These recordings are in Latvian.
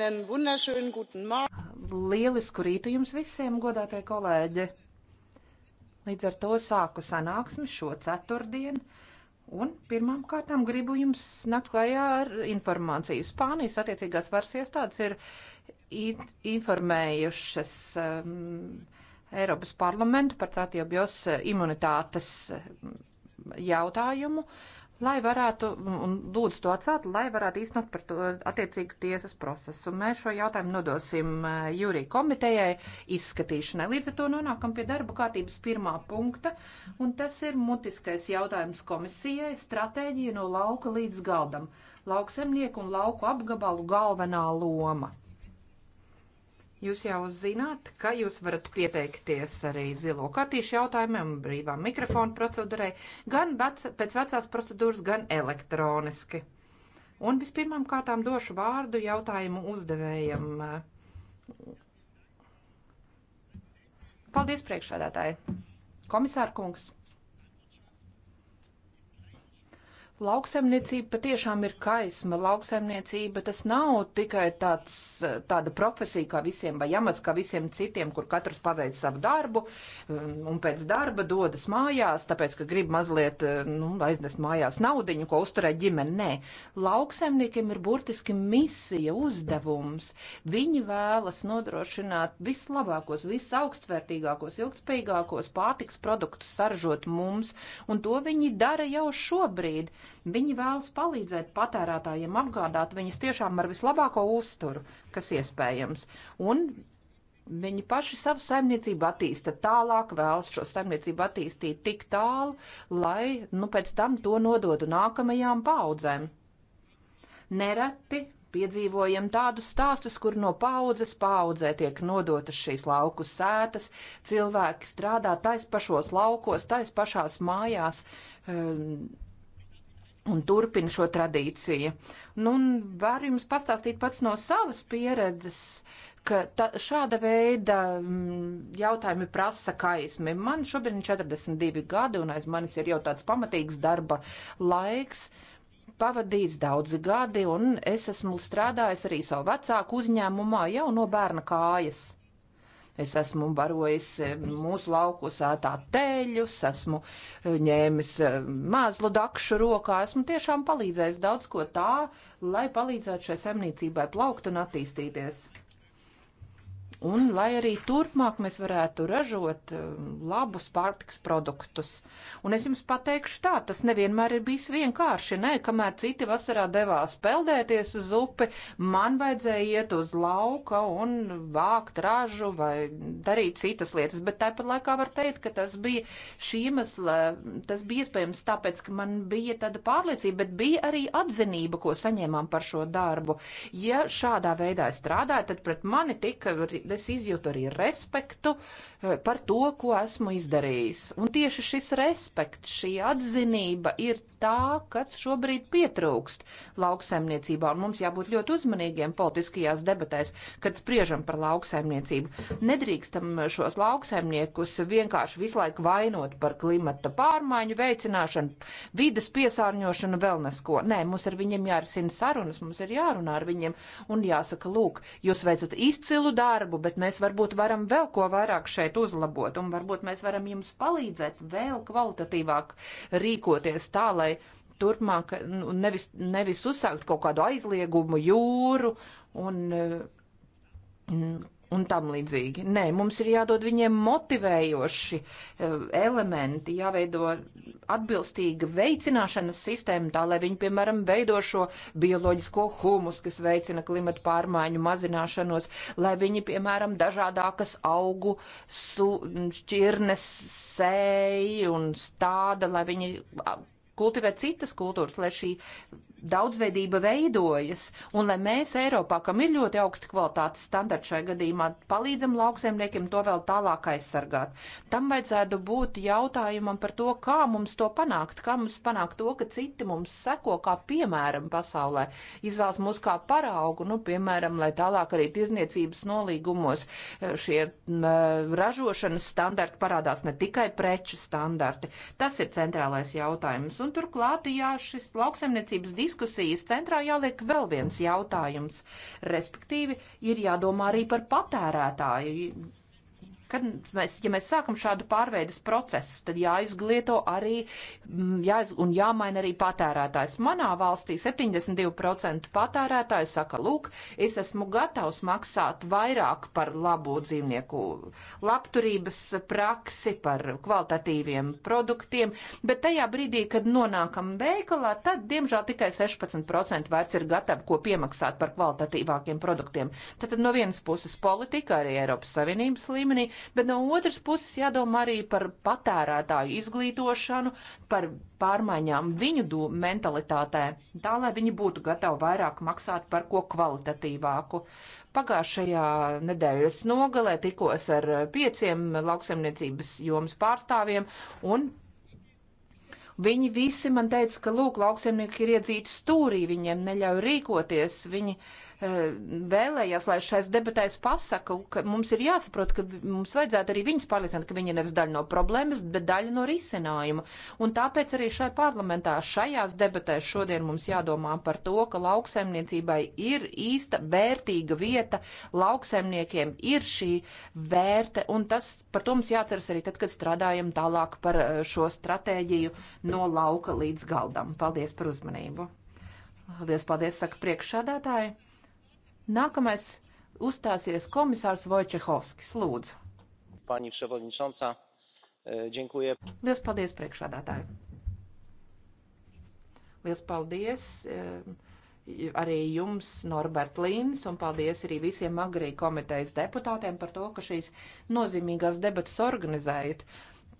Einen wunderschönen guten Morgen. Lielisku rītu jums visiem, godātie kolēģi. Līdz ar to sāku sanāksmi šo ceturtdienu. Un pirmām kārtām gribu jums nakt klajā ar informāciju. Spānijas attiecīgās varas iestādes ir informējušas um, Eiropas parlamentu par tātiebios imunitātes um, jautājumu. Uh, lai varētu, un lūdzu to atcelt, lai varētu īstenot par to attiecīgu tiesas procesu. Un mēs šo jautājumu nodosim jūrī komitejai izskatīšanai. Līdz ar to nonākam pie darba kārtības pirmā punkta, un tas ir mutiskais jautājums komisijai - stratēģija no lauka līdz galdam. Lauksemnieku un lauku apgabalu galvenā loma. Jūs jau zināt, ka jūs varat pieteikties arī zilo kartīšu jautājumiem, brīvā mikrofona procedūrai, gan vec, pēc vecās procedūras, gan elektroniski. Un vispirmām kārtām došu vārdu jautājumu uzdevējam. Paldies priekšādātāji. Komisāra kungs. Lauksaimniecība patiešām ir kaisma. Lauksaimniecība tas nav tikai tāds, tāda profesija kā visiem vai amats kā visiem citiem, kur katrs paveic savu darbu um, un pēc darba dodas mājās, tāpēc, ka grib mazliet uh, nu, aiznest mājās naudiņu, ko uzturēt ģimeni. Nē, lauksaimniekiem ir burtiski misija, uzdevums. Viņi vēlas nodrošināt vislabākos, visaugstvērtīgākos, ilgspējīgākos pārtiks produktus saražot mums, un to viņi dara jau šobrīd. Viņi vēlas palīdzēt patērētājiem apgādāt viņus tiešām ar vislabāko uzturu, kas iespējams. Un Viņi paši savu saimniecību attīsta tālāk, vēlas šo saimniecību attīstīt tik tālu, lai nu, pēc tam to nodotu nākamajām paudzēm. Nereti piedzīvojam tādus stāstus, kur no paudzes paudzē tiek nodotas šīs lauku sētas, cilvēki strādā tais pašos laukos, tais pašās mājās. Um, un turpina šo tradīciju. Nu, un var jums pastāstīt pats no savas pieredzes, ka ta, šāda veida mm, jautājumi prasa kaismi. Man šobrīd ir 42 gadi, un aiz manis ir jau tāds pamatīgs darba laiks. Pavadīts daudzi gadi, un es esmu strādājis arī savu vecāku uzņēmumā jau no bērna kājas. Es esmu barojis eh, mūsu laukos ētā teļus, esmu eh, ņēmis eh, mēslu dakšu rokā, esmu tiešām palīdzējis daudz ko tā, lai palīdzētu šai saimniecībai plaukt un attīstīties. Un lai arī turpmāk mēs varētu ražot eh, labus pārtiks produktus. Un es jums pateikšu tā, tas nevienmēr ir bijis vienkārši. Nē, kamēr citi vasarā devās peldēties uz upi, man vajadzēja iet uz lauka un vākt ražu vai darīt citas lietas. Bet tāpat laikā var teikt, ka tas bija šī iemesla, tas bija iespējams tāpēc, ka man bija tāda pārliecība, bet bija arī atzinība, ko saņēmām par šo darbu. Ja šādā veidā es strādāju, tad pret mani tika es izjūtu arī respektu Eh, par to, ko esmu izdarījis. Un tieši šis respekts, šī atzinība ir tā, kas šobrīd pietrūkst lauksaimniecībā, un mums jābūt ļoti uzmanīgiem politiskajās debatēs, kad spriežam par lauksaimniecību. Nedrīkstam šos lauksaimniekus vienkārši visu laiku vainot par klimata pārmaiņu veicināšanu, vides piesārņošanu, vēl nesko. Nē, mums ar viņiem jārisina sarunas, mums ir jārunā ar viņiem un jāsaka, lūk, jūs veicat izcilu darbu, bet mēs varbūt varam vēl ko vairāk šeit šeit uzlabot, un varbūt mēs varam jums palīdzēt vēl kvalitatīvāk rīkoties tā, lai turpmāk nu, nevis, nevis uzsākt kaut kādu aizliegumu jūru un un tam līdzīgi. Nē, mums ir jādod viņiem motivējoši eh, elementi, jāveido atbilstīga veicināšanas sistēma, tā lai viņi, piemēram, veido šo bioloģisko humus, kas veicina klimatu pārmaiņu mazināšanos, lai viņi, piemēram, dažādākas augu su, šķirnes sēji un stāda, lai viņi kultivē citas kultūras, lai šī daudzveidība veidojas, un lai mēs Eiropā, kam ir ļoti augsta kvalitātes standarta šai gadījumā, palīdzam lauksaimniekiem to vēl tālāk aizsargāt. Tam vajadzētu būt jautājumam par to, kā mums to panākt, kā mums panākt to, ka citi mums seko, kā piemēram pasaulē, izvēlas mūs kā paraugu, nu, piemēram, lai tālāk arī tirzniecības nolīgumos eh, šie m, eh, ražošanas standarti parādās ne tikai preču standarti. Tas ir centrālais jautājums. Un turklāt, jā, šis lauksaimniecības diskusijas diskusijas centrā jāliek vēl viens jautājums, respektīvi ir jādomā arī par patērētāju Kad mēs, ja mēs sākam šādu pārveidas procesu, tad jāizglieto arī mm, jāiz, un jāmaina arī patērētājs. Manā valstī 72% patērētāju saka, lūk, es esmu gatavs maksāt vairāk par labo dzīvnieku labturības praksi, par kvalitatīviem produktiem, bet tajā brīdī, kad nonākam veikalā, tad, diemžēl, tikai 16% vairs ir gatavi, ko piemaksāt par kvalitatīvākiem produktiem. Tad, tad no vienas puses politika arī Eiropas Savienības līmenī, bet no otras puses jādomā arī par patērētāju izglītošanu, par pārmaiņām viņu mentalitātē, tā lai viņi būtu gatavi vairāk maksāt par ko kvalitatīvāku. Pagājušajā nedēļas nogalē tikos ar pieciem lauksaimniecības jomas pārstāvjiem un Viņi visi man teica, ka, lūk, lauksaimnieki ir iedzīti stūrī, viņiem neļauj rīkoties, viņi uh, Eh, vēlējās, lai šais debatēs pasaka, ka mums ir jāsaprot, ka mums vajadzētu arī viņus pārliecināt, ka viņi nevis daļa no problēmas, bet daļa no risinājuma. Un tāpēc arī šai parlamentā, šajās debatēs šodien mums jādomā par to, ka lauksaimniecībai ir īsta vērtīga vieta, lauksaimniekiem ir šī vērte, un tas par to mums jāceras arī tad, kad strādājam tālāk par eh, šo stratēģiju no lauka līdz galdam. Paldies par uzmanību! Paldies, paldies, saka priekšsādātāji! Nākamais uzstāsies komisārs Vojčehovskis. Lūdzu. Pani Ševolničonsā, e, dziękuję. Lielas paldies priekšādātāji. Lielas paldies e, arī jums, Norbert Līns, un paldies arī visiem agrī komitejas deputātiem par to, ka šīs nozīmīgās debatas organizējat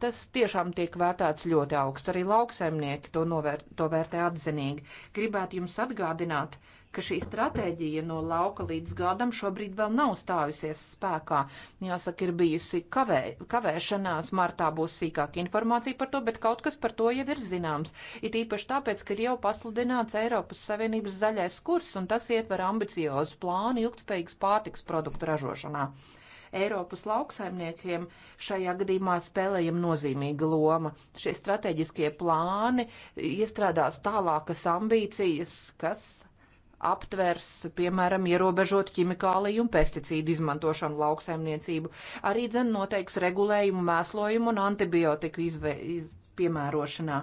tas tiešām tiek vērtēts ļoti augstu. Arī lauksaimnieki to, novēr, to vērtē atzinīgi. Gribētu jums atgādināt, ka šī stratēģija no lauka līdz gadam šobrīd vēl nav stājusies spēkā. Jāsaka, ir bijusi kavē, kavēšanās, martā būs sīkāka informācija par to, bet kaut kas par to jau ir zināms. It īpaši tāpēc, ka ir jau pasludināts Eiropas Savienības zaļais kurs, un tas ietver ambiciozu plānu ilgspējīgas pārtiks produktu ražošanā. Eiropas lauksaimniekiem šajā gadījumā spēlējama nozīmīga loma. Šie strateģiskie plāni iestrādās tālākas ambīcijas, kas aptvers, piemēram, ierobežot ķimikāliju un pesticīdu izmantošanu lauksaimniecību. Arī dzen noteiks regulējumu mēslojumu un antibiotiku izve, iz, piemērošanā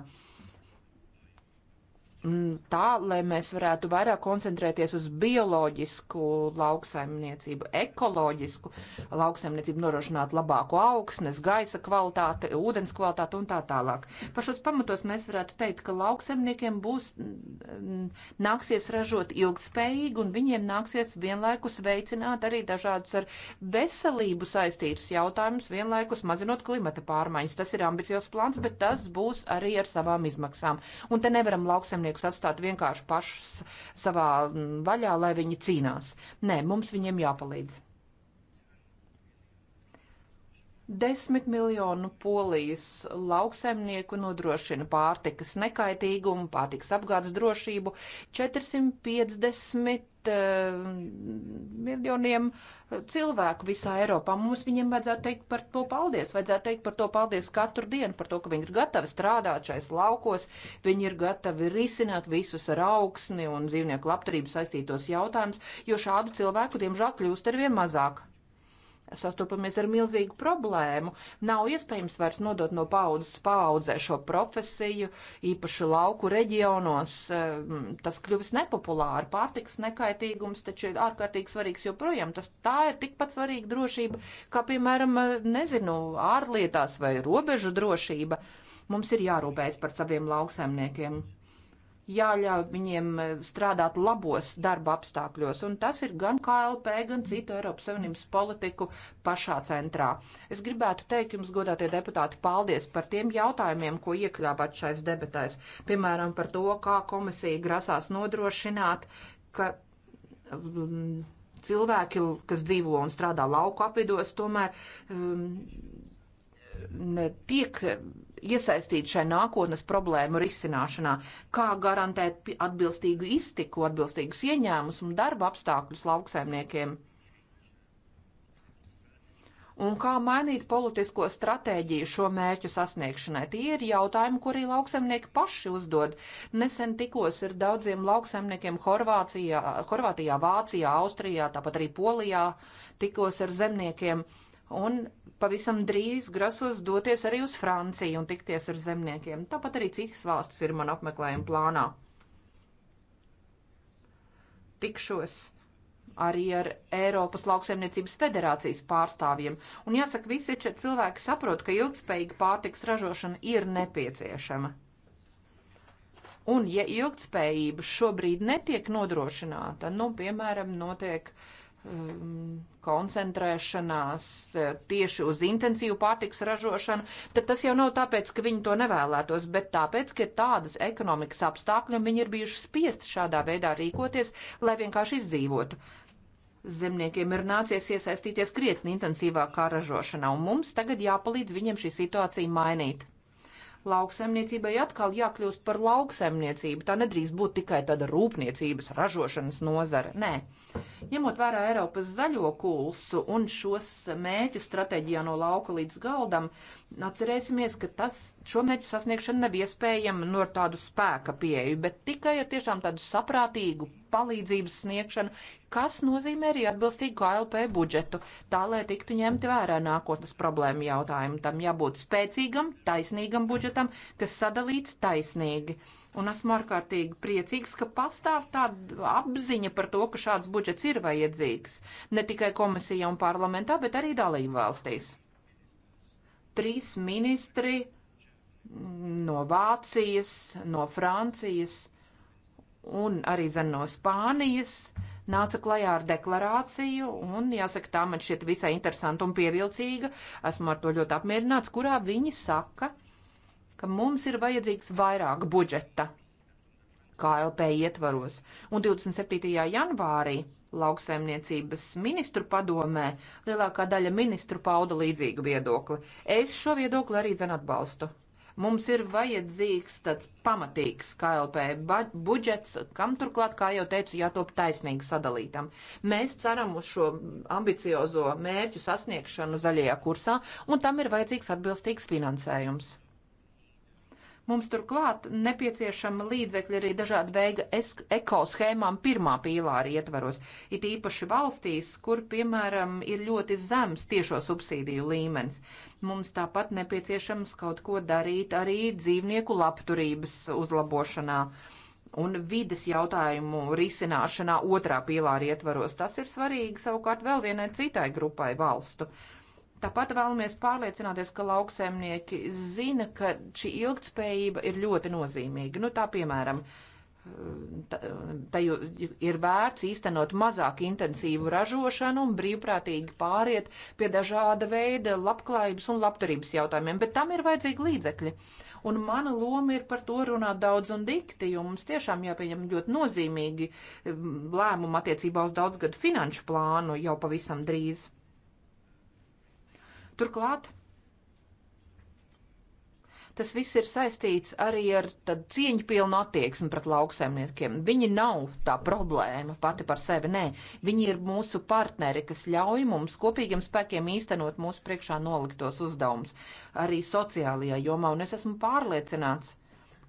tā, lai mēs varētu vairāk koncentrēties uz bioloģisku lauksaimniecību, ekoloģisku lauksaimniecību, norošināt labāku augsnes, gaisa kvalitāti, ūdens kvalitāti un tā tālāk. Par šos pamatos mēs varētu teikt, ka lauksaimniekiem būs, nāksies ražot ilgspējīgi un viņiem nāksies vienlaikus veicināt arī dažādus ar veselību saistītus jautājumus, vienlaikus mazinot klimata pārmaiņas. Tas ir ambiciozs plāns, bet tas būs arī ar savām izmaksām. Un te nevaram lauksaimniekiem ienaidniekus atstāt vienkārši pašus savā mm, vaļā, lai viņi cīnās. Nē, mums viņiem jāpalīdz. Desmit miljonu polijas lauksaimnieku nodrošina pārtikas nekaitīgumu, pārtikas apgādes drošību 450 uh, eh, miljoniem eh, cilvēku visā Eiropā. Mums viņiem vajadzētu teikt par to paldies, vajadzētu teikt par to paldies katru dienu, par to, ka viņi ir gatavi strādāt šais laukos, viņi ir gatavi risināt visus ar augsni un dzīvnieku labturību saistītos jautājumus, jo šādu cilvēku, diemžēl, kļūst arvien mazāk sastopamies ar milzīgu problēmu. Nav iespējams vairs nodot no paudzes paudzē šo profesiju, īpaši lauku reģionos. Eh, tas kļuvis nepopulāri. Pārtikas nekaitīgums taču ir ārkārtīgi svarīgs joprojām. Tas tā ir tikpat svarīga drošība, kā, piemēram, eh, nezinu, ārlietās vai robežu drošība. Mums ir jārūpējas par saviem lauksaimniekiem jāļauj viņiem eh, strādāt labos darba apstākļos, un tas ir gan KLP, gan citu Eiropas Savienības politiku pašā centrā. Es gribētu teikt jums, godātie deputāti, paldies par tiem jautājumiem, ko iekļāvāt šais debatēs, piemēram, par to, kā komisija grasās nodrošināt, ka mm, cilvēki, kas dzīvo un strādā lauku apvidos, tomēr um, tiek iesaistīti šai nākotnes problēmu risināšanā, kā garantēt atbilstīgu iztiku, atbilstīgus ieņēmumus un darba apstākļus lauksaimniekiem. Un kā mainīt politisko stratēģiju šo mērķu sasniegšanai? Tie ir jautājumi, ko arī lauksaimnieki paši uzdod. Nesen tikos ar daudziem lauksaimniekiem Horvācijā, Horvātijā, Vācijā, Austrijā, tāpat arī Polijā, tikos ar zemniekiem. Uh, un pavisam drīz grasos doties arī uz Franciju un tikties ar zemniekiem. Tāpat arī citas valstis ir man apmeklējuma plānā. Tikšos arī ar Eiropas lauksaimniecības federācijas pārstāvjiem. Un jāsaka, visi šie cilvēki saprot, ka ilgspējīga pārtiks ražošana ir nepieciešama. Un, ja ilgtspējība šobrīd netiek nodrošināta, nu, piemēram, notiek uh, Um, koncentrēšanās eh, tieši uz intensīvu pārtiks ražošanu, tad tas jau nav tāpēc, ka viņi to nevēlētos, bet tāpēc, ka ir tādas ekonomikas apstākļi un viņi ir bijuši spiest šādā veidā rīkoties, lai vienkārši izdzīvotu. Zemniekiem ir nācies iesaistīties krietni intensīvākā ražošanā, un mums tagad jāpalīdz viņiem šī situācija mainīt lauksaimniecībai atkal jākļūst par lauksaimniecību. Tā nedrīkst būt tikai tāda rūpniecības ražošanas nozara. Nē, ņemot vērā Eiropas zaļo kulsu un šos mēķu stratēģijā no lauka līdz galdam, atcerēsimies, ka tas, šo mērķu sasniegšana nav iespējama no tādu spēka pieeju, bet tikai ar tiešām tādu saprātīgu palīdzības sniegšanu, kas nozīmē arī atbilstīgu KLP budžetu, tā lai tiktu ņemti vērā nākotnes problēma jautājumi. Tam jābūt spēcīgam, taisnīgam budžetam, kas sadalīts taisnīgi. Un esmu ārkārtīgi priecīgs, ka pastāv tāda apziņa par to, ka šāds budžets ir vajadzīgs ne tikai komisijā un parlamentā, bet arī dalību valstīs. Trīs ministri no Vācijas, no Francijas un arī zem no Spānijas nāca klajā ar deklarāciju, un jāsaka, tā man šķiet visai interesanta un pievilcīga. Esmu ar to ļoti apmierināts, kurā viņi saka, ka mums ir vajadzīgs vairāk budžeta KLP ietvaros. Un 27. janvārī lauksaimniecības ministru padomē lielākā daļa ministru pauda līdzīgu viedokli. Es šo viedokli arī dzen atbalstu. Mums ir vajadzīgs tāds pamatīgs KLP budžets, kam turklāt, kā jau teicu, jātop taisnīgi sadalītam. Mēs ceram uz šo ambiciozo mērķu sasniegšanu zaļajā kursā, un tam ir vajadzīgs atbilstīgs finansējums. Mums turklāt nepieciešama līdzekļi arī dažāda veida ekoshēmām pirmā pīlāra ietvaros, it īpaši valstīs, kur, piemēram, ir ļoti zems tiešo subsīdiju līmenis. Mums tāpat nepieciešams kaut ko darīt arī dzīvnieku labturības uzlabošanā un vides jautājumu risināšanā otrā pīlāra ietvaros. Tas ir svarīgi savukārt vēl vienai citai grupai valstu. Uh, Tāpat vēlamies pārliecināties, ka lauksaimnieki zina, ka šī ilgtspējība ir ļoti nozīmīga. Nu, tā piemēram, tajā ir vērts īstenot mazāk intensīvu ražošanu un brīvprātīgi pāriet pie dažāda veida labklājības un labturības jautājumiem, bet tam ir vajadzīgi līdzekļi. Un mana loma ir par to runāt daudz un dikti, jo mums tiešām jāpieņem ļoti nozīmīgi mm, lēmumu attiecībā uz daudzgadu finanšu plānu jau pavisam drīz. Turklāt tas viss ir saistīts arī ar cieņpilnu attieksmi pret lauksaimniekiem. Viņi nav tā problēma pati par sevi, nē. Viņi ir mūsu partneri, kas ļauj mums kopīgiem spēkiem īstenot mūsu priekšā noliktos uzdevumus arī sociālajā jomā, un es esmu pārliecināts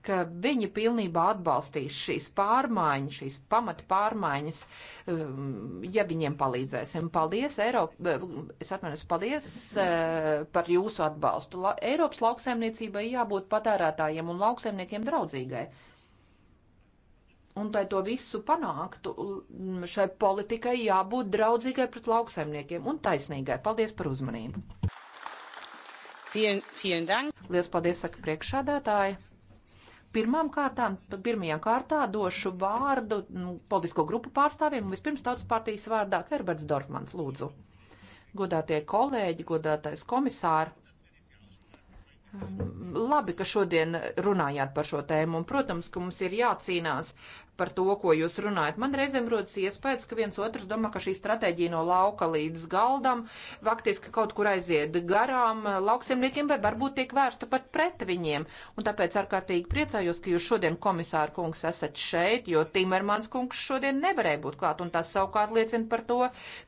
ka viņi pilnībā atbalstīs šīs pārmaiņas, šīs pamata pārmaiņas, um, ja viņiem palīdzēsim. Paldies, Eiropa, eh, es atvainojos, paldies eh, par jūsu atbalstu. La, Eiropas lauksaimniecībai jābūt patērētājiem un lauksaimniekiem draudzīgai. Un, lai to visu panāktu, mm, šai politikai jābūt draudzīgai pret lauksaimniekiem un taisnīgai. Paldies par uzmanību! Vielen, vielen Dank. Lielas paldies, saka priekšādātāji. Pirmām kārtām, pirmajā kārtā došu vārdu nu, politisko grupu pārstāvjiem, vispirms tautas partijas vārdā Herberts Dorfmans, lūdzu. Godātie kolēģi, godātais komisāri. Labi, ka šodien runājāt par šo tēmu, un, protams, ka mums ir jācīnās par to, ko jūs runājat. Man reizēm rodas iespējas, ka viens otrs domā, ka šī stratēģija no lauka līdz galdam faktiski kaut kur aiziet garām lauksimniekiem vai varbūt tiek vērsta pat pret viņiem. Un tāpēc ārkārtīgi priecājos, ka jūs šodien komisāra kungs esat šeit, jo Timermans kungs šodien nevarēja būt klāt. Un tas savukārt liecina par to,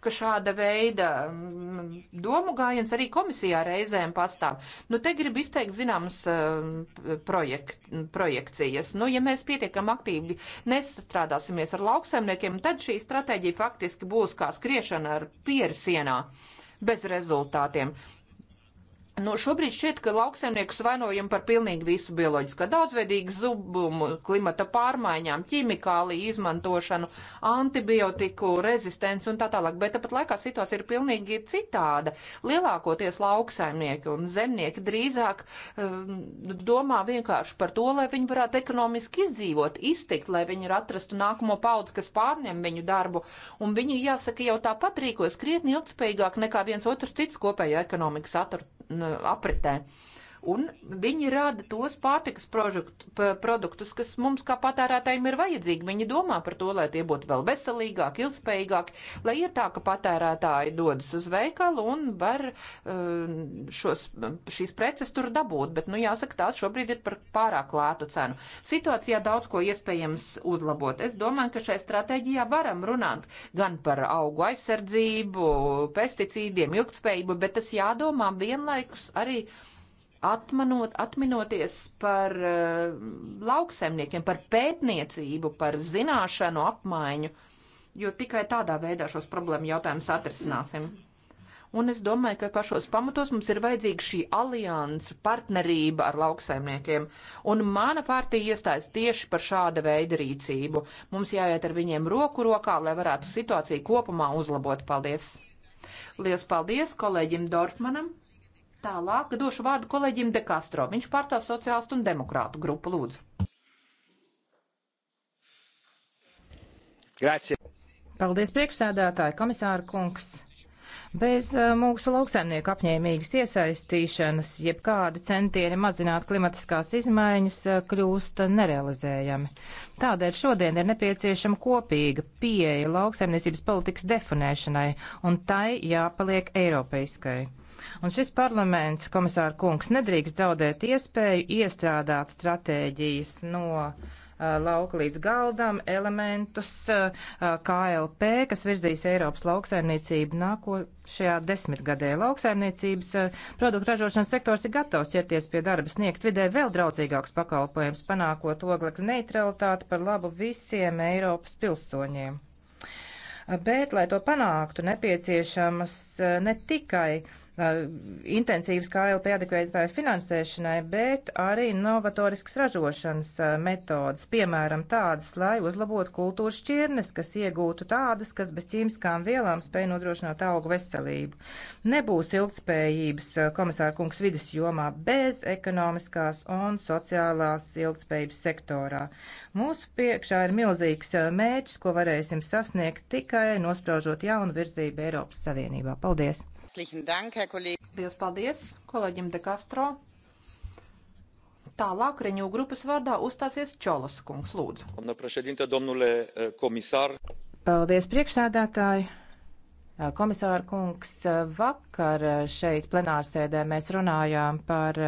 ka šāda veida mm, domu gājiens arī komisijā reizēm pastāv. Nu, te grib izteikt zināmas eh, projekt, projekcijas. Nu, ja mēs pietiekam aktīvi ne nesastrādāsimies ar lauksaimniekiem, tad šī stratēģija faktiski būs kā skriešana ar pieri sienā bez rezultātiem. Nu, šobrīd šķiet, ka lauksaimniekus vainojam par pilnīgi visu bioloģisko daudzveidīgu zubumu, klimata pārmaiņām, ķimikāliju izmantošanu, antibiotiku, rezistenci un tā tālāk, bet tāpat laikā situācija ir pilnīgi citāda. Lielākoties lauksaimnieki un zemnieki drīzāk um, domā vienkārši par to, lai viņi varētu ekonomiski izdzīvot, iztikt, lai viņi ir atrastu nākamo paudzi, kas pārņem viņu darbu, un viņi, jāsaka, jau tāpat rīkojas krietni ilgspējīgāk nekā viens otrs cits kopējā ekonomikas atradu apritē un viņi rada tos pārtikas produktus, kas mums kā patērētājiem ir vajadzīgi. Viņi domā par to, lai tie būtu vēl veselīgāki, ilgspējīgāki, lai ir tā, ka patērētāji dodas uz veikalu un var eh, šos, šīs preces tur dabūt, bet, nu, jāsaka, tās šobrīd ir par pārāk lētu cenu. Situācijā daudz ko iespējams uzlabot. Es domāju, ka šai stratēģijā varam runāt gan par augu aizsardzību, pesticīdiem, ilgspējību, bet tas jādomā vienlaikus arī atmanot, atminoties par uh, eh, lauksemniekiem, par pētniecību, par zināšanu apmaiņu, jo tikai tādā veidā šos problēmu jautājumus atrisināsim. Un es domāju, ka pašos pamatos mums ir vajadzīga šī alianse, partnerība ar lauksaimniekiem. Un mana partija iestājas tieši par šāda veida rīcību. Mums jāiet ar viņiem roku rokā, lai varētu situāciju kopumā uzlabot. Paldies! Lielas paldies kolēģim Dortmanam! Tālāk došu vārdu kolēģim De Castro. Viņš pārstāv sociālistu un demokrātu grupu. Lūdzu. Grazie. Paldies, priekšsēdētāji, komisāra kungs. Bez eh, mūsu lauksaimnieku apņēmīgas iesaistīšanas, jebkādi centieni mazināt klimatiskās izmaiņas eh, kļūst nerealizējami. Tādēļ šodien ir nepieciešama kopīga pieeja lauksaimniecības politikas definēšanai, un tai jāpaliek eiropeiskai. Un šis parlaments, komisāra kungs, nedrīkst zaudēt iespēju iestrādāt stratēģijas no lauka līdz galdam elementus KLP, kas virzīs Eiropas lauksaimniecību nākošajā desmitgadē. Lauksaimniecības produktu ražošanas sektors ir gatavs ķerties pie darba sniegt vidē vēl draudzīgāks pakalpojums, panākot oglekļa neutralitāti par labu visiem Eiropas pilsoņiem. Bet, lai to panāktu, nepieciešamas ne tikai uh, Uh, intensīvas KLP adekvētāju finansēšanai, bet arī novatoriskas ražošanas uh, metodas, piemēram, tādas, lai uzlabotu kultūras šķirnes, kas iegūtu tādas, kas bez ķīmiskām vielām spēj nodrošināt augu veselību. Nebūs ilgspējības uh, komisāra kungs vidas jomā bez ekonomiskās un sociālās ilgspējības sektorā. Mūsu priekšā ir milzīgs mērķis, ko varēsim sasniegt tikai nospraužot jaunu virzību Eiropas Savienībā. Paldies! Herzlichen Dank, Herr Kollege. Lielas paldies kolēģim De Castro. Tālāk Reņū grupas vārdā uzstāsies Čolas kungs, lūdzu. Domnul președinte, domnule komisār. E, paldies, priekšsēdētāji. E, komisāra kungs, e, vakar šeit plenārsēdē mēs runājām par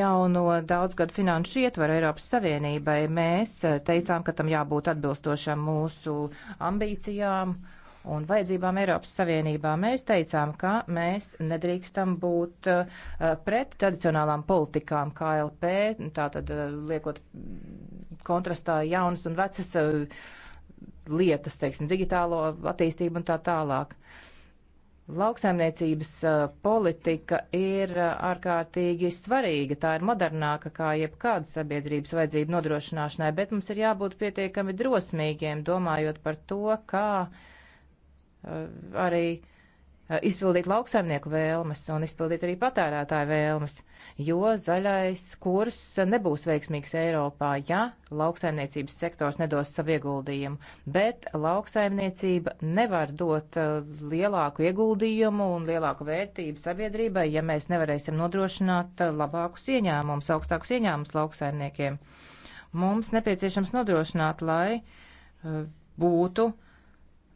jauno daudzgadu finanšu ietvaru Eiropas Savienībai. Mēs teicām, ka tam jābūt atbilstošam mūsu ambīcijām un vajadzībām Eiropas Savienībā. Mēs teicām, ka mēs nedrīkstam būt eh, pret tradicionālām politikām KLP, tātad eh, liekot kontrastā jaunas un vecas eh, lietas, teiksim, digitālo attīstību un tā tālāk. Lauksaimniecības politika ir ārkārtīgi svarīga. Tā ir modernāka kā jebkāda sabiedrības vajadzība nodrošināšanai, bet mums ir jābūt pietiekami drosmīgiem, domājot par to, kā uh, Eh, arī eh, izpildīt lauksaimnieku vēlmes un izpildīt arī patērētāju vēlmes, jo zaļais kurs nebūs veiksmīgs Eiropā, ja lauksaimniecības sektors nedos savu ieguldījumu, bet lauksaimniecība nevar dot eh, lielāku ieguldījumu un lielāku vērtību sabiedrībai, ja mēs nevarēsim nodrošināt labākus ieņēmumus, augstākus ieņēmumus lauksaimniekiem. Mums nepieciešams nodrošināt, lai būtu uh,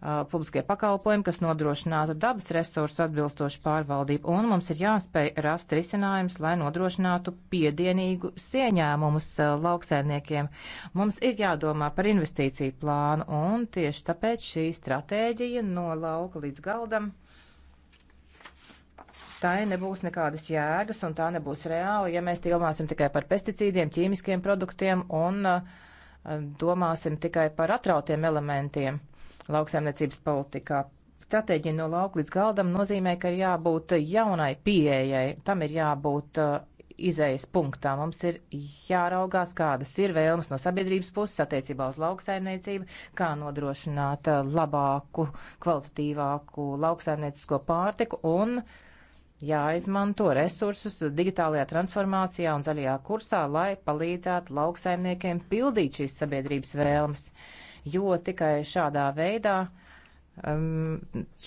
Uh, publiskie pakalpojumi, kas nodrošinātu dabas resursu atbilstošu pārvaldību, un mums ir jāspēj rast risinājums, lai nodrošinātu piedienīgu ieņēmumus uh, lauksēmniekiem. Mums ir jādomā par investīciju plānu, un tieši tāpēc šī stratēģija no lauka līdz galdam. Tā nebūs nekādas jēgas, un tā nebūs reāla, ja mēs domāsim tikai par pesticīdiem, ķīmiskiem produktiem un uh, domāsim tikai par atrautiem elementiem lauksaimniecības politikā. Stratēģija no lauka līdz galdam nozīmē, ka ir jābūt jaunai pieejai, tam ir jābūt uh, izējas punktā. Mums ir jāraugās, kādas ir vēlmes no sabiedrības puses attiecībā uz lauksaimniecību, kā nodrošināt uh, labāku, kvalitatīvāku lauksaimniecisko pārtiku un jāizmanto resursus digitālajā transformācijā un zaļajā kursā, lai palīdzētu lauksaimniekiem pildīt šīs sabiedrības vēlmes jo tikai šādā veidā um,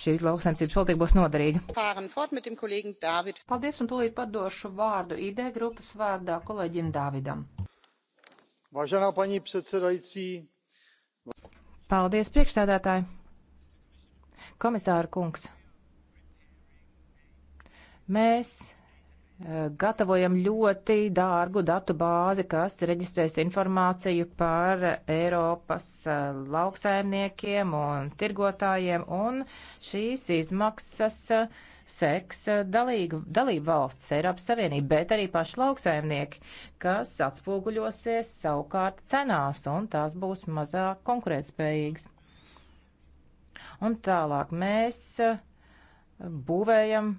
šī lauksaimniecības politika būs noderīga. Paldies, un tūlīt padošu vārdu ID grupas vārdā kolēģim Dāvidam. Váženā paņī predsedajcī. Paldies, priekšstādātāji. Komisāra kungs. Mēs gatavojam ļoti dārgu datu bāzi, kas reģistrēs informāciju par Eiropas eh, lauksaimniekiem un tirgotājiem, un šīs izmaksas eh, seks eh, dalīgu, dalību valsts Eiropas Savienība, bet arī paši lauksaimnieki, kas atspoguļosies savukārt cenās, un tās būs mazāk konkurētspējīgas. Un tālāk mēs būvējam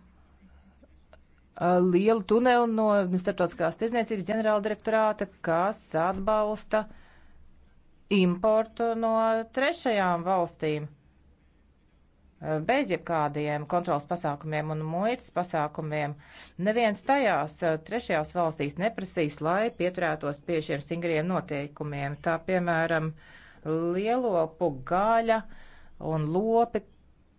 Uh, lielu tuneli no Startautiskās tirzniecības ģenerāldirektorāta, kas atbalsta importu no trešajām valstīm uh, bez jebkādiem kontrols pasākumiem un muitas pasākumiem. Neviens tajās uh, trešajās valstīs neprasīs, lai pieturētos pie šiem stingriem noteikumiem. Tā piemēram, lielopu gaļa un lopi,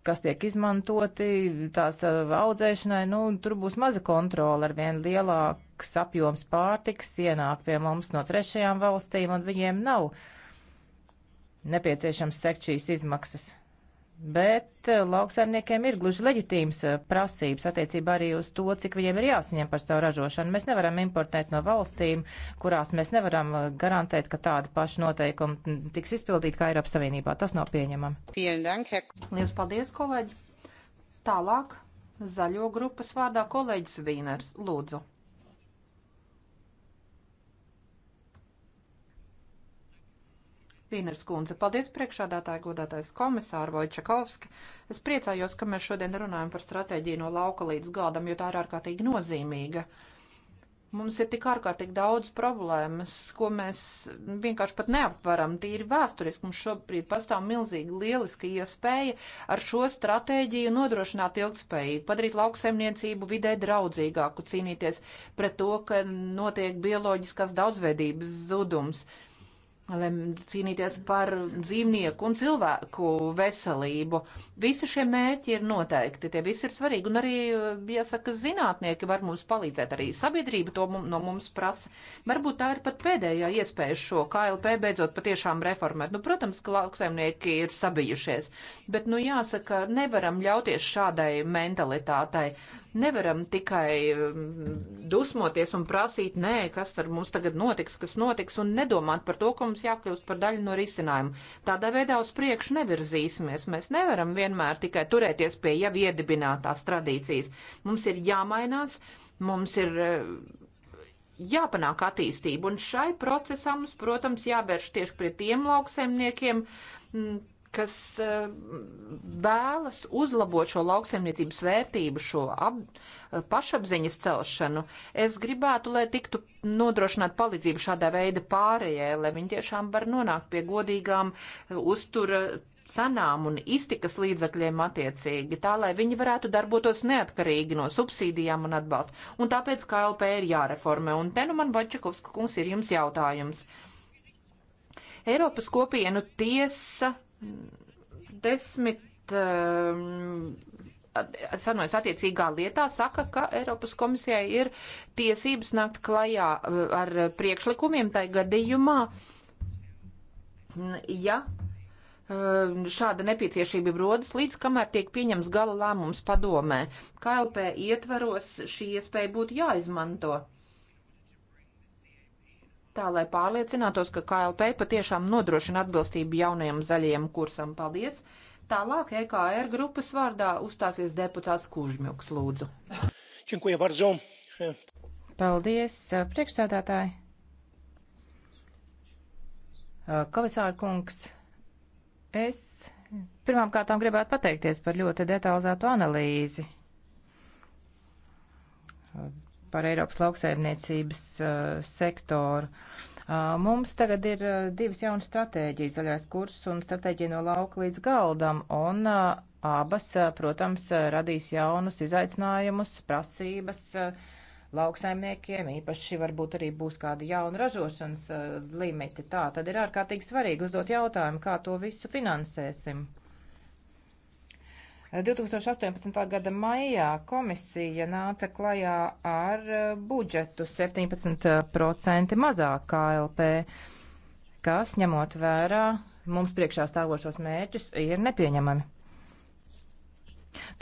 kas tiek izmantoti tās audzēšanai, nu, tur būs maza kontrola ar vien lielāks apjoms pārtiks ienāk pie mums no trešajām valstīm, un viņiem nav nepieciešams sekt šīs izmaksas. Bet eh, lauksaimniekiem ir gluži leģitīmas eh, prasības attiecībā arī uz to, cik viņiem ir jāsaņem par savu ražošanu. Mēs nevaram importēt no valstīm, kurās mēs nevaram eh, garantēt, ka tāda paša noteikuma tiks izpildīta kā Eiropas Savienībā. Tas nav pieņemami. Lielas paldies, kolēģi! Tālāk zaļo grupas vārdā kolēģis Vīners. Lūdzu! Pīners kundze. Paldies priekšādātāji, godātais komisāri Vojčakovski. Es priecājos, ka mēs šodien runājam par stratēģiju no lauka līdz galdam, jo tā ir ārkārtīgi nozīmīga. Mums ir tik ārkārtīgi daudz problēmas, ko mēs vienkārši pat neaptveram. Tīri vēsturiski mums šobrīd pastāv milzīgi lieliski iespēja ar šo stratēģiju nodrošināt ilgspējību, padarīt lauksaimniecību vidē draudzīgāku, cīnīties pret to, ka notiek bioloģiskās daudzveidības zudums lai cīnīties par dzīvnieku un cilvēku veselību. Visi šie mērķi ir noteikti, tie visi ir svarīgi, un arī, jāsaka, zinātnieki var mums palīdzēt, arī sabiedrība to mums, no mums prasa. Varbūt tā ir pat pēdējā iespēja šo KLP beidzot patiešām reformēt. Nu, protams, ka lauksaimnieki ir sabijušies, bet, nu, jāsaka, nevaram ļauties šādai mentalitātei Nevaram tikai um, dusmoties un prasīt, nē, kas ar mums tagad notiks, kas notiks, un nedomāt par to, ka mums jākļūst par daļu no risinājuma. Tādā veidā uz priekšu nevirzīsimies. Mēs nevaram vienmēr tikai turēties pie jau iedibinātās tradīcijas. Mums ir jāmainās, mums ir uh, jāpanāk attīstība, un šai procesā mums, protams, jāvērš tieši pie tiem lauksaimniekiem, mm, kas eh, vēlas uzlabot šo lauksaimniecības vērtību, šo ap, eh, pašapziņas celšanu, es gribētu, lai tiktu nodrošināt palīdzību šādā veida pārējai, lai viņi tiešām var nonākt pie godīgām eh, uztura cenām un iztikas līdzakļiem attiecīgi, tā lai viņi varētu darbotos neatkarīgi no subsīdijām un atbalsta. Un tāpēc KLP ir jāreformē. Un te nu man Vaļčakovska kungs ir jums jautājums. Eiropas kopienu tiesa desmit. Um, sanojas attiecīgā lietā saka, ka Eiropas komisijai ir tiesības nākt klajā uh, ar priekšlikumiem tai gadījumā, ja um, šāda nepieciešība rodas līdz kamēr tiek pieņems gala lēmums padomē. KLP ietvaros šī iespēja būtu jāizmanto tā lai pārliecinātos, ka KLP patiešām nodrošina atbilstību jaunajam zaļajam kursam. Paldies! Tālāk EKR grupas vārdā uzstāsies deputāts Kūžmjuks, lūdzu. Činkuja Barzo. Paldies, priekšsēdētāji. Komisāra kungs, es pirmām kārtām gribētu pateikties par ļoti detalizētu analīzi par Eiropas lauksaimniecības eh, sektoru. Eh, mums tagad ir eh, divas jaunas stratēģijas - zaļais kurs un stratēģija no lauka līdz galdam, un abas, protams, radīs jaunus izaicinājumus, prasības lauksaimniekiem, īpaši varbūt arī būs kādi jauni ražošanas limiti. Tā tad ir ārkārtīgi svarīgi uzdot jautājumu, kā to visu finansēsim. 2018. gada maijā komisija nāca klajā ar eh, budžetu 17% mazāk KLP, kas, ņemot vērā mums priekšā stāvošos mērķus, ir nepieņemami.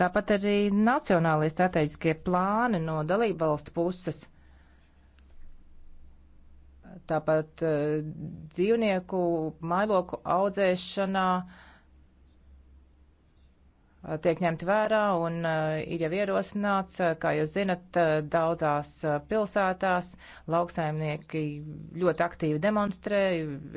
Tāpat arī nacionālajie strateģiskie plāni no dalību valstu puses. Tāpat eh, dzīvnieku mailoku audzēšanā uh, Eh, tiek ņemti vērā un eh, ir jau ierosināts, eh, kā jūs zinat, daudzās pilsētās lauksaimnieki ļoti aktīvi demonstrē,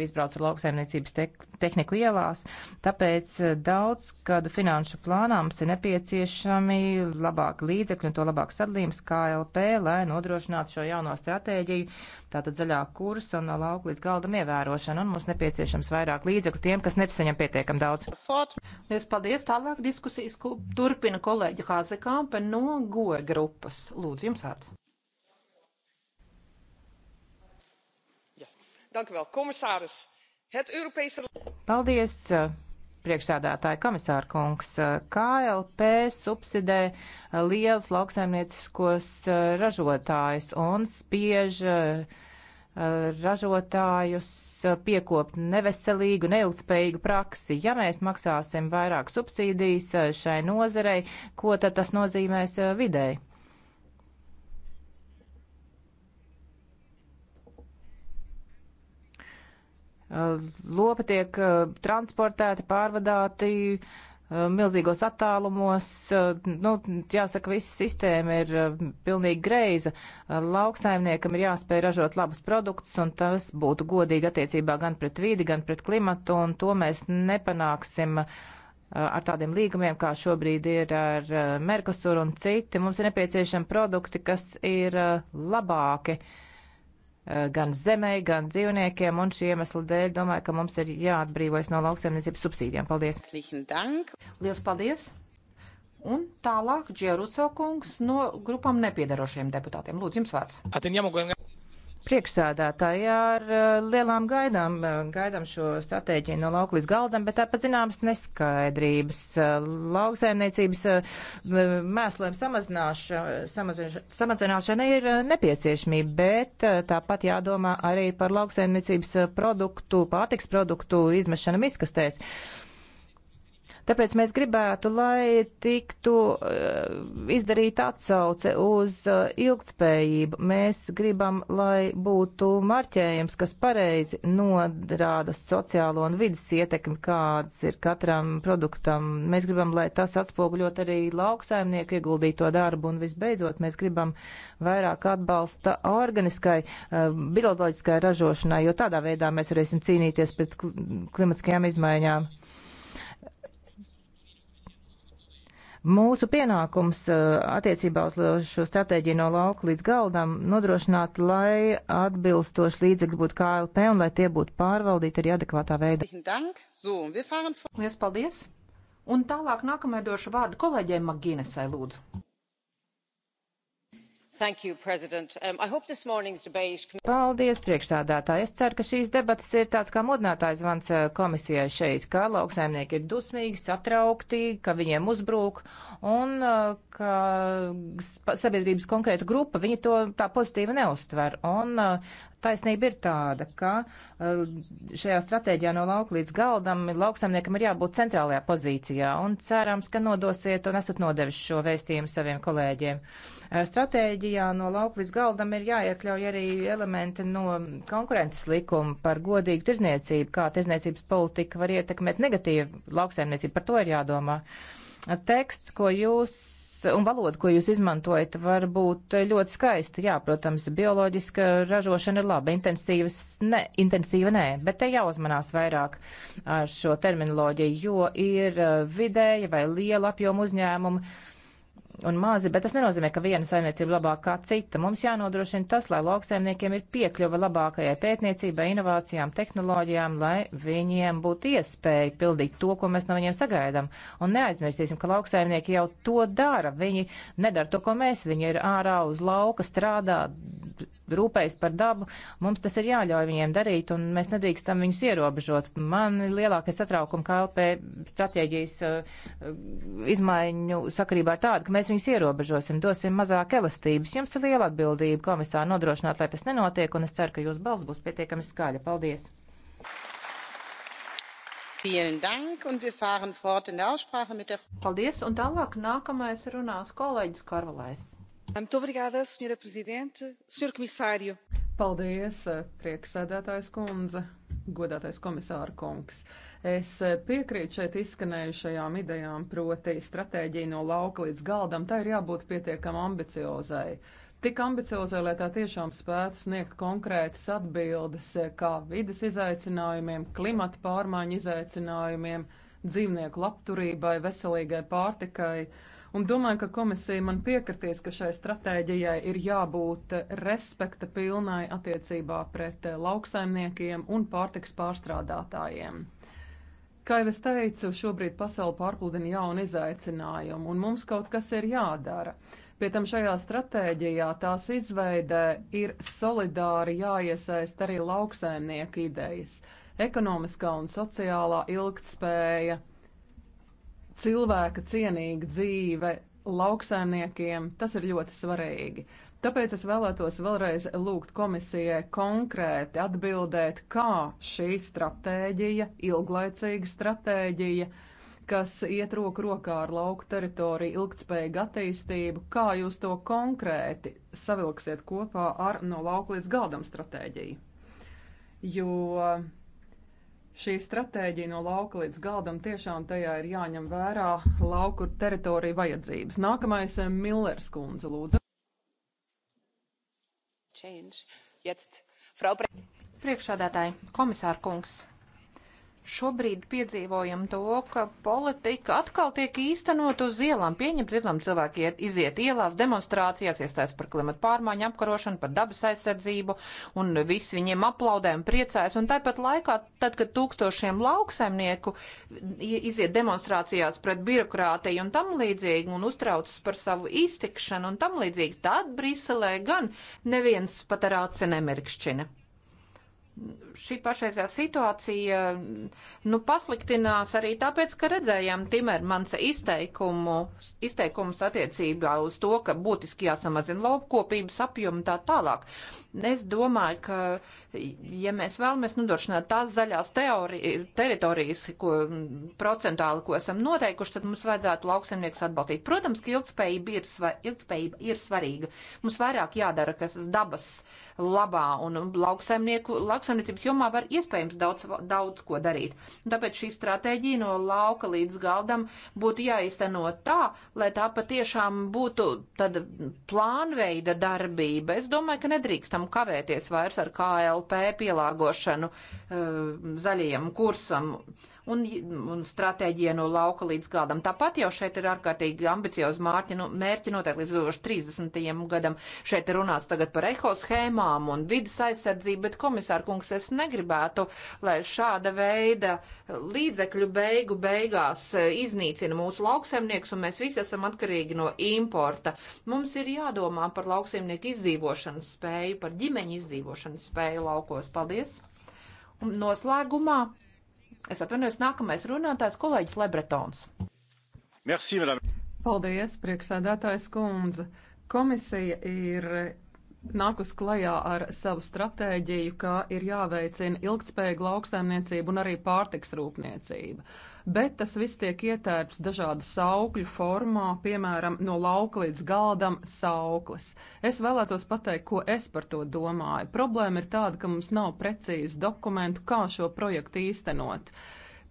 izbrauc ar lauksaimniecības te tehniku ielās, tāpēc daudz kādu finanšu plānāms ir nepieciešami labāk līdzekļi un to labāk sadalījums KLP, lai nodrošinātu šo jauno stratēģiju, tātad zaļā kursa un no lauka līdz galdam ievērošanu, un mums nepieciešams vairāk līdzekļu tiem, kas nepasaņem pietiekam daudz. Lies, paldies, tālāk diskusija diskusijas turpina kolēģi Hāzekāmpe no GOE grupas. Lūdzu, jums vārds. Paldies, eh, priekšsēdētāja komisāra kungs. Eh, KLP subsidē eh, liels lauksaimnieciskos ražotājus un spiež uh, ražotājus piekopt neveselīgu, neilgspējīgu praksi. Ja mēs maksāsim vairāk subsīdijas eh, šai nozarei, ko tad tas nozīmēs eh, videi? Eh, Lopa tiek transportēti, pārvadāti uh, Eh, milzīgos attālumos. Eh, nu, jāsaka, visa sistēma ir eh, pilnīgi greiza. Lauksaimniekam ir jāspēj ražot labus produktus, un tas būtu godīgi attiecībā gan pret vīdi, gan pret klimatu, un to mēs nepanāksim ar tādiem līgumiem, kā šobrīd ir ar Merkosuru un citi. Mums ir nepieciešami produkti, kas ir labāki. Uh, Eh, gan zemē, gan dzīvniekiem, un šī iemesla dēļ domāju, ka mums ir jāatbrīvojas no lauksaimniecības subsīdiem. Paldies! Lielas paldies! Un tālāk Džieruso kungs no grupām nepiedarošiem deputātiem. Lūdzu, jums vārds priekšsēdētāji ar eh, lielām gaidām, eh, gaidām šo stratēģiju no lauka līdz galdam, bet tāpat zināmas neskaidrības. Eh, lauksaimniecības mēslojuma samazināšana ir nepieciešamība, bet tāpat jādomā arī par lauksaimniecības produktu, pārtiks produktu izmešanu izkastēs. Tāpēc mēs gribētu, lai tiktu eh, izdarīta atsauce uz eh, ilgtspējību. Mēs gribam, lai būtu marķējums, kas pareizi norāda sociālo un vidas ietekmi, kādas ir katram produktam. Mēs gribam, lai tas atspoguļot arī lauksaimnieku ieguldīto darbu. Un visbeidzot, mēs gribam vairāk atbalsta organiskai, eh, bioloģiskai ražošanai, jo tādā veidā mēs varēsim cīnīties pret klimatiskajām izmaiņām. Mūsu pienākums uh, attiecībā uz šo stratēģiju no lauka līdz galdam nodrošināt, lai atbilstoši līdzekļi būtu KLP un lai tie būtu pārvaldīti arī adekvātā veidā. Lielas paldies! Un tālāk nākamajai došu vārdu kolēģiem Magīnesai lūdzu. You, um, debate... Paldies, priekšstādātāji. Es ceru, ka šīs debatas ir tāds kā modinātājs vans uh, komisijai šeit, ka lauksaimnieki ir dusmīgi, satraukti, ka viņiem uzbrūk un uh, ka sabiedrības konkrēta grupa viņi to tā pozitīvi neustver. Un uh, taisnība ir tāda, ka eh, šajā stratēģijā no lauka līdz galdam lauksamniekam ir jābūt centrālajā pozīcijā un cerams, ka nodosiet un esat nodevis šo vēstījumu saviem kolēģiem. Eh, stratēģijā no lauka līdz galdam ir jāiekļauj arī elementi no konkurences likuma par godīgu tirzniecību, kā tirzniecības politika var ietekmēt negatīvi lauksaimniecību. Par to ir jādomā. Eh, teksts, ko jūs un valoda, ko jūs izmantojat, var būt ļoti skaista. Jā, protams, bioloģiska ražošana ir laba, intensīvas, ne, intensīva nē, bet te jāuzmanās vairāk ar šo terminoloģiju, jo ir eh, vidēja vai liela apjoma uzņēmumi un mazi, bet tas nenozīmē, ka viena saimniecība labāk kā cita. Mums jānodrošina tas, lai lauksaimniekiem ir piekļuva labākajai pētniecībai, inovācijām, tehnoloģijām, lai viņiem būtu iespēja pildīt to, ko mēs no viņiem sagaidām. Un neaizmirsīsim, ka lauksaimnieki jau to dara. Viņi nedara to, ko mēs. Viņi ir ārā uz lauka, strādā, rūpējas par dabu, mums tas ir jāļauj viņiem darīt, un mēs nedrīkstam viņus ierobežot. Man lielākais satraukums KLP stratēģijas uh, izmaiņu sakarībā ir tāda, ka mēs viņus ierobežosim, dosim mazāk elastības. Jums ir liela atbildība komisāri nodrošināt, lai tas nenotiek, un es ceru, ka jūsu balss būs pietiekami skaļa. Paldies! Paldies, un tālāk nākamais runās kolēģis Karvalais. Ah, obrigada, senhora prezidente, senhor komisāri. Paldies, eh, prieksēdētājs kundze, godātais komisāra kungs. Es eh, piekrītu šeit izskanējušajām idejām, proti stratēģija no lauka līdz galdam, tā ir jābūt pietiekam ambiciozai. Tik ambiciozai, lai tā tiešām spētu sniegt konkrētas atbildes eh, kā vides izaicinājumiem, klimata pārmaiņu izaicinājumiem, dzīvnieku labturībai, veselīgai pārtikai un domāju, ka komisija man piekritīs, ka šai stratēģijai ir jābūt respekta pilnai attiecībā pret eh, lauksaimniekiem un pārtiks pārstrādātājiem. Kā jau es teicu, šobrīd pasauli pārpludina jauni izaicinājumi, un mums kaut kas ir jādara. Pie tam šajā stratēģijā tās izveidē ir solidāri jāiesaist arī lauksaimnieku idejas - ekonomiskā un sociālā ilgtspēja, cilvēka cienīga dzīve lauksaimniekiem, tas ir ļoti svarīgi. Tāpēc es vēlētos vēlreiz lūgt komisijai konkrēti atbildēt, kā šī stratēģija, ilglaicīga stratēģija, kas iet roku rokā ar lauku teritoriju, ilgtspējīgu attīstību, kā jūs to konkrēti savilksiet kopā ar no lauka līdz galdam stratēģiju. Jo šī stratēģija no lauka līdz galdam tiešām tajā ir jāņem vērā lauku teritoriju vajadzības. Nākamais eh, - Millers kundze, lūdzu. Priekšādātāji, komisāra kungs, Šobrīd piedzīvojam to, ka politika atkal tiek īstenot uz ielām. Pieņemt ielām cilvēki iet, iziet ielās, demonstrācijās, iestājas par klimatu pārmaiņu apkarošanu, par dabas aizsardzību, un visi viņiem aplaudē un priecājas. Un tāpat laikā, tad, kad tūkstošiem lauksaimnieku iziet demonstrācijās pret birokrātiju un tam līdzīgi, un uztraucas par savu iztikšanu un tam līdzīgi, tad Briselē gan neviens pat ar aci nemirkšķina šī pašreizā situācija nu, pasliktinās arī tāpēc, ka redzējām Timermansa izteikumu, izteikumus attiecībā uz to, ka būtiski jāsamazina lopkopības apjomu tā tālāk. Es domāju, ka, ja mēs vēlamies nodrošināt tās zaļās teorijas, teritorijas, ko procentuāli, ko esam noteikuši, tad mums vajadzētu lauksemniekus atbalstīt. Protams, ka ilgspējība ir, sva, ilgspējība ir svarīga. Mums vairāk jādara, kas dabas labā un lauksemniecības jomā var iespējams daudz, daudz ko darīt. Un tāpēc šī stratēģija no lauka līdz galdam būtu jāizteno tā, lai tā patiešām būtu tāda plānveida darbība. Es domāju, ka nedrīkstam nedrīkstām kavēties vairs ar KLP pielāgošanu eh, zaļajam kursam. Uh, un, un stratēģija no lauka līdz galdam. Tāpat jau šeit ir ārkārtīgi ambiciozi mārķi, nu, mērķi noteikti līdz 2030. gadam. Šeit ir runāts tagad par eho schēmām un vidas aizsardzību, bet komisāra kungs, es negribētu, lai šāda veida līdzekļu beigu beigās e, iznīcina mūsu lauksemnieks, un mēs visi esam atkarīgi no importa. Mums ir jādomā par lauksemnieku izdzīvošanas spēju, par ģimeņu izdzīvošanas spēju laukos. Paldies! Un noslēgumā Es atvainojos, nākamais runātājs kolēģis Lebretons. Merci, madame. Paldies, priekšsēdētājs kundze. Komisija ir nākus klajā ar savu stratēģiju, kā ir jāveicina ilgspējīga lauksaimniecība un arī pārtiks rūpniecība bet tas viss tiek ietērps dažādu saukļu formā, piemēram, no lauka līdz galdam sauklis. Es vēlētos pateikt, ko es par to domāju. Problēma ir tāda, ka mums nav precīzi dokumentu, kā šo projektu īstenot.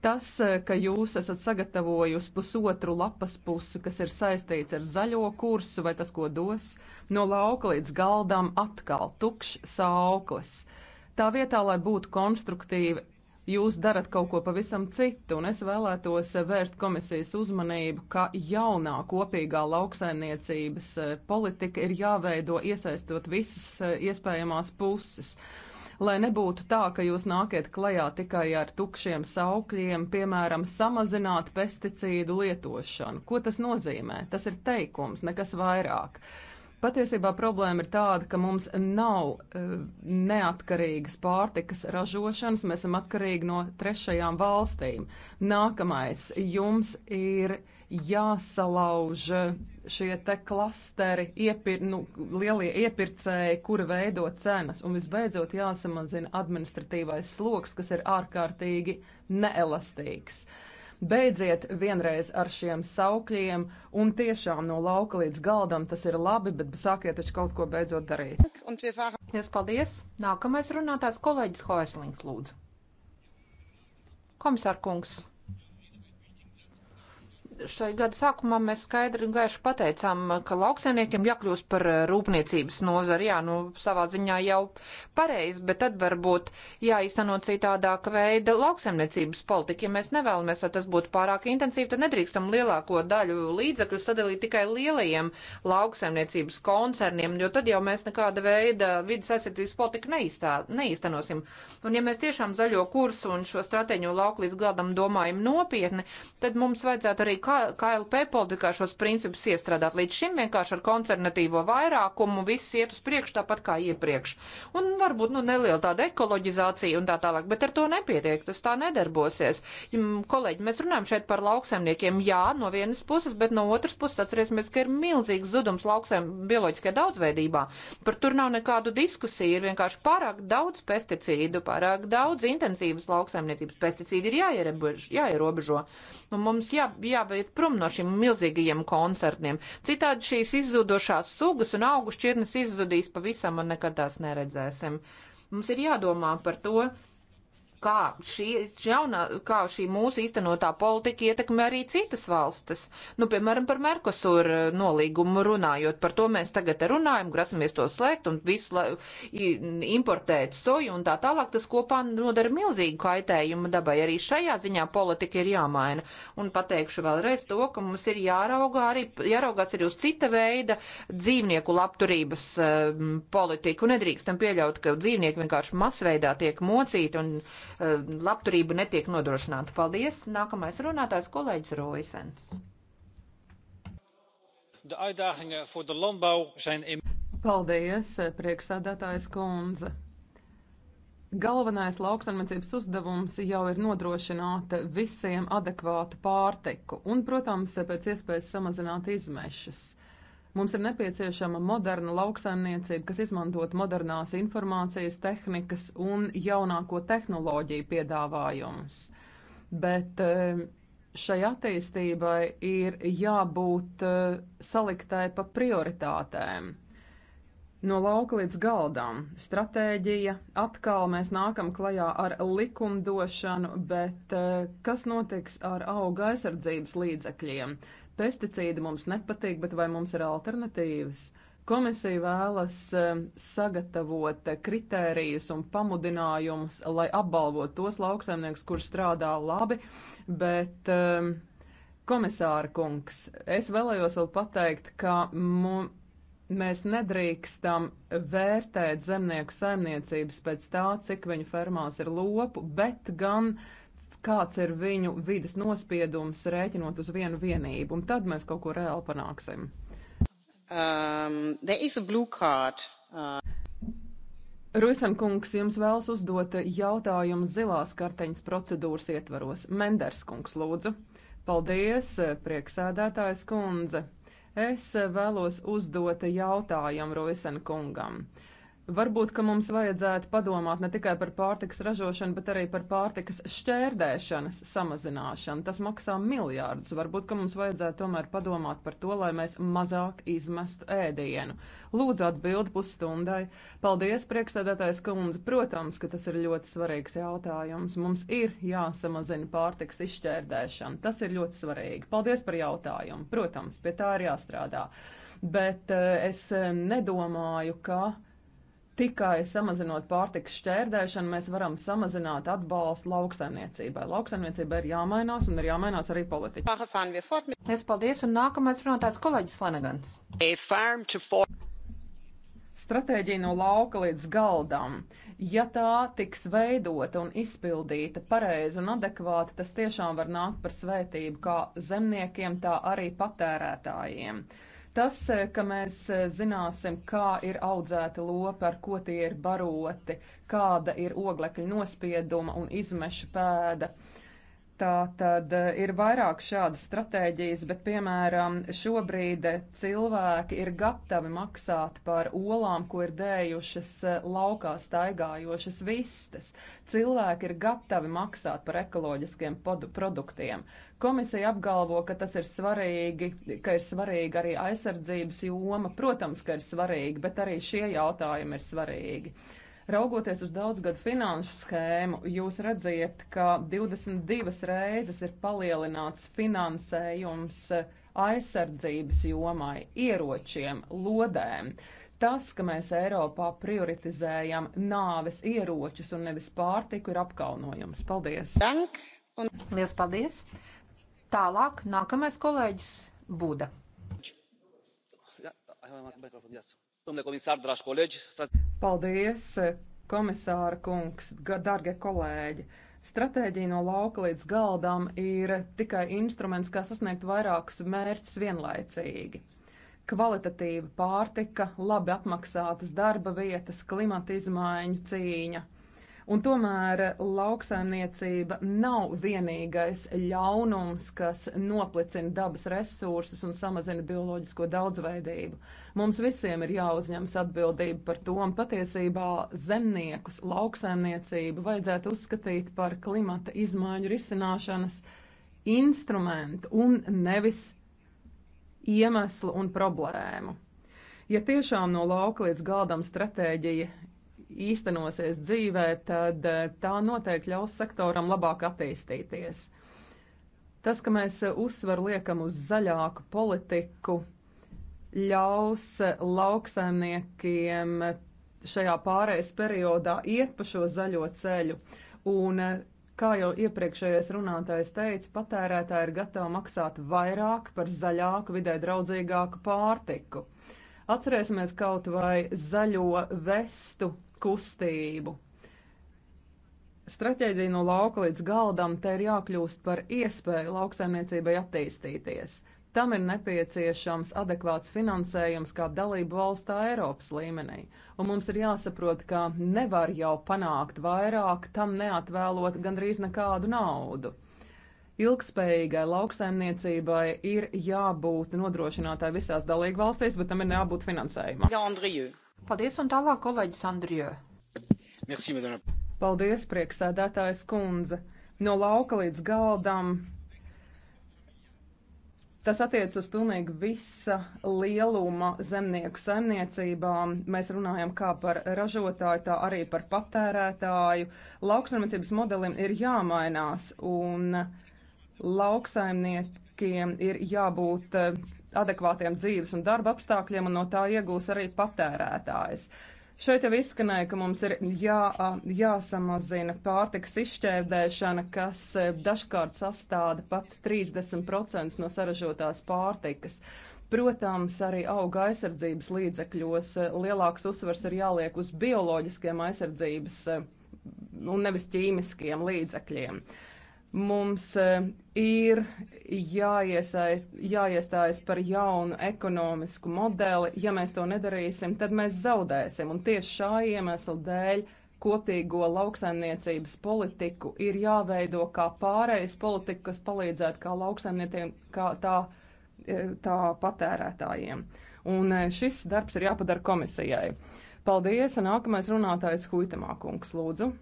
Tas, ka jūs esat sagatavojusi pusotru lapas pusi, kas ir saistīts ar zaļo kursu vai tas, ko dos, no lauka līdz galdam atkal tukšs sauklis. Tā vietā, lai būtu konstruktīvi, jūs darat kaut ko pavisam citu, un es vēlētos vērst komisijas uzmanību, ka jaunā kopīgā lauksaimniecības eh, politika ir jāveido iesaistot visas eh, iespējamās puses lai nebūtu tā, ka jūs nākat klajā tikai ar tukšiem saukļiem, piemēram, samazināt pesticīdu lietošanu. Ko tas nozīmē? Tas ir teikums, nekas vairāk. Patiesībā problēma ir tāda, ka mums nav uh, neatkarīgas pārtikas ražošanas, mēs esam atkarīgi no trešajām valstīm. Nākamais, jums ir jāsalauž šie te klasteri, iepir, nu, lielie iepircēji, kuri veido cenas, un visbeidzot jāsamazina administratīvais sloks, kas ir ārkārtīgi neelastīgs. Uh, Beidziet vienreiz ar šiem saukļiem, un tiešām no lauka līdz galdam tas ir labi, bet sākiet taču kaut ko beidzot darīt. Yes, paldies! Nākamais runātājs kolēģis Hoeslings lūdzu. Komisār kungs! šai gada sākumā mēs skaidri un gaiši pateicām, ka lauksainiekiem jākļūst par eh, rūpniecības nozari, jā, nu, savā ziņā jau pareizi, bet tad varbūt jāizteno citādāka veida lauksaimniecības politika. Ja mēs nevēlamies, lai tas būtu pārāk intensīvi, tad nedrīkstam lielāko daļu līdzekļu sadalīt tikai lielajiem lauksaimniecības koncerniem, jo tad jau mēs nekāda veida vidas aizsardzības politiku neiztā, neiztenosim. Un ja mēs tiešām zaļo kursu un šo stratēģiju lauku līdz gadam domājam nopietni, tad mums vajadzētu arī KLP politikā šos principus iestrādāt. Līdz šim vienkārši ar koncernatīvo vairākumu viss iet uz priekšu tāpat kā iepriekš. Un varbūt nu, neliela tāda ekoloģizācija un tā tālāk, bet ar to nepietiek, tas tā nedarbosies. Kolēģi, mēs runājam šeit par lauksaimniekiem, jā, no vienas puses, bet no otras puses atcerēsimies, ka ir milzīgs zudums lauksaim bioloģiskajā daudzveidībā. Par tur nav nekādu diskusiju, ir vienkārši pārāk daudz pesticīdu, pārāk daudz intensīvas lauksaimniecības pesticīdu ir jāierobežo. Un mums jā, jā, jāiet prom no šiem milzīgajiem koncertiem. Citādi šīs izzudošās sugas un augu šķirnes izzudīs pavisam un nekad tās neredzēsim. Mums ir jādomā par to, kā šī, jaunā, kā šī mūsu īstenotā politika ietekmē arī citas valstis. Nu, piemēram, par Merkosur eh, nolīgumu runājot, par to mēs tagad runājam, grasamies to slēgt un visu la, importēt soju un tā tālāk. Tas kopā nodara milzīgu kaitējumu dabai. Arī šajā ziņā politika ir jāmaina. Un pateikšu vēlreiz to, ka mums ir jāraugā arī, jāraugās arī uz cita veida dzīvnieku labturības um, politiku. Nedrīkstam pieļaut, ka dzīvnieki vienkārši masveidā tiek mocīti un uh, Eh, labturība netiek nodrošināta. Paldies! Nākamais runātājs kolēģis Roisens. Paldies, eh, prieksādātājs kundze! Galvenais lauksaimniecības uzdevums jau ir nodrošināt visiem adekvātu pārtiku un, protams, pēc iespējas samazināt izmešus. Mums ir nepieciešama moderna lauksaimniecība, kas izmantot modernās informācijas tehnikas un jaunāko tehnoloģiju piedāvājumus. Bet eh, šai attīstībai ir jābūt eh, saliktai pa prioritātēm. No lauka līdz galdam - stratēģija, atkal mēs nākam klajā ar likumdošanu, bet eh, kas notiks ar auga aizsardzības līdzekļiem? Pesticīdi mums nepatīk, bet vai mums ir alternatīvas? Komisija vēlas eh, sagatavot eh, kritērijus un pamudinājumus, lai apbalvot tos lauksaimniekus, kur strādā labi, bet komisāra kungs, es vēlējos vēl pateikt, ka mums Mēs nedrīkstam vērtēt zemnieku saimniecības pēc tā, cik viņu fermās ir lopu, bet gan kāds ir viņu vidas nospiedums rēķinot uz vienu vienību, un tad mēs kaut ko reāli panāksim. Um, uh... Ruisan kungs jums vēlas uzdot jautājumu zilās karteņas procedūras ietvaros. Menders kungs, lūdzu. Paldies, prieksēdētājs kundze. Es eh, vēlos uzdot jautājumu Roisen kungam. Varbūt, ka mums vajadzētu padomāt ne tikai par pārtikas ražošanu, bet arī par pārtikas šķērdēšanas samazināšanu. Tas maksā miljārdus. Varbūt, ka mums vajadzētu tomēr padomāt par to, lai mēs mazāk izmestu ēdienu. Lūdzu, atbildi pusstundai. Paldies, priekšstādātais kundze. Protams, ka tas ir ļoti svarīgs jautājums. Mums ir jāsamazina pārtikas izšķērdēšana. Tas ir ļoti svarīgi. Paldies par jautājumu. Protams, pie tā ir jāstrādā. Bet eh, es eh, nedomāju, ka Tikai samazinot pārtikas šķērdēšanu, mēs varam samazināt atbalstu lauksaimniecībai. Lauksaimniecībai ir jāmainās un ir jāmainās arī politika. Es paldies un nākamais runātājs kolēģis Flanagans. Stratēģija no lauka līdz galdam. Ja tā tiks veidota un izpildīta pareizi un adekvāti, tas tiešām var nākt par svētību kā zemniekiem, tā arī patērētājiem. Tas, eh, ka mēs eh, zināsim, kā ir audzēti lopi, ar ko tie ir baroti, kāda ir oglekļa nospieduma un izmeša pēda. Uh, Tā tad eh, ir vairāk šādas stratēģijas, bet, piemēram, šobrīd cilvēki ir gatavi maksāt par olām, ko ir dējušas eh, laukā staigājošas vistas. Cilvēki ir gatavi maksāt par ekoloģiskiem produktiem. Komisija apgalvo, ka tas ir svarīgi, ka ir svarīga arī aizsardzības joma. Protams, ka ir svarīgi, bet arī šie jautājumi ir svarīgi. Raugoties uz daudzgadu finanšu schēmu, jūs redziet, ka 22 reizes ir palielināts finansējums eh, aizsardzības jomai, ieročiem, lodēm. Tas, ka mēs Eiropā prioritizējam nāves ieročus un nevis pārtiku, ir apkaunojums. Paldies! Dank un... Lielas paldies! Tālāk nākamais kolēģis Buda. Ja, Domnule comisar, dragi colegi! Paldies, komisāra kungs, dargie kolēģi! Stratēģija no lauka līdz galdam ir tikai instruments, kā sasniegt vairākus mērķus vienlaicīgi. Kvalitatīva pārtika, labi apmaksātas darba vietas, klimata izmaiņu cīņa. Un tomēr lauksaimniecība nav vienīgais ļaunums, kas noplicina dabas resursus un samazina bioloģisko daudzveidību. Mums visiem ir jāuzņemas atbildība par to, un patiesībā zemniekus lauksaimniecību vajadzētu uzskatīt par klimata izmaiņu risināšanas instrumentu un nevis iemeslu un problēmu. Ja tiešām no lauka līdz galdam stratēģija īstenosies dzīvē, tad eh, tā noteikti ļaus sektoram labāk attīstīties. Tas, ka mēs eh, uzsveru liekam uz zaļāku politiku, ļaus eh, lauksaimniekiem šajā pārējais periodā iet pa šo zaļo ceļu. Un, kā jau iepriekšējais runātājs teica, patērētāji ir gatavi maksāt vairāk par zaļāku, vidē draudzīgāku pārtiku. Atcerēsimies kaut vai zaļo vestu kustību. Stratēģija no lauka līdz galdam te ir jākļūst par iespēju lauksaimniecībai attīstīties. Tam ir nepieciešams adekvāts finansējums kā dalību valstā Eiropas līmenī, un mums ir jāsaprot, ka nevar jau panākt vairāk, tam neatvēlot gandrīz nekādu naudu. Ilgspējīgai lauksaimniecībai ir jābūt nodrošinātāji visās dalību valstīs, bet tam ir jābūt finansējumam. Jā, Andriju. Paldies un tālāk kolēģis Andrija. Paldies, prieksēdētājs kundze. No lauka līdz galdam Tas attiecas uz pilnīgi visa lieluma zemnieku saimniecībām. Mēs runājam kā par ražotāju, tā arī par patērētāju. Lauksaimniecības modelim ir jāmainās, un lauksaimniekiem ir jābūt eh, adekvātiem dzīves un darba apstākļiem, un no tā iegūs arī patērētājs. Šeit jau izskanēja, ka mums ir jā, jāsamazina pārtikas izšķērdēšana, kas e, dažkārt sastāda pat 30% no saražotās pārtikas. Protams, arī auga aizsardzības līdzekļos e, lielāks uzsvers ir jāliek uz bioloģiskiem aizsardzības e, un nevis ķīmiskiem līdzekļiem. Uh, Mums e, ir jāiesai, jāiestājas par jaunu ekonomisku modeli. Ja mēs to nedarīsim, tad mēs zaudēsim. Un tieši šā iemesla dēļ kopīgo lauksaimniecības politiku ir jāveido kā pārējais politika, kas palīdzētu kā lauksaimniekiem, kā tā, e, tā patērētājiem. Un e, šis darbs ir jāpadara komisijai. Paldies, nākamais runātājs Huitamā kungs, lūdzu.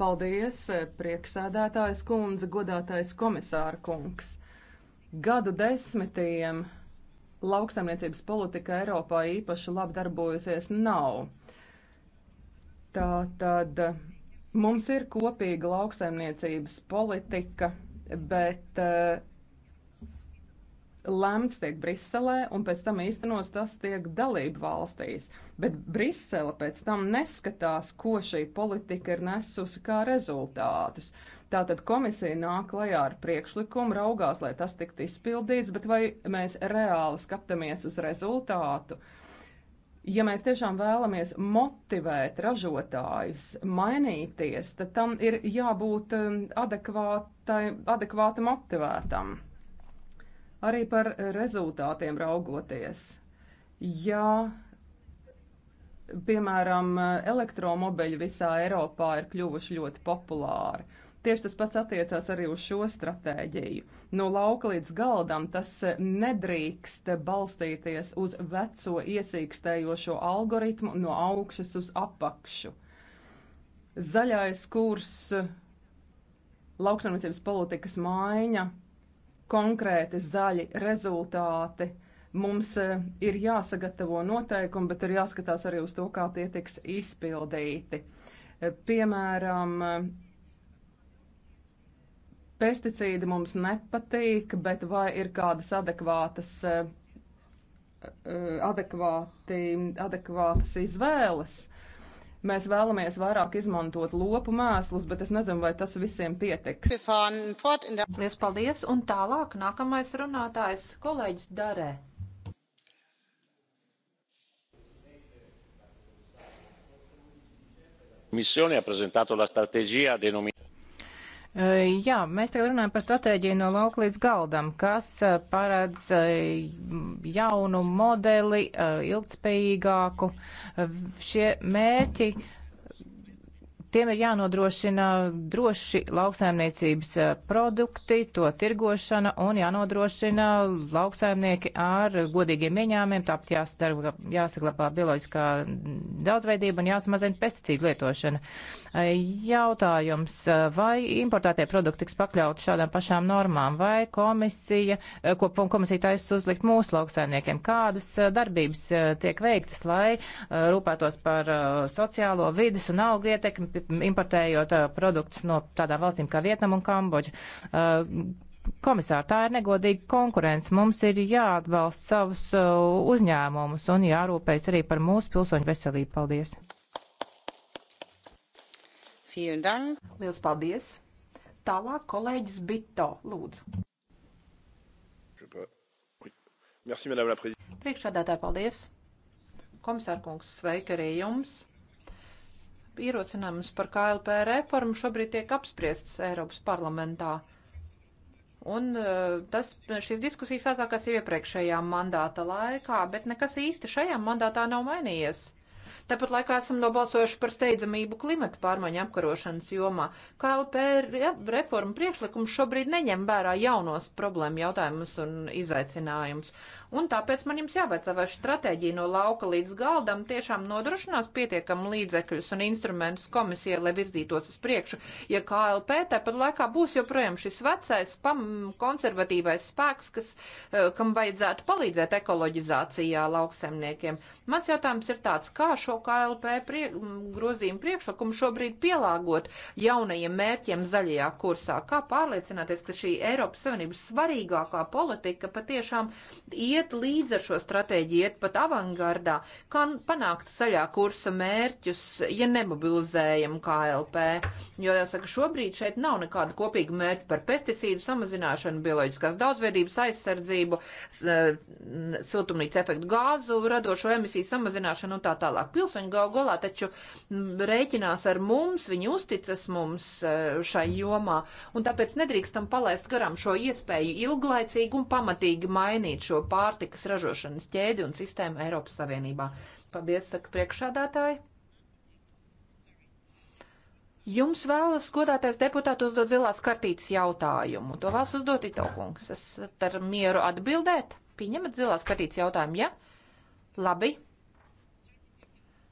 paldies, e, prieksēdētājs kundze, godātais komisāra kungs. Gadu desmitiem lauksaimniecības politika Eiropā īpaši labi darbojusies nav. Tā tad e, mums ir kopīga lauksaimniecības politika, bet uh, lemts tiek Briselē, un pēc tam īstenos tas tiek dalību valstīs. Bet Brisele pēc tam neskatās, ko šī politika ir nesusi kā rezultātus. Tātad komisija nāk klajā ar priekšlikumu, raugās, lai tas tiktu izpildīts, bet vai mēs reāli skatāmies uz rezultātu? Ja mēs tiešām vēlamies motivēt ražotājus mainīties, tad tam ir jābūt um, adekvātai, adekvāti motivētam. Arī par rezultātiem raugoties. Ja, piemēram, elektromobeļi visā Eiropā ir kļuvuši ļoti populāri, Tieši tas pats attiecās arī uz šo stratēģiju. No lauka līdz galdam tas nedrīkst balstīties uz veco iesīkstējošo algoritmu no augšas uz apakšu. Zaļais kurs, lauksaimniecības politikas maiņa, konkrēti zaļi rezultāti. Mums eh, ir jāsagatavo noteikumi, bet ir jāskatās arī uz to, kā tie tiks izpildīti. Eh, piemēram, pesticīdi mums nepatīk, bet vai ir kādas adekvātas, eh, adekvāti, adekvātas izvēles? Mēs vēlamies vairāk izmantot lopu mēslus, bet es nezinu, vai tas visiem pietiks. Lies paldies, un tālāk nākamais runātājs kolēģis Darē. Missione ha presentato la strategia denominata Jā, mēs tagad runājam par stratēģiju no lauka līdz galdam, kas paredz jaunu modeli, ilgspējīgāku. Šie mērķi Tiem ir jānodrošina droši lauksaimniecības eh, produkti, to tirgošana un jānodrošina lauksaimnieki ar godīgiem ieņēmumiem, tāpat jāsaglabā bioloģiskā daudzveidība un jāsamazina pesticīdu lietošana. Eh, jautājums, eh, vai importētie produkti tiks pakļauti šādām pašām normām, vai komisija, ko komisija taisa uzlikt mūsu lauksaimniekiem, kādas darbības tiek veiktas, lai rūpētos par sociālo vidas un algu ietekmi importējot uh, produktus no tādām valstīm kā Vietnam un Kambodža. Uh, komisār, tā ir negodīga konkurence. Mums ir jāatbalsta savus uh, uzņēmumus un jārūpējas arī par mūsu pilsoņu veselību. Paldies! Lielas paldies! Tālāk kolēģis Bito, lūdzu. Priekšādātāji, paldies! Komisārkungs, sveiki arī jums! ierocinājums par KLP reformu šobrīd tiek apspriests Eiropas parlamentā. Un eh, tas, šīs diskusijas sākās jau iepriekšējā mandāta laikā, bet nekas īsti šajā mandātā nav mainījies. Tāpat laikā esam nobalsojuši par steidzamību klimata pārmaiņu apkarošanas jomā. KLP reforma priekšlikums šobrīd neņem vērā jaunos problēmu jautājumus un izaicinājumus. Un tāpēc man jums jāvaicā, vai stratēģija no lauka līdz galdam tiešām nodrošinās pietiekam līdzekļus un instrumentus komisijai, lai virzītos uz priekšu, ja KLP tāpat laikā būs joprojām šis vecais pam, konservatīvais spēks, kas, eh, kam vajadzētu palīdzēt ekoloģizācijā lauksemniekiem. Mans jautājums ir tāds, kā šo KLP prie, grozījumu priekšlikumu šobrīd pielāgot jaunajiem mērķiem zaļajā kursā? Kā pārliecināties, ka šī Eiropas Savienības svarīgākā politika patiešām ir iet līdzi ar šo stratēģiju, iet pat avangardā, kā panākt zaļā kursa mērķus, ja nemobilizējam KLP. Jo, jāsaka, šobrīd šeit nav nekāda kopīga mērķa par pesticīdu samazināšanu, bioloģiskās daudzveidības aizsardzību, eh, siltumnīca efektu gāzu radošo emisiju samazināšanu un tā tālāk. Pilsoņi gal galā taču rēķinās ar mums, viņi uzticas mums eh, šai jomā, un tāpēc nedrīkstam palaist garām šo iespēju ilglaicīgi un pamatīgi mainīt šo pārējumu pārtikas ražošanas ķēdi un sistēmu Eiropas Savienībā. Paldies, saka priekšādātāji. Jums vēlas, godātais deputāts, uzdot zilās kartītes jautājumu. To vēlas uzdot Itokungs. Esat ar mieru atbildēt? Pieņemat zilās kartītes jautājumu, ja? Labi.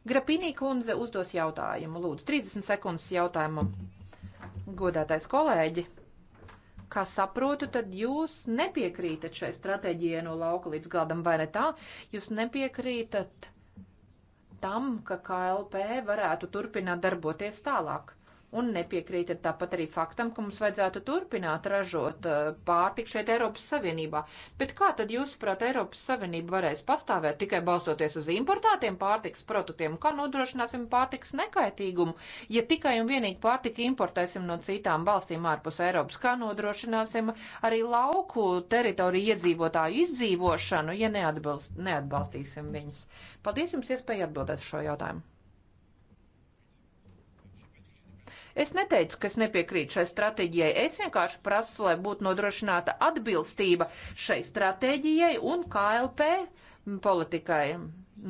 Grapinī kundze uzdos jautājumu. Lūdzu, 30 sekundes jautājumam. Godātais kolēģi, Kā saprotu, tad jūs nepiekrītat šai stratēģijai no lauka līdz galdam, vai ne tā? Jūs nepiekrītat tam, ka KLP varētu turpināt darboties tālāk un nepiekrīt tāpat arī faktam, ka mums vajadzētu turpināt ražot eh, pārtiku šeit Eiropas Savienībā. Bet kā tad jūs, prāt, Eiropas Savienība varēs pastāvēt tikai balstoties uz importētiem pārtiks produktiem? Kā nodrošināsim pārtiks nekaitīgumu, ja tikai un vienīgi pārtika importēsim no citām valstīm ārpus Eiropas? Kā nodrošināsim arī lauku teritoriju iedzīvotāju izdzīvošanu, ja neatbalst, neatbalstīsim viņus? Paldies jums iespēju atbildēt šo jautājumu. Es neteicu, ka es nepiekrītu šai stratēģijai. Es vienkārši prasu, lai būtu nodrošināta atbilstība šai stratēģijai un KLP politikai.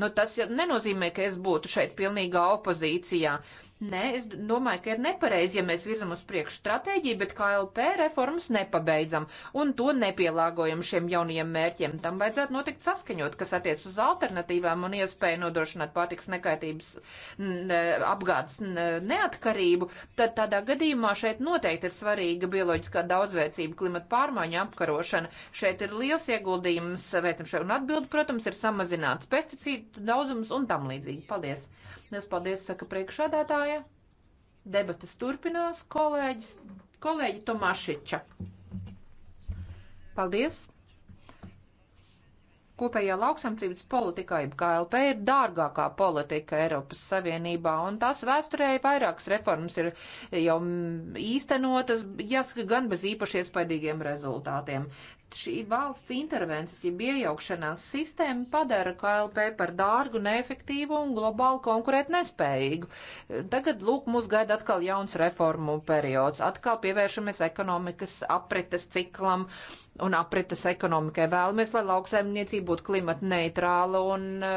Nu, tas nenozīmē, ka es būtu šeit pilnīgā opozīcijā. Uh, Nē, es domāju, ka ir nepareizi, ja mēs virzam uz priekšu stratēģiju, bet KLP reformas nepabeidzam un to nepielāgojam šiem jaunajiem mērķiem. Tam vajadzētu notikt saskaņot, kas attiec uz alternatīvām un iespēju nodrošināt pārtiks nekaitības apgādes neatkarību. Tad tādā gadījumā šeit noteikti ir svarīga bioloģiskā daudzveicība, klimata pārmaiņa apkarošana. Šeit ir liels ieguldījums veicam šeit un atbildi, protams, ir samazināts pesticīdu daudzums un tam līdzīgi. Paldies! Liels paldies, saka priekšādātāja. Debates turpinās kolēģis, kolēģi Tomašiča. Paldies! Kopējā lauksamcības politikā, jeb KLP, ir dārgākā politika Eiropas Savienībā, un tās vēsturē vairākas reformas ir jau īstenotas, jāsaka, gan bez īpaši iespaidīgiem rezultātiem šī valsts intervences, jeb ja iejaukšanās sistēma padara KLP par dārgu, neefektīvu un globāli konkurēt nespējīgu. Tagad, lūk, mūs gaida atkal jauns reformu periods, atkal pievēršamies ekonomikas aprites ciklam un aprites ekonomikai. Vēlamies, lai lauksaimniecība būtu klimata neitrāla un eh,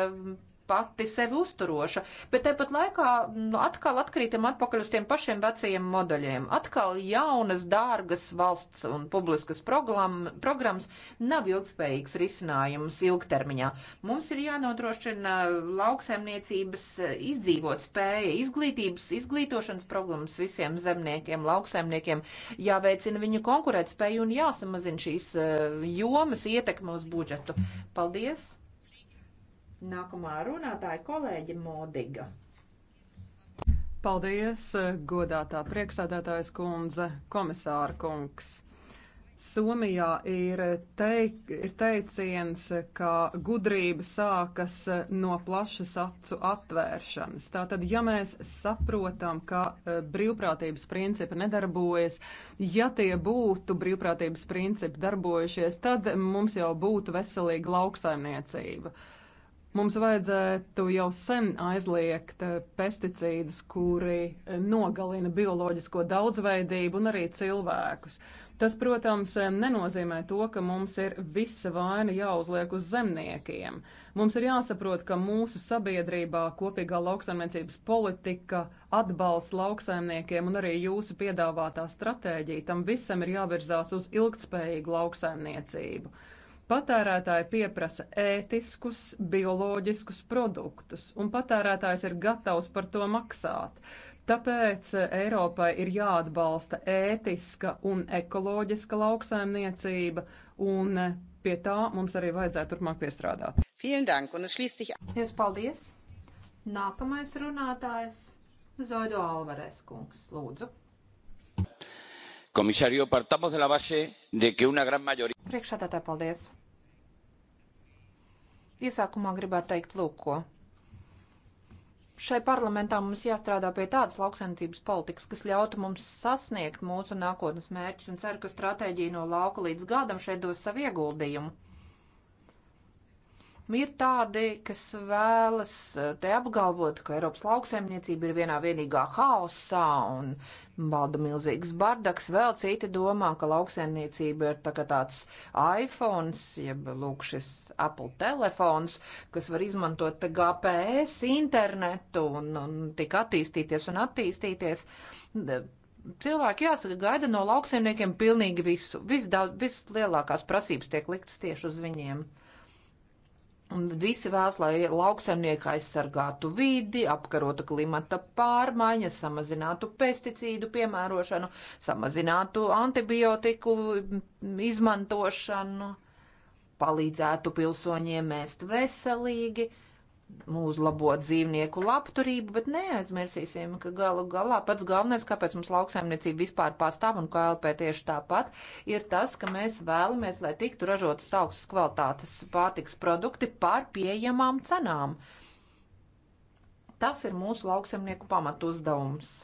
pati sevi uzturoša, bet tepat laikā nu, atkal atkrītam atpakaļ uz tiem pašiem vecajiem modeļiem. Atkal jaunas, dārgas valsts un publiskas program, programmas nav ilgspējīgs risinājums ilgtermiņā. Mums ir jānodrošina lauksaimniecības izdzīvot spēja, izglītības, izglītošanas programmas visiem zemniekiem, lauksaimniekiem, jāveicina viņu konkurētspēju un jāsamazina šīs eh, jomas ietekme uz budžetu. Paldies! Nākamā runātāja kolēģi Modiga. Paldies, godātā priekšsādātājs kundze, komisāra kungs. Somijā ir, teik, ir teiciens, ka gudrība sākas no plašas acu atvēršanas. Tātad, ja mēs saprotam, ka e, brīvprātības principi nedarbojas, ja tie būtu brīvprātības principi darbojušies, tad mums jau būtu veselīga lauksaimniecība. Uh, Mums vajadzētu jau sen aizliegt eh, pesticīdus, kuri eh, nogalina bioloģisko daudzveidību un arī cilvēkus. Tas, protams, eh, nenozīmē to, ka mums ir visa vaina jāuzliek uz zemniekiem. Mums ir jāsaprot, ka mūsu sabiedrībā kopīgā lauksaimniecības politika, atbalsts lauksaimniekiem un arī jūsu piedāvātā stratēģija tam visam ir jāvirzās uz ilgtspējīgu lauksaimniecību. Patērētāji pieprasa ētiskus, bioloģiskus produktus, un patērētājs ir gatavs par to maksāt. Tāpēc eh, Eiropai ir jāatbalsta ētiska un ekoloģiska lauksaimniecība, un eh, pie tā mums arī vajadzētu turpmāk piestrādāt. Lielas paldies! Nākamais runātājs - Zoido Alvarez kungs, lūdzu. Komisārio, partamos de la base de que una gran mayoría. Priekšādā tā paldies. Iesākumā gribētu teikt, lūk, ko. Šai parlamentā mums jāstrādā pie tādas lauksaimniecības politikas, kas ļautu mums sasniegt mūsu nākotnes mērķus un ceru, ka stratēģija no lauka līdz gadam šeit dos savu ieguldījumu. Ir tādi, kas vēlas eh, te apgalvot, ka Eiropas lauksaimniecība ir vienā vienīgā haosā un balda milzīgs bardaks. Vēl citi domā, ka lauksaimniecība ir tā kā tāds iPhone, jeb lūk šis Apple telefons, kas var izmantot te GPS internetu un, un tik attīstīties un attīstīties. Cilvēki jāsaka, gaida no lauksaimniekiem pilnīgi visu. Visdaudz, vislielākās prasības tiek liktas tieši uz viņiem. Un visi vēlas, lai lauksaimnieki aizsargātu vidi, apkarotu klimata pārmaiņas, samazinātu pesticīdu piemērošanu, samazinātu antibiotiku izmantošanu, palīdzētu pilsoņiem ēst veselīgi uzlabot dzīvnieku labturību, bet neaizmirsīsim, ka galu galā pats galvenais, kāpēc mums lauksaimniecība vispār pastāv un KLP tieši tāpat, ir tas, ka mēs vēlamies, lai tiktu ražotas augstas kvalitātes pārtiks produkti par pieejamām cenām. Tas ir mūsu lauksaimnieku pamatu uzdevums.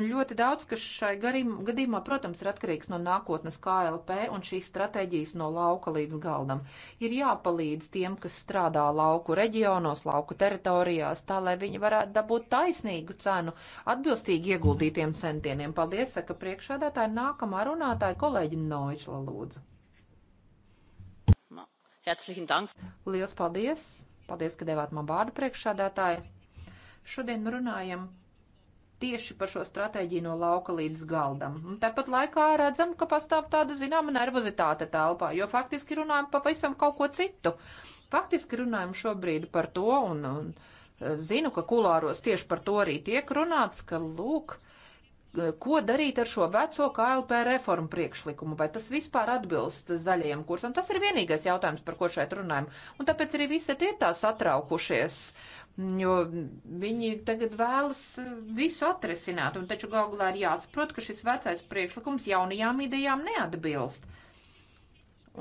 Un ļoti daudz, kas šai garim, gadījumā, protams, ir atkarīgs no nākotnes KLP un šīs stratēģijas no lauka līdz galdam. Ir jāpalīdz tiem, kas strādā lauku reģionos, lauku teritorijās, tā lai viņi varētu dabūt taisnīgu cenu atbilstīgi ieguldītiem centieniem. Paldies, saka priekšādātāja nākamā runātāja kolēģi Noičla lūdzu. Herzlichen Dank. Lielas paldies! Paldies, ka devāt man vārdu priekšsādātāju. Šodien runājam tieši par šo stratēģiju no lauka līdz galdam. Un tāpat laikā redzam, ka pastāv tāda zināma nervozitāte telpā, jo faktiski runājam pavisam kaut ko citu. Faktiski runājam šobrīd par to, un, un e, zinu, ka kulāros tieši par to arī tiek runāts, ka lūk, e, ko darīt ar šo veco KLP reformu priekšlikumu, vai tas vispār atbilst zaļajam kursam. Tas ir vienīgais jautājums, par ko šeit runājam. Un tāpēc arī visi ir tā satraukušies. Uh, jo viņi tagad vēlas visu atrisināt, un taču galvā ir jāsaprot, ka šis vecais priekšlikums jaunajām idejām neatbilst.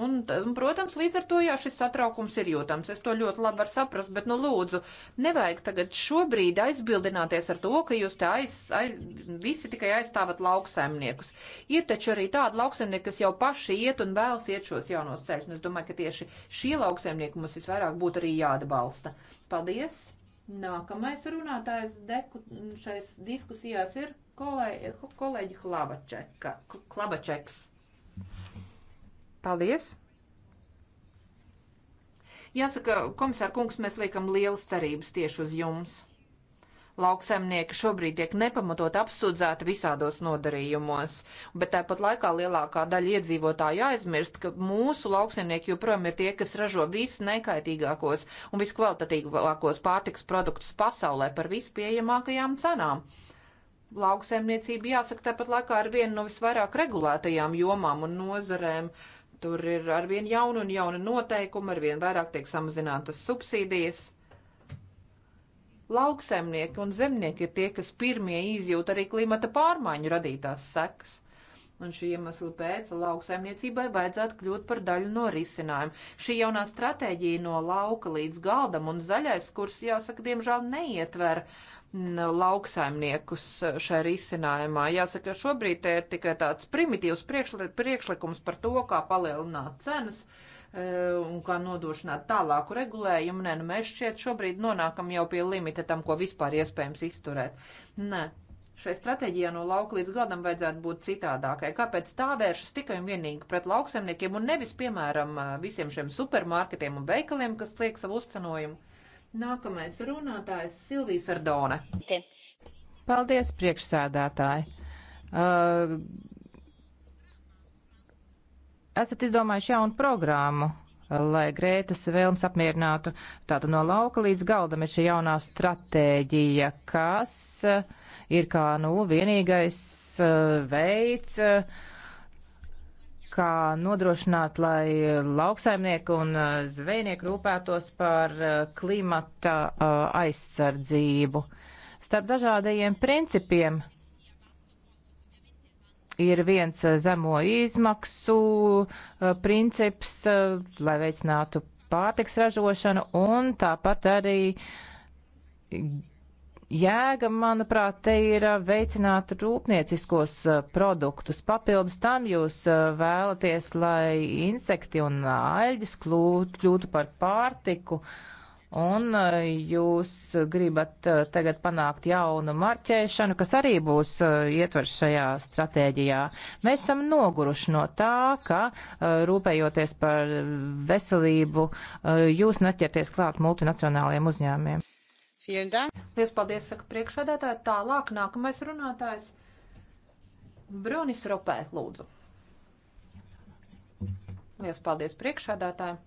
Un, un, protams, līdz ar to jā, šis satraukums ir jūtams. Es to ļoti labi varu saprast, bet, nu, lūdzu, nevajag tagad šobrīd aizbildināties ar to, ka jūs te aiz, aiz, visi tikai aizstāvat lauksaimniekus. Ir taču arī tādi lauksaimnieki, kas jau paši iet un vēlas iet šos jaunos ceļus, un es domāju, ka tieši šie lauksaimnieki mums visvairāk būtu arī jāatbalsta. Paldies! Nākamais runātājs deku, šais diskusijās ir kolēģi, kolēģi Hlavačeka, Klabačeks. Paldies! Jāsaka, komisār kungs, mēs liekam lielas cerības tieši uz jums. Lauksaimnieki šobrīd tiek nepamatot apsūdzēti visādos nodarījumos, bet tāpat laikā lielākā daļa iedzīvotāju aizmirst, ka mūsu lauksaimnieki joprojām ir tie, kas ražo visnekaitīgākos un viskvalitatīvākos pārtiks produktus pasaulē par vispieejamākajām cenām. Lauksaimniecība jāsaka tāpat laikā ir viena no visvairāk regulētajām jomām un nozarēm. Tur ir arvien jauni un jauni noteikumi, arvien vairāk tiek samazinātas subsīdijas. Lauksaimnieki un zemnieki ir tie, kas pirmie izjūt arī klimata pārmaiņu radītās sekas. Un šī iemesla pēc lauksaimniecībai vajadzētu kļūt par daļu no risinājuma. Šī jaunā stratēģija no lauka līdz galdam un zaļais kurs, jāsaka, diemžēl neietver lauksaimniekus e, šai risinājumā. Jāsaka, šobrīd te ir tikai tāds primitīvs priekšlikums par to, kā palielināt cenas. Uh, E, un kā nodrošināt tālāku regulējumu. Nē, nu mēs šķiet šobrīd nonākam jau pie limita tam, ko vispār iespējams izturēt. Nē. Šai stratēģijā no lauka līdz gadam vajadzētu būt citādākai. Kāpēc tā vēršas tikai un vienīgi pret lauksaimniekiem un nevis, piemēram, e, visiem šiem supermarketiem un veikaliem, kas liek savu uzcenojumu? Nākamais runātājs Silvijas Ardone. Paldies, priekšsēdētāji! Uh, esat izdomājuši jaunu programmu, lai Grētas vēlms apmierinātu. Tātad no lauka līdz galdam ir šī jaunā stratēģija, kas eh, ir kā nu vienīgais eh, veids, eh, kā nodrošināt, lai lauksaimnieku un zvejnieku rūpētos par klimata aizsardzību. Starp dažādajiem principiem ir viens eh, zemo izmaksu eh, princips, eh, lai veicinātu pārtiks ražošanu, un tāpat arī jēga, manuprāt, te ir veicināt rūpnieciskos produktus. Papildus tam jūs vēlaties, lai insekti un aļģis kļūtu par pārtiku. Uh, Un eh, jūs gribat eh, tagad panākt jaunu marķēšanu, kas arī būs eh, ietvers šajā stratēģijā. Mēs esam noguruši no tā, ka rūpējoties par veselību, jūs neķerties klāt multinacionāliem uzņēmiem. Lies paldies, saka priekšādātāji. Tālāk nākamais runātājs Bronis Ropē, lūdzu. Lies paldies priekšādātājiem,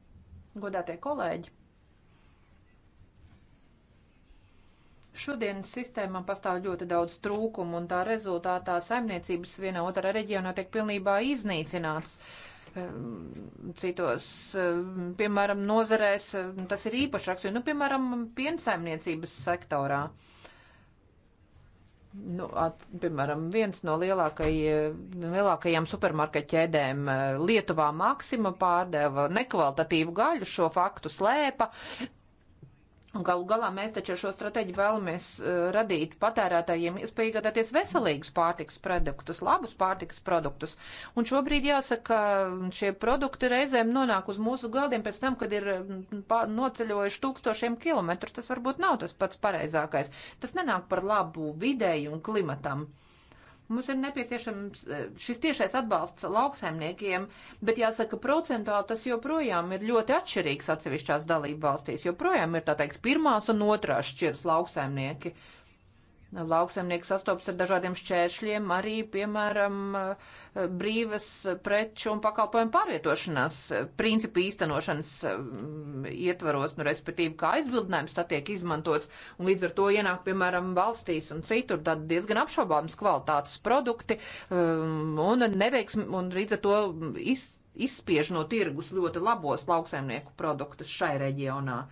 godātie kolēģi. Šodienas sistēmā pastāv ļoti daudz trūkumu, un tā rezultātā saimniecības vienā otrā reģionā tiek pilnībā iznīcināts. Ehm, citos, ehm, piemēram, nozarēs ehm, tas ir īpaši raksts, nu, piemēram, piensaimniecības sektorā. Nu, at, piemēram, viens no lielākaj, lielākajām supermarketu ķēdēm Lietuvā Maksima pārdeva nekvalitatīvu gaļu, šo faktu slēpa, Un galu galā mēs taču ar šo stratēģiju vēlamies uh, radīt patērētājiem iespēju iegādāties veselīgus pārtiks produktus, labus pārtiks produktus. Un šobrīd jāsaka, šie produkti reizēm nonāk uz mūsu galdiem pēc tam, kad ir noceļojuši tūkstošiem kilometrus. Tas varbūt nav tas pats pareizākais. Tas nenāk par labu videi un klimatam. Uh, Mums ir nepieciešams eh, šis tiešais atbalsts lauksaimniekiem, bet jāsaka, procentuāli tas joprojām ir ļoti atšķirīgs atsevišķās dalību valstīs. Joprojām ir tā teikt pirmās un otrās šķiras lauksaimnieki. Uh, Lauksaimnieks sastopas ar dažādiem šķēršļiem, arī, piemēram, brīvas preču un pakalpojumu pārvietošanās principu īstenošanas mm, ietvaros, nu, respektīvi, kā aizbildinājums tā tiek izmantots, un līdz ar to ienāk, piemēram, valstīs un citur tad diezgan apšaubāmas kvalitātes produkti, mm, un neveiksmi, un līdz ar to iz, izspiež no tirgus ļoti labos lauksaimnieku produktus šai reģionā.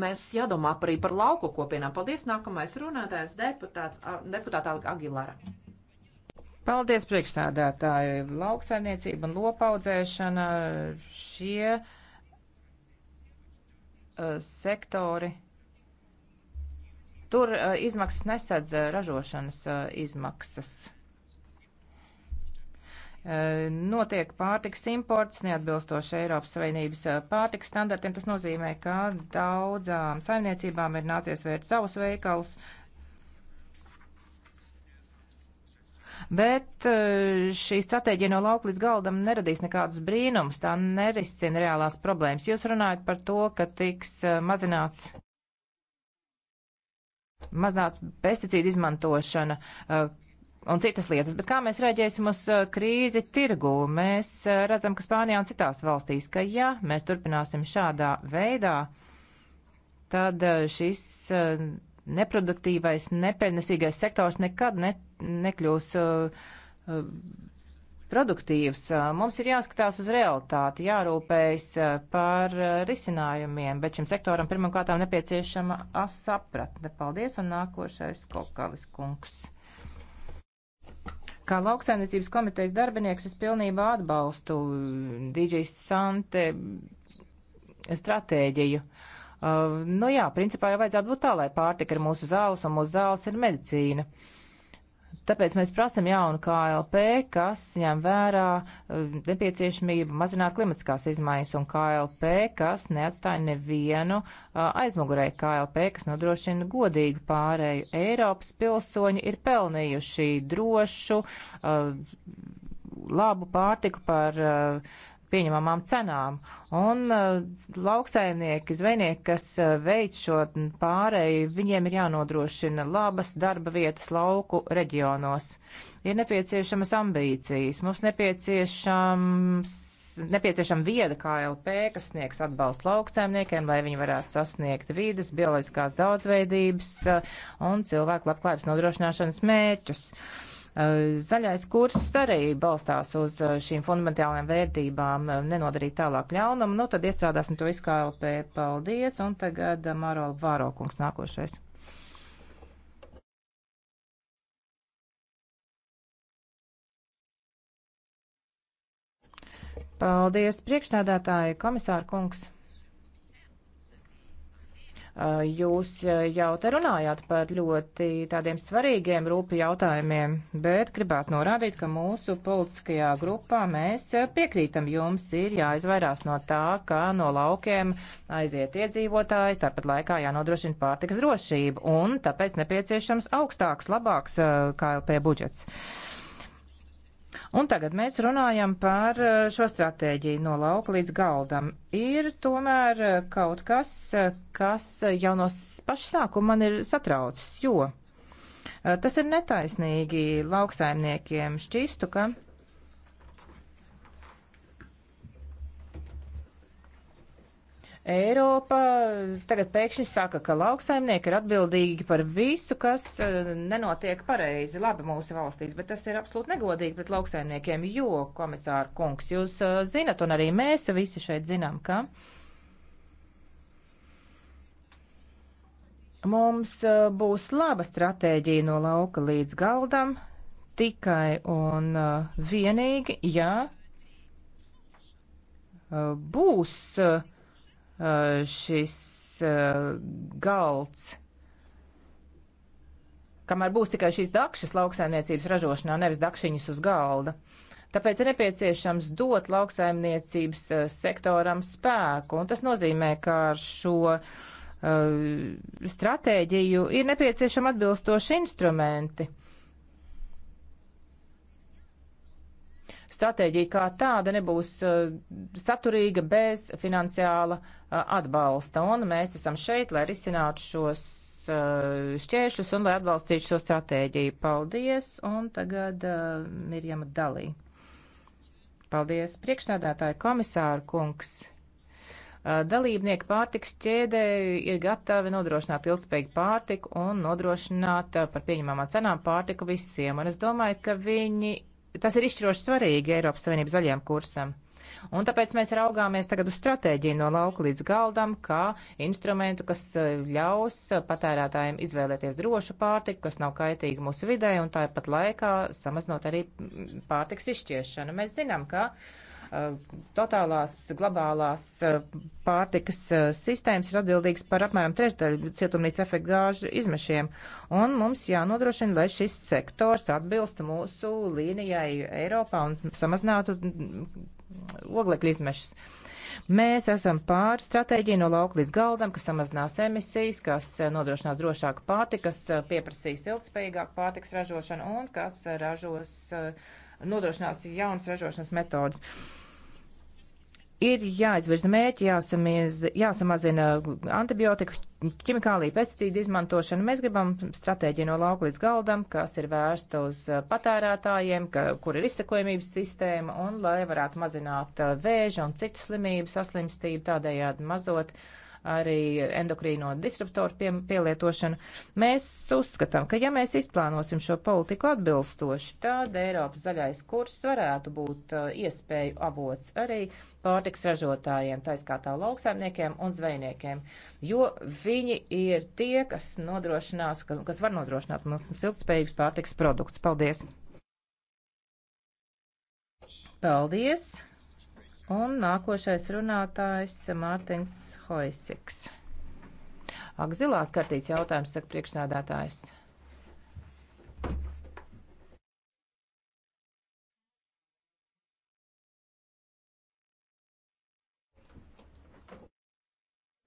Mēs jādomā arī par lauku kopienām. Paldies, nākamais runātājs deputāts, deputātā Agilāra. Paldies, priekšstādātāji. Lauksaimniecība un lopaudzēšana šie uh, sektori. Tur uh, izmaksas nesadz e, ražošanas uh, izmaksas. Eh, notiek pārtiks imports neatbilstoši Eiropas Savienības eh, pārtiks standartiem. Tas nozīmē, ka daudzām saimniecībām ir nācies vērt savus veikalus. Bet eh, šī stratēģija no lauka līdz galdam neradīs nekādus brīnums, tā nerisina reālās problēmas. Jūs runājat par to, ka tiks mazināts mazināt pesticīdu izmantošana, un citas lietas, bet kā mēs reaģēsim uz uh, krīzi tirgu? Mēs uh, redzam, ka Spānijā un citās valstīs, ka ja mēs turpināsim šādā veidā, tad uh, šis neproduktīvais, nepelnesīgais sektors nekad ne, nekļūs produktīvs. Mums ir jāskatās uz realitāti, jārūpējas par risinājumiem, bet šim sektoram pirmkārtām nepieciešama sapratne. Paldies, un nākošais Kolkalis kungs. Kā lauksaimniecības komitejas darbinieks es pilnībā atbalstu mm, DJ Sante mm, stratēģiju. Uh, nu jā, principā jau vajadzētu būt tā, lai pārtika ir mūsu zāles un mūsu zāles ir medicīna. Uh, Tāpēc mēs prasam jaunu KLP, kas ņem vērā um, nepieciešamību mazināt klimatiskās izmaiņas un KLP, kas neatstāja nevienu uh, aizmugurē KLP, kas nodrošina godīgu pārēju. Eiropas pilsoņi ir pelnījuši drošu uh, labu pārtiku par uh, pieņemamām cenām. Un eh, lauksaimnieki, zvejnieki, kas eh, veic šo pārēju, viņiem ir jānodrošina labas darba vietas lauku reģionos. Ir nepieciešamas ambīcijas, mums nepieciešams nepieciešama vieda KLP, kas sniegs atbalstu lauksaimniekiem, lai viņi varētu sasniegt vīdes, bioloģiskās daudzveidības eh, un cilvēku labklājības nodrošināšanas mērķus. Uh, Eh, zaļais kurs arī balstās uz eh, šīm fundamentālajām vērtībām, eh, nenodarīt tālāk ļaunumu. Nu, tad iestrādāsim to izkālpē. Paldies, un tagad Māro Vārokungs nākošais. Paldies, priekšstādātāji, komisāra kungs. Eh, jūs eh, jau te runājāt par ļoti tādiem svarīgiem rūpi jautājumiem, bet gribētu norādīt, ka mūsu politiskajā grupā mēs eh, piekrītam jums ir jāizvairās no tā, ka no laukiem aiziet iedzīvotāji, tāpat laikā jānodrošina pārtiks drošība un tāpēc nepieciešams augstāks, labāks KLP budžets. Uh, Un tagad mēs runājam par eh, šo stratēģiju no lauka līdz galdam. Ir tomēr eh, kaut kas, eh, kas jau no paša sākuma man ir satraucis, jo tas ir netaisnīgi lauksaimniekiem šķistu, ka Eiropa tagad pēkšņi saka, ka lauksaimnieki ir atbildīgi par visu, kas eh, nenotiek pareizi labi mūsu valstīs, bet tas ir absolūti negodīgi pret lauksaimniekiem, jo, komisāra kungs, jūs eh, zinat, un arī mēs visi šeit zinām, ka mums eh, būs laba stratēģija no lauka līdz galdam tikai un vienīgi, ja būs uh, Eh, šis eh, galds. Kamēr būs tikai šīs dakšas lauksaimniecības ražošanā, nevis dakšiņas uz galda. Tāpēc ir nepieciešams dot lauksaimniecības eh, sektoram spēku, un tas nozīmē, ka ar šo uh, stratēģiju ir nepieciešama atbilstoši instrumenti. Uh, stratēģija kā tāda nebūs eh, saturīga bez finansiāla eh, atbalsta. Un mēs esam šeit, lai risinātu šos eh, šķēršļus un lai atbalstītu šo stratēģiju. Paldies! Un tagad uh, Mirjama Dalī. Paldies, priekšsēdētāji komisāru kungs! dalībnieki pārtiks ķēdē ir gatavi nodrošināt ilgspējīgu pārtiku un nodrošināt par pieņemamā cenām pārtiku visiem. Un es domāju, ka viņi tas ir izšķiroši svarīgi Eiropas Savienības zaļajam kursam. Un tāpēc mēs raugāmies tagad uz stratēģiju no lauka līdz galdam, kā instrumentu, kas e, ļaus patērētājiem izvēlēties drošu pārtiku, kas nav kaitīga mūsu vidē, un tāpat laikā samaznot arī pārtiks izšķiešanu. Mēs zinām, ka uh, Eh, totālās globālās eh, pārtikas eh, sistēmas ir atbildīgs par apmēram trešdaļu cietumnīca efektu gāžu izmešiem. Un mums jānodrošina, lai šis sektors atbilstu mūsu līnijai Eiropā un samazinātu mm, oglekļu izmešas. Mēs esam pār stratēģiju no lauka līdz galdam, kas samazinās emisijas, kas nodrošinās drošāku pārtiku, kas pieprasīs ilgspējīgāku pārtikas ražošanu un kas ražos, nodrošinās jaunas ražošanas metodas ir jāizvirza mērķi, jāsamies, jāsamazina antibiotiku, ķimikāliju, pesticīdu izmantošanu. Mēs gribam stratēģiju no lauka līdz galdam, kas ir vērsta uz uh, patērētājiem, ka, kur ir izsakojamības sistēma un lai varētu mazināt uh, vēža un citu slimību saslimstību, tādējādi mazot uh, arī endokrīno disruptoru pie, pielietošanu. Mēs uzskatām, ka ja mēs izplānosim šo politiku atbilstoši, tad Eiropas zaļais kurs varētu būt uh, iespēju avots arī pārtiks ražotājiem, taiskātā lauksaimniekiem un zvejniekiem, jo viņi ir tie, kas nodrošinās, kas var nodrošināt mums ilgspējīgus pārtiks produktus. Paldies! Paldies! Un nākošais runātājs Mārtiņš Hoisiks. Ak, zilās kartīts jautājums, saka priekšnādātājs.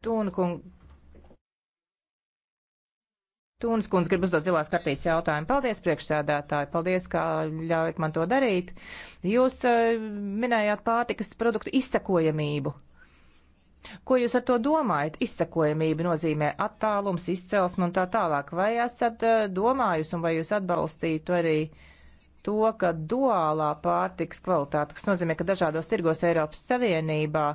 Tūna kunga Tūnas kundze grib uzdot zilās kartītes jautājumu. Paldies, priekšsēdētāji, paldies, ka ļaujat man to darīt. Jūs eh, minējāt pārtikas produktu izsakojamību. Ko jūs ar to domājat? Izsakojamība nozīmē attālums, izcelsme un tā tālāk. Vai esat eh, domājusi un vai jūs atbalstītu arī to, ka duālā pārtikas kvalitāte, kas nozīmē, ka dažādos tirgos Eiropas Savienībā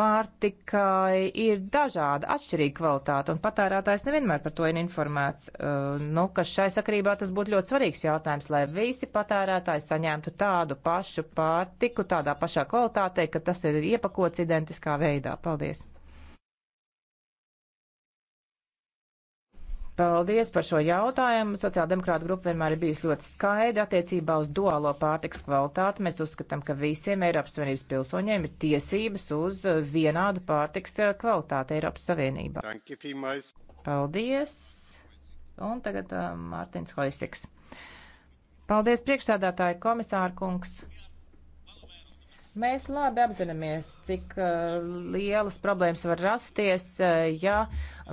pārtikai ir dažāda, atšķirīga kvalitāte, un patērētājs nevienmēr par to ir informēts. Uh, nu, ka šai sakrībā tas būtu ļoti svarīgs jautājums, lai visi patērētāji saņemtu tādu pašu pārtiku, tādā pašā kvalitātei, ka tas ir iepakots identiskā veidā. Paldies! Paldies par šo jautājumu. Sociāldemokrāta grupa vienmēr ir bijusi ļoti skaidra attiecībā uz duālo pārtiks kvalitāti. Mēs uzskatām, ka visiem Eiropas Savienības pilsoņiem ir tiesības uz uh, vienādu pārtiks uh, kvalitāti Eiropas Savienībā. Paldies. Un tagad uh, Mārtiņš Hoisiks. Paldies priekšsādātāju komisāru kungs. Mēs labi apzināmies, cik uh, lielas problēmas var rasties, uh, ja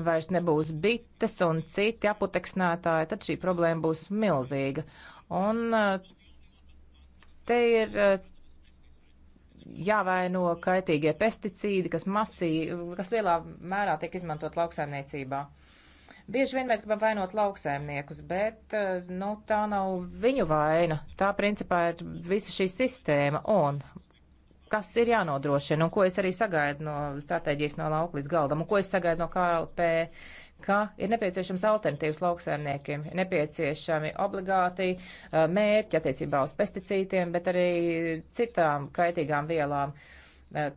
vairs nebūs bites un citi aputeksnētāji, tad šī problēma būs milzīga. Un uh, te ir uh, jāvaino kaitīgie pesticīdi, kas masīvi, kas lielā mērā tiek izmantot lauksaimniecībā. Bieži vien mēs gribam vainot lauksaimniekus, bet uh, nu, tā nav viņu vaina. Tā principā ir visa šī sistēma. Un kas ir jānodrošina un ko es arī sagaidu no stratēģijas no lauka līdz galdam un ko es sagaidu no KLP ka ir nepieciešams alternatīvas lauksaimniekiem, nepieciešami obligāti mērķi attiecībā uz pesticītiem, bet arī citām kaitīgām vielām. Uh,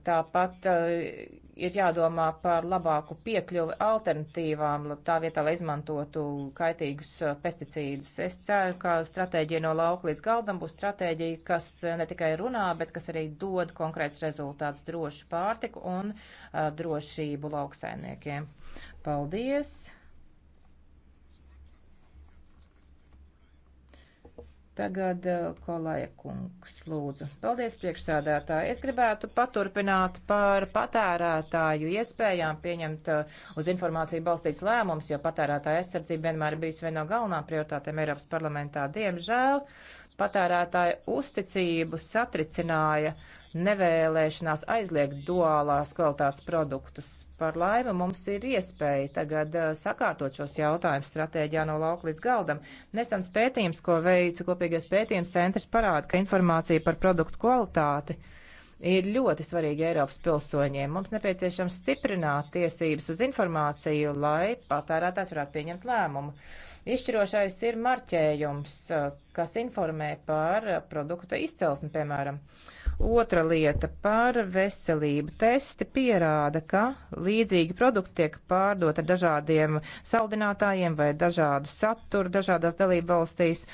Tāpat eh, ir jādomā par labāku piekļuvi alternatīvām, tā vietā, lai izmantotu kaitīgus eh, pesticīdus. Es ceru, ka stratēģija no lauka līdz galdam būs stratēģija, kas eh, ne tikai runā, bet kas arī dod konkrēts rezultāts drošu pārtiku un drošību lauksaimniekiem. Paldies! Tagad eh, kolēja kungs, lūdzu. Paldies, priekšsādātāji. Es gribētu paturpināt par patērētāju iespējām pieņemt eh, uz informāciju balstīts lēmums, jo patērētāja aizsardzība vienmēr bijis viena no galvenām prioritātēm Eiropas parlamentā. Diemžēl patērētāja uzticību satricināja nevēlēšanās aizliegt duālās kvalitātes produktus. Par laimi mums ir iespēja tagad uh, sakārtot šos jautājumus stratēģijā no lauka līdz galdam. Nesans pētījums, ko veica kopīgais pētījums centrs, parāda, ka informācija par produktu kvalitāti ir ļoti svarīgi Eiropas pilsoņiem. Mums nepieciešams stiprināt tiesības uz informāciju, lai patērētājs varētu pieņemt lēmumu. Izšķirošais ir marķējums, uh, kas informē par uh, produkta izcelsmi, piemēram. Uh, Otra lieta par veselību. Testi pierāda, ka līdzīgi produkti tiek pārdot ar dažādiem saldinātājiem vai dažādu saturu dažādās dalību valstīs,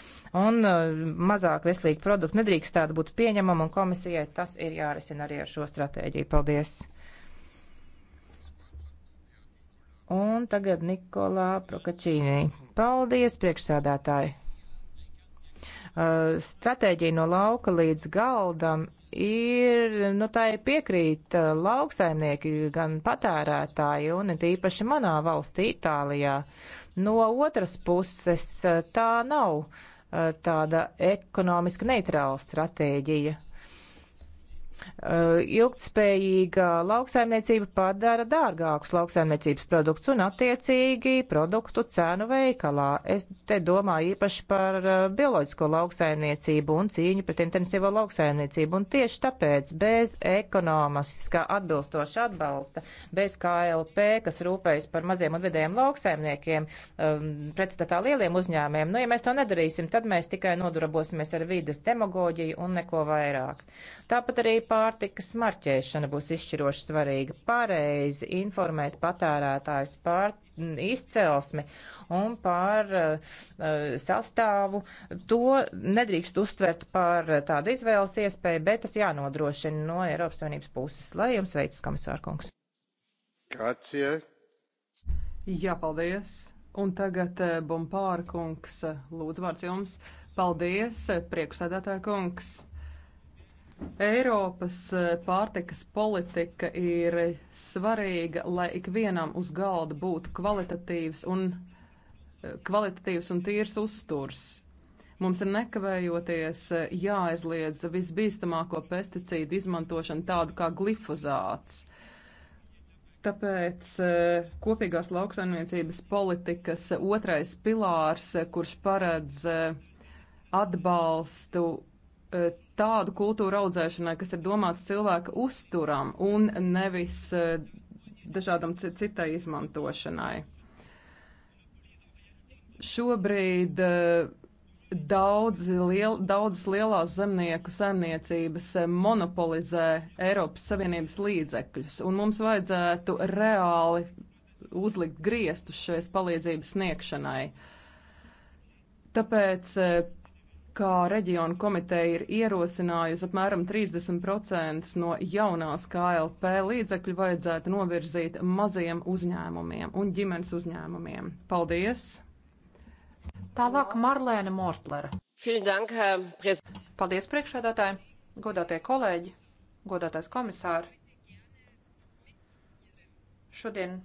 un uh, mazāk veselīgi produkti nedrīkst tādu būt pieņemam, un komisijai tas ir jārisina arī ar šo stratēģiju. Paldies! Un tagad Nikolā Prokačīnī. Paldies, priekšsādātāji! Uh, stratēģija no lauka līdz galdam ir, nu tā ir piekrīt uh, lauksaimnieki, gan patērētāji, un it īpaši manā valstī Itālijā. No otras puses uh, tā nav uh, tāda ekonomiski neitrāla stratēģija. Eh, ilgtspējīga lauksaimniecība padara dārgākus lauksaimniecības produktus un attiecīgi produktu cenu veikalā. Es te domāju īpaši par eh, bioloģisko lauksaimniecību un cīņu pret intensīvo lauksaimniecību. Un tieši tāpēc bez ekonomiskā atbilstoša atbalsta, bez KLP, kas rūpējas par maziem un vidējiem lauksaimniekiem, eh, pretstatā lieliem uzņēmiem, nu, ja mēs to nedarīsim, tad mēs tikai nodurabosimies ar vides demagoģiju un neko vairāk. Tāpat arī pārtikas marķēšana būs izšķiroši svarīga. Pareizi informēt patērētājus par izcelsmi un par uh, sastāvu. To nedrīkst uztvert par tādu izvēles iespēju, bet tas jānodrošina no Eiropas Savienības puses. Lai jums veicas, komisārkungs. Kācie? Jā, paldies. Un tagad eh, Bompāra kungs, lūdzu vārds jums. Paldies, priekšsēdētāja kungs. Eiropas eh, pārtikas politika ir svarīga, lai ikvienam uz galda būtu kvalitatīvs un, eh, kvalitatīvs un tīrs uzturs. Mums ir nekavējoties eh, jāaizliedz visbīstamāko pesticīdu izmantošanu tādu kā glifozāts. Tāpēc kopīgās lauksaimniecības politikas otrais pilārs, kurš paredz atbalstu E, tādu kultūru audzēšanai, kas ir domāts cilvēka uzturam un nevis e, dažādam citai izmantošanai. Šobrīd e, daudz liel, daudzas lielās zemnieku saimniecības monopolizē Eiropas Savienības līdzekļus, un mums vajadzētu reāli uzlikt griestus šais palīdzības sniegšanai. Tāpēc kā reģionu komiteja ir ierosinājusi apmēram 30% no jaunās KLP līdzekļu vajadzētu novirzīt maziem uzņēmumiem un ģimenes uzņēmumiem. Paldies! Tālāk Marlēna Mortlera. Paldies priekšādātāji, godātie kolēģi, godātais komisāri. Šodien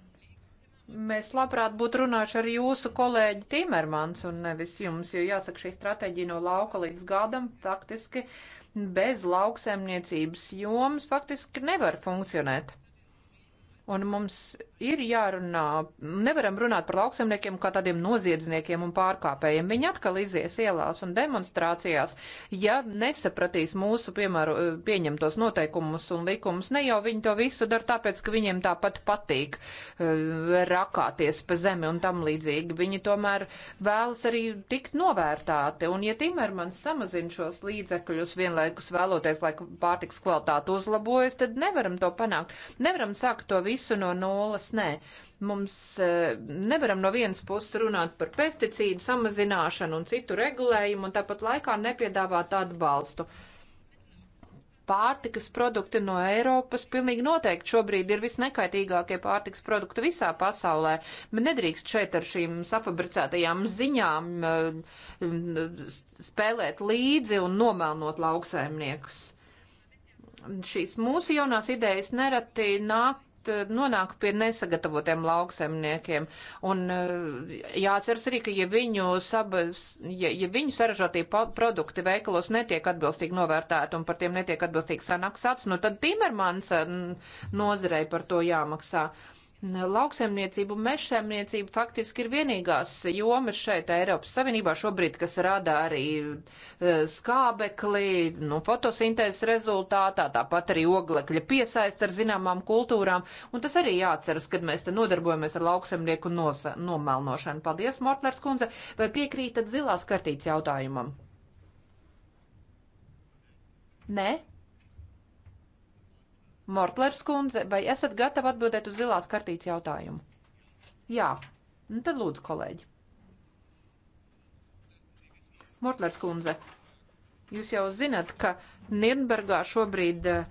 Mēs labprāt būtu runājuši ar jūsu kolēģi Timermans un nevis jums, jo jāsaka, šī stratēģija no lauka līdz gadam faktiski bez lauksaimniecības jomas faktiski nevar funkcionēt. Un mums ir jārunā, nevaram runāt par lauksaimniekiem kā tādiem noziedzniekiem un pārkāpējiem. Viņi atkal izies ielās un demonstrācijās, ja nesapratīs mūsu, piemēru, pieņemtos noteikumus un likumus. Ne jau viņi to visu dara tāpēc, ka viņiem tāpat patīk e, rakāties pa zemi un tam līdzīgi. Viņi tomēr vēlas arī tikt novērtāti. Un ja Timermans samazina šos līdzekļus vienlaikus vēloties, lai pārtiks kvalitāte uzlabojas, tad nevaram to panākt. Nevaram sākt to visu visu no nulles. Nē, mums e, nevaram no vienas puses runāt par pesticīdu samazināšanu un citu regulējumu un tāpat laikā nepiedāvāt atbalstu pārtikas produkti no Eiropas pilnīgi noteikti šobrīd ir visnekaitīgākie pārtikas produkti visā pasaulē. Man nedrīkst šeit ar šīm safabricētajām ziņām e, spēlēt līdzi un nomelnot lauksaimniekus. Šīs mūsu jaunās idejas nereti nāk Eh, nonāk pie nesagatavotiem lauksemniekiem. Un eh, jāatceras arī, ka ja viņu, saba, ja, ja viņu saražotie produkti veikalos netiek atbilstīgi novērtēti un par tiem netiek atbilstīgi sanaksāts, nu tad Timermans eh, nozarei par to jāmaksā. Lauksaimniecība un mežsaimniecība faktiski ir vienīgās jomas šeit Eiropas Savienībā šobrīd, kas rada arī e, skābekli, nu, fotosintēzes rezultātā, tāpat arī oglekļa piesaist ar zināmām kultūrām, un tas arī jāatceras, kad mēs te nodarbojamies ar lauksaimnieku nomelnošanu. Paldies, Mortlers kundze, vai piekrītat zilās kartītes jautājumam? Nē? Mortlers kundze, vai esat gatavi atbildēt uz zilās kartītes jautājumu? Jā. Nu tad lūdzu, kolēģi. Mortlers kundze, jūs jau zinat, ka Nirnbergā šobrīd eh,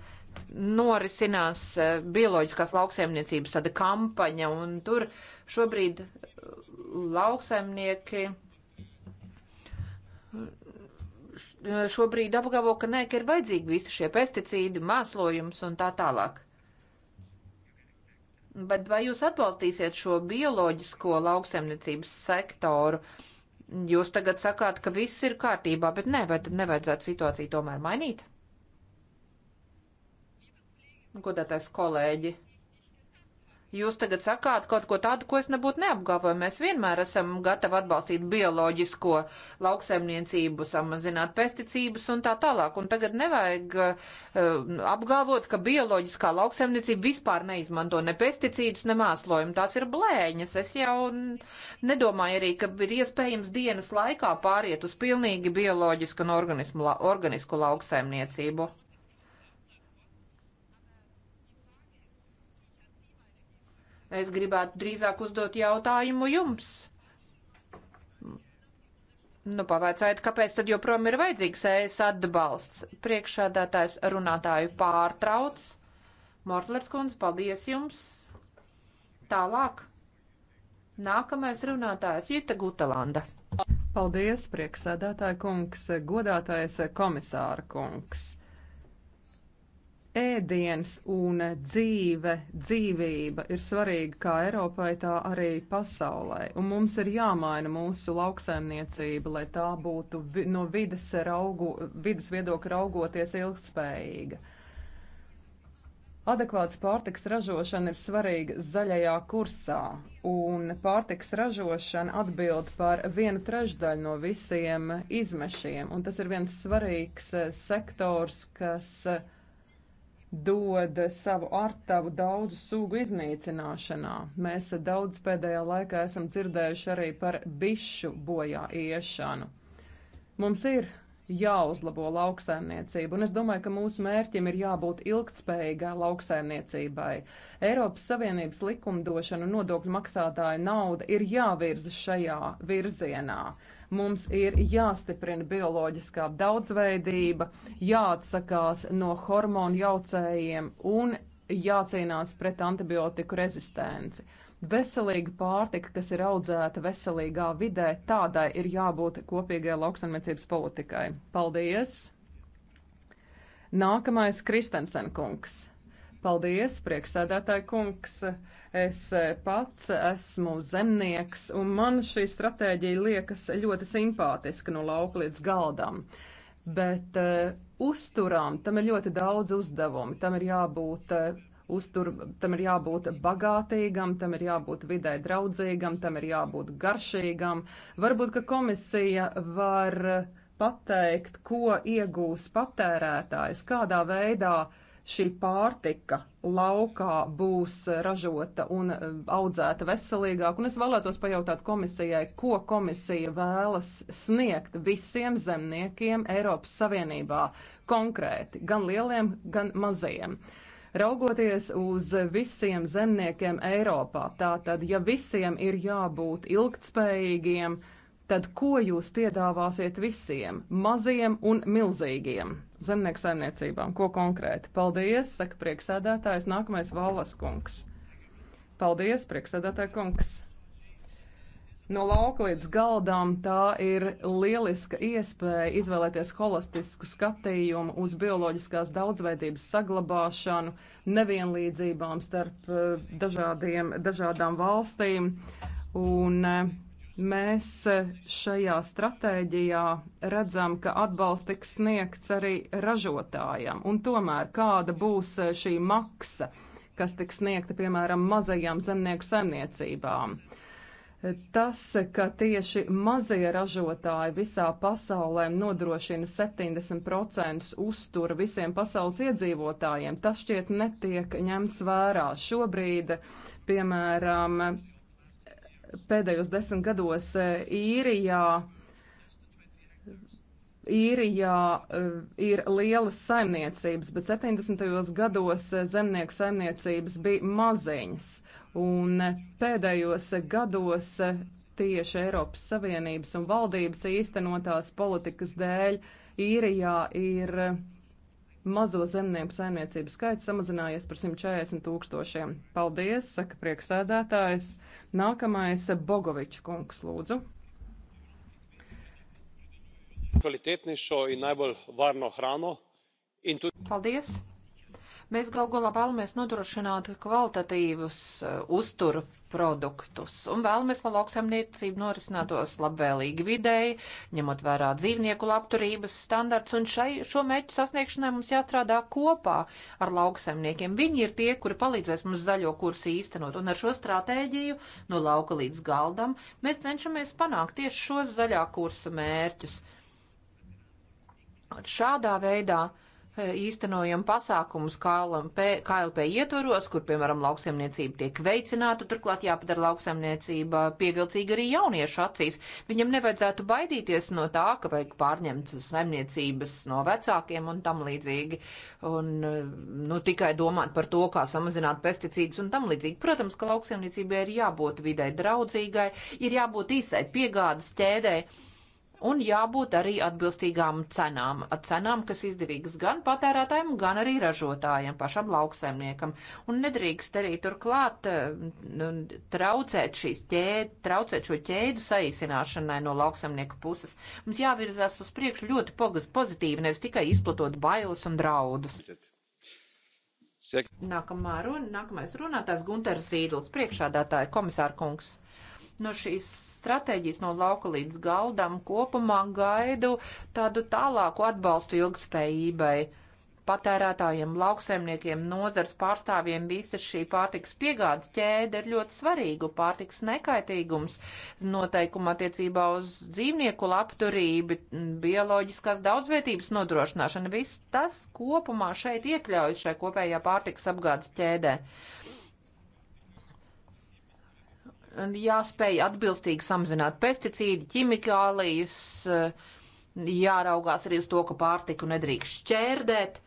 norisinās eh, bioloģiskās lauksaimniecības tāda kampaņa, un tur šobrīd eh, lauksaimnieki šobrīd apgalvo, ka nē, ka ir vajadzīgi visi šie pesticīdi, mēslojums un tā tālāk. Bet vai jūs atbalstīsiet šo bioloģisko lauksemniecības sektoru? Jūs tagad sakāt, ka viss ir kārtībā, bet nē, vai tad nevajadzētu situāciju tomēr mainīt? Godātais kolēģi, Jūs tagad sakāt kaut ko tādu, ko es nebūtu neapgalvoju. Mēs vienmēr esam gatavi atbalstīt bioloģisko lauksaimniecību, samazināt pesticīdus un tā tālāk. Un tagad nevajag uh, apgalvot, ka bioloģiskā lauksaimniecība vispār neizmanto ne pesticīdus, ne mēslojumu. Tās ir blēņas. Es jau nedomāju arī, ka ir iespējams dienas laikā pāriet uz pilnīgi bioloģisku un organismu, la, organisku lauksaimniecību. Es gribētu drīzāk uzdot jautājumu jums. Nu, pavaicājiet, kāpēc tad joprojām ir vajadzīgs ES atbalsts? Priekšādātājs runātāju pārtrauc. Mortlers kundze, paldies jums. Tālāk. Nākamais runātājs Jita Gutelanda. Paldies, prieksēdētāja kungs, godātais komisāra kungs ēdiens un dzīve, dzīvība ir svarīga kā Eiropai, tā arī pasaulē. Un mums ir jāmaina mūsu lauksaimniecība, lai tā būtu vi no vidas, raugu, vidas viedokļa raugoties ilgspējīga. Adekvāts pārtiks ražošana ir svarīga zaļajā kursā, un pārtiks ražošana atbild par vienu trešdaļu no visiem izmešiem, un tas ir viens svarīgs eh, sektors, kas dod savu artavu daudzu sugu iznīcināšanā. Mēs daudz pēdējā laikā esam dzirdējuši arī par bišu bojā iešanu. Mums ir jāuzlabo lauksaimniecība, un es domāju, ka mūsu mērķim ir jābūt ilgtspējīgai lauksaimniecībai. Eiropas Savienības likumdošana un nodokļu maksātāja nauda ir jāvirza šajā virzienā. Mums ir jāstiprina bioloģiskā daudzveidība, jāatsakās no hormonu jaucējiem un jācīnās pret antibiotiku rezistenci. Veselīga pārtika, kas ir audzēta veselīgā vidē, tādai ir jābūt kopīgajai lauksaimniecības politikai. Paldies! Nākamais Kristensen kungs. Paldies, prieksēdētāji kungs. Es e, pats esmu zemnieks, un man šī stratēģija liekas ļoti simpātiska no lauka līdz galdam. Bet uh, uzturām tam ir ļoti daudz uzdevumu. Tam ir jābūt uh, uztur, tam ir jābūt bagātīgam, tam ir jābūt vidē draudzīgam, tam ir jābūt garšīgam. Varbūt, ka komisija var pateikt, ko iegūs patērētājs, kādā veidā uh, šī pārtika laukā būs ražota un e, audzēta veselīgāk. Un es vēlētos pajautāt komisijai, ko komisija vēlas sniegt visiem zemniekiem Eiropas Savienībā konkrēti, gan lieliem, gan mazajiem. Raugoties uz visiem zemniekiem Eiropā, tātad, ja visiem ir jābūt ilgtspējīgiem, uh, tad ko jūs piedāvāsiet visiem, maziem un milzīgiem zemnieku saimniecībām? Ko konkrēti? Paldies, saka prieksēdētājs, nākamais Vallas kungs. Paldies, prieksēdētāja kungs. No lauka līdz galdām tā ir lieliska iespēja izvēlēties holistisku skatījumu uz bioloģiskās daudzveidības saglabāšanu, nevienlīdzībām starp eh, dažādiem, dažādām valstīm. Un, uh, Mēs e, šajā stratēģijā redzam, ka atbalsts tiks sniegts arī ražotājam, un tomēr kāda būs e, šī maksa, kas tiks sniegta, piemēram, mazajām zemnieku saimniecībām. E, tas, ka tieši mazie ražotāji visā pasaulē nodrošina 70% uzturu visiem pasaules iedzīvotājiem, tas šķiet netiek ņemts vērā. Šobrīd, piemēram, pēdējos desmit gados eh, īrijā. Īrijā eh, ir lielas saimniecības, bet 70. gados eh, zemnieku saimniecības bija maziņas, un pēdējos gados tieši Eiropas Savienības un valdības īstenotās politikas dēļ īrijā ir mazo zemnieku saimniecību skaits samazinājies par 140 tūkstošiem. Paldies, saka prieksēdētājs. Nākamais Bogoviča kungs, lūdzu. Kvalitātnīšo un najbolj varno hrano. Paldies! Mēs galu galā vēlamies nodrošināt kvalitatīvus uh, uzturu produktus un vēlamies, lai lauksaimniecība norisinātos labvēlīgi videi, ņemot vērā dzīvnieku labturības standarts, un šai, šo mērķu sasniegšanai mums jāstrādā kopā ar lauksaimniekiem. Viņi ir tie, kuri palīdzēs mums zaļo kursu īstenot, un ar šo stratēģiju no lauka līdz galdam mēs cenšamies panākt tieši šos zaļā kursa mērķus. Šādā veidā E, īstenojam pasākumus KLP, KLP ietvaros, kur, piemēram, lauksaimniecība tiek veicināta, turklāt jāpadara lauksaimniecība pievilcīga arī jauniešu acīs. Viņam nevajadzētu baidīties no tā, ka vajag pārņemt saimniecības no vecākiem un tam līdzīgi, un e, nu, tikai domāt par to, kā samazināt pesticīdus un tam līdzīgi. Protams, ka lauksaimniecībai ir jābūt vidē draudzīgai, ir jābūt īsai piegādas ķēdēji un jābūt arī atbilstīgām cenām. Cenām, kas izdevīgas gan patērētājiem, gan arī ražotājiem, pašam lauksaimniekam. Un nedrīkst arī turklāt eh, nu, traucēt, šīs ķēd, traucēt šo ķēdu saīsināšanai no lauksaimnieku puses. Mums jāvirzās uz priekšu ļoti pozitīvi, nevis tikai izplatot bailes un draudus. Nākamā runa, nākamais runātājs Gunters Zīdls, priekšādātāja komisāra kungs no šīs stratēģijas, no lauka līdz galdam kopumā gaidu tādu tālāku atbalstu ilgspējībai. Patērētājiem, lauksaimniekiem, nozars pārstāvjiem visa šī pārtiks piegādes ķēde ir ļoti svarīga. Pārtiks nekaitīgums noteikuma attiecībā uz dzīvnieku labturību, bioloģiskās daudzvietības nodrošināšana, viss tas kopumā šeit iekļaujas šai kopējā pārtiks apgādes ķēdē. Uh, jāspēj atbilstīgi samazināt pesticīdu, ķimikālijas, eh, jāraugās arī uz to, ka pārtiku nedrīkst šķērdēt.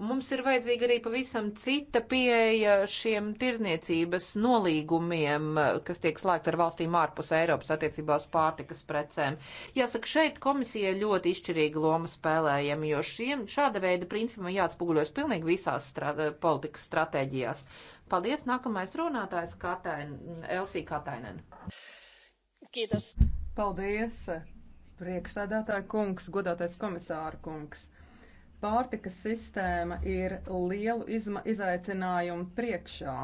Mums ir vajadzīga arī pavisam cita pieeja šiem tirzniecības nolīgumiem, eh, kas tiek slēgta ar valstīm ārpus Eiropas attiecībā uz pārtikas precēm. Jāsaka, šeit komisija ļoti izšķirīga loma spēlējama, jo šiem, šāda veida principam jāatspoguļos pilnīgi visās strat politikas stratēģijās. Paldies, nākamais runātājs Katain, Elsija Katainen. Kītos. Paldies, priekšsēdētāja kungs, godātais komisāra kungs. Pārtikas sistēma ir lielu izma, izaicinājumu priekšā,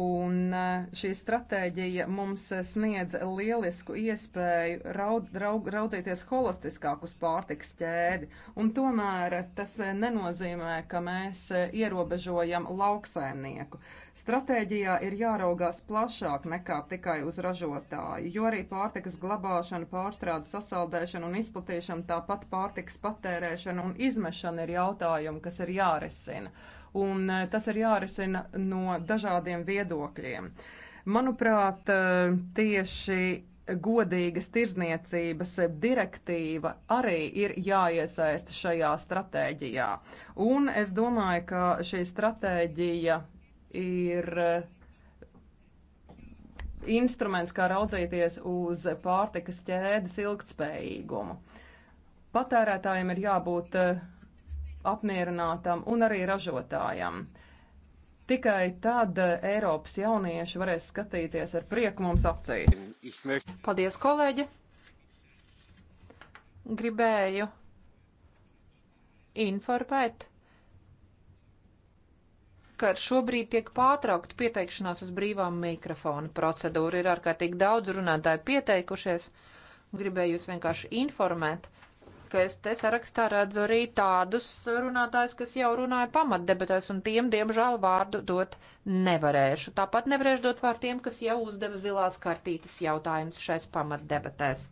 Un eh, šī stratēģija mums sniedz lielisku iespēju raud, raud, raudzīties holistiskāk uz pārtiks ķēdi. Un tomēr tas eh, nenozīmē, ka mēs eh, ierobežojam lauksaimnieku. Stratēģijā ir jāraugās plašāk nekā tikai uz ražotāju, jo arī pārtikas glabāšana, pārstrāde, sasaldēšana un izplatīšana, tāpat pārtikas patērēšana un izmešana ir jautājumi, kas ir jārisina un e, tas ir jārisina no dažādiem viedokļiem. Manuprāt, e, tieši godīgas tirzniecības direktīva arī ir jāiesaista šajā stratēģijā. Un es domāju, ka šī stratēģija ir e, instruments, kā raudzīties uz pārtikas ķēdes ilgtspējīgumu. Patērētājiem ir jābūt uh, apmierinātam un arī ražotājam. Tikai tad eh, Eiropas jaunieši varēs skatīties ar prieku mums acīs. Paldies, kolēģi! Gribēju informēt, ka šobrīd tiek pārtraukta pieteikšanās uz brīvām mikrofona procedūru. Ir ārkārtīgi daudz runātāju pieteikušies. Gribēju jūs vienkārši informēt, PST sarakstā redzu arī tādus runātājus, kas jau runāja pamatdebatēs, un tiem, diemžēl, vārdu dot nevarēšu. Tāpat nevarēšu dot vārdiem, kas jau uzdeva zilās kartītes jautājumus šais pamatdebatēs.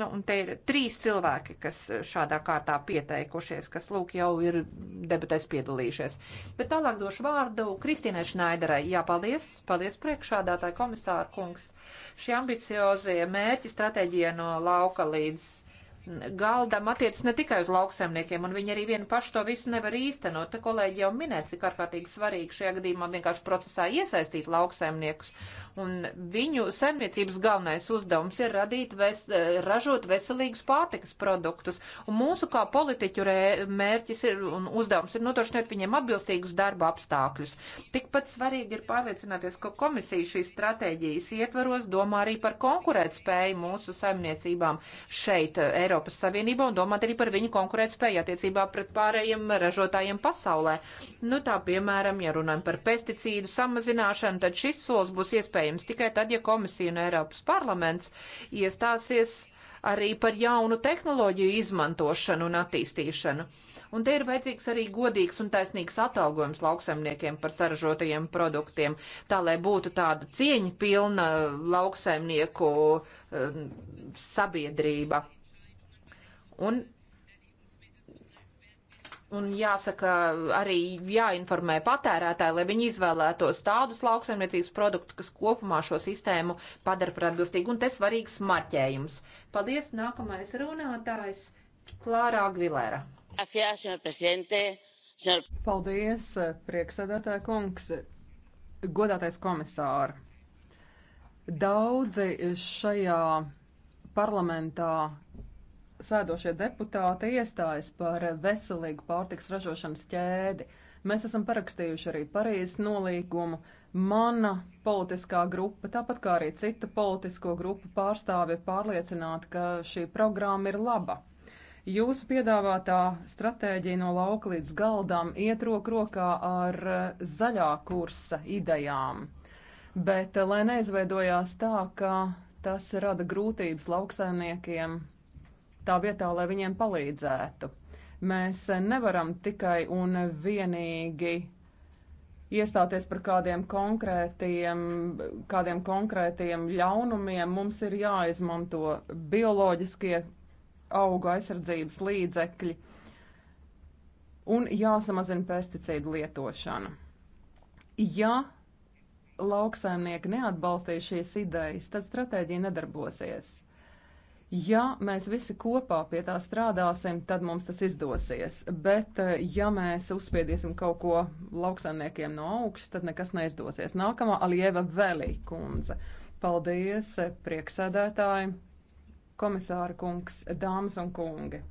Nu, un te ir trīs cilvēki, kas šādā kārtā pieteikušies, kas lūk jau ir debatēs piedalījušies. Bet tālāk došu vārdu Kristīnai Šnaiderai. Jā, paldies, paldies priekšādātāji komisāra kungs. Šie ambiciozie mērķi stratēģija no lauka līdz galdam attiecas ne tikai uz lauksaimniekiem, un viņi arī vienu pašu to visu nevar īstenot. Te kolēģi jau minēja, cik ārkārtīgi svarīgi šajā gadījumā vienkārši procesā iesaistīt lauksaimniekus. Un viņu saimniecības galvenais uzdevums ir radīt, ves, ražot veselīgus pārtikas produktus. Un mūsu kā politiķu rē, mērķis ir un uzdevums ir nodrošināt viņiem atbilstīgus darba apstākļus. Tikpat svarīgi ir pārliecināties, ka komisija šīs stratēģijas ietvaros domā arī par konkurētspēju mūsu saimniecībām šeit, Eiropā. Eh, Eiropas Savienībā un domāt arī par viņu konkurētspēju attiecībā pret pārējiem ražotājiem pasaulē. Nu, tā piemēram, ja runājam par pesticīdu samazināšanu, tad šis solis būs iespējams tikai tad, ja komisija un Eiropas parlaments iestāsies arī par jaunu tehnoloģiju izmantošanu un attīstīšanu. Un te ir vajadzīgs arī godīgs un taisnīgs atalgojums lauksaimniekiem par saražotajiem produktiem, tā lai būtu tāda cieņa pilna lauksaimnieku um, sabiedrība. Un Un jāsaka, arī jāinformē patērētāji, lai viņi izvēlētos tādus lauksaimniecības produktus, kas kopumā šo sistēmu padara par atbilstīgu. Un te svarīgs marķējums. Paldies, nākamais runātājs Klārā Gvilēra. Paldies, prieksēdētāja kungs, godātais komisāri. Daudzi šajā parlamentā sēdošie deputāti iestājas par veselīgu pārtiks ražošanas ķēdi. Mēs esam parakstījuši arī Parīzes nolīgumu. Mana politiskā grupa, tāpat kā arī cita politisko grupu pārstāvi, ir pārliecināta, ka šī programma ir laba. Jūsu piedāvātā stratēģija no lauka līdz galdam iet roku rokā ar eh, zaļā kursa idejām. Bet, eh, lai neizveidojās tā, ka tas rada grūtības lauksaimniekiem, tā vietā, lai viņiem palīdzētu. Mēs nevaram tikai un vienīgi iestāties par kādiem konkrētiem, kādiem konkrētiem ļaunumiem, mums ir jāizmanto bioloģiskie augu aizsardzības līdzekļi un jāsamazina pesticīdu lietošana. Ja lauksaimnieki neatbalstīs šīs idejas, tad stratēģija nedarbosies. Ja mēs visi kopā pie tā strādāsim, tad mums tas izdosies. Bet, eh, ja mēs uzspiedīsim kaut ko lauksaimniekiem no augšas, tad nekas neizdosies. Nākamā Alieva Velī kundze. Paldies, prieksēdētāji, komisāra kungs, dāmas un kungi!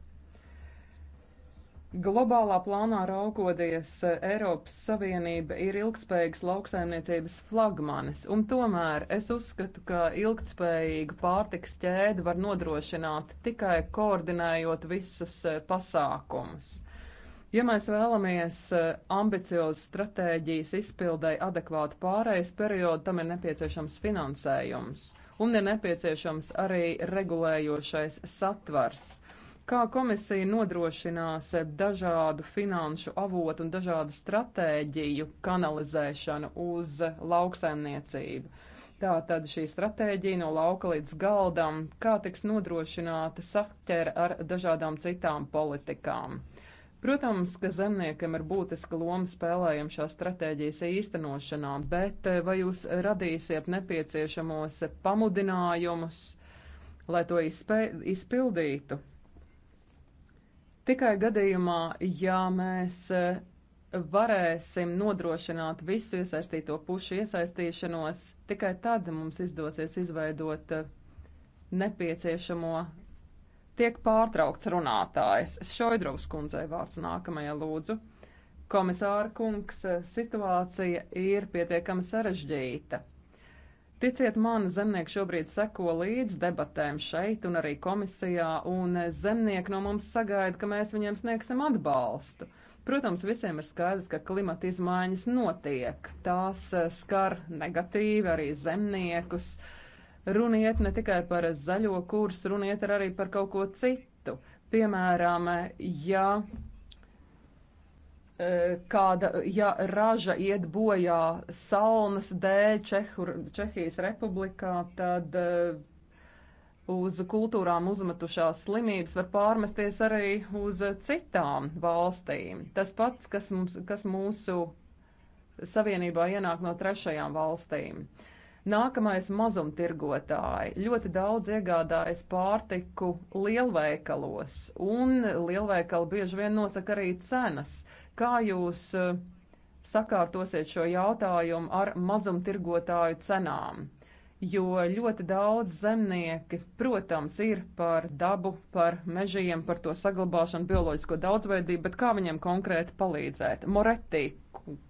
Globālā plānā raugoties, Eiropas Savienība ir ilgspējīgas lauksaimniecības flagmanis, un tomēr es uzskatu, ka ilgspējīgu pārtiks ķēdi var nodrošināt tikai koordinējot visus eh, pasākumus. Ja mēs vēlamies eh, ambiciozu stratēģijas izpildēji adekvātu pārējais periodu, tam ir nepieciešams finansējums, un ir nepieciešams arī regulējošais satvars. Kā komisija nodrošinās dažādu finanšu avotu un dažādu stratēģiju kanalizēšanu uz lauksaimniecību? Tātad šī stratēģija no lauka līdz galdam, kā tiks nodrošināta saķera ar dažādām citām politikām. Protams, ka zemniekam ir būtiska loma spēlējama šā stratēģijas īstenošanā, bet eh, vai jūs radīsiet nepieciešamos pamudinājumus, lai to izpildītu? Tikai gadījumā, ja mēs eh, varēsim nodrošināt visu iesaistīto pušu iesaistīšanos, tikai tad mums izdosies izveidot eh, nepieciešamo. Tiek pārtraukts runātājs. Šoidrovs kundzei vārds nākamajā lūdzu. Komisāra kungs, eh, situācija ir pietiekami sarežģīta. Ticiet man, zemnieki šobrīd seko līdz debatēm šeit un arī komisijā, un zemnieki no mums sagaida, ka mēs viņiem sniegsim atbalstu. Protams, visiem ir skaidrs, ka klimata izmaiņas notiek. Tās eh, skar negatīvi arī zemniekus. Runiet ne tikai par zaļo kursu, runiet arī par kaut ko citu. Piemēram, ja Eh, kāda, ja raža iet bojā salnas dēļ Čehu, Čehijas republikā, tad eh, uz kultūrām uzmetušās slimības var pārmesties arī uz citām valstīm. Tas pats, kas, mums, kas mūsu savienībā ienāk no trešajām valstīm. Nākamais mazumtirgotāji. Ļoti daudz iegādājas pārtiku lielveikalos, un lielveikali bieži vien nosaka arī cenas. Kā jūs eh, sakārtosiet šo jautājumu ar mazumtirgotāju cenām? Jo ļoti daudz zemnieki, protams, ir par dabu, par mežiem, par to saglabāšanu, bioloģisko daudzveidību, bet kā viņiem konkrēti palīdzēt? Moretti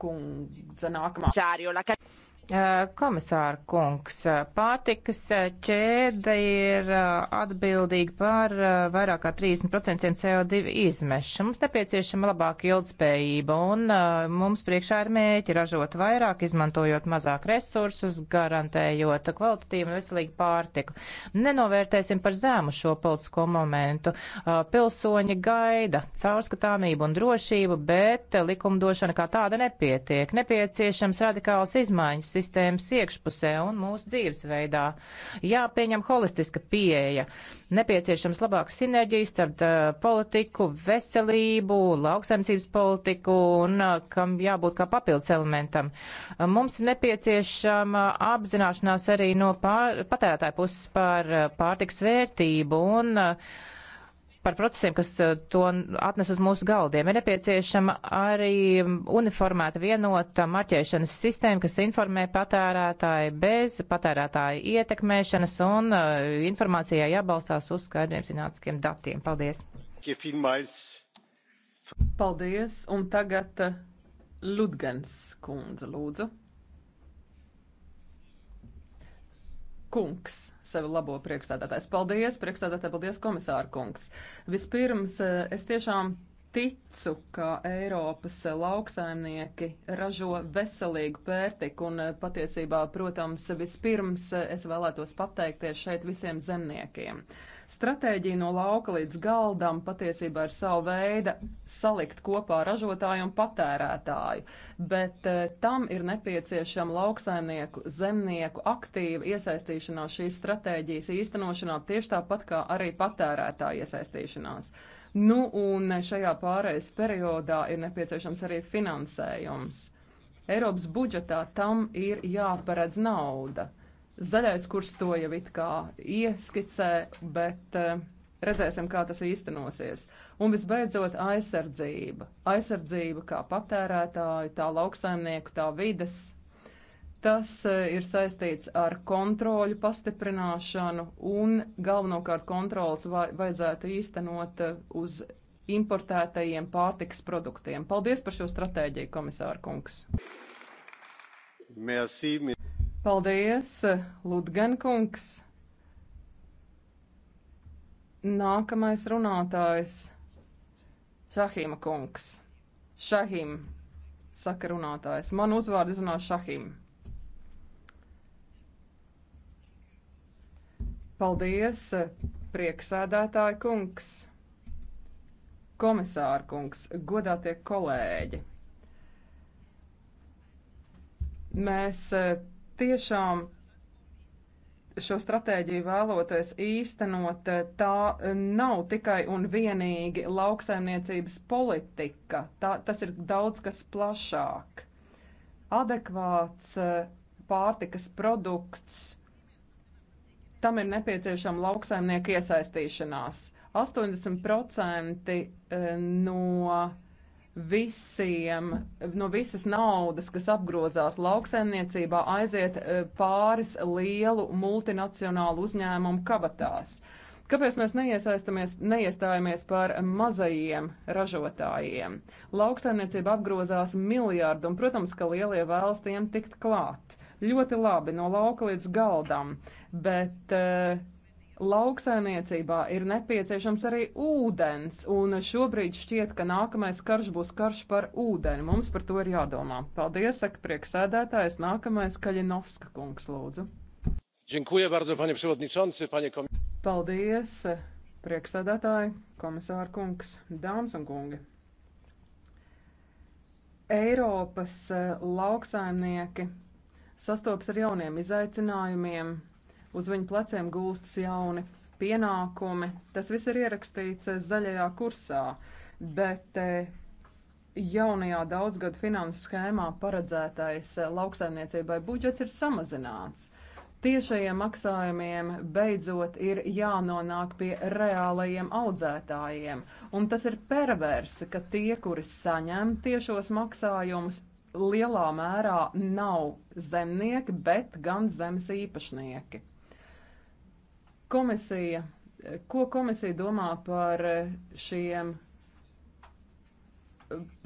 kundze nākamā. Komisāra kungs, pārtikas ķēde ir atbildīga par vairāk kā 30% CO2 izmešu. Mums nepieciešama labāka ilgspējība un mums priekšā ir mēķi ražot vairāk, izmantojot mazāk resursus, garantējot kvalitatīvu un veselīgu pārtiku. Nenovērtēsim par zēmu šo politisko momentu. Pilsoņi gaida caurskatāmību un drošību, bet likumdošana kā tāda nepietiek. Nepieciešams radikāls izmaiņas sistēmas iekšpusē un mūsu dzīvesveidā. Jāpieņem holistiska pieeja. Nepieciešams labāks sinerģijas starp uh, politiku, veselību, lauksaimniecības politiku un uh, kam jābūt kā papildus elementam. Uh, mums ir nepieciešama apzināšanās arī no pār, patērētāja puses par uh, pārtiks vērtību un uh, par procesiem, kas eh, to atnes uz mūsu galdiem. Ir nepieciešama arī uniformēta vienota marķēšanas sistēma, kas informē patērētāju bez patērētāju ietekmēšanas un eh, informācijā jābalstās uz skaidriem zinātniskiem datiem. Paldies! Paldies! Un tagad eh, Ludgens kundze, lūdzu. Kungs sevi labo priekšsēdētājs. Paldies, priekšsēdētāji, paldies, komisāra kungs. Vispirms eh, es tiešām ticu, ka Eiropas lauksaimnieki ražo veselīgu pērtiku un patiesībā, protams, vispirms es vēlētos pateikties šeit visiem zemniekiem. Stratēģija no lauka līdz galdam patiesībā ir savu veidu salikt kopā ražotāju un patērētāju, bet eh, tam ir nepieciešama lauksaimnieku, zemnieku aktīva iesaistīšanās šīs stratēģijas īstenošanā, tieši tāpat kā arī patērētāju iesaistīšanās. Nu, un šajā pārējais periodā ir nepieciešams arī finansējums. Eiropas budžetā tam ir jāparedz nauda. Zaļais kurs to jau it kā ieskicē, bet uh, redzēsim, kā tas īstenosies. Un visbeidzot, aizsardzība. Aizsardzība kā patērētāju, tā lauksaimnieku, tā vides Tas e, ir saistīts ar kontroļu pastiprināšanu un galvenokārt kontrolas vajadzētu īstenot e, uz importētajiem pārtiks produktiem. Paldies par šo stratēģiju, komisāra kungs. Merci, merci. Paldies, e, Ludgen kungs. Nākamais runātājs - Šahīma kungs. Šahim, saka runātājs. Man uzvārdu zinās Šahim. Paldies, prieksēdētāja kungs, komisāra kungs, godātie kolēģi. Mēs eh, tiešām šo stratēģiju vēloties īstenot, eh, tā nav tikai un vienīgi lauksaimniecības politika. Tā, tas ir daudz kas plašāk. Adekvāts eh, pārtikas produkts Tam ir nepieciešama lauksaimnieku iesaistīšanās. 80% e, no visiem, no visas naudas, kas apgrozās lauksaimniecībā, aiziet e, pāris lielu multinacionālu uzņēmumu kabatās. Kāpēc mēs neiestājamies par mazajiem ražotājiem? Lauksaimniecība apgrozās miljārdu, un, protams, ka lielie vēlas tiem tikt klāt. Ļoti labi no lauka līdz galdam, bet uh, eh, lauksainiecībā ir nepieciešams arī ūdens, un šobrīd šķiet, ka nākamais karš būs karš par ūdeni. Mums par to ir jādomā. Paldies, saka prieksēdētājs. Nākamais Kaļinovska kungs, lūdzu. Bardzo, panie panie kom... Paldies, prieksēdētāji, komisāra kungs, dāmas un kungi. Eiropas eh, lauksaimnieki sastopas ar jauniem izaicinājumiem, uz viņu pleciem gulstas jauni pienākumi. Tas viss ir ierakstīts eh, zaļajā kursā, bet eh, jaunajā daudzgadu finanses schēmā paredzētais eh, lauksaimniecībai budžets ir samazināts. Tiešajiem maksājumiem beidzot ir jānonāk pie reālajiem audzētājiem, un tas ir perversi, ka tie, kuri saņem tiešos maksājumus, lielā mērā nav zemnieki, bet gan zemes īpašnieki. Komisija, ko komisija domā par šiem,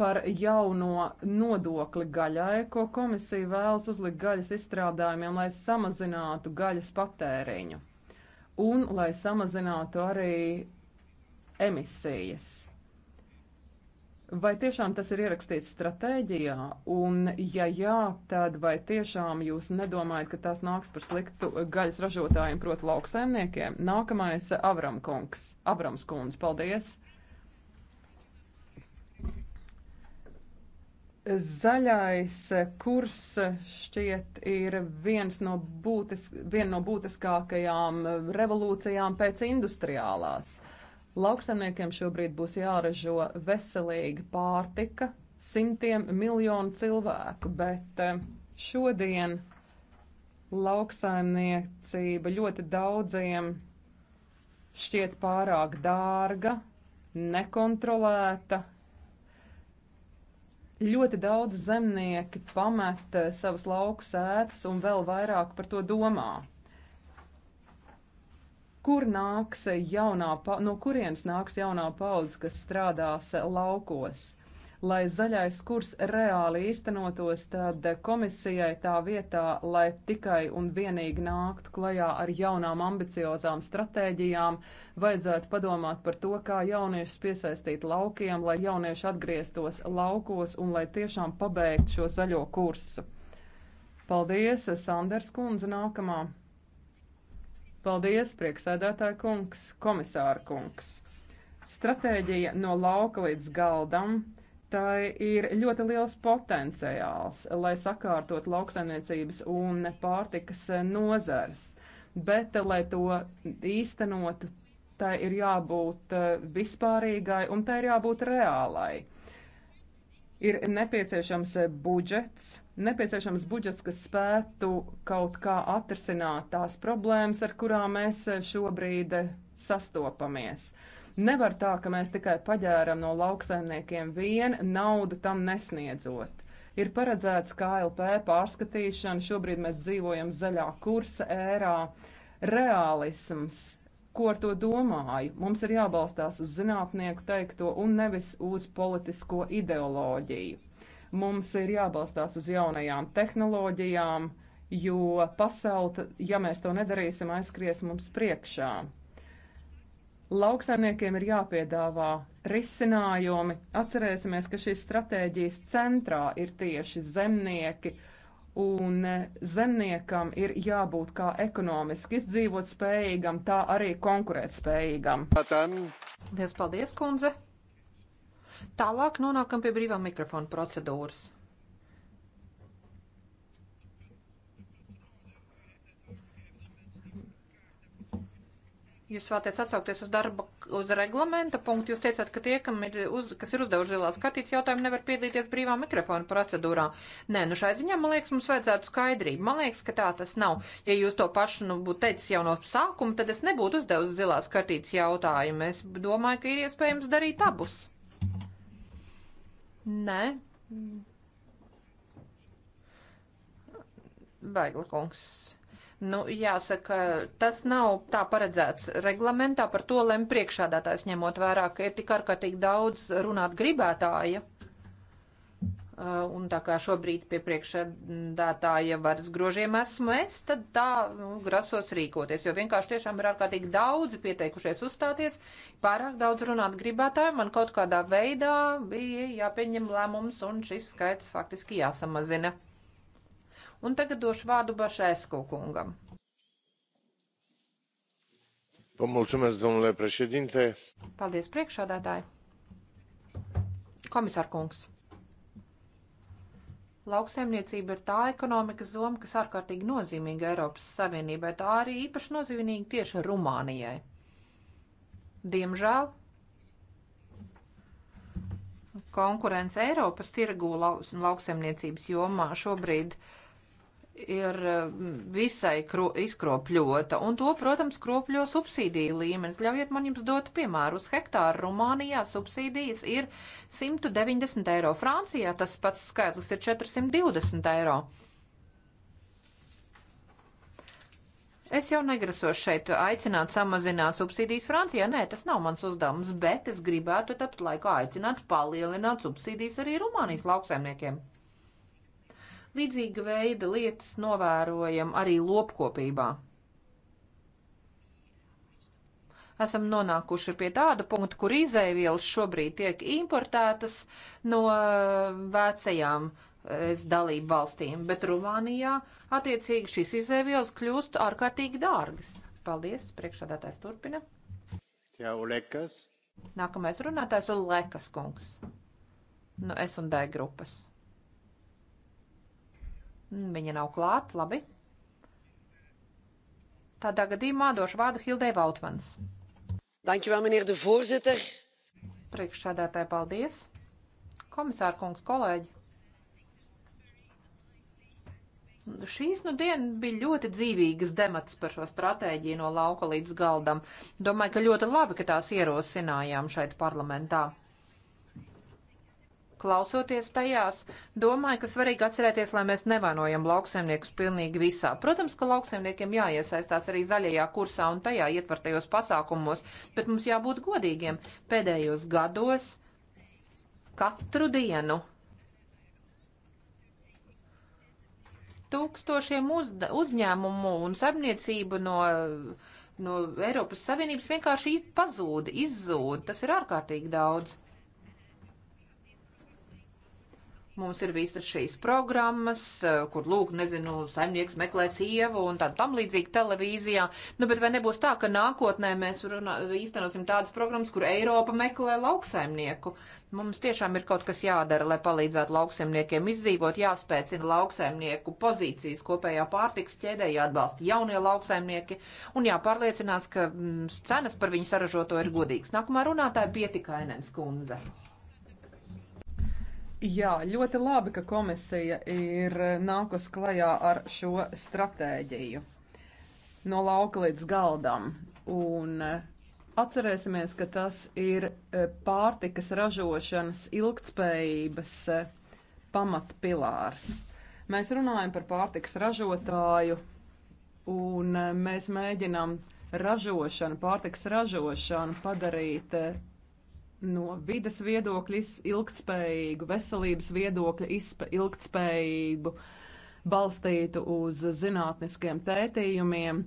par jauno nodokli gaļai, ko komisija vēlas uzlikt gaļas izstrādājumiem, lai samazinātu gaļas patēriņu un lai samazinātu arī emisijas? Vai tiešām tas ir ierakstīts stratēģijā, un ja jā, tad vai tiešām jūs nedomājat, ka tas nāks par sliktu gaļas ražotājiem, proti lauksaimniekiem? Nākamais Avram kungs, Avrams kundze, paldies! Zaļais kurs šķiet ir viens no būtis, viena no būtiskākajām revolūcijām pēc industriālās. Lauksaimniekiem šobrīd būs jāražo veselīga pārtika simtiem miljonu cilvēku, bet eh, šodien lauksaimniecība ļoti daudziem šķiet pārāk dārga, nekontrolēta. Ļoti daudz zemnieki pamet eh, savas lauku sētas un vēl vairāk par to domā kur nāks jaunā, no kurienes nāks jaunā paudze, kas strādās laukos. Lai zaļais kurs reāli īstenotos, tad komisijai tā vietā, lai tikai un vienīgi nāktu klajā ar jaunām ambiciozām stratēģijām, vajadzētu padomāt par to, kā jauniešus piesaistīt laukiem, lai jaunieši atgrieztos laukos un lai tiešām pabeigtu šo zaļo kursu. Paldies, Sanders kundze nākamā! Paldies, prieksēdētāja kungs, komisāra kungs. Stratēģija no lauka līdz galdam. Tā ir ļoti liels potenciāls, lai sakārtot lauksaimniecības un pārtikas nozars, bet, lai to īstenotu, tai ir jābūt eh, vispārīgai un tai ir jābūt reālai ir nepieciešams budžets, nepieciešams budžets, kas spētu kaut kā atrisināt tās problēmas, ar kurām mēs šobrīd sastopamies. Nevar tā, ka mēs tikai paģēram no lauksaimniekiem vien naudu tam nesniedzot. Ir paredzēts KLP pārskatīšana, šobrīd mēs dzīvojam zaļā kursa ērā. Reālisms ko ar to domāju. Mums ir jābalstās uz zinātnieku teikto un nevis uz politisko ideoloģiju. Mums ir jābalstās uz jaunajām tehnoloģijām, jo pasaule, ja mēs to nedarīsim, aizskries mums priekšā. Lauksaimniekiem ir jāpiedāvā risinājumi. Atcerēsimies, ka šīs stratēģijas centrā ir tieši zemnieki Un e, zemniekam ir jābūt kā ekonomiski izdzīvot spējīgam, tā arī konkurēt spējīgam. Liels paldies, kundze! Tālāk nonākam pie brīvā mikrofona procedūras. Jūs vēlaties atsaukties uz darba, uz reglamenta punktu. Jūs teicāt, ka tie, kam ir uz, kas ir uzdevuši zilās kartītes jautājumu, nevar piedalīties brīvā mikrofona procedūrā. Nē, nu šai ziņā, man liekas, mums vajadzētu skaidrību. Man liekas, ka tā tas nav. Ja jūs to pašu nu, būtu teicis jau no sākuma, tad es nebūtu uzdevusi zilās kartītes jautājumu. Es domāju, ka ir iespējams darīt abus. Nē. Baigla kungs. Nu, jāsaka, tas nav tā paredzēts reglamentā, par to lem priekšādātājs ņemot vērā, ka ir tik ārkārtīgi daudz runāt gribētāja. Uh, un tā kā šobrīd pie priekšādātāja varas grožiem esmu es, tad tā nu, grasos rīkoties, jo vienkārši tiešām ir ārkārtīgi daudzi pieteikušies uzstāties, pārāk daudz runāt gribētāju, man kaut kādā veidā bija jāpieņem lēmums un šis skaits faktiski jāsamazina. Un tagad došu vārdu Bašēsku kungam. Pamulcumēs, domnule prešedinte. Paldies, priekšādātāji. Komisār kungs. Lauksaimniecība ir tā ekonomikas zoma, kas ārkārtīgi nozīmīga Eiropas Savienībai. Tā arī īpaši nozīmīga tieši Rumānijai. Diemžēl konkurence Eiropas tirgu lauks un lauksaimniecības jomā šobrīd uh, ir visai kro, izkropļota, un to, protams, kropļo subsīdiju līmenis. Ļaujiet man jums dot piemēru. Uz hektāru Rumānijā subsīdijas ir 190 eiro, Francijā tas pats skaitlis ir 420 eiro. Es jau negrasos šeit aicināt samazināt subsīdijas Francijā. Nē, tas nav mans uzdevums, bet es gribētu tāpat laikā aicināt palielināt subsīdijas arī Rumānijas lauksaimniekiem. Līdzīga veida lietas novērojam arī lopkopībā. Esam nonākuši pie tāda punkta, kur izēvielas šobrīd tiek importētas no eh, vecajām eh, es dalību valstīm, bet Rumānijā attiecīgi šīs izēvielas kļūst ārkārtīgi dārgas. Paldies, priekšādātājs turpina. Jā, Ulekas. Nākamais runātājs ir Lekas kungs. No nu, S&D grupas. Viņa nav klāt, labi. Tādā gadījumā došu vārdu Hildei Valtmans. Dankjewel, meneer de voorzitter. Priekšsēdētāji, paldies. Komisāra kungs, kolēģi. Šīs nu dienas bija ļoti dzīvīgas demats par šo stratēģiju no lauka līdz galdam. Domāju, ka ļoti labi, ka tās ierosinājām šeit parlamentā klausoties tajās, domāju, ka svarīgi atcerēties, lai mēs nevainojam lauksaimniekus pilnīgi visā. Protams, ka lauksaimniekiem jāiesaistās arī zaļajā kursā un tajā ietvertajos pasākumos, bet mums jābūt godīgiem. Pēdējos gados katru dienu tūkstošiem uz, uzņēmumu un saimniecību no, no Eiropas Savienības vienkārši pazūd, izzūd. Tas ir ārkārtīgi daudz. Mums ir visas šīs programmas, eh, kur, lūk, nezinu, saimnieks meklē sievu un tā tam līdzīgi televīzijā. Nu, bet vai nebūs tā, ka nākotnē mēs runā, īstenosim tādas programmas, kur Eiropa meklē lauksaimnieku? Mums tiešām ir kaut kas jādara, lai palīdzētu lauksaimniekiem izdzīvot, jāspēcina lauksaimnieku pozīcijas kopējā pārtiks ķēdē, jāatbalsta jaunie lauksaimnieki un jāpārliecinās, ka mm, cenas par viņu saražoto ir godīgas. Nākamā runātāja pietikainēns kundze. Jā, ļoti labi, ka komisija ir eh, nākus klajā ar šo stratēģiju no lauka līdz galdam. Un eh, atcerēsimies, ka tas ir eh, pārtikas ražošanas ilgtspējības pamatpilārs. Mēs runājam par pārtikas ražotāju un mēs mēģinām ražošanu, pārtikas ražošanu padarīt no vidas viedokļa ilgspējīgu, veselības viedokļa ilgspējīgu, balstītu uz zinātniskiem pētījumiem,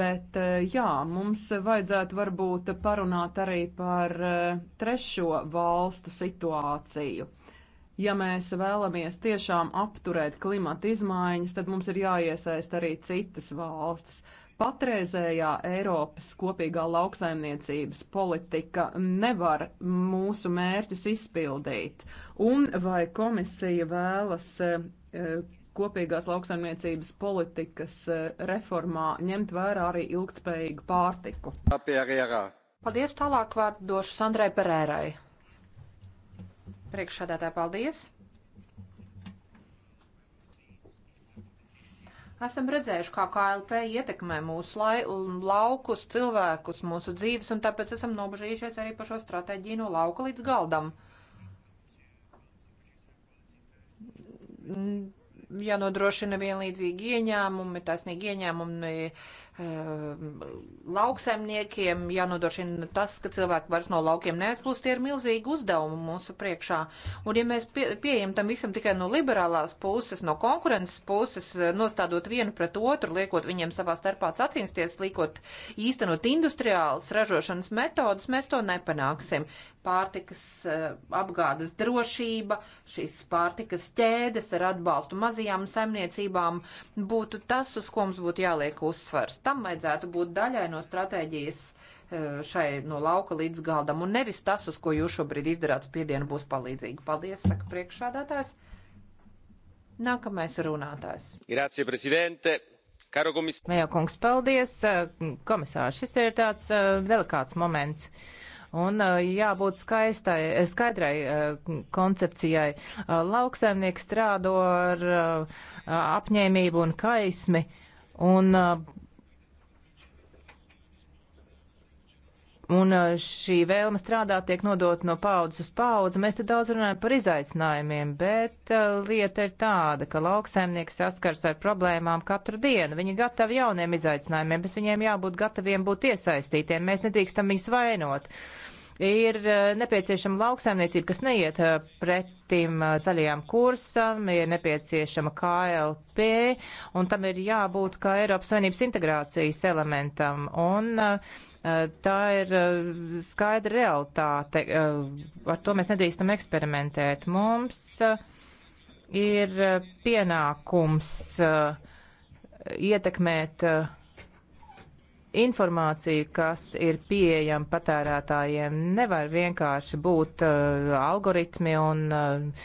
bet eh, jā, mums vajadzētu varbūt parunāt arī par eh, trešo valstu situāciju. Ja mēs vēlamies tiešām apturēt klimata izmaiņas, tad mums ir jāiesaist arī citas valstis patreizējā Eiropas kopīgā lauksaimniecības politika nevar mūsu mērķus izpildīt, un vai komisija vēlas eh, kopīgās lauksaimniecības politikas eh, reformā ņemt vērā arī ilgtspējīgu pārtiku. Paldies, tālāk vārdu došu Sandrai Perērai. Priekšādātā paldies! Esam redzējuši, kā KLP ietekmē mūsu lai, laukus, cilvēkus, mūsu dzīves, un tāpēc esam nobežījušies arī par šo stratēģiju no lauka līdz galdam. Jānodrošina ja vienlīdzīgi ieņēmumi, taisnīgi ieņēmumi Ehm, lauksaimniekiem jānodrošina tas, ka cilvēki vairs no laukiem neaizplūst, tie ir milzīgi uzdevumi mūsu priekšā. Un ja mēs pie, pieejam tam visam tikai no liberālās puses, no konkurences puses, nostādot vienu pret otru, liekot viņiem savā starpā sacīnsties, liekot īstenot industriālas ražošanas metodus, mēs to nepanāksim. Pārtikas eh, apgādes drošība, šīs pārtikas ķēdes ar atbalstu mazajām saimniecībām būtu tas, uz ko mums būtu jāliek uzsvars tam vajadzētu būt daļai no stratēģijas e, šai no lauka līdz galdam, un nevis tas, uz ko jūs šobrīd izdarāt spiedienu, būs palīdzīgi. Paldies, saka priekšādātājs. Nākamais runātājs. Grazie, prezidente. Karo komis... Jā, kungs, paldies. E, Komisārs, šis ir tāds e, delikāts moments un jābūt skaistai, skaidrai koncepcijai. Lauksaimnieks strādo ar apņēmību un kaismi, un Un eh, šī vēlme strādāt tiek nodota no paudzes uz paudzi. Mēs te daudz runājam par izaicinājumiem, bet eh, lieta ir tāda, ka lauksaimnieki saskars ar problēmām katru dienu. Viņi gatavi jauniem izaicinājumiem, bet viņiem jābūt gataviem būt iesaistītiem. Mēs nedrīkstam viņus vainot. Ir eh, nepieciešama lauksaimniecība, kas neiet pretim zaļajām kursam, ir nepieciešama KLP, un tam ir jābūt kā Eiropas Savienības integrācijas elementam. Un, uh, Eh, tā ir eh, skaidra realitāte. Eh, ar to mēs nedrīkstam eksperimentēt. Mums ir pienākums ietekmēt informāciju, kas ir pieejama patērētājiem, nevar vienkārši būt uh, algoritmi un uh,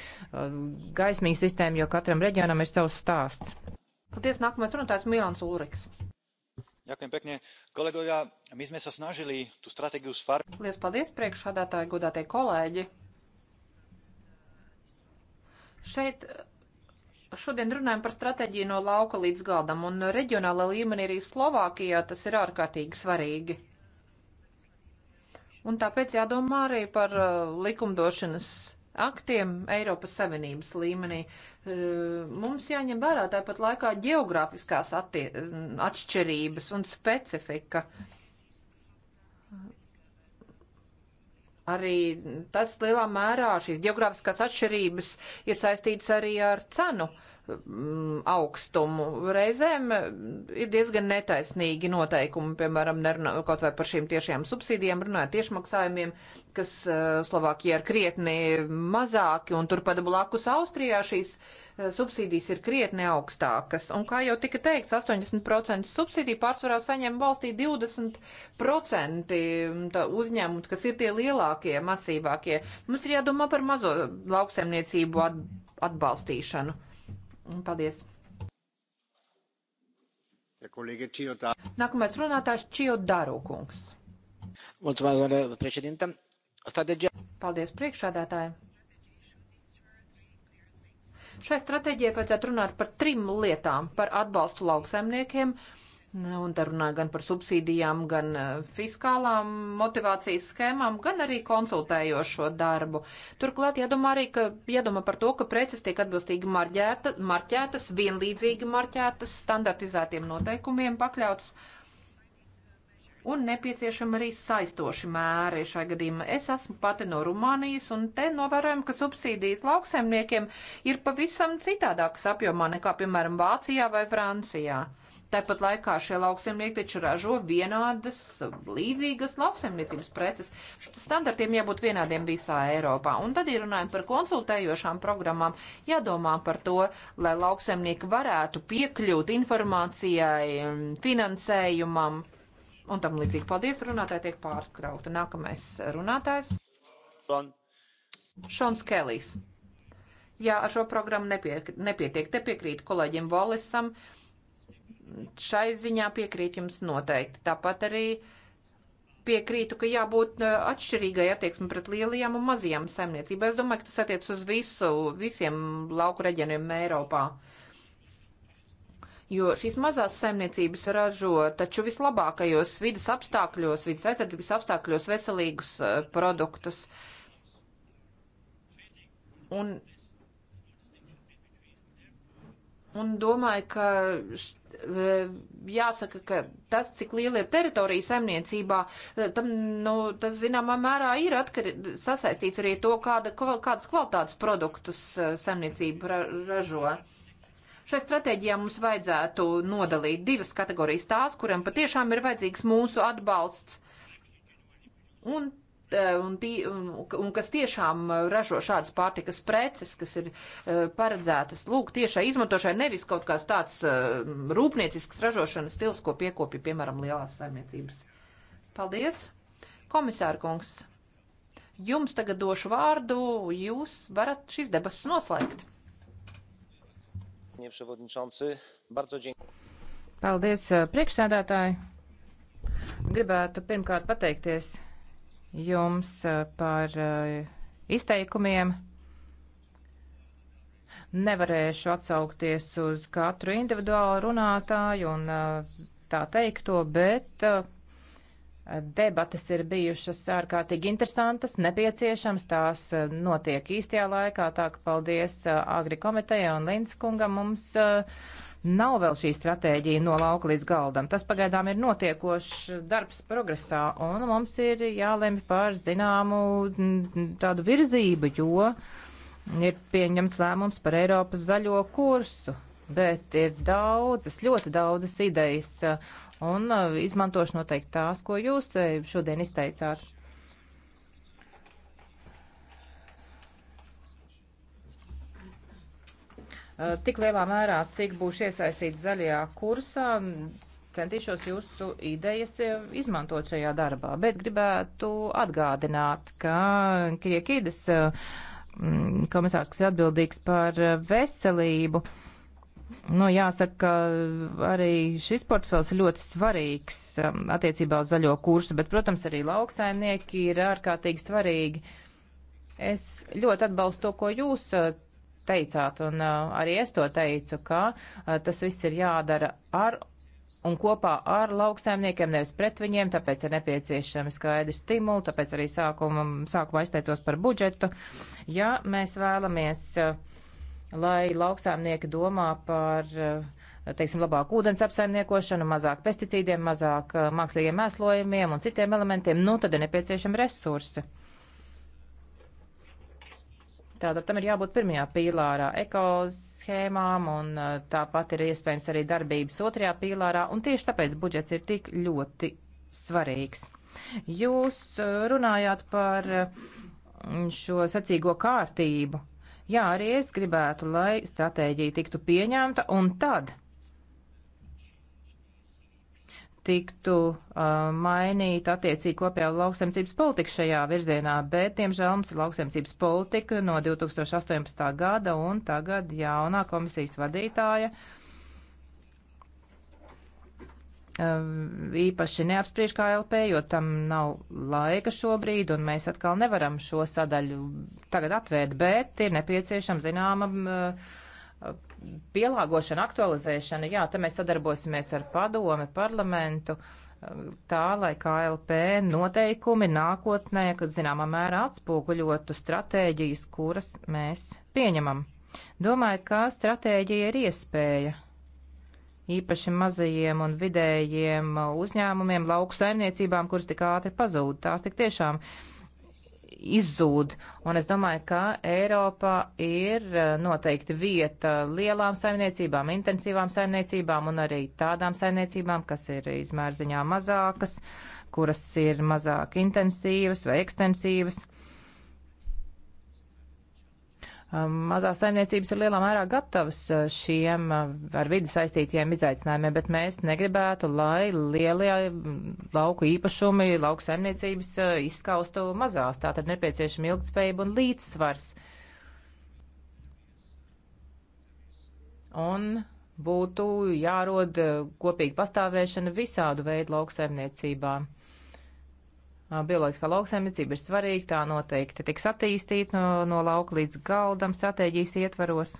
gaismiņa sistēma, jo katram reģionam ir savs stāsts. Paldies, nākamais runātājs Milāns Ulriks. Kolegovia, my sme sa snažili tú stratégiu sfarbēt. Lielas paldies, priekšādātāji, godātie kolēģi. Šeit eh, šodien runājam par stratēģiju no lauka līdz galdam, un reģionāla līmenī arī Slovākijā tas ir ārkārtīgi svarīgi. Un tāpēc jādomā arī par eh, likumdošanas aktiem Eiropas Savienības līmenī. E, mums jāņem vērā tāpat laikā geogrāfiskās atšķirības un specifika. Arī tas lielā mērā šīs geogrāfiskās atšķirības ir saistīts arī ar cenu uh, Mm, augstumu. Reizēm mm, ir diezgan netaisnīgi noteikumi, piemēram, nerunā, kaut vai par šīm tiešajām subsīdijām, runājot tiešmaksājumiem, kas eh, Slovākijā ir krietni mazāki, un turpat blakus Austrijā šīs eh, subsīdijas ir krietni augstākas. Un, kā jau tika teikts, 80% subsīdiju pārsvarā saņem valstī 20% mm, uzņēmumu, kas ir tie lielākie, masīvākie. Mums ir jādomā par mazo lauksaimniecību atbalstīšanu. Mm, paldies! Nākamais runātājs Čio Daru kungs. Mulțumesc, domnule președinte. Strategia... Paldies priekšādātājiem. Šai stratēģijai vajadzētu runāt par trim lietām - par atbalstu lauksaimniekiem, Un te runā gan par subsīdijām, gan eh, fiskālām motivācijas schēmām, gan arī konsultējošo darbu. Turklāt jādomā arī, ka jādomā par to, ka preces tiek atbilstīgi marķēta, marķētas, vienlīdzīgi marķētas, standartizētiem noteikumiem pakļautas. Un nepieciešama arī saistoši mēri šai gadījumā. Es esmu pati no Rumānijas, un te novērojam, ka subsīdijas lauksaimniekiem ir pavisam citādākas apjomā nekā, piemēram, Vācijā vai Francijā. Tāpat laikā šie lauksemnieki taču ražo vienādas, līdzīgas lauksemniecības preces. Standartiem jābūt vienādiem visā Eiropā. Un tad, ja runājam par konsultējošām programmām, jādomā par to, lai lauksemnieki varētu piekļūt informācijai, mm, finansējumam un tam līdzīgi. Paldies, runātāji tiek pārkrauta. Nākamais runātājs. Šon. Šons Kelijs. Jā, ar šo programmu nepie, nepietiek. Te piekrīt kolēģim Volisam. Uh, šai ziņā piekrīt jums noteikti. Tāpat arī piekrītu, ka jābūt uh, atšķirīgai attieksmi pret lielajām un mazajām saimniecībām. Es domāju, ka tas attiec uz visu, visiem lauku reģioniem Eiropā. Jo šīs mazās saimniecības ražo taču vislabākajos vidas apstākļos, vidas aizsardzības apstākļos veselīgus uh, produktus. Un Un domāju, ka e, jāsaka, ka tas, cik liela ir teritorija saimniecībā, e, tam, nu, tas zināmā mērā ir atkar, sasaistīts arī to, kāda, kādas kvalitātes produktus e, saimniecība ra, ražo. Šai stratēģijā mums vajadzētu nodalīt divas kategorijas tās, kuriem patiešām ir vajadzīgs mūsu atbalsts. Un Eh, un, tī, un, un kas tiešām ražo šādas pārtikas preces, kas ir uh, paredzētas lūk tiešai izmantošai, nevis kaut kāds tāds uh, rūpniecisks ražošanas stils, ko piekopja, piemēram, lielās saimniecības. Paldies! Komisāra kungs, jums tagad došu vārdu, jūs varat šīs debases noslēgt. Paldies, priekšsēdētāji! Gribētu pirmkārt pateikties jums eh, par eh, izteikumiem. Nevarēšu atsaukties uz katru individuālu runātāju un eh, tā teikto, bet Debates ir bijušas ārkārtīgi interesantas, nepieciešams, tās notiek īstajā laikā, tā ka paldies Agri komiteja un Linskungam mums. Uh, Nav vēl šī stratēģija no lauka līdz galdam. Tas pagaidām ir notiekošs darbs progresā, un mums ir jālemj par zināmu tādu virzību, jo ir pieņemts lēmums par Eiropas zaļo kursu. Bet ir daudzas, ļoti daudzas idejas, un uh, izmantošu noteikti tās, ko jūs eh, šodien izteicāt. Eh, tik lielā mērā, cik būšu iesaistīts zaļajā kursā, centīšos jūsu idejas eh, izmantot šajā darbā, bet gribētu atgādināt, ka Kriekīdas eh, mm, komisārs, kas ir atbildīgs par veselību, Nu, jāsaka, arī šis portfels ir ļoti svarīgs attiecībā uz zaļo kursu, bet, protams, arī lauksaimnieki ir ārkārtīgi svarīgi. Es ļoti atbalstu to, ko jūs teicāt, un uh, arī es to teicu, ka uh, tas viss ir jādara ar un kopā ar lauksaimniekiem, nevis pret viņiem, tāpēc ir nepieciešami skaidri stimuli, tāpēc arī sākuma, sākumā izteicos par budžetu. Ja mēs vēlamies, uh, lai lauksaimnieki domā par, teiksim, labāku ūdens apsaimniekošanu, mazāk pesticīdiem, mazāk mākslīgiem mēslojumiem un citiem elementiem, nu tad ir nepieciešami resursi. Tātad tam ir jābūt pirmajā pīlārā ekoshēmām, un uh, tāpat ir iespējams arī darbības otrajā pīlārā, un tieši tāpēc budžets ir tik ļoti svarīgs. Jūs uh, runājāt par uh, šo sacīgo kārtību. Jā, arī es gribētu, lai stratēģija tiktu pieņemta, un tad tiktu uh, mainīta attiecīgi kopējā lauksaimniecības politika šajā virzienā, bet, diemžēl, mums ir lauksaimniecības politika no 2018. gada un tagad jaunā komisijas vadītāja uh, īpaši neapspriež KLP, jo tam nav laika šobrīd, un mēs atkal nevaram šo sadaļu tagad atvērt, bet ir nepieciešama zināma uh, pielāgošana, aktualizēšana, jā, te mēs sadarbosimies ar padomi, parlamentu, tā, lai KLP noteikumi nākotnē, kad zināmā mērā atspoguļotu stratēģijas, kuras mēs pieņemam. Domāju, ka stratēģija ir iespēja īpaši mazajiem un vidējiem uzņēmumiem, lauku saimniecībām, kuras tik ātri pazūd. Tās tik tiešām uh, izzūd. Un es domāju, ka Eiropā ir eh, noteikti vieta lielām saimniecībām, intensīvām saimniecībām un arī tādām saimniecībām, kas ir izmērziņā mazākas, kuras ir mazāk intensīvas vai ekstensīvas. Uh, Um, mazās saimniecības ir lielā mērā gatavas uh, šiem uh, ar vidi saistītiem izaicinājumiem, bet mēs negribētu, lai lielie mm, lauku īpašumi, lauku saimniecības uh, izskaustu mazās. Tātad nepieciešama ilgtspējība un līdzsvars. Un būtu jārod kopīga pastāvēšana visādu veidu lauksaimniecībām. Bioloģiskā lauksaimniecība ir svarīga, tā noteikti tiks attīstīta no, no lauka līdz galdam stratēģijas ietvaros.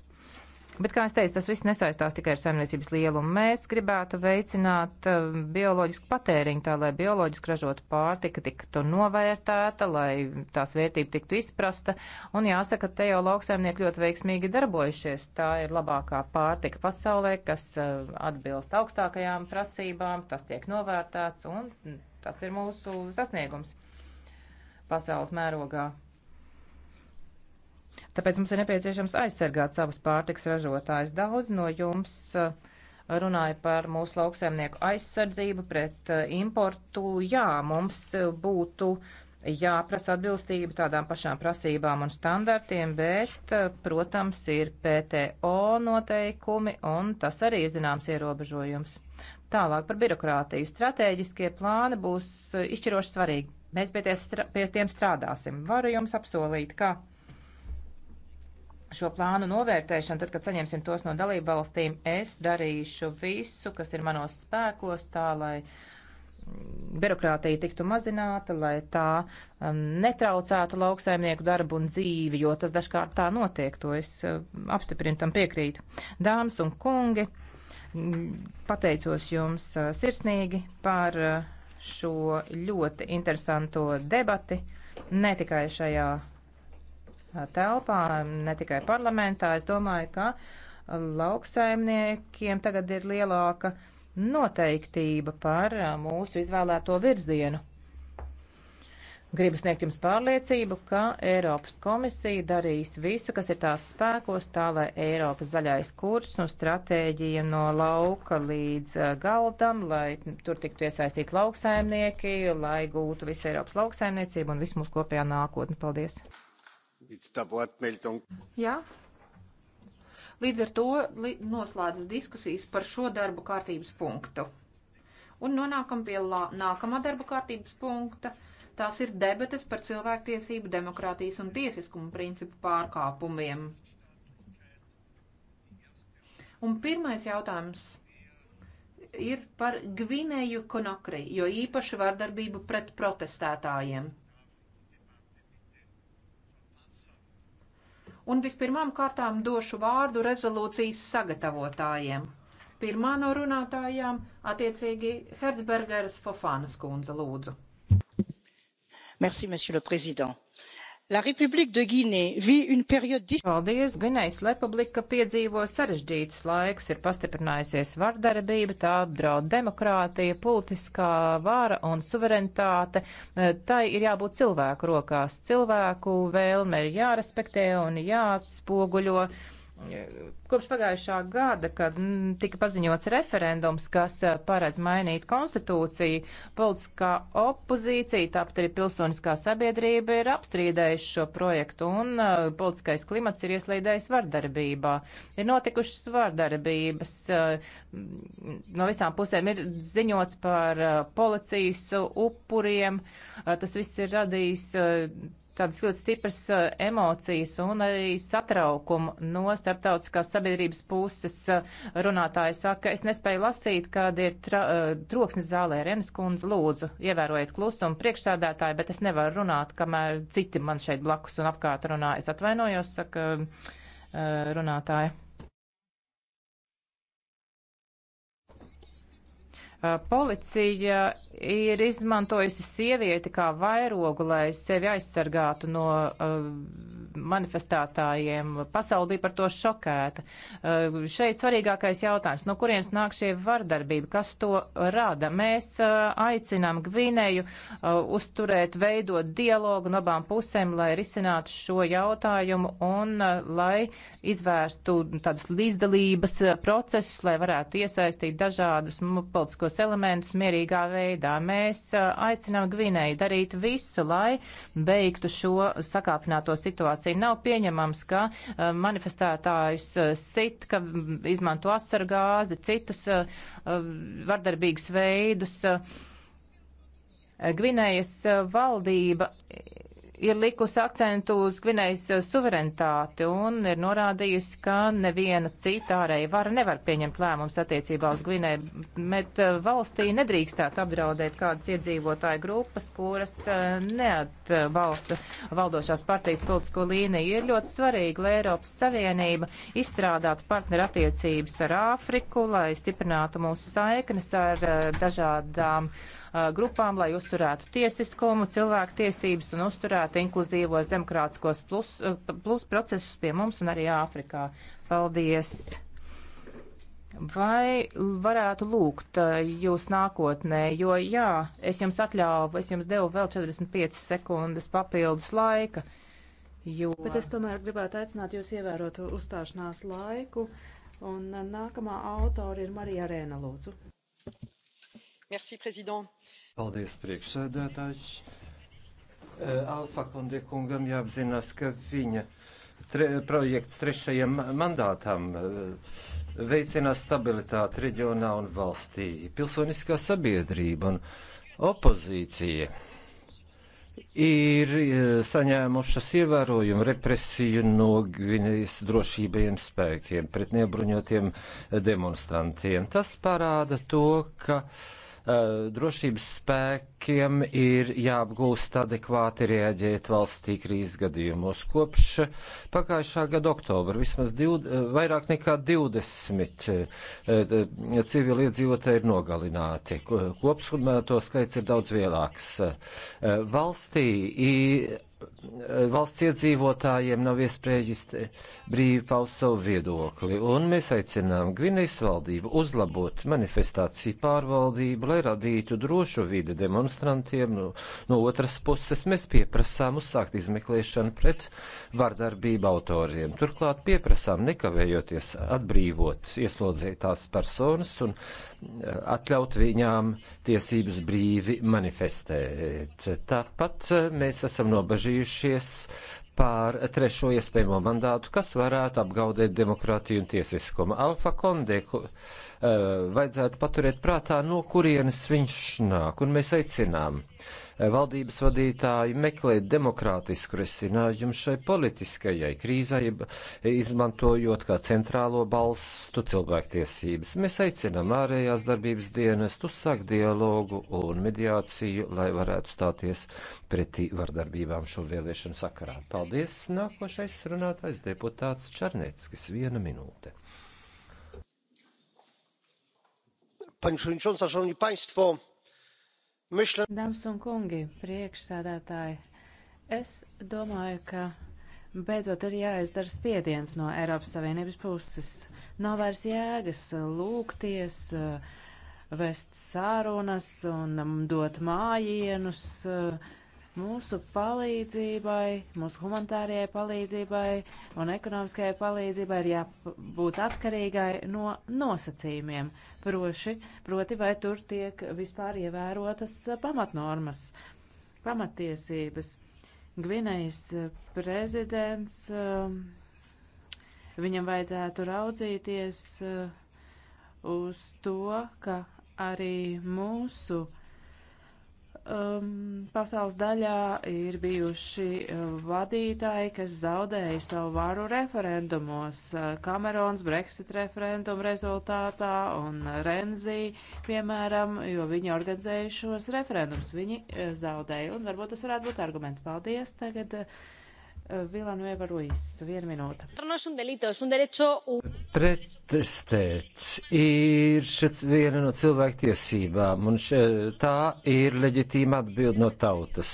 Bet, kā es teicu, tas viss nesaistās tikai ar saimniecības lielumu. Mēs gribētu veicināt bioloģisku patēriņu, tā lai bioloģiski ražota pārtika tiktu novērtēta, lai tās vērtība tiktu izprasta. Un jāsaka, te jau lauksaimnieki ļoti veiksmīgi darbojušies. Tā ir labākā pārtika pasaulē, kas atbilst augstākajām prasībām, tas tiek novērtēts un Tas ir mūsu sasniegums pasaules mērogā. Tāpēc mums ir nepieciešams aizsargāt savus pārtiks ražotājus. Daudz no jums uh, runāja par mūsu lauksaimnieku aizsardzību pret uh, importu. Jā, mums būtu jāprasa atbilstība tādām pašām prasībām un standartiem, bet, uh, protams, ir PTO noteikumi, un tas arī ir zināms ierobežojums. Tālāk par birokrātiju. Stratēģiskie plāni būs eh, izšķiroši svarīgi. Mēs pie, ties, pie tiem strādāsim. Varu jums apsolīt, ka šo plānu novērtēšanu, tad, kad saņemsim tos no dalību valstīm, es darīšu visu, kas ir manos spēkos, tā lai mm, birokrātija tiktu mazināta, lai tā mm, netraucētu lauksaimnieku darbu un dzīvi, jo tas dažkārt tā notiek, to es eh, apstiprinu tam piekrītu. Dāmas un kungi! Pateicos jums uh, sirsnīgi par uh, šo ļoti interesanto debati, ne tikai šajā uh, telpā, ne tikai parlamentā. Es domāju, ka lauksaimniekiem tagad ir lielāka noteiktība par mūsu izvēlēto virzienu. Gribu sniegt jums pārliecību, ka Eiropas komisija darīs visu, kas ir tās spēkos, tā lai Eiropas zaļais kurs un stratēģija no lauka līdz eh, galdam, lai tur tiktu iesaistīti lauksaimnieki, lai gūtu visu Eiropas lauksaimniecību un visu mūsu kopējā nākotni. Paldies! Jā. Līdz ar to li noslēdzas diskusijas par šo darbu kārtības punktu. Un nonākam pie nākamā darba kārtības punkta. Tās ir debates par cilvēktiesību, demokrātijas un tiesiskumu principu pārkāpumiem. Un pirmais jautājums ir par Gvinēju Konakri, jo īpaši vardarbību pret protestētājiem. Un vispirmām kārtām došu vārdu rezolūcijas sagatavotājiem. Pirmā no runātājām attiecīgi Herzbergeras Fofānas kundze lūdzu monsieur le président la republika de guinea vit une période. paldies gvinejas republika piedzīvo sarežģītus laikus ir pastiprinājusies vardarbība tā apdraud demokrātija politiskā vara un suverenitāte eh, tai ir jābūt cilvēku rokās cilvēku vēlme ir jārespektē un jāatspoguļo Kopš pagājušā gada, kad mm, tika paziņots referendums, kas eh, paredz mainīt konstitūciju, politiskā opozīcija, tāpat arī pilsoniskā sabiedrība ir apstrīdējuši šo projektu un eh, politiskais klimats ir ieslīdējis vardarbībā. Ir notikušas vardarbības. Eh, no visām pusēm ir ziņots par policijas upuriem. Tas viss ir radījis tādas ļoti stipras uh, emocijas un arī satraukumu no starptautiskās sabiedrības puses. Uh, Runātāji saka, es nespēju lasīt, kad ir uh, troksnis zālē. Renes kundze, lūdzu, ievērojiet klusumu priekšsēdētāju, bet es nevaru runāt, kamēr citi man šeit blakus un apkārt runā. Es atvainojos, saka runātāja. Policija ir izmantojusi sievieti kā vairogu, lai sevi aizsargātu no uh, manifestātājiem. Pasaule bija par to šokēta. Uh, šeit svarīgākais jautājums, no kurienes nāk šie vardarbība, kas to rada? Mēs uh, aicinām Gvinēju uzturēt, veidot dialogu no abām pusēm, lai risinātu šo jautājumu un lai izvērstu tādus līdzdalības procesus, lai varētu iesaistīt dažādus politiskos šos elementus mierīgā veidā. Mēs aicinām Gvinēju darīt visu, lai beigtu šo sakāpināto situāciju. Nav pieņemams, ka manifestētājus sit, ka izmanto asargāzi, citus vardarbīgus veidus. Gvinējas valdība ir likusi akcentu uz Gvinējas suverenitāti un ir norādījusi, ka neviena cita ārēja vara nevar pieņemt lēmums attiecībā uz Gvinēju, bet eh, valstī nedrīkstētu apdraudēt kādas iedzīvotāju grupas, kuras eh, neatbalsta valdošās partijas politisko līniju. Ir ļoti svarīgi, lai Eiropas Savienība izstrādātu partnerattiecības ar Āfriku, lai stiprinātu mūsu saiknes ar eh, dažādām uh, Uh, grupām, lai uzturētu tiesiskumu, cilvēku tiesības un uzturētu inkluzīvos demokrātiskos plus, uh, plus procesus pie mums un arī Āfrikā. Paldies! Vai varētu lūgt uh, jūs nākotnē, jo jā, es jums atļāvu, es jums devu vēl 45 sekundes papildus laika. Jo... Bet es tomēr gribētu aicināt jūs ievērot uzstāšanās laiku, un nākamā autori ir Marija Rēna Lūdzu. Merci, prezident. Paldies, priekšsēdētājs. Eh, Alfa Kondē kungam jāapzinās, ka viņa tre, projekts trešajam mandātam eh, veicinās stabilitāti reģionā un valstī. Pilsoniskā sabiedrība un opozīcija ir eh, saņēmušas ievērojumu represiju no Gvinējas drošībajiem spēkiem pret niebruņotiem demonstrantiem. Tas parāda to, ka uh, Eh, drošības spēkiem ir jāapgūst adekvāti rēģēt valstī krīzes gadījumos. Kopš pagājušā gada oktobra vismaz div, eh, vairāk nekā 20 eh, civiliedzīvotāji ir nogalināti. Kopsumā to skaits ir daudz lielāks. Valstī valsts iedzīvotājiem nav iespējas brīvi paust savu viedokli, un mēs aicinām Gvinējas valdību uzlabot manifestāciju pārvaldību, lai radītu drošu vidi demonstrantiem. No, nu, no otras puses, mēs pieprasām uzsākt izmeklēšanu pret vardarbību autoriem. Turklāt pieprasām nekavējoties atbrīvot ieslodzītās personas un atļaut viņām tiesības brīvi manifestēt. Tāpat mēs esam nobažījušies pār trešo iespējamo mandātu, kas varētu apgaudēt demokrātiju un tiesiskumu. Alfa Kondē ku, uh, vajadzētu paturēt prātā, no kurienes viņš nāk, un mēs aicinām uh, Eh, valdības vadītāji meklē demokrātisku risinājumu šai politiskajai krīzai, eh, izmantojot kā centrālo balstu cilvēktiesības. Mēs aicinām ārējās darbības dienestu uzsākt dialogu un mediāciju, lai varētu stāties pretī vardarbībām šo vēlēšanu sakarā. Paldies! Nākošais runātājs deputāts Čarneckis, viena minūte. Pani przewodnicząca, szanowni państwo! Mišla... Dāmas un kungi, priekšsādātāji, es domāju, ka Beidzot, ir jāizdara spiediens no Eiropas Savienības puses. Nav vairs jēgas lūgties, eh, vest sārunas un mm, dot mājienus eh, mūsu palīdzībai, mūsu humanitārajai palīdzībai un ekonomiskajai palīdzībai ir jābūt atkarīgai no nosacījumiem, proši, proti vai tur tiek vispār ievērotas pamatnormas, pamatiesības. Gvinējas prezidents, viņam vajadzētu raudzīties eh, uz to, ka arī mūsu uh, um, pasaules daļā ir bijuši uh, vadītāji, kas zaudēja savu varu referendumos. Uh, Kamerons Brexit referendumu rezultātā un Renzī, piemēram, jo viņi organizēja šos referendumus. Viņi uh, zaudēja, un varbūt tas varētu būt arguments. Paldies! Tagad Eh, Vilanueva Ruiz, viena minūte. Pretestēt ir šis viena no cilvēktiesībām, un še, tā ir leģitīma atbild no tautas.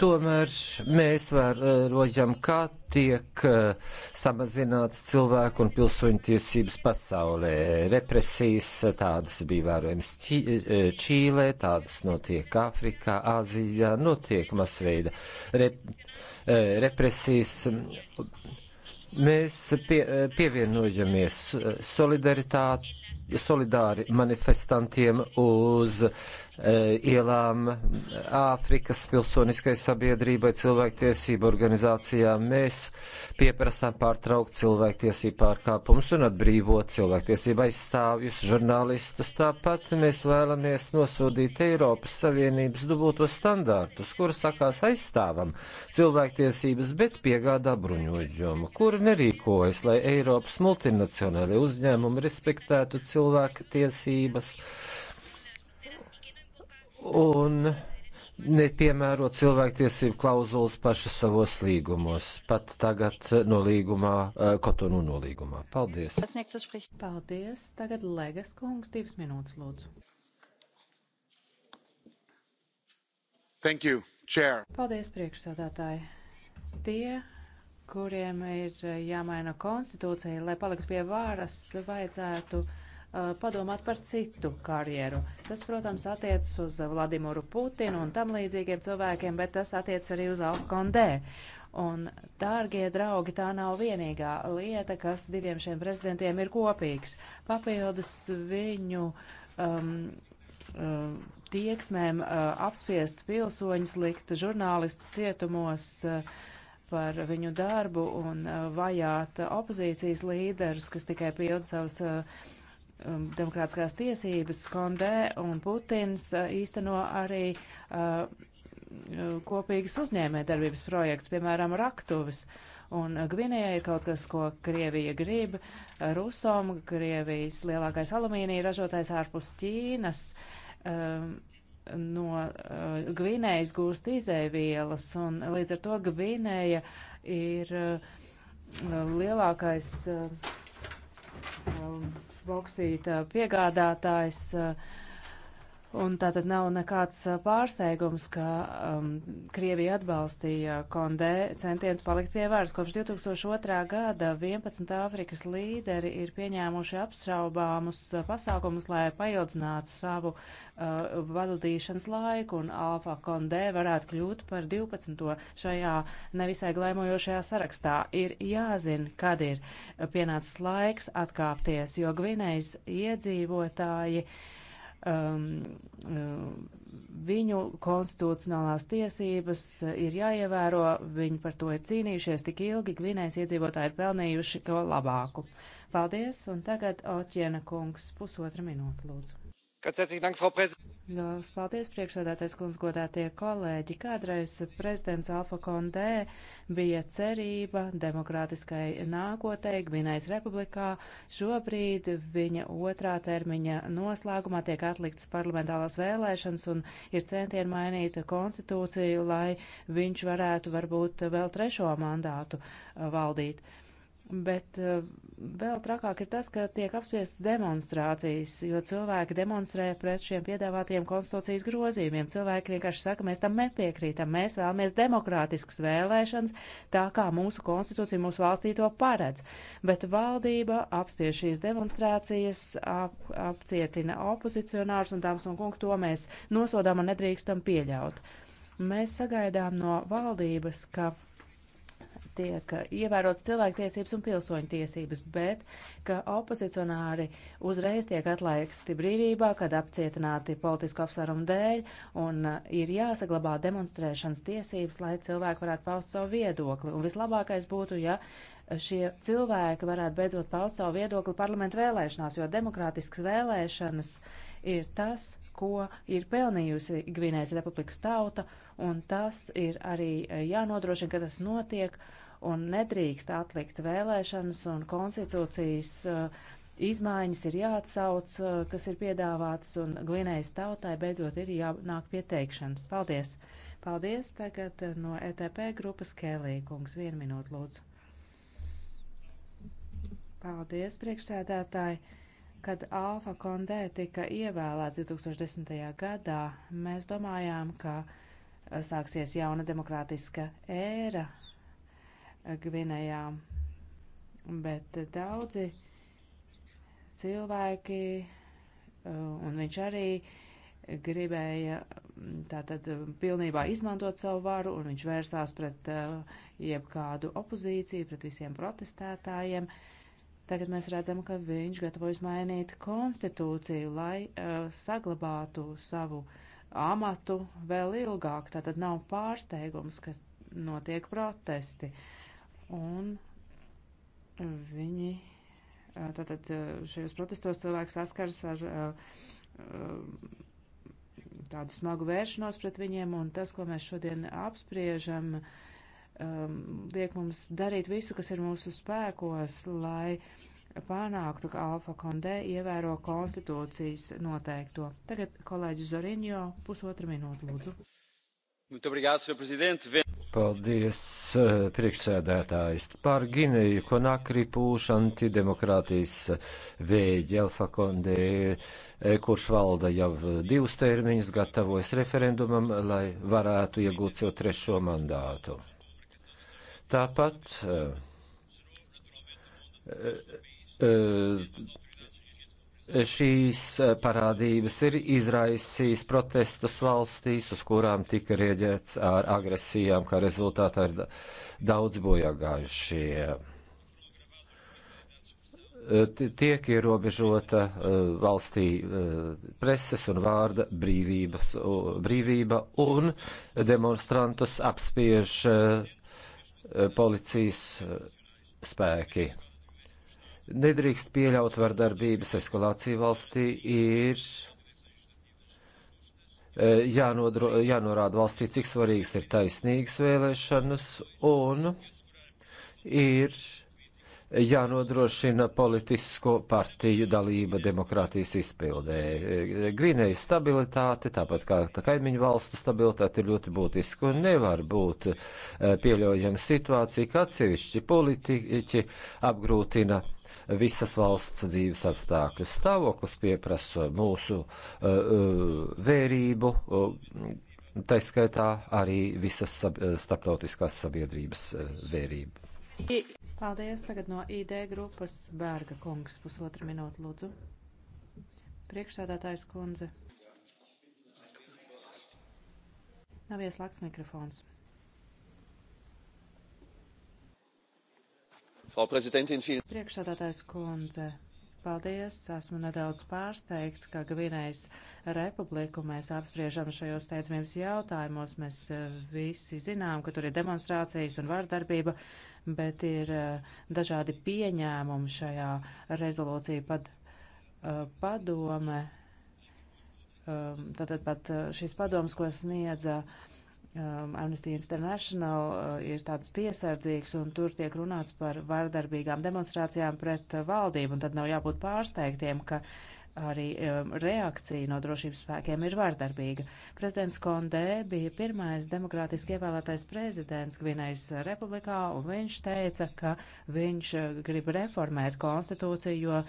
Tomēr mēs vērojam, kā tiek eh, samazināts cilvēku un pilsoņu tiesības pasaulē. Represijas eh, tādas bija vērojamas eh, Čīlē, tādas notiek Āfrikā, Āzijā, notiek masveida rep represijas. Mēs pie, pievienojamies solidaritāti solidāri manifestantiem uz uh, E, ielām, Āfrikas pilsoniskai sabiedrībai, cilvēktiesību organizācijām. Mēs pieprasām pārtraukt cilvēktiesību pārkāpumus un atbrīvot cilvēktiesību aizstāvjus, žurnālistus. Tāpat mēs vēlamies nosodīt Eiropas Savienības dubultos standārtus, kur sakās aizstāvam cilvēktiesības, bet piegādā bruņojumu, kur nerīkojas, lai Eiropas multinacionālie uzņēmumi respektētu cilvēktiesības. tiesības un nepiemēro cilvēktiesību klauzulas pašas savos līgumos, pat tagad no līgumā, eh, Kotonu nolīgumā. Paldies! Paldies! Tagad Legas kungs divas minūtes lūdzu. Thank you, Chair. Paldies, priekšsādātāji. Tie, kuriem ir eh, jāmaina konstitūcija, lai paliktu pie vāras, vajadzētu uh, Uh, padomāt par citu karjeru. Tas, protams, attiecas uz Vladimuru Putinu un tam līdzīgiem cilvēkiem, bet tas attiecas arī uz Alkondē. Un, dārgie draugi, tā nav vienīgā lieta, kas diviem šiem prezidentiem ir kopīgs. Papildus viņu um, um, tieksmēm uh, apspiest pilsoņus, likt žurnālistus cietumos. Uh, par viņu darbu un uh, vajāt opozīcijas līderus, kas tikai pild savas uh, Um, demokrātiskās tiesības, Kondē un Putins uh, īsteno arī uh, uh, kopīgas uzņēmējdarbības projekts, piemēram, raktuvis. Un uh, Gvinējai ir kaut kas, ko Krievija grib. Rusom, Krievijas lielākais alumīnija ražotājs ārpus Ķīnas, um, no uh, Gvinējas gūst izēvielas, un līdz ar to Gvinēja ir uh, lielākais. Uh, Um, boksīta piegādātājs uh, Un tā tad nav nekāds pārsteigums, ka um, Krievija atbalstīja Kondē centienus palikt pie varas. Kopš 2002. gada 11 Āfrikas līderi ir pieņēmuši apšaubāmus pasākumus, lai paildzinātu savu uh, vadīšanas laiku, un Alfa Kondē varētu kļūt par 12. šajā nevisai glēmojošajā sarakstā. Ir jāzina, kad ir pienācis laiks atkāpties, jo Gvinējas iedzīvotāji. Uh, Um, um, viņu konstitucionālās tiesības ir jāievēro, viņi par to ir cīnījušies tik ilgi, Gvinējas iedzīvotāji ir pelnījuši ko labāku. Paldies, un tagad Oķiena kungs pusotra minūte, lūdzu. Lielas paldies, priekšsēdētais kungs, godātie kolēģi. Kādreiz prezidents Alfa Kondē bija cerība demokrātiskai nākotnē Gvinējas republikā. Šobrīd viņa otrā termiņa noslēgumā tiek atliktas parlamentālās vēlēšanas un ir centieni mainīt konstitūciju, lai viņš varētu varbūt vēl trešo mandātu valdīt. Uh, Bet eh, vēl trakāk ir tas, ka tiek apspiestas demonstrācijas, jo cilvēki demonstrē pret šiem piedāvātiem konstitūcijas grozījumiem. Cilvēki vienkārši saka, mēs tam nepiekrītam, mēs vēlamies demokrātiskas vēlēšanas, tā kā mūsu konstitūcija mūsu valstī to paredz. Bet valdība apspiež šīs demonstrācijas, ap, apcietina opozicionārus un dāmas un kungi, to mēs nosodām un nedrīkstam pieļaut. Mēs sagaidām no valdības, ka tiek ievērotas cilvēktiesības un pilsoņu tiesības, bet ka opozicionāri uzreiz tiek atlaiksti brīvībā, kad apcietināti politisku apsvērumu dēļ, un uh, ir jāsaglabā demonstrēšanas tiesības, lai cilvēki varētu paust savu viedokli. Un vislabākais būtu, ja šie cilvēki varētu beidzot paust savu viedokli parlamentu vēlēšanās, jo demokrātisks vēlēšanas ir tas, ko ir pelnījusi Gvinējas republikas tauta, un tas ir arī uh, jānodrošina, ka tas notiek, uh, un nedrīkst atlikt vēlēšanas un konstitūcijas uh, izmaiņas ir jāatsauc, uh, kas ir piedāvātas, un Gvinējas tautai beidzot ir jānāk pie teikšanas. Paldies! Paldies! Tagad uh, no ETP grupas Kēlī kungs. Vienu minūtu lūdzu. Paldies, priekšsēdētāji! Kad Alfa Kondē tika ievēlēts 2010. gadā, mēs domājām, ka uh, sāksies jauna demokrātiska ēra Gvinējā. Bet daudzi cilvēki, uh, un viņš arī gribēja mm, tātad mm, pilnībā izmantot savu varu, un viņš vērsās pret uh, jebkādu opozīciju, pret visiem protestētājiem. Tagad mēs redzam, ka viņš gatavojas mainīt konstitūciju, lai uh, saglabātu savu amatu vēl ilgāk. Tātad nav pārsteigums, ka notiek protesti. Uh, Un viņi, tātad šajos protestos cilvēki saskars ar tādu smagu vēršanos pret viņiem, un tas, ko mēs šodien apspriežam, liek mums darīt visu, kas ir mūsu spēkos, lai panāktu, ka Alfa Kondē ievēro konstitūcijas noteikto. Tagad kolēģis Zoriņo pusotra minūte, lūdzu. Muito obrigado, Sr. Presidente. Paldies, eh, priekšsēdētājs. Par Gineju, Konakri, Pūš, antidemokrātijas vēģi, Alfa Kondē, eh, kurš valda jau divus termiņus, gatavojas referendumam, lai varētu iegūt jau trešo mandātu. Tāpat. Uh, uh, uh šīs eh, parādības ir izraisījis protestus valstīs, uz kurām tika rieģēts ar agresijām, kā rezultātā ir daudz bojāgājušie. Eh, tiek ierobežota eh, valstī preses un vārda brīvības, brīvība un demonstrantus apspiež policijas spēki nedrīkst pieļaut vardarbības eskalāciju valstī, ir e, jānodro, jānorāda valstī, cik svarīgas ir taisnīgas vēlēšanas un ir jānodrošina politisko partiju dalība demokrātijas izpildē. E, Gvinējas stabilitāte, tāpat kā tā kaimiņu valstu stabilitāte, ir ļoti būtiska un nevar būt e, pieļaujama situācija, ka atsevišķi politiķi apgrūtina uh, visas valsts dzīves apstākļus. Stāvoklis pieprasa mūsu uh, uh, vērību, uh, tā skaitā arī visas sab uh, starptautiskās sabiedrības uh, vērību. Paldies. Tagad no ID grupas Bērga kungs pusotra minūte lūdzu. Priekšsēdētājs kundze. Nav ieslēgts mikrofons. Priekšsādātājs kundze, paldies. Esmu nedaudz pārsteigts, ka Gvinējas republiku mēs apspriežam šajos steidzamības jautājumos. Mēs eh, visi zinām, ka tur ir demonstrācijas un vārdarbība, bet ir eh, dažādi pieņēmumi šajā rezolūcija pad, eh, padome. Ehm, tātad pat šis padoms, ko sniedza uh, um, Amnesty International uh, ir tāds piesardzīgs, un tur tiek runāts par vardarbīgām demonstrācijām pret uh, valdību, un tad nav jābūt pārsteigtiem, ka arī um, reakcija no drošības spēkiem ir vardarbīga. Prezidents Kondē bija pirmais demokrātiski ievēlētais prezidents Gvinējas republikā, un viņš teica, ka viņš uh, grib reformēt konstitūciju, jo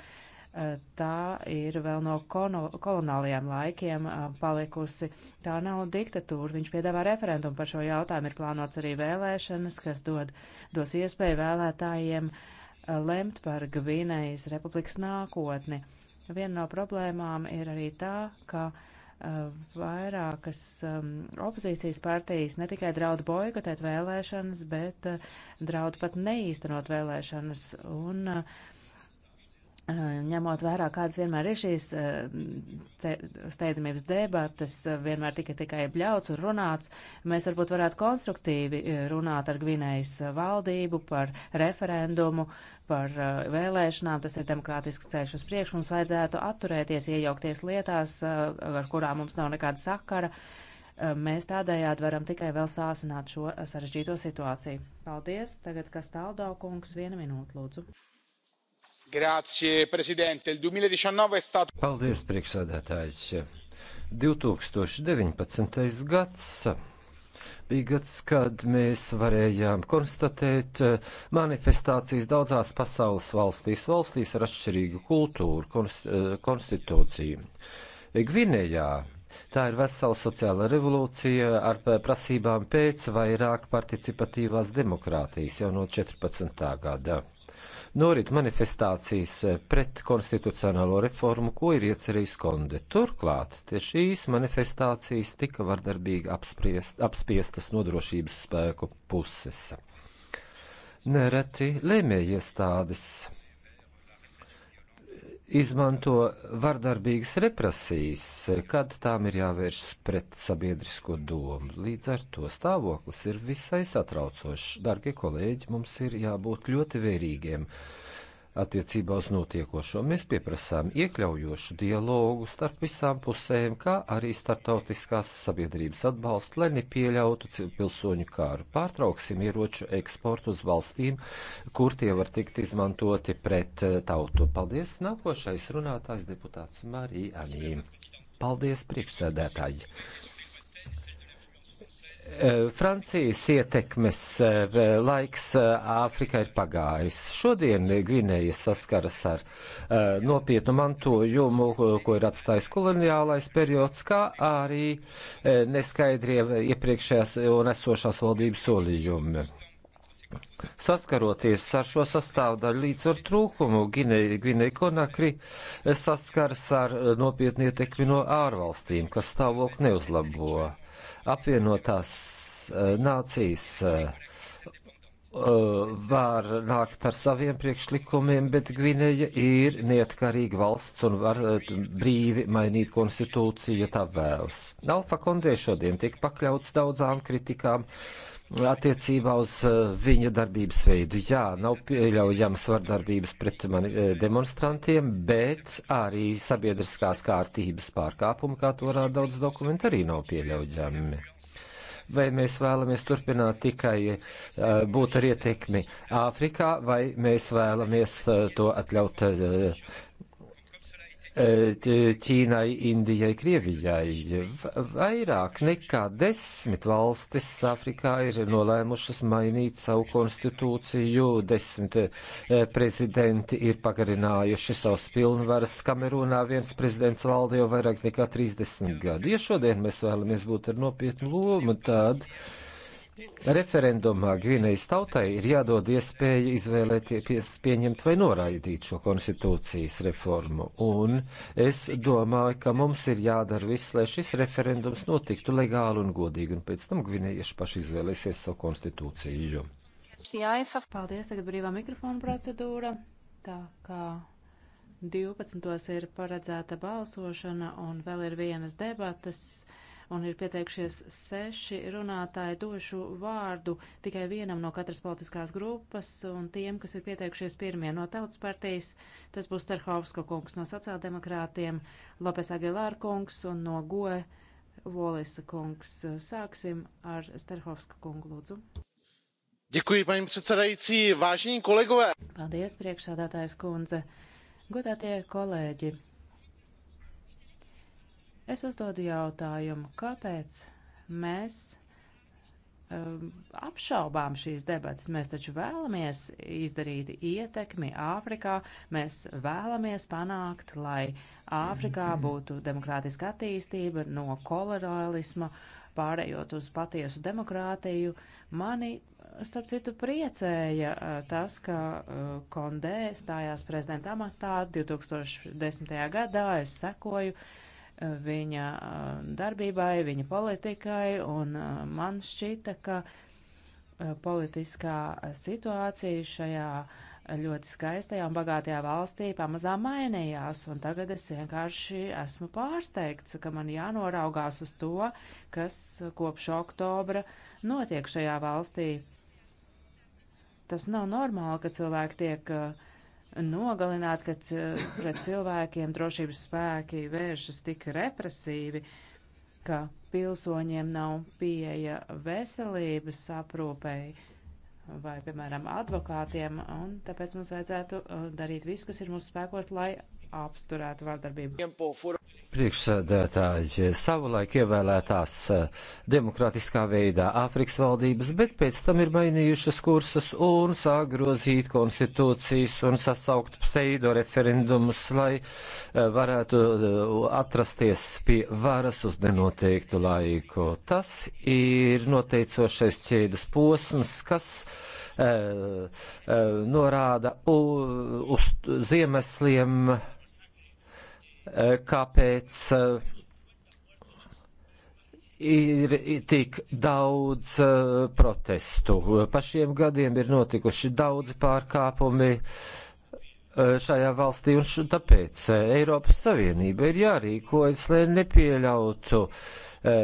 tā ir vēl no koloniālajiem laikiem palikusi. Tā nav diktatūra. Viņš piedāvā referendumu par šo jautājumu. Ir plānots arī vēlēšanas, kas dod, dos iespēju vēlētājiem lemt par Gvinējas republikas nākotni. Viena no problēmām ir arī tā, ka vairākas um, opozīcijas partijas ne tikai draud boikotēt vēlēšanas, bet uh, draud pat neīstenot vēlēšanas. Un, uh, Eh, ņemot vērā, kādas vienmēr ir šīs eh, steidzamības debates, eh, vienmēr tika tikai bļauts un runāts, mēs varbūt varētu konstruktīvi runāt ar Gvinējas valdību par referendumu, par vēlēšanām, tas ir demokrātisks ceļš uz priekšu, mums vajadzētu atturēties, iejaukties lietās, ar kurām mums nav nekāda sakara. Mēs tādējādi varam tikai vēl sāsināt šo sarežģīto situāciju. Paldies! Tagad, kas tālāk, kungs, viena minūte, lūdzu. Grācie, prezidente, 2019 stātu. Paldies, priekšsādātājs. 2019. gads bija gads, kad mēs varējām konstatēt eh, manifestācijas daudzās pasaules valstīs, valstīs ar atšķirīgu kultūru, konst, eh, konstitūciju. Gvinējā tā ir vesela sociāla revolūcija ar prasībām pēc vairāk participatīvās demokrātijas jau no 14. gada norit manifestācijas eh, pret konstitucionālo reformu, ko ir iecerījis Konde. Turklāt tie šīs manifestācijas tika vardarbīgi apspriest, apspiestas no drošības spēku puses. Nereti lēmējiestādes izmanto vardarbīgas represijas, kad tām ir jāvēršas pret sabiedrisko domu. Līdz ar to stāvoklis ir visai satraucošs. Dargie kolēģi, mums ir jābūt ļoti vērīgiem. Uh, attiecībā uz notiekošo. Mēs pieprasām iekļaujošu dialogu starp visām pusēm, kā arī starptautiskās sabiedrības atbalstu, lai nepieļautu pilsoņu kāru. Pārtrauksim ieroču eksportu uz valstīm, kur tie var tikt izmantoti pret eh, tautu. Paldies! Nākošais runātājs deputāts Marija Anīm. Paldies, priekšsēdētāji! Eh, Francijas ietekmes eh, laiks eh, Āfrikā ir pagājis. Šodien Gvinēja saskaras ar nopietnu mantojumu, ko ir atstājis koloniālais periods, kā arī neskaidrie iepriekšējās un esošās valdības solījumi. Saskaroties ar šo sastāvdaļu līdzsvaru trūkumu, Gvinēja Konakri saskaras ar nopietnu ietekmi no ārvalstīm, kas stāvokli neuzlabo apvienotās eh, nācijas eh, eh, var nākt ar saviem priekšlikumiem, bet Gvineja ir neatkarīga valsts un var brīvi mainīt konstitūciju, ja tā vēlas. Alfa Kondē šodien tiek pakļauts daudzām kritikām. Uh, attiecībā uz eh, viņa darbības veidu. Jā, nav pieļaujamas vardarbības pret mani eh, demonstrantiem, bet arī sabiedriskās kārtības pārkāpumi, kā to rāda daudz dokumentu, arī nav pieļaujami. Vai mēs vēlamies turpināt tikai uh, būt ar ietekmi Āfrikā, vai mēs vēlamies uh, to atļaut uh, E, Ķīnai, Indijai, Krievijai. Vairāk nekā desmit valstis Āfrikā ir nolēmušas mainīt savu konstitūciju, desmit e, prezidenti ir pagarinājuši savus pilnvaras. Kamerūnā viens prezidents valda jau vairāk nekā 30 gadu. Ja šodien mēs vēlamies būt ar nopietnu lomu, tad. Uh, Referendumā Gvinejas tautai ir jādod iespēja izvēlēties pieņemt vai noraidīt šo konstitūcijas reformu, un es domāju, ka mums ir jādara viss, lai šis referendums notiktu legāli un godīgi, un pēc tam Gvinejieši paši izvēlēsies savu konstitūciju. Paldies, tagad brīvā mikrofona procedūra. Tā kā 12. ir paredzēta balsošana un vēl ir vienas debatas un ir pieteikšies seši runātāji. Došu vārdu tikai vienam no katras politiskās grupas un tiem, kas ir pieteikšies pirmie no tautas partijas. Tas būs Starhovska kungs no sociāldemokrātiem, Lopes Agilāra kungs un no Goe Volisa kungs. Sāksim ar Starhovska kungu lūdzu. Děkuji, paní předsedající, vážení kolegové. Paldies, priekšsādātājs kundze. Godātie kolēģi, Es uzdodu jautājumu, kāpēc mēs um, apšaubām šīs debatas. Mēs taču vēlamies izdarīt ietekmi Āfrikā, mēs vēlamies panākt, lai Āfrikā būtu demokrātiska attīstība no kolorālisma, pārējot uz patiesu demokrātiju. Mani starp citu, priecēja uh, tas, ka uh, Kondē stājās prezidenta amatā 2010. gadā. Es sekoju viņa eh, darbībai, viņa politikai, un eh, man šķita, ka eh, politiskā situācija šajā ļoti skaistajā un bagātajā valstī pamazām mainījās, un tagad es vienkārši esmu pārsteigts, ka man jānoraugās uz to, kas kopš oktobra notiek šajā valstī. Tas nav normāli, ka cilvēki tiek uh, nogalināt, kad eh, pret cilvēkiem drošības spēki vēršas tik represīvi, ka pilsoņiem nav pieeja veselības aprūpei vai, piemēram, advokātiem, un tāpēc mums vajadzētu eh, darīt visu, kas ir mūsu spēkos, lai apsturētu vārdarbību priekšsēdētāji savulaik ievēlētās eh, demokrātiskā veidā Āfrikas valdības, bet pēc tam ir mainījušas kursas un sāk grozīt konstitūcijas un sasaukt pseido referendumus, lai eh, varētu eh, atrasties pie varas uz nenoteiktu laiku. Tas ir noteicošais ķēdes posms, kas norāda uz ziemesliem Eh, kāpēc eh, ir tik daudz eh, protestu. Pa šiem gadiem ir notikuši daudzi pārkāpumi šajā valstī, un tāpēc Eiropas Savienība ir jārīkojas, lai nepieļautu uh,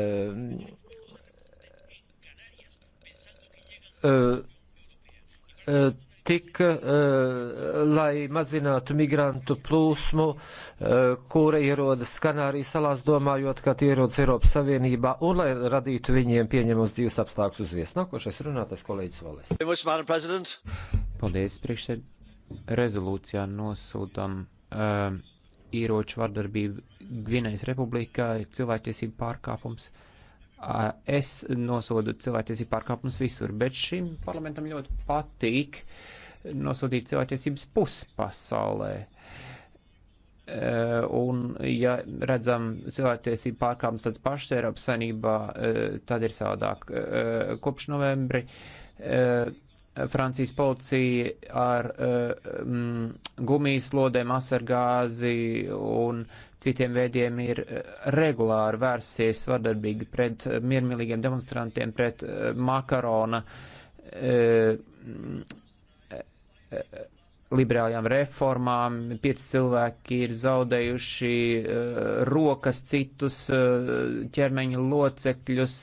uh, tika, eh, lai mazinātu migrantu plūsmu, eh, kura ierodas Kanārijas salās, domājot, ka tie ierodas Eiropas Savienībā, un lai radītu viņiem pieņemams dzīves apstākļus uz vies. Nākošais runātais kolēģis Valēs. Paldies, priekšsēd. Rezolūcijā nosūtam uh, ieroču vardarbību Gvinējas republikā, cilvēktiesību pārkāpums. Uh, Es nosodu cilvēktiesību pārkāpumus visur, bet šim parlamentam ļoti patīk nosodīt cilvēktiesības puspasaulē. Eh, un, ja redzam cilvēktiesību pārkāpumus tāds pašs Eiropas saimnībā, eh, tad ir savādāk. Eh, kopš novembri Francijas policija ar uh, mm, gumijas lodēm, asargāzi un citiem veidiem ir eh, regulāri vērsties vardarbīgi pret eh, miermīlīgiem demonstrantiem, pret eh, makarona e, e, liberālajām reformām. Pieci cilvēki ir zaudējuši e, rokas, citus ķermeņa locekļus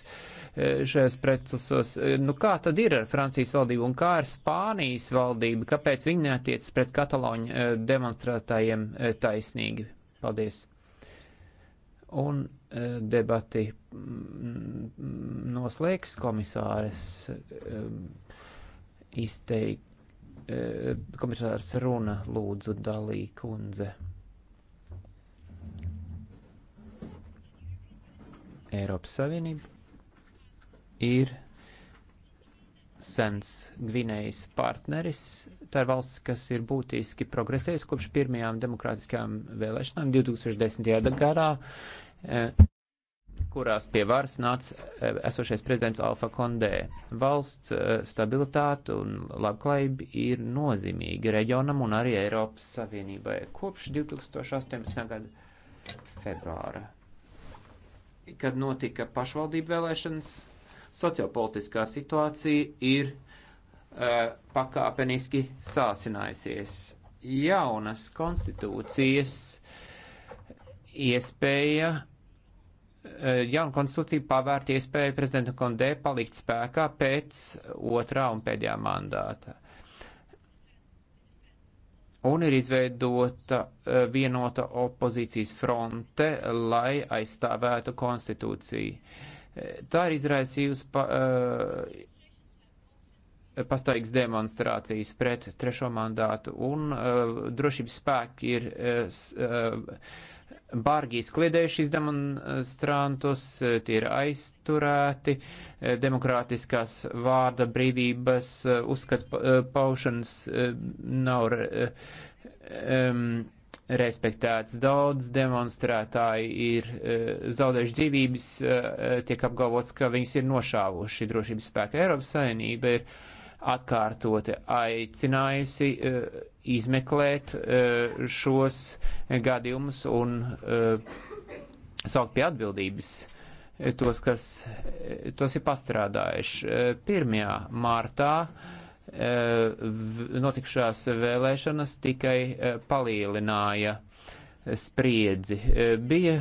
šajos procesos. Nu, kā tad ir ar Francijas valdību un kā ar Spānijas valdību? Kāpēc viņi netiec pret kataloņu demonstrētājiem taisnīgi? Paldies! Un e, debati mm, noslēgs komisāres e, izteik, e, komisārs runa lūdzu dalī kundze. Eiropas Savienība ir sens Gvinējas partneris. Tā ir valsts, kas ir būtiski progresējusi kopš pirmajām demokrātiskajām vēlēšanām 2010. gadā, eh, kurās pie varas nāca eh, esošais prezidents Alfa Kondē. Valsts eh, stabilitāte un labklājība ir nozīmīga reģionam un arī Eiropas Savienībai kopš 2018. gada februāra, kad notika pašvaldību vēlēšanas sociopolitiskā situācija ir uh, pakāpeniski sāsinājusies. Jaunas konstitūcijas iespēja, uh, jauna konstitūcija pavērt iespēju prezidentam Kondē palikt spēkā pēc otrā un pēdējā mandāta un ir izveidota eh, vienota opozīcijas fronte, lai aizstāvētu konstitūciju. Tā ir izraisījusi pa, uh, pastāvīgas demonstrācijas pret trešo mandātu, un uh, drošības spēki ir uh, bargi izkliedējušies demonstrantus, tie ir aizturēti, demokrātiskās vārda brīvības uzskat paušanas nav. Um, respektēts. Daudz demonstrētāji ir uh, zaudējuši dzīvības, uh, tiek apgalvots, ka viņus ir nošāvuši drošības spēka. Eiropas Savienība ir atkārtoti aicinājusi uh, izmeklēt uh, šos gadījumus un uh, saukt pie atbildības tos, kas tos ir pastrādājuši. 1. martā uh, Eh, notikušās vēlēšanas tikai eh, palielināja spriedzi. Eh, bija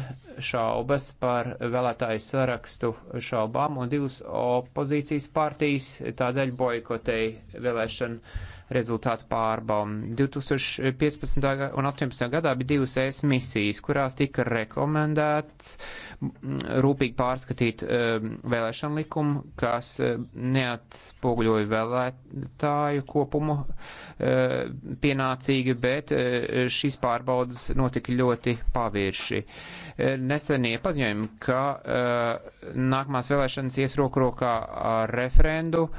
šaubas par vēlētāju sarakstu šaubām, un divas opozīcijas partijas tādēļ boikotēja vēlēšanu rezultātu pārbaumi. 2015. un 2018. gadā bija divas ES misijas, kurās tika rekomendēts mm, rūpīgi pārskatīt ehm, vēlēšanu likumu, kas ehm, neatspoguļoja vēlētāju kopumu ehm, pienācīgi, bet šīs pārbaudas notika ļoti pavirši. Nesenie paziņojumi, ka nākamās vēlēšanas ies roku rokā ar referendu,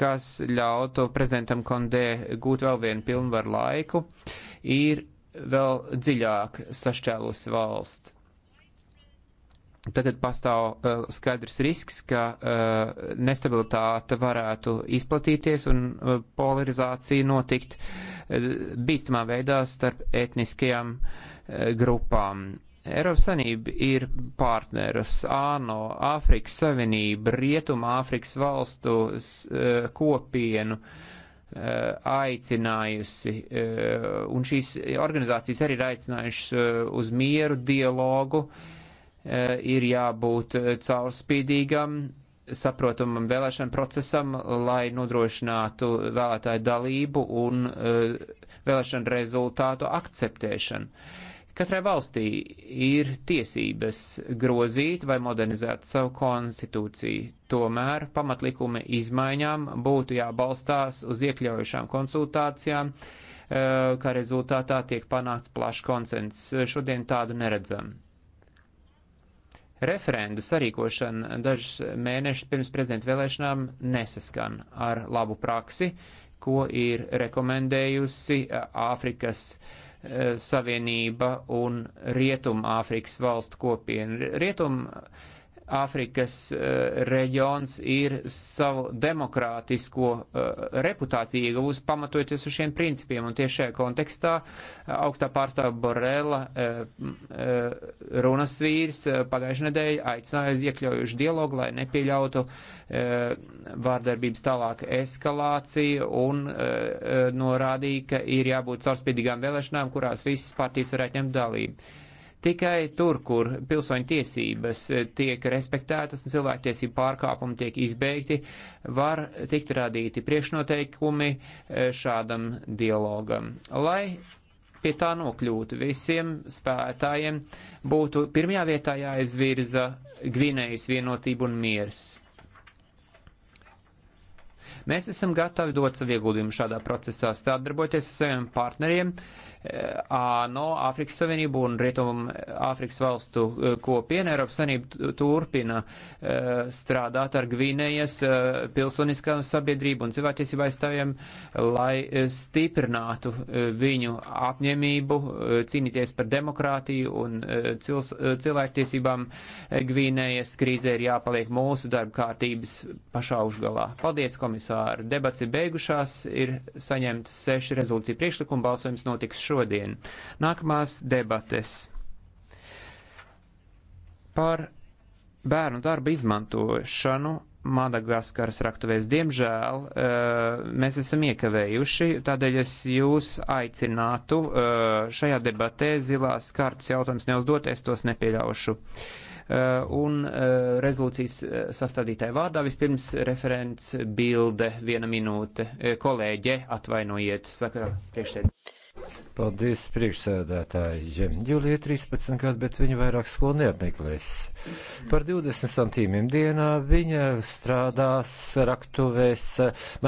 kas ļautu prezidentam Kondē gūt vēl vienu pilnvaru laiku, ir vēl dziļāk sašķēlusi valsts. Tagad pastāv uh, skaidrs risks, ka uh, nestabilitāte varētu izplatīties un uh, polarizācija notikt uh, bīstamā veidā starp etniskajām uh, grupām. Uh, Eiropas Savienība ir partneris ANO, Āfrikas Savienība, Rietuma Āfrikas valstu e, kopienu e, aicinājusi, e, un šīs organizācijas arī ir aicinājušas uz mieru dialogu, ir jābūt caurspīdīgam, saprotamam vēlēšanu procesam, lai nodrošinātu vēlētāju dalību un vēlēšanu rezultātu akceptēšanu Katrai valstī ir tiesības grozīt vai modernizēt savu konstitūciju. Tomēr pamatlikuma izmaiņām būtu jābalstās uz iekļaujušām konsultācijām, eh, kā rezultātā tiek panākts plašs konsens. Šodien tādu neredzam. Referenda sarīkošana dažus mēnešus pirms prezidenta vēlēšanām nesaskan ar labu praksi, ko ir rekomendējusi Āfrikas uh, Eh, Savienība un Rietuma Āfrikas valstu kopiena. Rietuma Āfrikas uh, reģions ir savu demokrātisko uh, reputāciju ieguvusi pamatojoties uz šiem principiem, un tieši šajā kontekstā uh, augstā pārstāva Borela runas vīrs pagājušajā nedēļā aicināja uz iekļaujušu dialogu, lai nepieļautu vārdarbības tālāku eskalāciju un norādīja, ka ir jābūt caurspīdīgām vēlēšanām, kurās visas partijas varētu ņemt dalību Tikai tur, kur pilsoņu tiesības tiek respektētas un cilvēktiesību pārkāpumi tiek izbeigti, var tikt radīti priekšnoteikumi eh, šādam dialogam. Lai pie tā nokļūtu. Visiem spētājiem būtu pirmajā vietā jāizvirza Gvinējas vienotība un miers. Mēs esam gatavi dot savu ieguldījumu šādā procesā, sadarboties ar saviem partneriem, uh, Eh, ANO, Āfrikas Savienību un Rietumu eh, Āfrikas valstu eh, kopienu. Eiropas Savienība turpina strādāt ar Gvinējas pilsoniskā sabiedrību un cilvēktiesību aizstāvjiem, lai stiprinātu viņu apņemību cīnīties par demokrātiju un cilvēktiesībām. Gvinējas krīzē ir jāpaliek mūsu darba kārtības pašā užgalā. Paldies, komisāri! Debats ir beigušās, ir saņemts seši rezolūcija priekšlikumi, balsojums notiks šodien šodien. Nākamās debates par bērnu darbu izmantošanu Madagaskaras raktuvēs. Diemžēl eh, mēs esam iekavējuši, tādēļ es jūs aicinātu eh, šajā debatē zilās kartas jautājums neuzdot, es tos nepieļaušu. Eh, un rezolūcijas sastādītāja vārdā vispirms referents bilde viena minūte. Kolēģe, atvainojiet, saka priekšsēdētāji. Paldies, priekšsēdētāji. Jūlija 13 gadu, bet viņa vairāk skolu neapmeklēs. Par 20 santīmiem dienā viņa strādās raktuvēs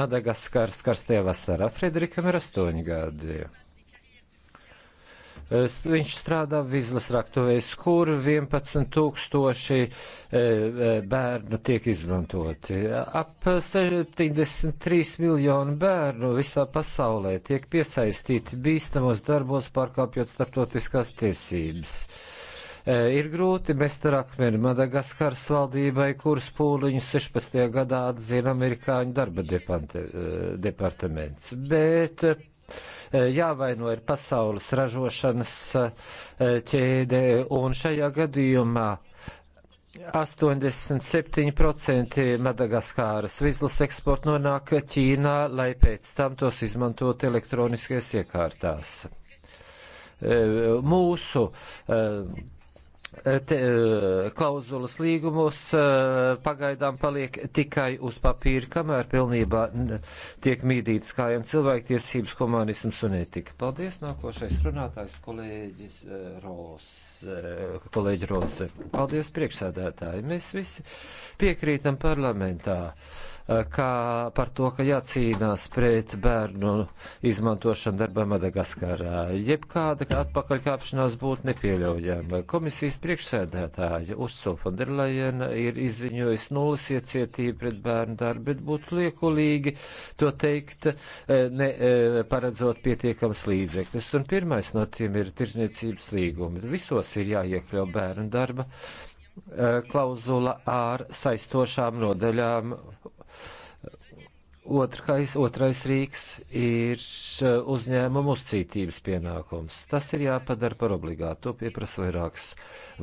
Madagaskaras karstajā vasarā. Frederikam ir 8 gadi. Viņš strādā Vizlas raktuvēs, kur 11 tūkstoši e, e, bērnu tiek izmantoti. Ap 73 miljonu bērnu visā pasaulē tiek piesaistīti bīstamos darbos pārkāpjot starptautiskās tiesības e, ir grūti mest ar akmeni Madagaskaras valdībai, kuras pūliņu 16. gadā atzina amerikāņu darba departaments. Bet E, jāvaino ir pasaules ražošanas e, ķēde, un šajā gadījumā 87% Madagaskāras vizlas eksporta nonāk Ķīnā, lai pēc tam tos izmantot elektroniskajās iekārtās. E, mūsu Eh, te, eh, klauzulas līgumos eh, pagaidām paliek tikai uz papīra, kamēr pilnībā tiek mīdīts kājām cilvēktiesības, humanisms un etika. Paldies, nākošais runātājs kolēģis Ros, kolēģi Rose. Paldies, priekšsēdētāji. Mēs visi piekrītam parlamentā. Uh, Eh, kā par to, ka jācīnās pret bērnu izmantošanu darbā Madagaskarā. Jebkāda atpakaļkāpšanās būtu nepieļaujama. Komisijas priekšsēdētāja Ursula Fonderlajena ir izziņojusi nulles iecietību pret bērnu darbu, bet būtu liekulīgi to teikt, eh, ne, eh, paredzot pietiekams līdzekļus. Un pirmais no tiem ir tirzniecības līgumi. Visos ir jāiekļau bērnu darba klauzula ar saistošām nodaļām Otrkais, otrais rīks ir uh, uzņēmuma uzcītības pienākums. Tas ir jāpadara par obligātu. To pieprasa vairākas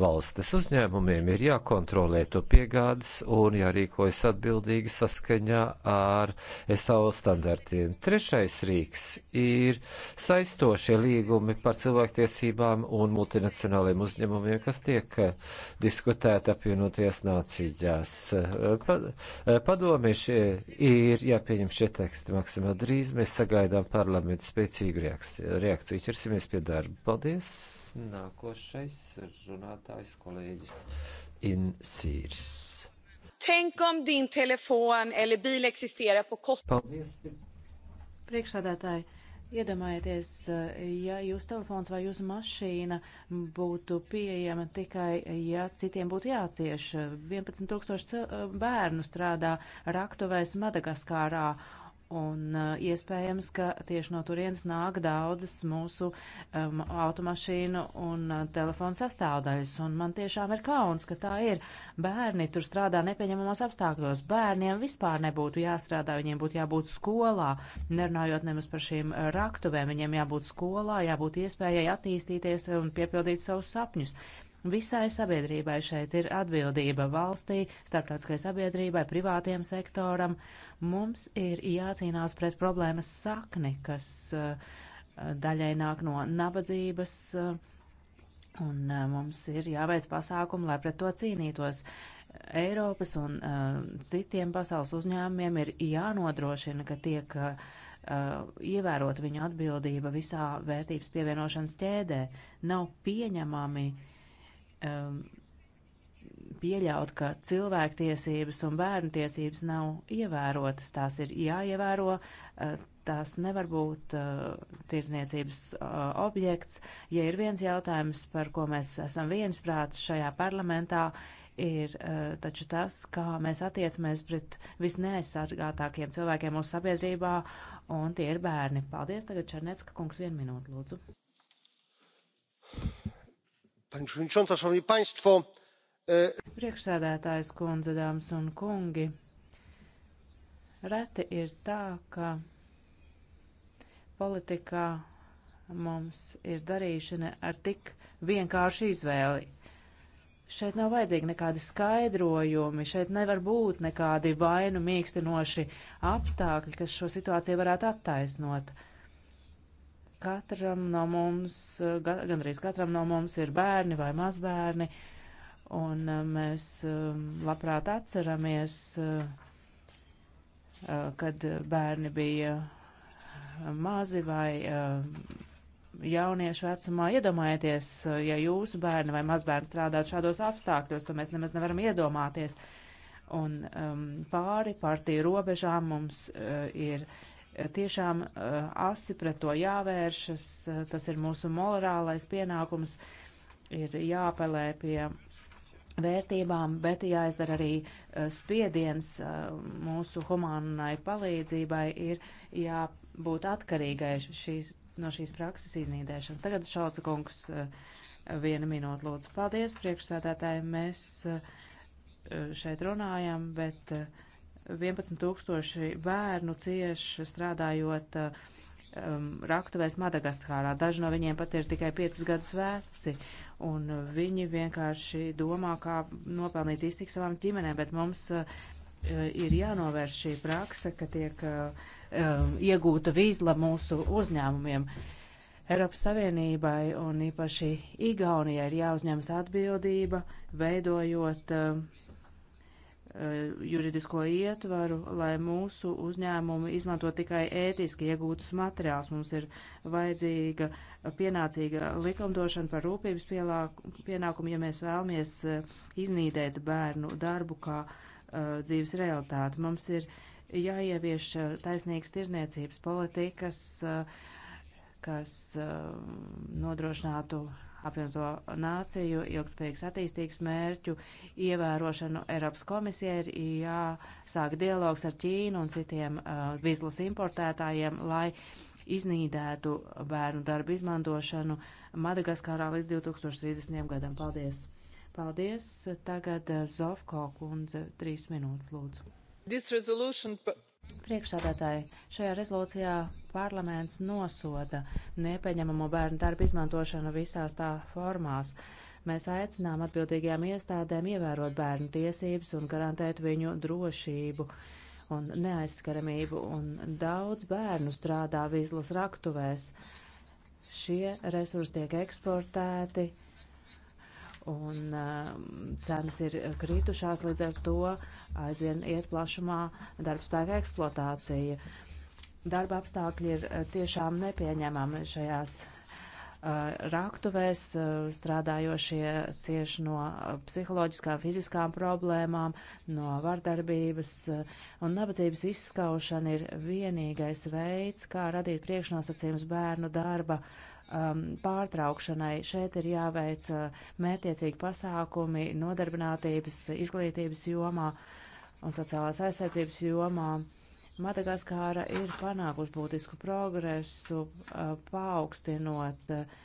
valstis. Uzņēmumiem ir jākontrolē to piegādes un jārīkojas atbildīgi saskaņā ar SAO standartiem. Trešais rīks ir saistošie līgumi par cilvēktiesībām un multinacionāliem uzņēmumiem, kas tiek uh, diskutēti apvienoties nācijās. Uh, Padomieši ir jāpieņem jāpieņem šie teksti maksimāli drīz. Mēs sagaidām parlamentu spēcīgu reakciju. Čersimies pie darba. Paldies! Nākošais runātājs kolēģis Insīrs. Tänk om din telefon eller bil existēra po kost... Paldies! Priekšsādātāji! Iedomājieties, ja jūsu telefons vai jūsu mašīna būtu pieejama tikai, ja citiem būtu jācieš. 11 tūkstoši bērnu strādā raktuvēs Madagaskārā, Un uh, iespējams, ka tieši no turienes nāk daudzas mūsu um, automašīnu un uh, telefonu sastāvdaļas. Un man tiešām ir kauns, ka tā ir. Bērni tur strādā nepieņemamos apstākļos. Bērniem vispār nebūtu jāstrādā, viņiem būtu jābūt skolā. Nerunājot nemaz par šīm uh, raktuvēm, viņiem jābūt skolā, jābūt iespējai attīstīties un piepildīt savus sapņus. Visai sabiedrībai šeit ir atbildība valstī, starptautiskai sabiedrībai, privātiem sektoram. Mums ir jācīnās pret problēmas sakni, kas eh, daļai nāk no nabadzības, eh, un eh, mums ir jāveic pasākumi, lai pret to cīnītos. Eiropas un uh, citiem pasaules uzņēmumiem ir jānodrošina, ka tiek uh, ievērot viņu atbildība visā vērtības pievienošanas ķēdē. Nav pieņemami uh, um, pieļaut, ka cilvēktiesības un bērnu tiesības nav ievērotas. Tās ir jāievēro, uh, tās nevar būt uh, tirzniecības uh, objekts. Ja ir viens jautājums, par ko mēs esam viensprāts šajā parlamentā, ir uh, taču tas, kā mēs attiecamies pret visneaizsargātākiem cilvēkiem mūsu sabiedrībā, un tie ir bērni. Paldies, tagad Černecka kungs, vienu minūtu lūdzu. E, Priekšsēdētājs kundze, dāmas un kungi, reti ir tā, ka politikā mums ir darīšana ar tik vienkāršu izvēli. Šeit nav vajadzīgi nekādi skaidrojumi, šeit nevar būt nekādi vainu mīkstinoši apstākļi, kas šo situāciju varētu attaisnot. Uh, Katram no mums, eh, gandrīz katram no mums ir bērni vai mazbērni, un eh, mēs eh, labprāt atceramies, kad bērni bija mazi vai jauniešu vecumā. Iedomājieties, ja jūsu bērni vai mazbērni strādātu šādos apstākļos, to mēs nemaz nevaram iedomāties. Un um, pāri partiju robežām mums uh, ir tiešām eh, asi pret to jāvēršas, eh, tas ir mūsu morālais pienākums, ir jāapelē pie vērtībām, bet jāizdara arī eh, spiediens mūsu humānai palīdzībai, ir jābūt atkarīgai šīs, no šīs prakses iznīdēšanas. Tagad Šauca kungs viena minūte lūdzu. Paldies, priekšsēdētāji, mēs šeit runājam, bet uh, 11 tūkstoši bērnu cieši strādājot eh, um, raktuvēs Madagaskārā. Daži no viņiem pat ir tikai 5 gadus veci, un viņi vienkārši domā, kā nopelnīt iztikt savām ģimenēm, bet mums uh, ir jānovērš šī praksa, ka tiek uh, iegūta vīzla mūsu uzņēmumiem. Eiropas Savienībai un īpaši Igaunijai ir jāuzņemas atbildība, veidojot uh, Eh, juridisko ietvaru, lai mūsu uzņēmumi izmanto tikai ētiski iegūtus materiālus. Mums ir vajadzīga pienācīga likumdošana par rūpības pielāku, pienākumu, ja mēs vēlamies eh, iznīdēt bērnu darbu kā uh, dzīves realitāti. Mums ir jāievieš taisnīgas tirzniecības politikas, uh, kas uh, nodrošinātu apvienoto nāciju ilgspējīgas attīstīgas mērķu ievērošanu Eiropas komisija ir jāsāk dialogs ar Ķīnu un citiem uh, vizlas importētājiem, lai iznīdētu bērnu darbu izmantošanu Madagaskārā līdz 2030. gadam. Paldies! Paldies! Tagad uh, Zofko kundze trīs minūtes lūdzu. This resolution Priekšsādātāji, šajā rezolūcijā parlaments nosoda nepieņemamo bērnu darbu izmantošanu visās tā formās. Mēs aicinām atbildīgajām iestādēm ievērot bērnu tiesības un garantēt viņu drošību un neaizskaramību, un daudz bērnu strādā vizlas raktuvēs. Šie resursi tiek eksportēti un uh, cenas ir kritušās, līdz ar to aizvien iet plašumā darbspēka eksploatācija. Darba apstākļi ir uh, tiešām nepieņemami šajās uh, raktuvēs, uh, strādājošie cieši no uh, psiholoģiskām, fiziskām problēmām, no vardarbības, uh, un nabadzības izskaušana ir vienīgais veids, kā radīt priekšnosacījums bērnu darba uh, um, pārtraukšanai. Šeit ir jāveic uh, mērtiecīgi pasākumi nodarbinātības, izglītības jomā un sociālās aizsardzības jomā. Madagaskāra ir panākusi būtisku progresu, uh, paaugstinot uh,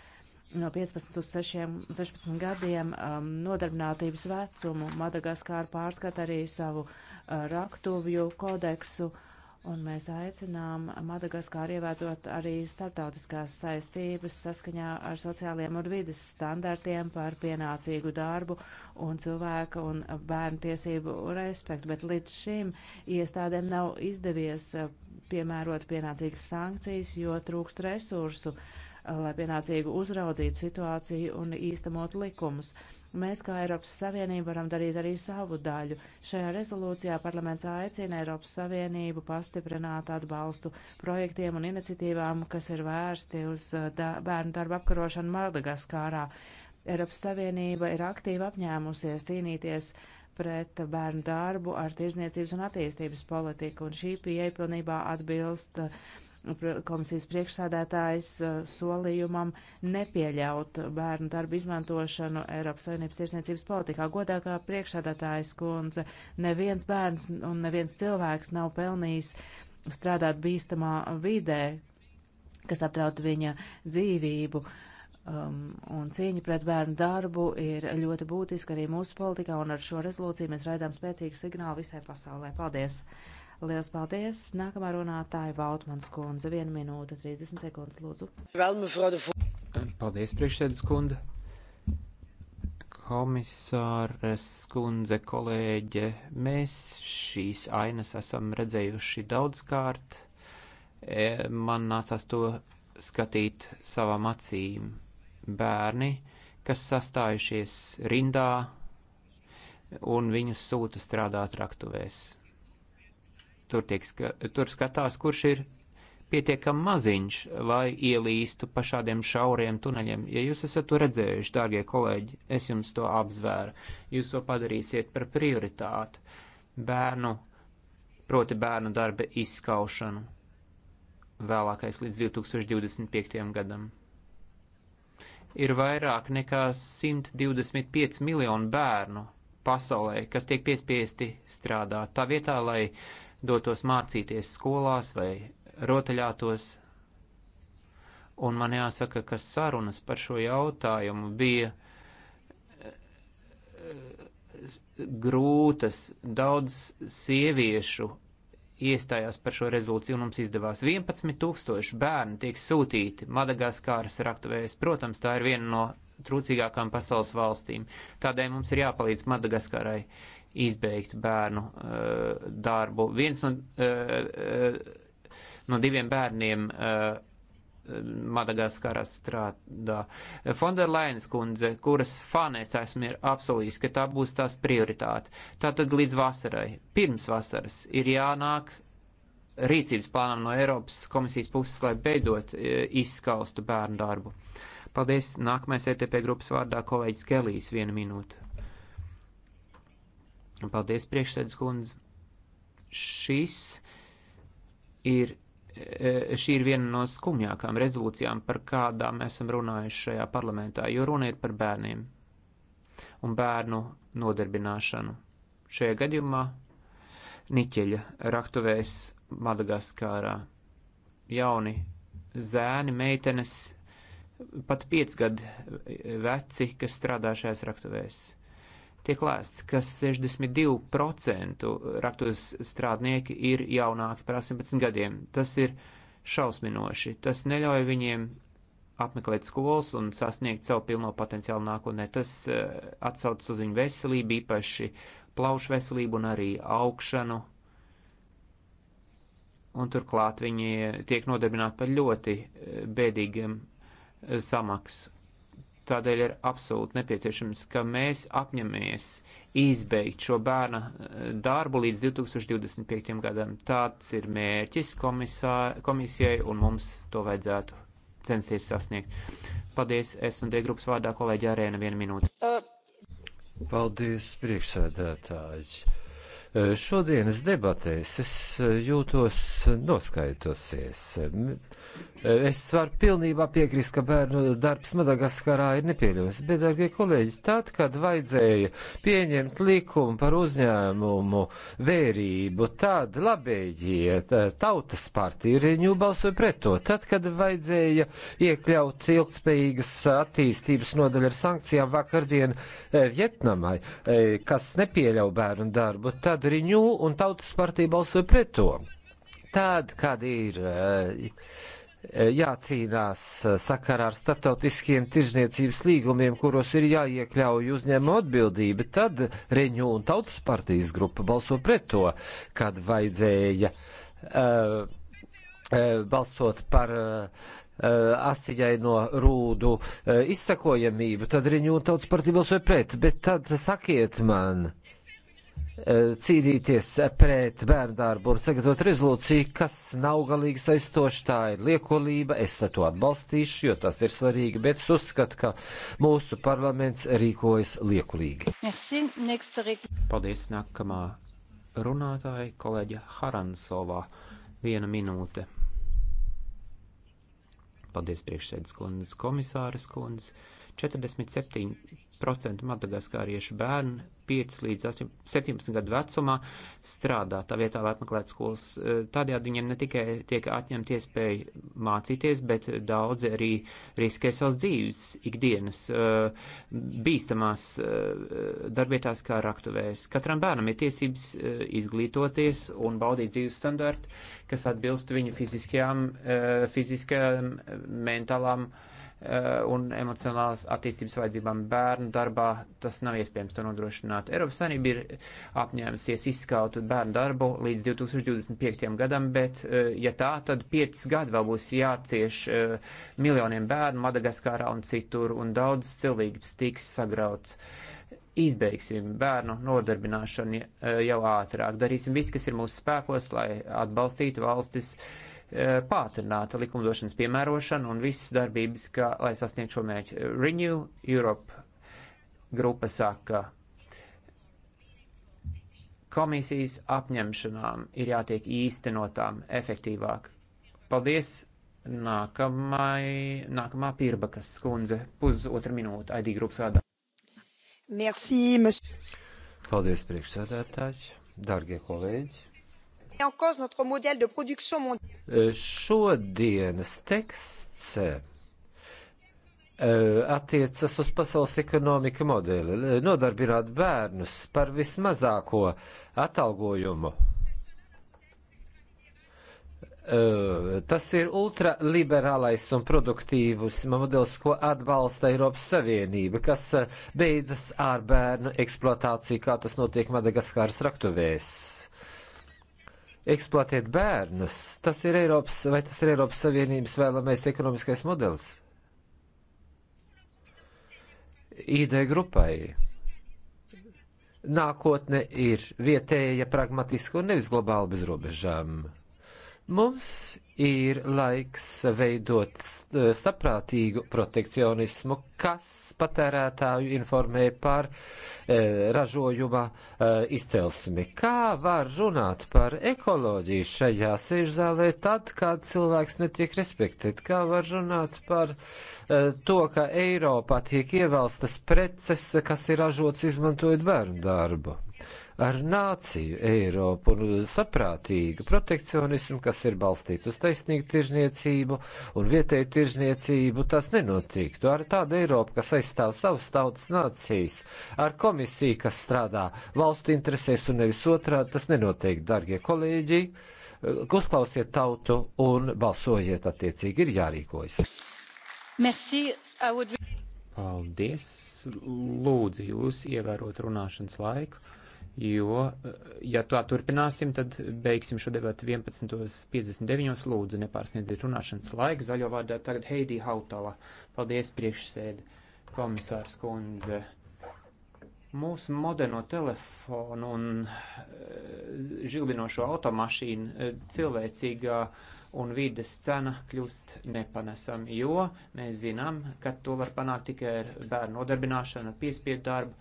no 15 uz 6, 16 gadiem um, nodarbinātības vecumu. Madagaskāra pārskata arī savu uh, raktuvju kodeksu. Uh, un mēs aicinām Madagaskāru ievērtot arī starptautiskās saistības saskaņā ar sociāliem un vidas standartiem par pienācīgu darbu un cilvēka un bērnu tiesību respektu, bet līdz šim iestādēm nav izdevies eh, piemērot pienācīgas sankcijas, jo trūkst resursu. Uh, lai pienācīgi uzraudzītu situāciju un īstenot likumus. Mēs, kā Eiropas Savienība, varam darīt arī savu daļu. Šajā rezolūcijā parlaments aicina Eiropas Savienību pastiprināt atbalstu projektiem un iniciatīvām, kas ir vērsti uz uh, da bērnu darba apkarošanu Madagaskārā. Eiropas Savienība ir aktīvi apņēmusies cīnīties pret bērnu darbu ar tirzniecības un attīstības politiku, un šī pieeja pilnībā atbilst uh, komisijas priekšsādātājs eh, solījumam nepieļaut bērnu darbu izmantošanu Eiropas Savienības tirsniecības politikā. Godākā priekšsādātājs kundze, neviens bērns un neviens cilvēks nav pelnījis strādāt bīstamā vidē, kas apdraud viņa dzīvību. Um, un cīņa pret bērnu darbu ir ļoti būtiska arī mūsu politikā, un ar šo rezolūciju mēs raidām spēcīgu signālu visai pasaulē. Paldies! Lielas paldies! Nākamā runātāja Vautmans kundze. 1 minūte 30 sekundes, lūdzu. Paldies, priekšsēdus kundze! Komisāres kundze, kolēģe, mēs šīs ainas esam redzējuši daudzkārt. E, man nācās to skatīt savām acīm. Bērni, kas sastājušies rindā, un viņus sūta strādāt raktuvēs. Tur, tiek, tur skatās, kurš ir pietiekami maziņš, lai ielīstu pa šādiem šauriem tuneļiem. Ja jūs esat to redzējuši, dārgie kolēģi, es jums to apzvēru. Jūs to padarīsiet par prioritāti. Bērnu, proti bērnu darba izskaušanu vēlākais līdz 2025. gadam. Ir vairāk nekā 125 miljonu bērnu pasaulē, kas tiek piespiesti strādāt tā vietā, lai uh, dotos mācīties skolās vai rotaļātos. Un man jāsaka, ka sarunas par šo jautājumu bija eh, grūtas. Daudz sieviešu iestājās par šo rezolūciju, un mums izdevās 11 tūkstoši bērni tiek sūtīti Madagaskāras raktuvēs. Protams, tā ir viena no trūcīgākām pasaules valstīm. Tādēļ mums ir jāpalīdz Madagaskarai. Uh, izbeigt bērnu uh, darbu. Viens no, uh, uh, no diviem bērniem uh, Madagaskarā strādā. Fonderlainas kundze, kuras fanēs esmu ir apsolījis, ka tā būs tās prioritāte. Tātad līdz vasarai, pirms vasaras, ir jānāk rīcības plānam no Eiropas komisijas puses, lai beidzot izskaustu bērnu darbu. Paldies. Nākamais ETP grupas vārdā kolēģis Kelijs, viena minūte. Paldies, priekšsēdus kundze. Šis ir, e, šī ir viena no skumjākām rezolūcijām, par kādām esam runājuši šajā parlamentā, jo runiet par bērniem un bērnu nodarbināšanu. Šajā gadījumā niķeļa raktuvēs Madagaskārā jauni zēni, meitenes, pat piecgadu veci, kas strādā šajās raktuvēs tiek lēsts, ka 62% raktos strādnieki ir jaunāki par 18 gadiem. Tas ir šausminoši. Tas neļauj viņiem apmeklēt skolas un sasniegt savu pilno potenciālu nākotnē. Tas uh, atsaucas uz viņu veselību, īpaši plaušu veselību un arī augšanu. Un turklāt viņi tiek nodarbināti par ļoti eh, bēdīgiem eh, samaksu Tādēļ ir absolūti nepieciešams, ka mēs apņemamies izbeigt šo bērna eh, darbu līdz 2025. gadam. Tāds ir mērķis komisā, komisijai, un mums to vajadzētu censties sasniegt. Paldies, es un D grupas vārdā kolēģi Arēna vienu minūti. Uh. Paldies, priekšsēdētāji. Uh, šodienas debatēs es uh, jūtos noskaitosies. Es varu pilnībā piekrist, ka bērnu darbs Madagaskarā ir nepieļaujams, bet, darbie kolēģi, tad, kad vajadzēja pieņemt likumu par uzņēmumu vērību, tad labējie tautas partija riņu balsoja pret to. Tad, kad vajadzēja iekļaut ilgspējīgas attīstības nodaļu ar sankcijām vakardien e, Vietnamai, e, kas nepieļauj bērnu darbu, tad riņu un tautas partija balsoja pret to. Tad, kad ir uh, Eh, jācīnās eh, sakarā ar starptautiskiem tirzniecības līgumiem, kuros ir jāiekļauj uzņēmuma atbildība, tad Reņu un Tautas partijas grupa balso pret to, kad vajadzēja uh, uh, balsot par uh, asijai no rūdu uh, izsakojamību, tad Reņu un Tautas partija balsoja pret, bet tad sakiet man, uh, Eh, cīnīties pret bērndarbu un sagatavot rezolūciju, kas nav galīgi saistoša, tā ir liekolība, es to atbalstīšu, jo tas ir svarīgi, bet es uzskatu, ka mūsu parlaments rīkojas liekolīgi. Merci. Next... Paldies, nākamā runātāja, kolēģa Haransovā. Viena minūte. Paldies, priekšsēdus kundzes, komisāras kundzes. 47 40% madagaskāriešu bērnu 5 līdz 8, 17 gadu vecumā strādā tā vietā, lai apmeklētu skolas. E, tādējādi viņiem ne tikai tiek atņemta iespēja mācīties, bet daudzi arī riskē savas dzīves ikdienas e, bīstamās e, darbietās kā raktuvēs. Katram bērnam ir tiesības izglītoties un baudīt dzīves standārtu, kas atbilst viņu fiziskajām, fiziskajām, mentālām, uh, Eh, un emocionālās attīstības vajadzībām bērnu darbā. Tas nav iespējams to nodrošināt. Eiropas Sanība ir apņēmusies izskaut bērnu darbu līdz 2025. gadam, bet, eh, ja tā, tad 5 gadi vēl būs jācieš eh, miljoniem bērnu Madagaskārā un citur, un daudz cilvēks tiks sagrauts. Izbeigsim bērnu nodarbināšanu jau ātrāk. Darīsim visu, kas ir mūsu spēkos, lai atbalstītu valstis uh, Eh, pātrināt likumdošanas piemērošanu un visas darbības, kā, lai sasniegtu šo mērķu. Renew Europe grupa saka, komisijas apņemšanām ir jātiek īstenotām efektīvāk. Paldies! Nākamai, nākamā pirbakas skundze, pusotra minūte, ID grupas vārdā. Merci, monsieur. Paldies, priekšsēdētāji, dārgie kolēģi. Euh, šodienas teksts euh, attiecas uz pasaules ekonomika modeli - eh, nodarbināt bērnus par vismazāko atalgojumu. Eh, tas ir ultraliberālais un produktīvs modelis, ko atbalsta Eiropas Savienība, kas eh, beidzas ar bērnu eksploatāciju, kā tas notiek Madagaskaras raktuvēs eksploatēt bērnus. Tas ir Eiropas, vai tas ir Eiropas Savienības vēlamais ekonomiskais modelis? ID grupai. Nākotne ir vietēja, pragmatiska un nevis globāla bez robežām. Mums ir laiks veidot e, saprātīgu protekcionismu, kas patērētāju informē par e, ražojuma e, izcelsmi. Kā var runāt par ekoloģiju šajā sēžzālē tad, kad cilvēks netiek respektēt? Kā var runāt par e, to, ka Eiropā tiek ievalstas preces, kas ir ražots izmantojot bērnu darbu? ar nāciju Eiropu un saprātīgu protekcionismu, kas ir balstīts uz taisnīgu tirzniecību un vietēju tirzniecību, tas nenotiktu. Ar tādu Eiropu, kas aizstāv savas tautas nācijas, ar komisiju, kas strādā valstu interesēs un nevis otrā, tas nenotiek, darbie kolēģi. Uzklausiet tautu un balsojiet attiecīgi, ir jārīkojas. Merci. Would... Paldies! Lūdzu, jūs ievērot runāšanas laiku jo, eh, ja tā turpināsim, tad beigsim šo debatu 11.59. Lūdzu, nepārsniedziet runāšanas laiku. Zaļo vārdā tagad Heidi Hautala. Paldies, priekšsēdi, komisārs kundze. Mūsu moderno telefonu un eh, žilbinošo automašīnu eh, cilvēcīgā un vides cena kļūst nepanesama, jo mēs zinām, ka to var panākt tikai ar bērnu nodarbināšanu, piespiedu darbu,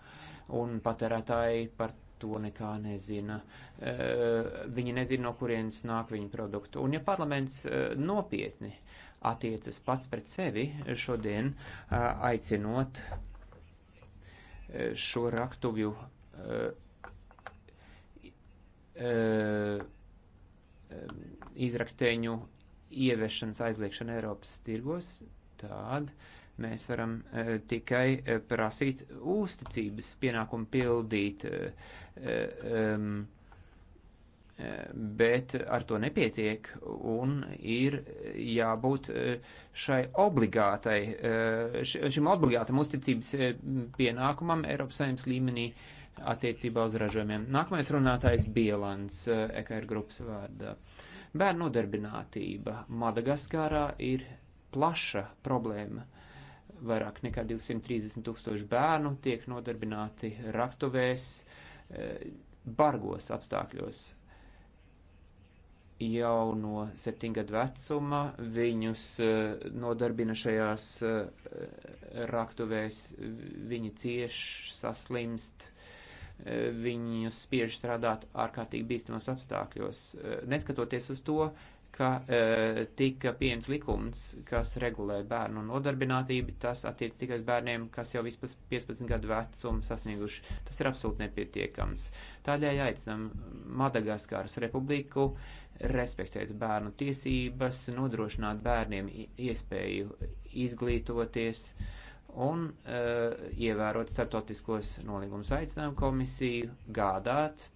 un patērētāji par to nekā nezina. Eh, viņi nezina, no kurienes nāk viņa produktu. Un ja parlaments eh, nopietni attiecas pats pret sevi šodien, eh, aicinot šo raktuvju izrakteņu ieviešanas aizliekšanu Eiropas tirgos, tad uh, Mēs varam e, tikai e, prasīt uzticības pienākumu pildīt, e, bet ar to nepietiek un ir jābūt šai obligātai, šim obligātam uzticības pienākumam Eiropas saimnes līmenī attiecībā uz ražojumiem. Nākamais runātājs Bielans, EKR grupas vārdā. Bērnu nodarbinātība Madagaskārā ir plaša problēma. Vairāk nekā 230 tūkstoši bērnu tiek nodarbināti raktuvēs, eh, bargos apstākļos. Jau no septiņgadu vecuma viņus eh, nodarbina šajās eh, raktuvēs, viņi cieši saslimst, viņus spiež strādāt ārkārtīgi bīstamos apstākļos. Neskatoties uz to, ka e, tika pieņems likums, kas regulē bērnu nodarbinātību, tas attiec tikai uz bērniem, kas jau vispār 15 gadu vecumu sasnieguši. Tas ir absolūti nepietiekams. Tādēļ aicinam Madagaskaras republiku respektēt bērnu tiesības, nodrošināt bērniem iespēju izglītoties un e, ievērot starptautiskos nolīgumus aicinām komisiju gādāt,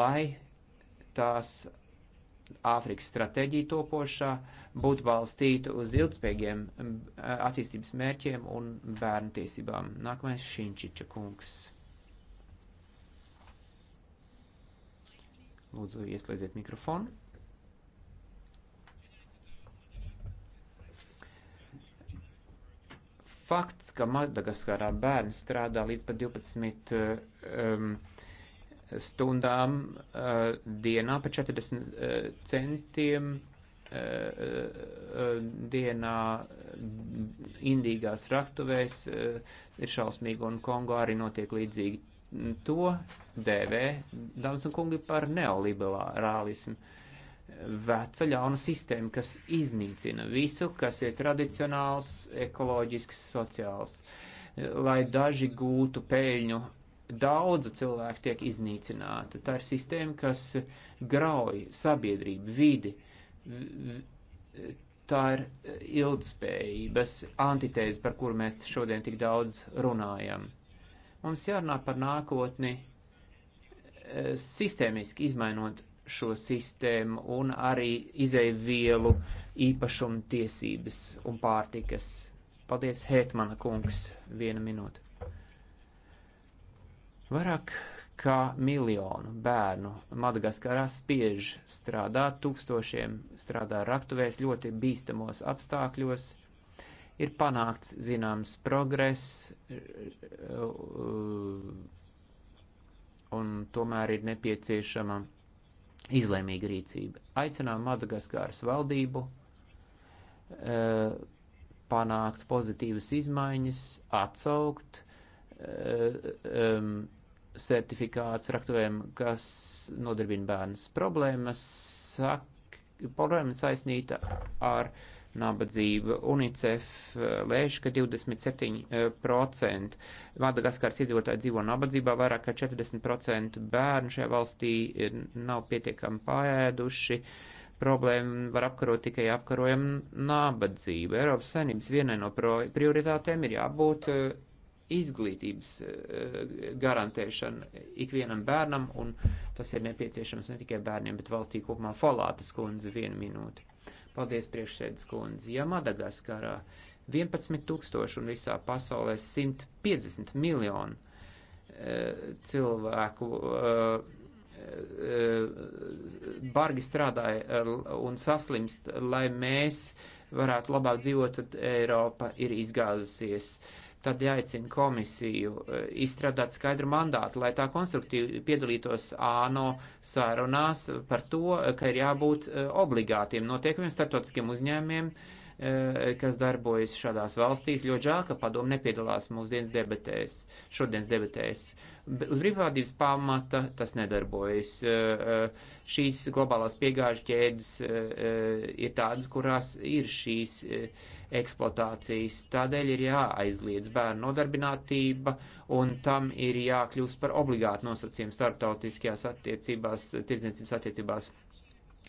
lai tās Āfrikas stratēģija topošā būtu balstīta uz ilgspējīgiem attīstības mērķiem un bērnu tiesībām. Nākamais Šinčiča kungs. Lūdzu, ieslēdziet mikrofonu. Fakts, ka Madagaskarā bērni strādā līdz pat 12 um, eh, stundām uh, dienā pa 40 uh, eh, centiem eh, dienā mm, indīgās raktuvēs ir šausmīgi, un Kongo arī notiek līdzīgi. To dēvē dāmas un kungi par neoliberālismu. Veca ļauna sistēma, kas iznīcina visu, kas ir tradicionāls, ekoloģisks, sociāls, lai daži gūtu peļņu daudzu cilvēku tiek iznīcināta. Tā ir sistēma, kas grauj sabiedrību, vidi. Tā ir ilgspējības antitēze, par kuru mēs šodien tik daudz runājam. Mums jārunā par nākotni eh, sistēmiski izmainot šo sistēmu un arī izēvielu īpašumu tiesības un pārtikas. Paldies, Hētmana kungs, viena minūte. Vairāk kā miljonu bērnu Madagaskarā spiež strādāt, tūkstošiem strādā raktuvēs ļoti bīstamos apstākļos. Ir panākts zināms progress, un tomēr ir nepieciešama izlēmīga rīcība. Aicinām Madagaskāras valdību eh, panākt pozitīvas izmaiņas, atsaukt um, certifikāts raktuvēm, kas nodarbina bērnus. Problēmas, sak, problēma saistīta ar nabadzību. UNICEF eh, lēš, ka 27% eh, Madagaskars iedzīvotāji dzīvo nabadzībā, vairāk kā 40% bērnu šajā valstī eh, nav pietiekami pāēduši. Problēma var apkarot tikai apkarojam nabadzību. Eiropas saimnības vienai no prioritātēm ir jābūt izglītības eh, garantēšana ikvienam bērnam, un tas ir nepieciešams ne tikai bērniem, bet valstī kopumā falātas kundze vienu minūti. Paldies, priekšsēdus kundze. Ja Madagaskarā 11 tūkstoši un visā pasaulē 150 miljonu eh, cilvēku eh, bargi strādāja un saslimst, lai mēs varētu labāk dzīvot, tad Eiropa ir izgāzusies. Uh, tad jāicina komisiju e, izstrādāt skaidru mandātu, lai tā konstruktīvi piedalītos ANO sārunās par to, ka ir jābūt e, obligātiem noteikumiem startautiskiem uzņēmiem, e, kas darbojas šādās valstīs. Ļoti žēl, ka padomu nepiedalās mūsdienas debatēs, šodienas debatēs. Uz brīvprātības pamata tas nedarbojas. Šīs globālās piegāžu ķēdes ir tādas, kurās ir šīs eksploatācijas. Tādēļ ir jāaizliedz bērnu nodarbinātība, un tam ir jākļūst par obligātu nosacījumu starptautiskajās attiecībās, tirdzniecības attiecībās.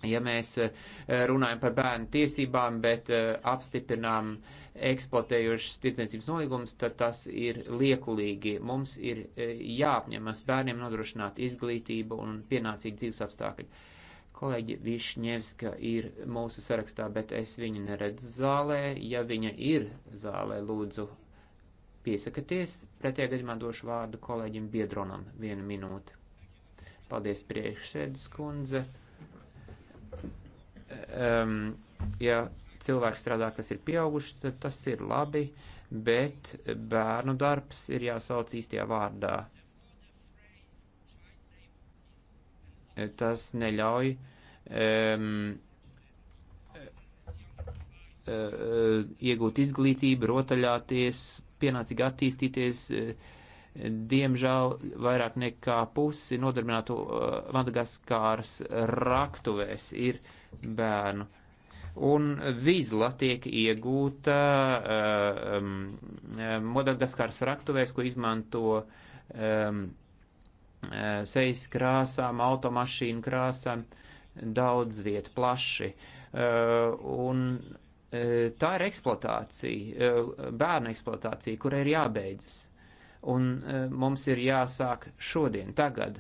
Ja mēs eh, runājam par bērnu tiesībām, bet eh, apstiprinām eksploatējušas tirdzniecības nolīgumus, tad tas ir liekulīgi. Mums ir eh, jāapņemas bērniem nodrošināt izglītību un pienācīgu dzīves apstākļu. Kolēģi Višņevska ir mūsu sarakstā, bet es viņu neredzu zālē. Ja viņa ir zālē, lūdzu piesakaties. Pretējā gadījumā došu vārdu kolēģim Biedronam vienu minūti. Paldies priekšsēdus kundze. Um, ja cilvēks strādā, kas ir pieauguši, tad tas ir labi, bet bērnu darbs ir jāsauc īstajā vārdā Tas neļauj um, iegūt izglītību, rotaļāties, pienācīgi attīstīties. E, diemžēl vairāk nekā pusi nodarbinātu Madagaskāras raktuvēs ir bērnu. Un vizla tiek iegūta um, Madagaskāras raktuvēs, ko izmanto um, sejas krāsām, automašīnu krāsām, daudz vietu plaši. Eh, un eh, tā ir eksploatācija, eh, bērnu eksploatācija, kurai ir jābeidzas. Un mums ir jāsāk šodien, tagad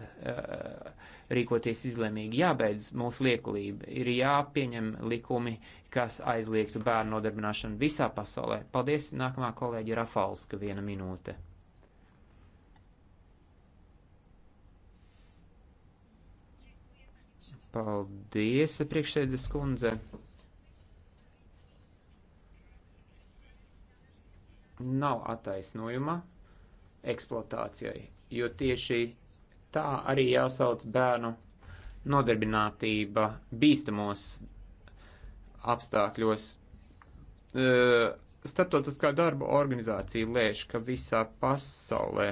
rīkoties izlēmīgi, jābeidz mūsu liekulība, ir jāpieņem likumi, kas aizliegtu bērnu nodarbināšanu visā pasaulē. Paldies, nākamā kolēģi Rafalska, viena minūte. Paldies, priekšsēdes kundze. Nav attaisnojuma eksploatācijai, jo tieši tā arī jāsauc bērnu nodarbinātība bīstamos apstākļos. Uh, Startautiskā darba organizācija lēš, ka visā pasaulē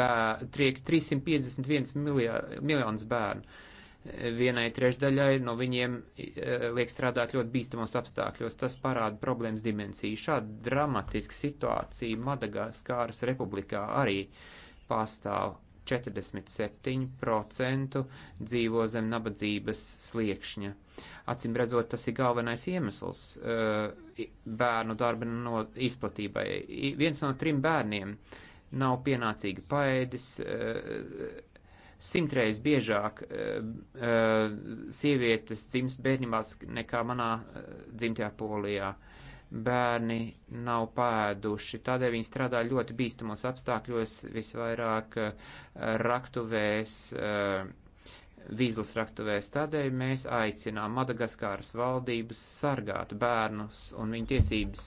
bēr, triek 351 miljā, miljonus bērnu vienai trešdaļai no viņiem eh, liek strādāt ļoti bīstamos apstākļos. Tas parāda problēmas dimensiju. Šāda dramatiska situācija Madagaskāras republikā arī pastāv. 47% dzīvo zem nabadzības sliekšņa. Acīm redzot, tas ir galvenais iemesls eh, bērnu darba no izplatībai. Viens no trim bērniem nav pienācīgi paēdis, eh, Simtreiz biežāk eh, eh, sievietes dzimst bērnībās nekā manā eh, dzimtajā polijā. Bērni nav pēduši, tādēļ viņi strādā ļoti bīstamos apstākļos, visvairāk raktuvēs, vīzlas raktuvēs. Tādēļ mēs aicinām Madagaskāras valdības sargāt bērnus un viņu tiesības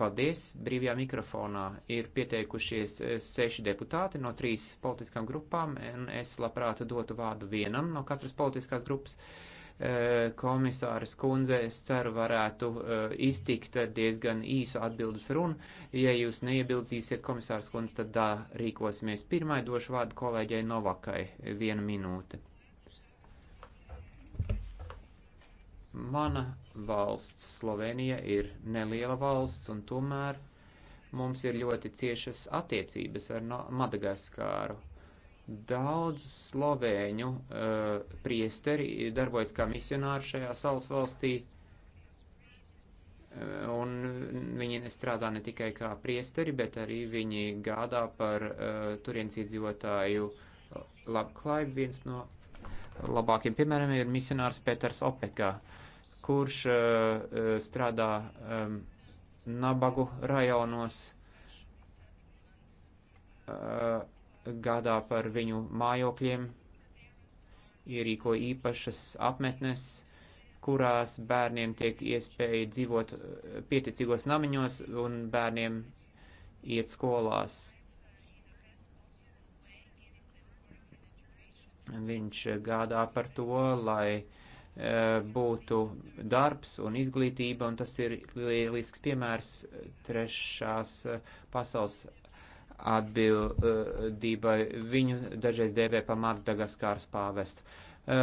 Paldies! Brīvajā mikrofonā ir pieteikušies eh, seši deputāti no trīs politiskām grupām, un es labprāt dotu vārdu vienam no katras politiskās grupas. Eh, komisāras kundze, es ceru, varētu eh, iztikt ar diezgan īsu atbildes runu. Ja jūs neiebildzīsiet komisāras kundze, tad tā rīkosimies. Pirmai došu vārdu kolēģei Novakai. Viena minūte. Mana valsts, Slovenija, ir neliela valsts, un tomēr mums ir ļoti ciešas attiecības ar no Madagaskāru. Daudz slovēņu uh, priesteri darbojas kā misionāri šajā salas valstī, eh, un viņi strādā ne tikai kā priesteri, bet arī viņi gādā par uh, turienes iedzīvotāju labklājību. Viens no labākiem piemēram ir misionārs Pēters Opekā. Uh, kurš eh, eh, strādā ehm, nabagu rajonos, eh, gādā par viņu mājokļiem, ierīko īpašas apmetnes, kurās bērniem tiek iespēja dzīvot pieticīgos namiņos un bērniem iet skolās. Viņš gādā par to, lai Eh, būtu darbs un izglītība, un tas ir lielisks piemērs trešās eh, pasaules atbildībai. Viņu dažreiz dēvē pa Madagaskāras pāvestu. Eh,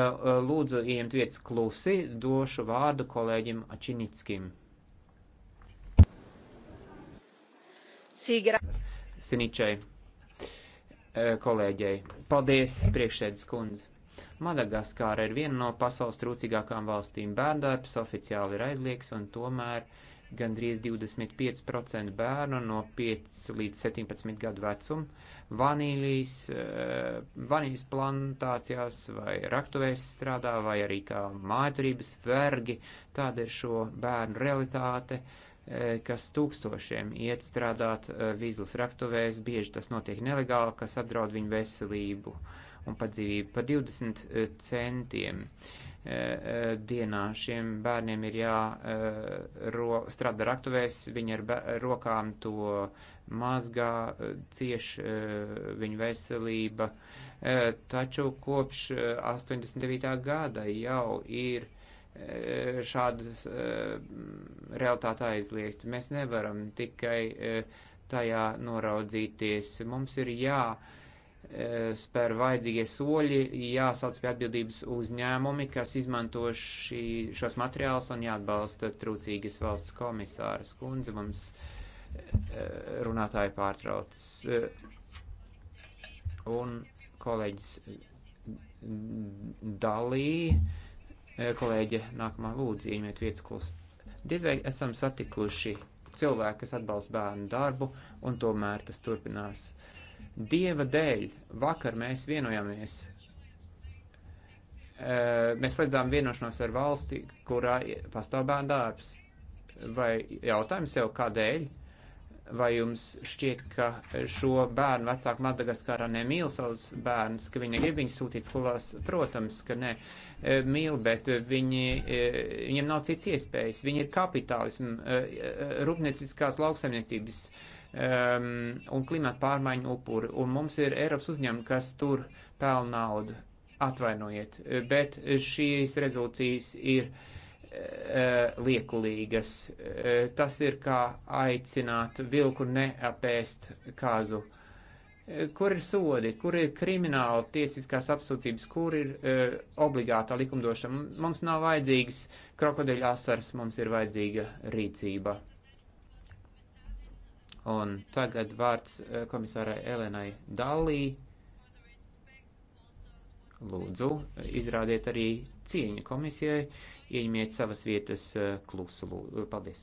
lūdzu, ieņemt vietas klusi, došu vārdu kolēģim Ačinickim. Sīgra. Siničai, kolēģei. Paldies, priekšsēdus kundze Madagaskāra ir viena no pasaules trūcīgākām valstīm. Bērndarbs oficiāli ir aizliegts, un tomēr gandrīz 25% bērnu no 5 līdz 17 gadu vecuma vanīlijas, eh, vanīlijas plantācijās vai raktuvēs strādā vai arī kā mājaturības vergi. Tāda ir šo bērnu realitāte, eh, kas tūkstošiem iet strādāt eh, vīzlas raktuvēs, bieži tas notiek nelegāli, kas apdraud viņu veselību. Uh, un pat dzīvību par 20 eh, centiem eh, eh, dienā šiem bērniem ir jāstrādā raktuvēs, viņi ar rokām to mazgā, cieš viņu veselība, taču kopš 89. gada jau ir šādas realitāte aizliegt. Mēs nevaram tikai tajā noraudzīties. Mums ir jā. Ja spēr vajadzīgie soļi, jāsauc pie atbildības uzņēmumi, kas izmanto šī, šos materiālus un jāatbalsta trūcīgas valsts komisāras kundze. Mums e, runātāji pārtrauc. E, un kolēģis dalī, e, kolēģe nākamā lūdzu, ieņemiet vietas klust. Diez vai esam satikuši cilvēki, kas atbalsta bērnu darbu, un tomēr tas turpinās. Uh, Dieva dēļ vakar mēs vienojāmies. Mēs slēdzām vienošanos ar valsti, kurā pastāv bērnu dārbs. Vai jautājums jau kādēļ? Vai jums šķiet, ka šo bērnu vecāku Madagaskarā nemīl savus bērnus, ka viņi grib viņus sūtīt skolās? Protams, ka nē, mīl, bet viņi, viņiem nav cits iespējas. Viņi ir kapitālismu, rūpnieciskās lauksaimniecības. Uh, um, un klimata pārmaiņu upuri. Un mums ir Eiropas uzņēmumi, kas tur pelna naudu. Atvainojiet, bet šīs rezolūcijas ir uh, liekulīgas. Uh, tas ir kā aicināt vilku neapēst kazu. Uh, kur ir sodi, kur ir krimināla tiesiskās apsūdzības, kur ir uh, obligātā likumdošana? Mums nav vajadzīgas krokodila asaras, mums ir vajadzīga rīcība. Un tagad vārds eh, komisārai Elenai Dalī. Lūdzu, izrādiet arī cieņu komisijai, ieņemiet savas vietas eh, klusu. Eh, paldies!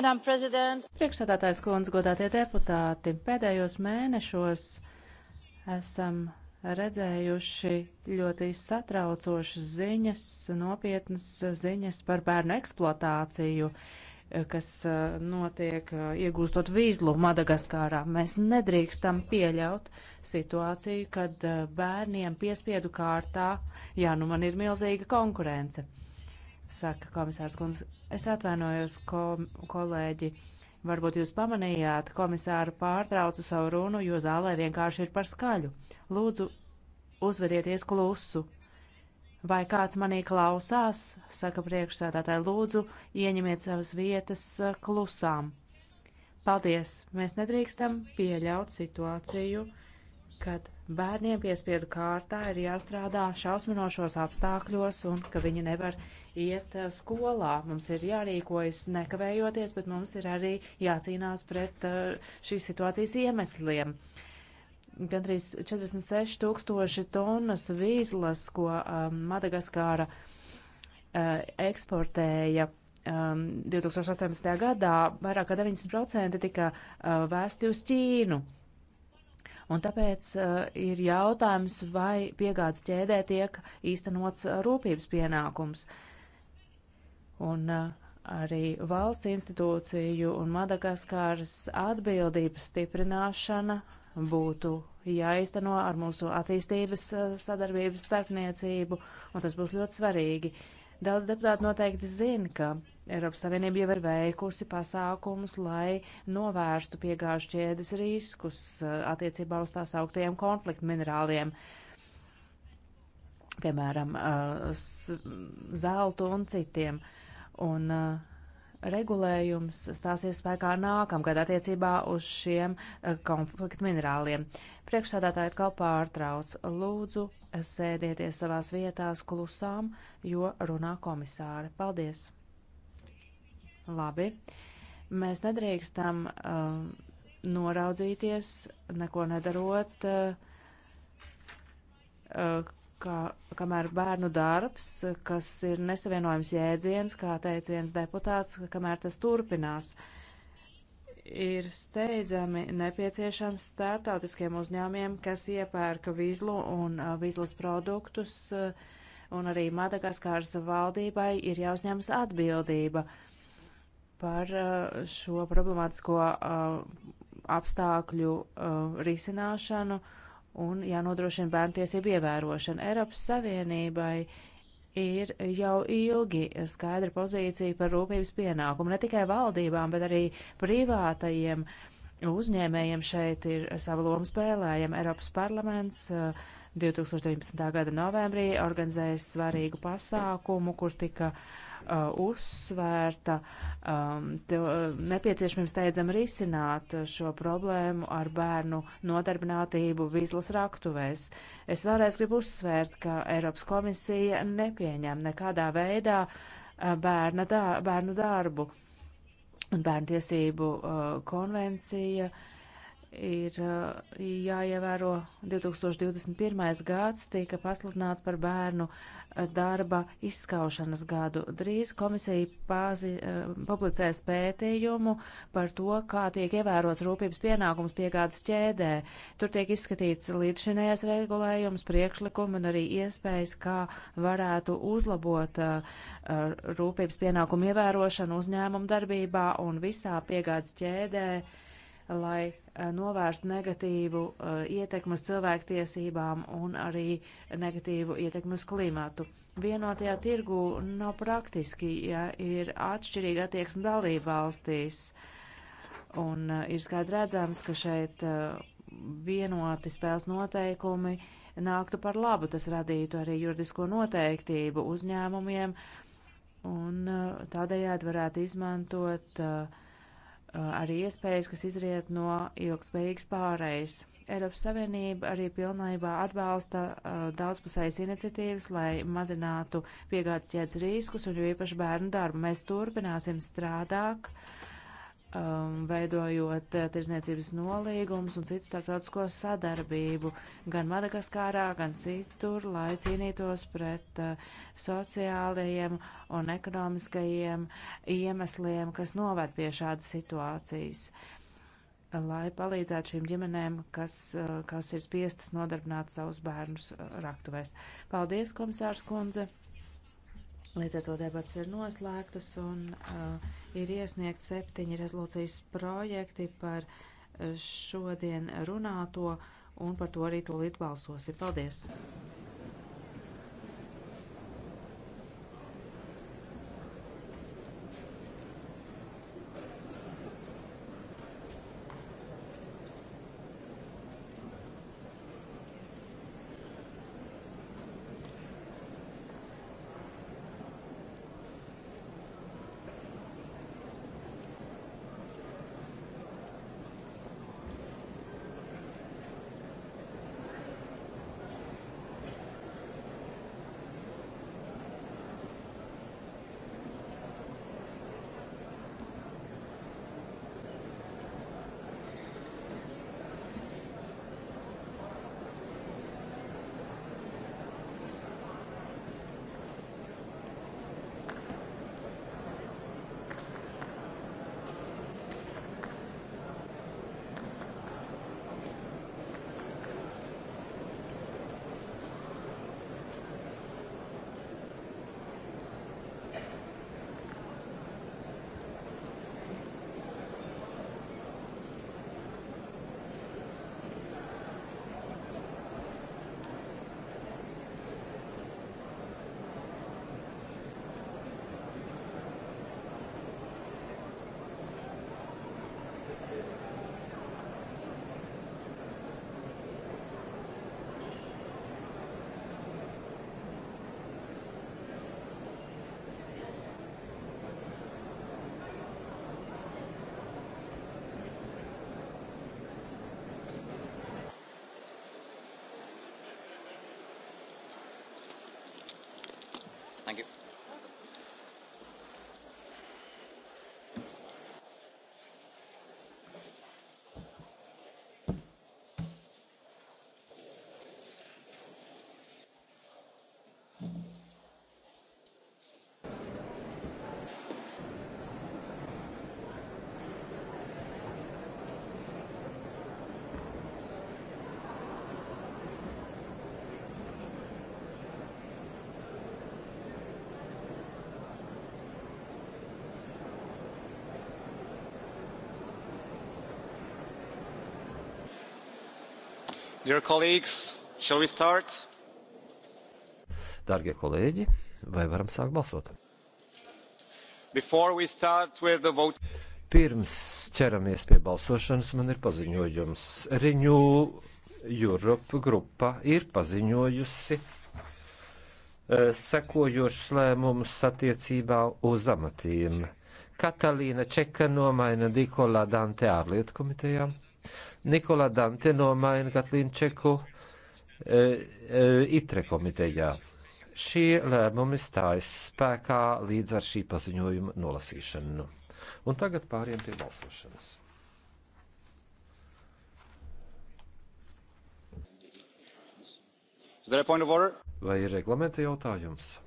Priekšsādātājs kundze, godātie deputāti, pēdējos mēnešos esam redzējuši ļoti satraucošas ziņas, nopietnas ziņas par bērnu eksploatāciju. Uh, Eh, kas eh, notiek eh, iegūstot vīzlu Madagaskārā. Mēs nedrīkstam pieļaut situāciju, kad bērniem piespiedu kārtā, jā, nu man ir milzīga konkurence, saka komisārs Kunz. Es atvainojos, ko, kolēģi, varbūt jūs pamanījāt, komisāru pārtraucu savu runu, jo zālē vienkārši ir par skaļu. Lūdzu, uzvedieties klusu. Vai kāds manī klausās, saka priekšsēdētāji, lūdzu, ieņemiet savas vietas eh, klusām. Paldies! Mēs nedrīkstam pieļaut situāciju, kad bērniem piespiedu kārtā ir jāstrādā šausminošos apstākļos un ka viņi nevar iet eh, skolā. Mums ir jārīkojas nekavējoties, bet mums ir arī jācīnās pret eh, šīs situācijas iemesliem. Uh, gandrīz 46 tūkstoši tonnas vīzlas, ko um, Madagaskāra uh, eksportēja. Um, 2018. gadā vairāk kā 90% tika uh, vēsti uz Ķīnu. Un tāpēc uh, ir jautājums, vai piegādes ķēdē tiek īstenots uh, rūpības pienākums. Un uh, arī valsts institūciju un Madagaskāras atbildības stiprināšana būtu jāizteno ar mūsu attīstības eh, sadarbības starpniecību, un tas būs ļoti svarīgi. Daudz deputāti noteikti zina, ka Eiropas Savienība jau ir veikusi pasākumus, lai novērstu piegāžu ķēdes riskus eh, attiecībā uz tās augtajiem konfliktu minerāliem, piemēram, eh, zeltu un citiem. Un, uh, regulējums stāsies spēkā nākamgad attiecībā uz šiem eh, konfliktu minerāliem. Priekšsādātāji atkal pārtrauc. Lūdzu, sēdieties savās vietās klusām, jo runā komisāri. Paldies! Labi. Mēs nedrīkstam um, noraudzīties, neko nedarot. Uh, uh, ka kamēr bērnu darbs, kas ir nesavienojams jēdziens, kā teica viens deputāts, kamēr tas turpinās, ir steidzami nepieciešams starptautiskiem uzņēmiem, kas iepērka vizlu un vizlas produktus, un arī Madagaskars valdībai ir jāuzņemas atbildība par šo problemātisko apstākļu risināšanu un jānodrošina bērntiesību ievērošana. Eiropas Savienībai ir jau ilgi skaidra pozīcija par rūpības pienākumu. Ne tikai valdībām, bet arī privātajiem uzņēmējiem šeit ir sava loma spēlējama. Eiropas parlaments eh, 2019. gada novembrī organizēja svarīgu pasākumu, kur tika uh, uh, uzsvērta um, te, uh, nepieciešamība steidzam risināt uh, šo problēmu ar bērnu nodarbinātību vizlas raktuvēs. Es vēlreiz gribu uzsvērt, ka Eiropas komisija nepieņem nekādā veidā uh, bērna dā, bērnu darbu. Un bērnu tiesību uh, konvencija uh, ir uh, jāievēro 2021. gads tika pasludināts par bērnu uh, darba izskaušanas gadu. Drīz komisija pāzi, uh, publicēs pētījumu par to, kā tiek ievērots rūpības pienākums piegādes ķēdē. Tur tiek izskatīts līdzšinējais regulējums, priekšlikumi un arī iespējas, kā varētu uzlabot rūpības pienākumu ievērošanu uzņēmumu darbībā un visā piegādes ķēdē lai Eh, novērstu negatīvu eh, ietekmu uz cilvēktiesībām un arī negatīvu ietekmu uz klimatu. Vienotajā tirgu nav praktiski, ja ir atšķirīga attieksme dalību valstīs. Un eh, ir skaidri redzams, ka šeit vienoti spēles noteikumi nāktu par labu. Tas radītu arī juridisko noteiktību uzņēmumiem un tādējādi varētu izmantot uh, arī iespējas, kas izriet no ilgspējīgas pārējas. Eiropas Savienība arī pilnībā atbalsta uh, daudzpusējas iniciatīvas, lai mazinātu piegādes ķēdes riskus un jo īpaši bērnu darbu. Mēs turpināsim strādāt, uh, um, veidojot uh, tirzniecības nolīgumus un citu starptautisko sadarbību gan Madagaskārā, gan citur, lai cīnītos pret uh, sociālajiem un ekonomiskajiem iemesliem, kas noved pie šādas situācijas, lai palīdzētu šīm ģimenēm, kas, uh, kas ir spiestas nodarbināt savus bērnus uh, raktuvēs. Paldies, komisārs Kundze! Līdz ar to debats ir noslēgtas un uh, ir iesniegt septiņi rezolūcijas projekti par uh, šodien runāto un par to arī tūlīt balsosim. Paldies! Dear colleagues, shall we start? Dargie kolēģi, vai varam sākt balsot? Before we start with the vote. Pirms ķeramies pie balsošanas, man ir paziņojums. Riņu Europe grupa ir paziņojusi eh, sekojošus lēmumus attiecībā uz amatiem. Katalīna Čeka nomaina Dikolā Dante ārlietu komitejām. Nikola Dante nomaina Gatlinčeku e, e, ITRE komitejā. Šie lēmumi stājas spēkā līdz ar šī paziņojuma nolasīšanu. Un tagad pāriem pie balsošanas. Vai ir reglamenta jautājums?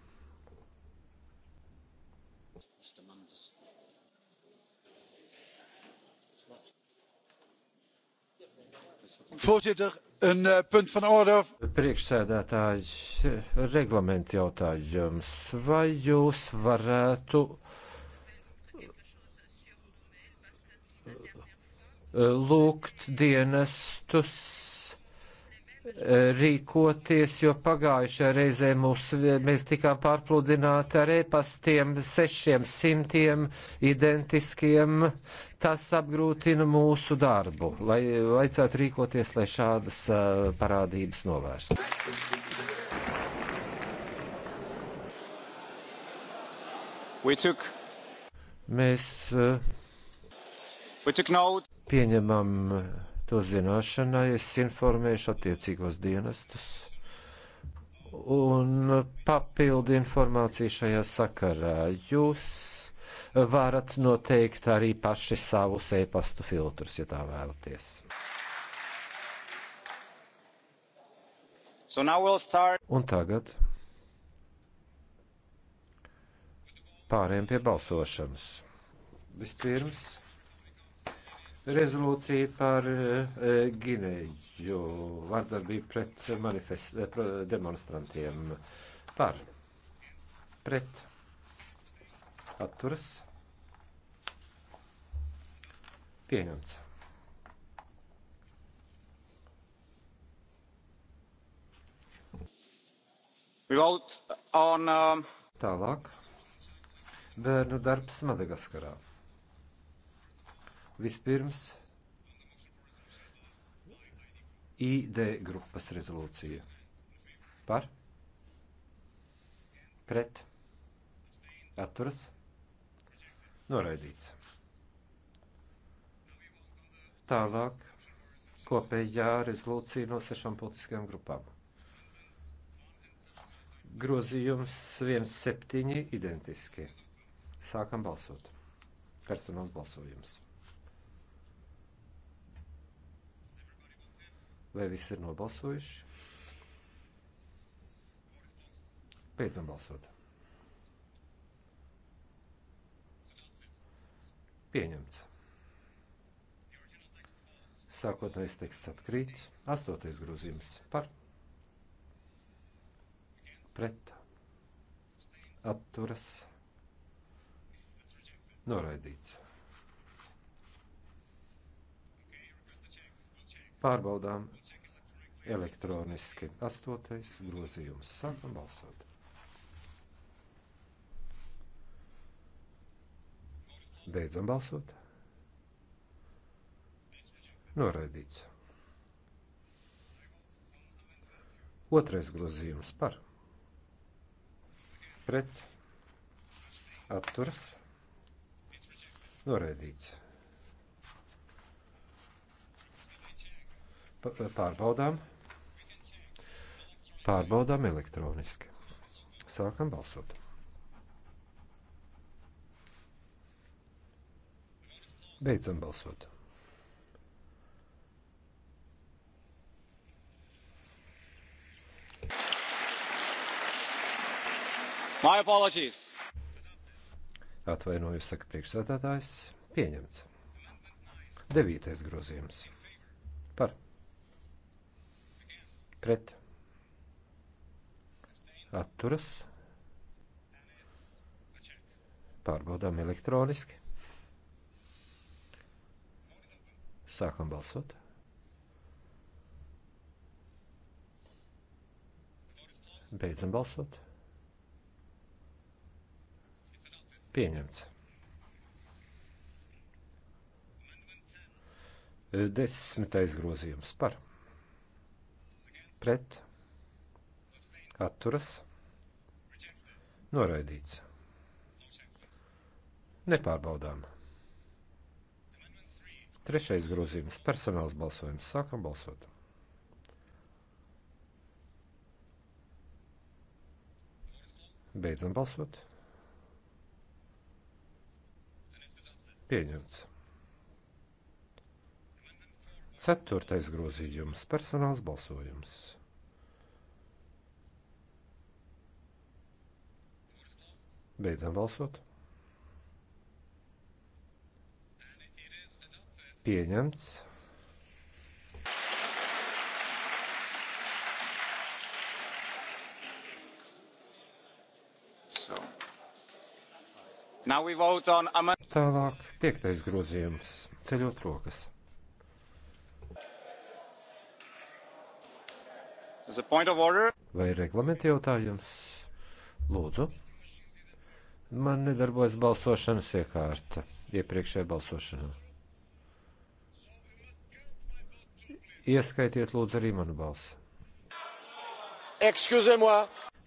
Voorzitter, een eh, punt van orde. Priekšsēdētāji, eh, reglamenta jautājums. Vai jūs varētu eh, lūgt dienestus rīkoties, jo pagājušajā reizē mūs, mēs tikām pārpludināti ar e-pastiem sešiem simtiem identiskiem Tas apgrūtina mūsu darbu, lai aicētu rīkoties, lai šādas uh, parādības novērstu. Took... Mēs uh, pieņemam to zināšanai, es informēšu attiecīgos dienestus un papildu informāciju šajā sakarā. Jūs varat noteikt arī paši savus e-pastu filtrus, ja tā vēlaties. So we'll start... Un tagad pāriem pie balsošanas. Vispirms rezolūcija par uh, Gineju vardarbību pret manifest, uh, demonstrantiem par pret atturas pieņemts. On, um... Tālāk. Bērnu darbs Madagaskarā. Vispirms ID grupas rezolūcija. Par? Pret? Atturas? Noraidīts. Tālāk kopējā rezolūcija no sešām politiskajām grupām. Grozījums 1,7 identiski. Sākam balsot. Personāls balsojums. Vai viss ir nobalsojuši? Beidzam balsot. Pieņemts. Sākotnējais teksts atkrīt. Astotais grozījums par pret atturas noraidīts. Pārbaudām elektroniski. Astotais grozījums. Sākam balsot. Beidzam balsot. Noraidīts. Otrais grozījums par pret atturas noraidīts. Pārbaudām. Pārbaudām elektroniski. Sākam balsot. Beidzam balsot. My apologies. Atvainojos, saka priekšsēdētājs. Pieņemts. Devītais grozījums. Par. Pret. Atturas. Pārbaudām elektroniski. Sākam balsot. Beidzam balsot. Pieņemts. Desmitais grozījums par pret atturas noraidīts. Nepārbaudām. Trešais grozījums - personāls balsojums. Sākam balsot. Beidzam balsot. Pieņemts. Ceturtais grozījums - personāls balsojums. Beidzam balsot. pieņemts. So. On... Tālāk piektais grozījums - ceļot rokas. Vai ir reglamenta jautājums? Lūdzu. Man nedarbojas balsošanas iekārta iepriekšējā balsošanā. Ieskaitiet lūdzu arī manu balsi. Excusez-moi.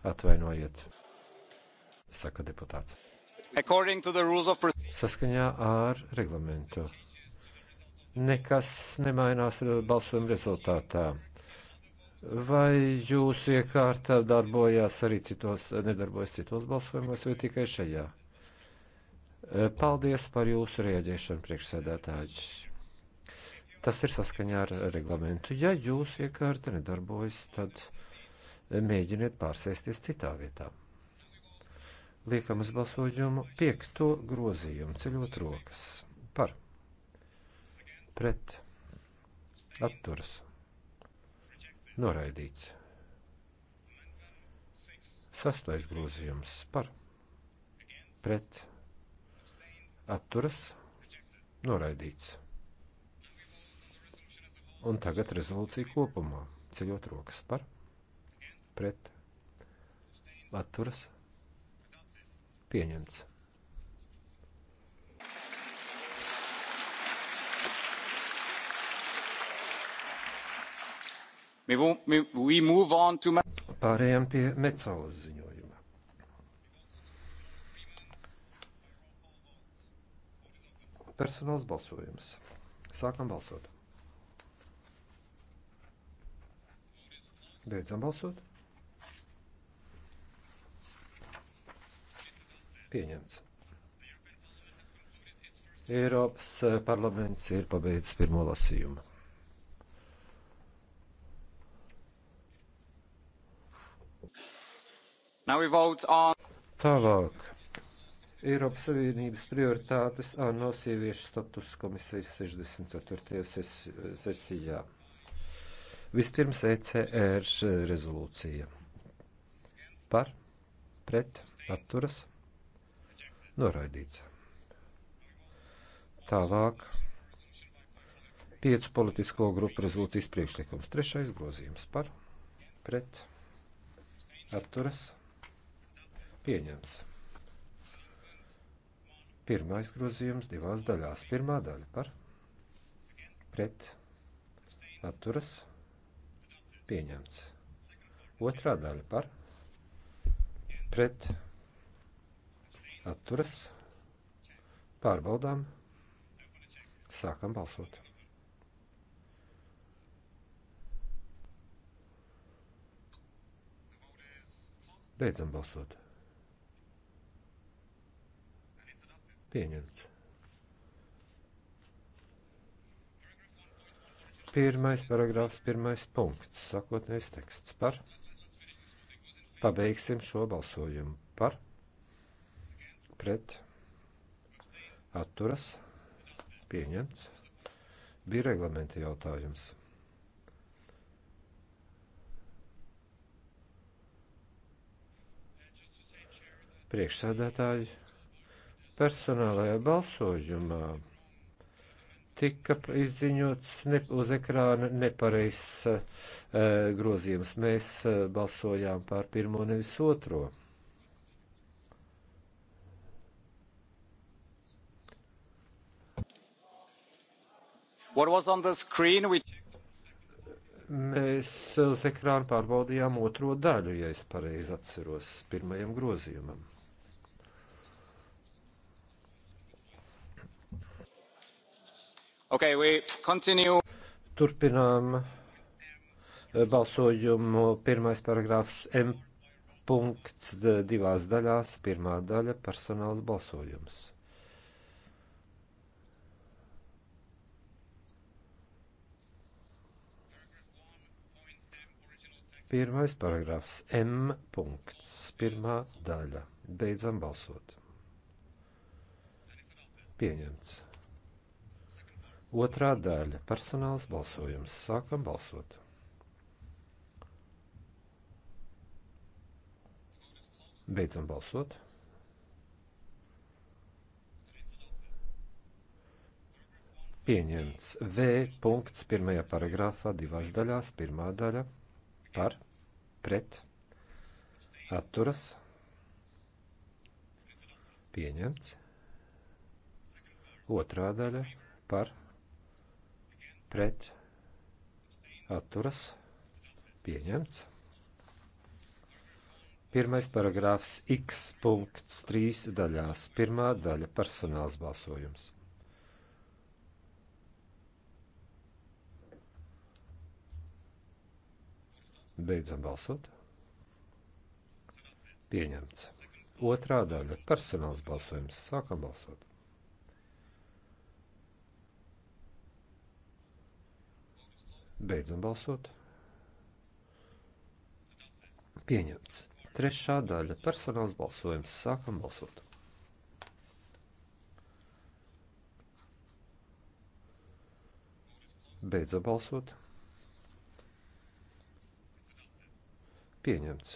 Atvainojiet, saka deputāts. Of... Saskaņā ar reglamentu. Nekas nemainās balsojuma rezultātā. Vai jūsu iekārta darbojās arī citos, nedarbojas citos balsojumos vai tikai šajā? Paldies par jūsu rieģēšanu, priekšsēdētāji. Tas ir saskaņā ar reglamentu. Ja jūs iekārta nedarbojas, tad mēģiniet pārsēsties citā vietā. Liekam uz balsojumu piekto grozījumu, ceļot rokas par, pret, atturas, noraidīts. Sastais grozījums par pret atturas noraidīts. Un tagad rezolūcija kopumā. Ceļot rokas par, pret, atturas, pieņemts. Pārējām pie Mecolas ziņojuma. Personāls balsojums. Sākam balsot. Beidzam balsot. Pieņemts. Eiropas eh, parlaments ir pabeidzis pirmo lasījumu. On... Tālāk. Eiropas Savienības prioritātes ANO sieviešu status komisijas 64. sesijā. Vispirms ECR rezolūcija. Par, pret, atturas, noraidīts. Tālāk piecu politisko grupu rezolūcijas priekšlikums. Trešais grozījums par, pret, atturas, pieņemts. Pirmais grozījums divās daļās. Pirmā daļa par, pret, atturas, pieņemts Pieņemts. Otrā daļa par pret atturas pārbaudām. Sākam balsot. Beidzam balsot. Pieņemts. Pirmais paragrāfs, pirmais punkts, sakotnējs teksts par. Pabeigsim šo balsojumu par. Pret. Atturas. Pieņemts. Bija reglamenta jautājums. Priekšsēdētāji personālajā balsojumā tika izziņots ne, uz ekrāna nepareizs uh, grozījums. Mēs uh, balsojām par pirmo, nevis otro. Which... Mēs eh, uz ekrāna pārbaudījām otro daļu, ja es pareizi atceros, pirmajam grozījumam. Okay, we continue. Turpinām eh, balsojumu pirmais paragrāfs M punkts divās daļās. Pirmā daļa - personāls balsojums. Pirmais paragrāfs M. Punkts, pirmā daļa. Beidzam balsot. Pieņemts. Otrā daļa - personāls balsojums. Sākam balsot. Beidzam balsot. Pieņemts V punkts pirmajā paragrāfā divās daļās. Pirmā daļa par, pret, atturas. Pieņemts. Otrā daļa par, pret pret atturas pieņemts. Pirmais paragrāfs X punkts 3 daļās. Pirmā daļa personāls balsojums. Beidzam balsot. Pieņemts. Otrā daļa personāls balsojums. Sākam balsot. Beidzam balsot. Pieņemts. Trešā daļa - personāls balsojums. Sākam balsot. Beidzam balsot. Pieņemts.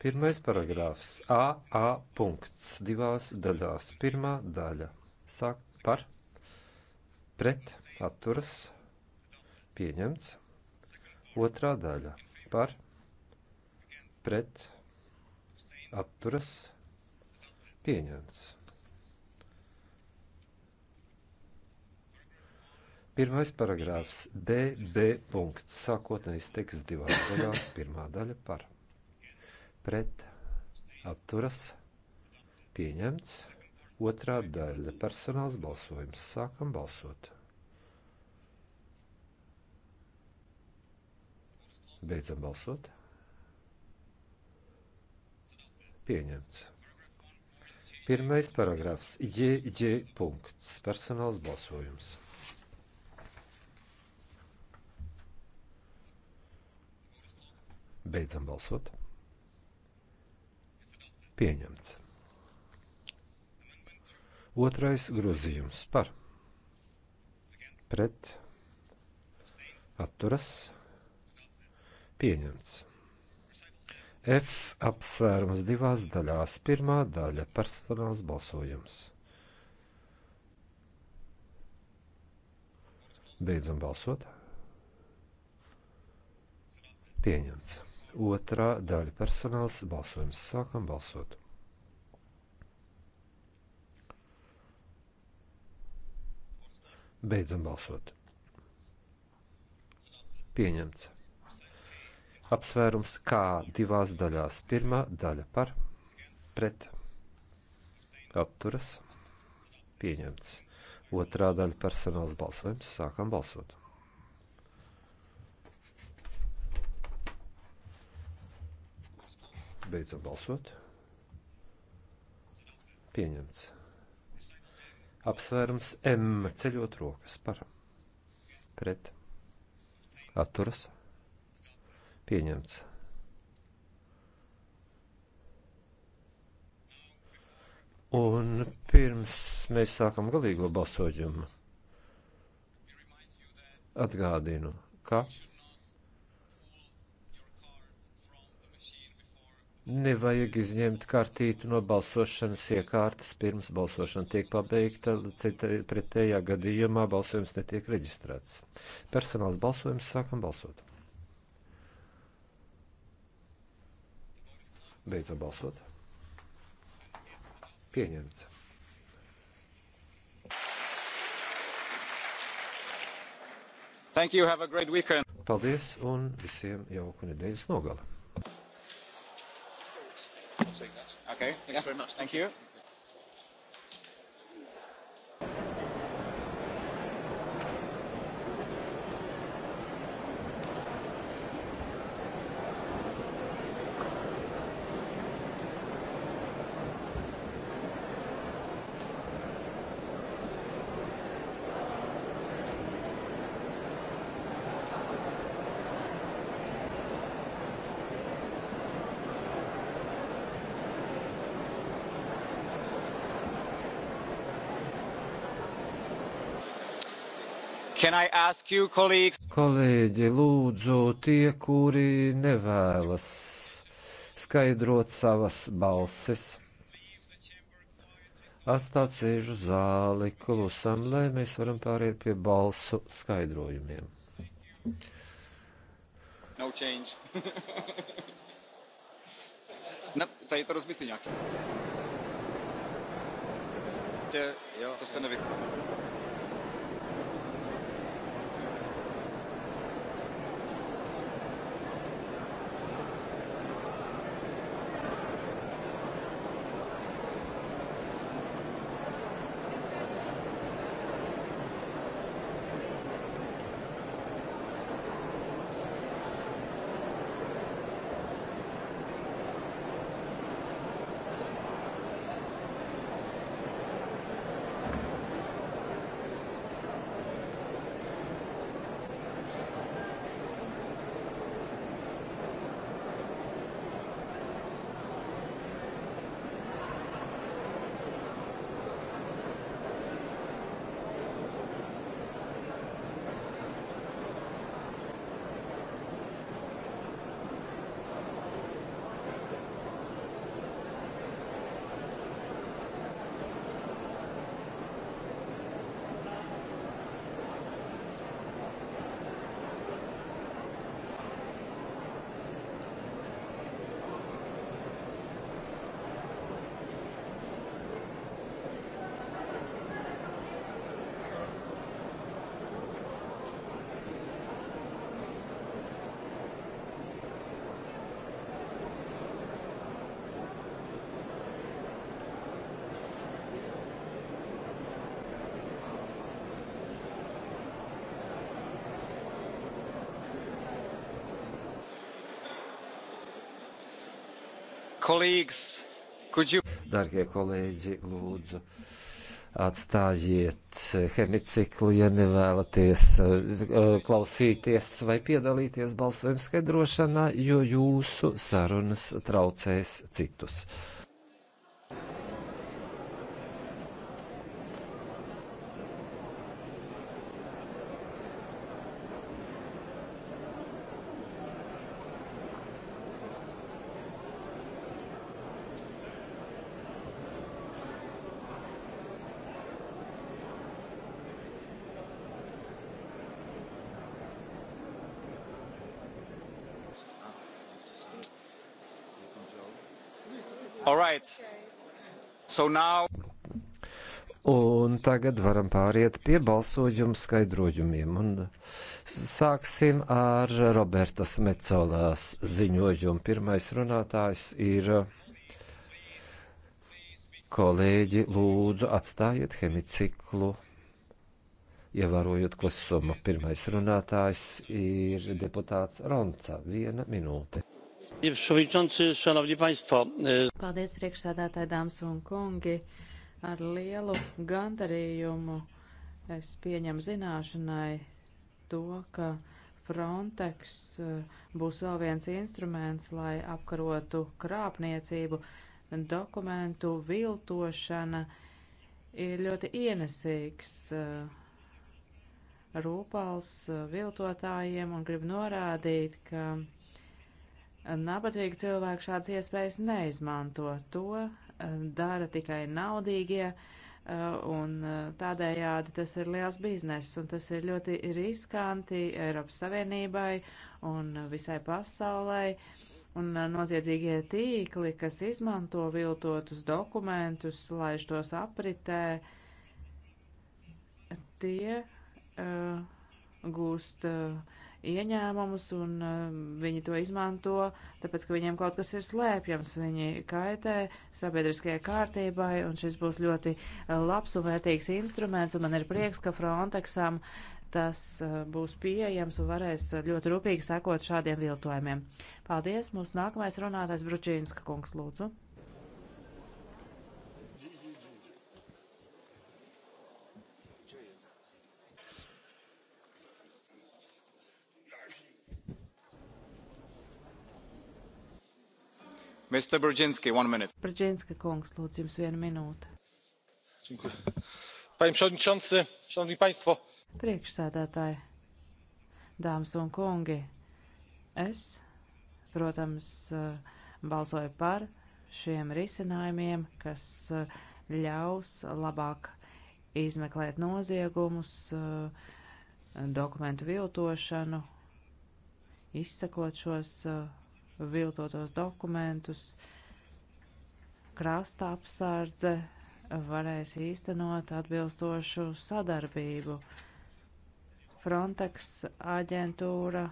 Pirmais paragrāfs - AA punkts divās daļās. Pirmā daļa - sāk par, pret, atturas, pieņemts. Otrā daļa par pret atturas pieņemts. Pirmais paragrāfs DB punkts. Sākotnējs teksts divās daļās. Pirmā daļa par pret atturas pieņemts. Otrā daļa personāls balsojums. Sākam balsot. Beidzam balsot. Pieņemts. Pirmais paragrafs - JJ punkts. Personāls balsojums. Beidzam balsot. Pieņemts. Otrais grozījums par pret atturas Pieņemts. F apsvērums divās daļās. Pirmā daļa - personāls balsojums. Beidzam balsot. Pieņemts. Otrā daļa - personāls balsojums. Sākam balsot. Beidzam balsot. Pieņemts apsvērums kā divās daļās. Pirmā daļa par pret apturas pieņemts. Otrā daļa personāls balsojums. Sākam balsot. Beidzam balsot. Pieņemts. Apsvērums M ceļot rokas par pret atturas pieņemts Pieņemts. Un pirms mēs sākam galīgo balsojumu, atgādinu, ka nevajag izņemt kartīti no balsošanas iekārtas pirms balsošana tiek pabeigta, pretējā gadījumā balsojums netiek reģistrēts. Personāls balsojums sākam balsot. Beidzam balsot. Pieņemts. Thank you, have a great weekend. Paldies un visiem jauku nedēļas nogali. Okay, thanks yeah. very much. Thank you. You, Kolēģi, lūdzu, tie, kuri nevēlas skaidrot savas balses, atstāt sēžu zāli klusam, lai mēs varam pāriet pie balsu skaidrojumiem. No change. ne, tady to rozbity nějaký. To se nevypadá. You... Darbie kolēģi, lūdzu, atstājiet hemiciklu, ja nevēlaties eh, klausīties vai piedalīties balsojuma skaidrošanā, jo jūsu sarunas traucēs citus. So now... Un tagad varam pāriet pie balsojuma skaidrojumiem. Un sāksim ar Robertas Mecolās ziņojumu. Pirmais runātājs ir kolēģi, lūdzu atstājiet hemiciklu, ievērojot klusumu. Pirmais runātājs ir deputāts Ronca. Viena minūte. E, Paldies, priekšsēdētāji, dāmas un kungi. Ar lielu gandarījumu es pieņemu zināšanai to, ka Frontex e, būs vēl viens instruments, lai apkarotu krāpniecību. Dokumentu viltošana ir ļoti ienesīgs e, rūpals viltotājiem un grib norādīt, ka Nabadzīgi cilvēki šādas iespējas neizmanto. To eh, dara tikai naudīgie, eh, un eh, tādējādi tas ir liels bizness, un tas ir ļoti riskanti Eiropas Savienībai un visai pasaulē. Un noziedzīgie tīkli, kas izmanto viltotus dokumentus, laiž tos apritē, tie uh, gūst uh, ieņēmumus, un um, viņi to izmanto, tāpēc, ka viņiem kaut kas ir slēpjams, viņi kaitē sabiedriskajai kārtībai, un šis būs ļoti uh, labs un vērtīgs instruments, un man ir prieks, ka Frontexam tas uh, būs pieejams un varēs uh, ļoti rūpīgi sekot šādiem viltojumiem. Paldies! Mūsu nākamais runātais Bručīnska kungs, lūdzu! Brzezinska kungs, lūdzu, jums viena minūte. Panie przewodniczący, szanowni państwo. Priekšsēdētāji, dāmas un kungi, es, protams, eh, balsoju par šiem risinājumiem, kas eh, ļaus labāk izmeklēt noziegumus, eh, dokumentu viltošanu, izsakot šos viltotos dokumentus. Krasta apsārdze varēs īstenot atbilstošu sadarbību. Frontex aģentūra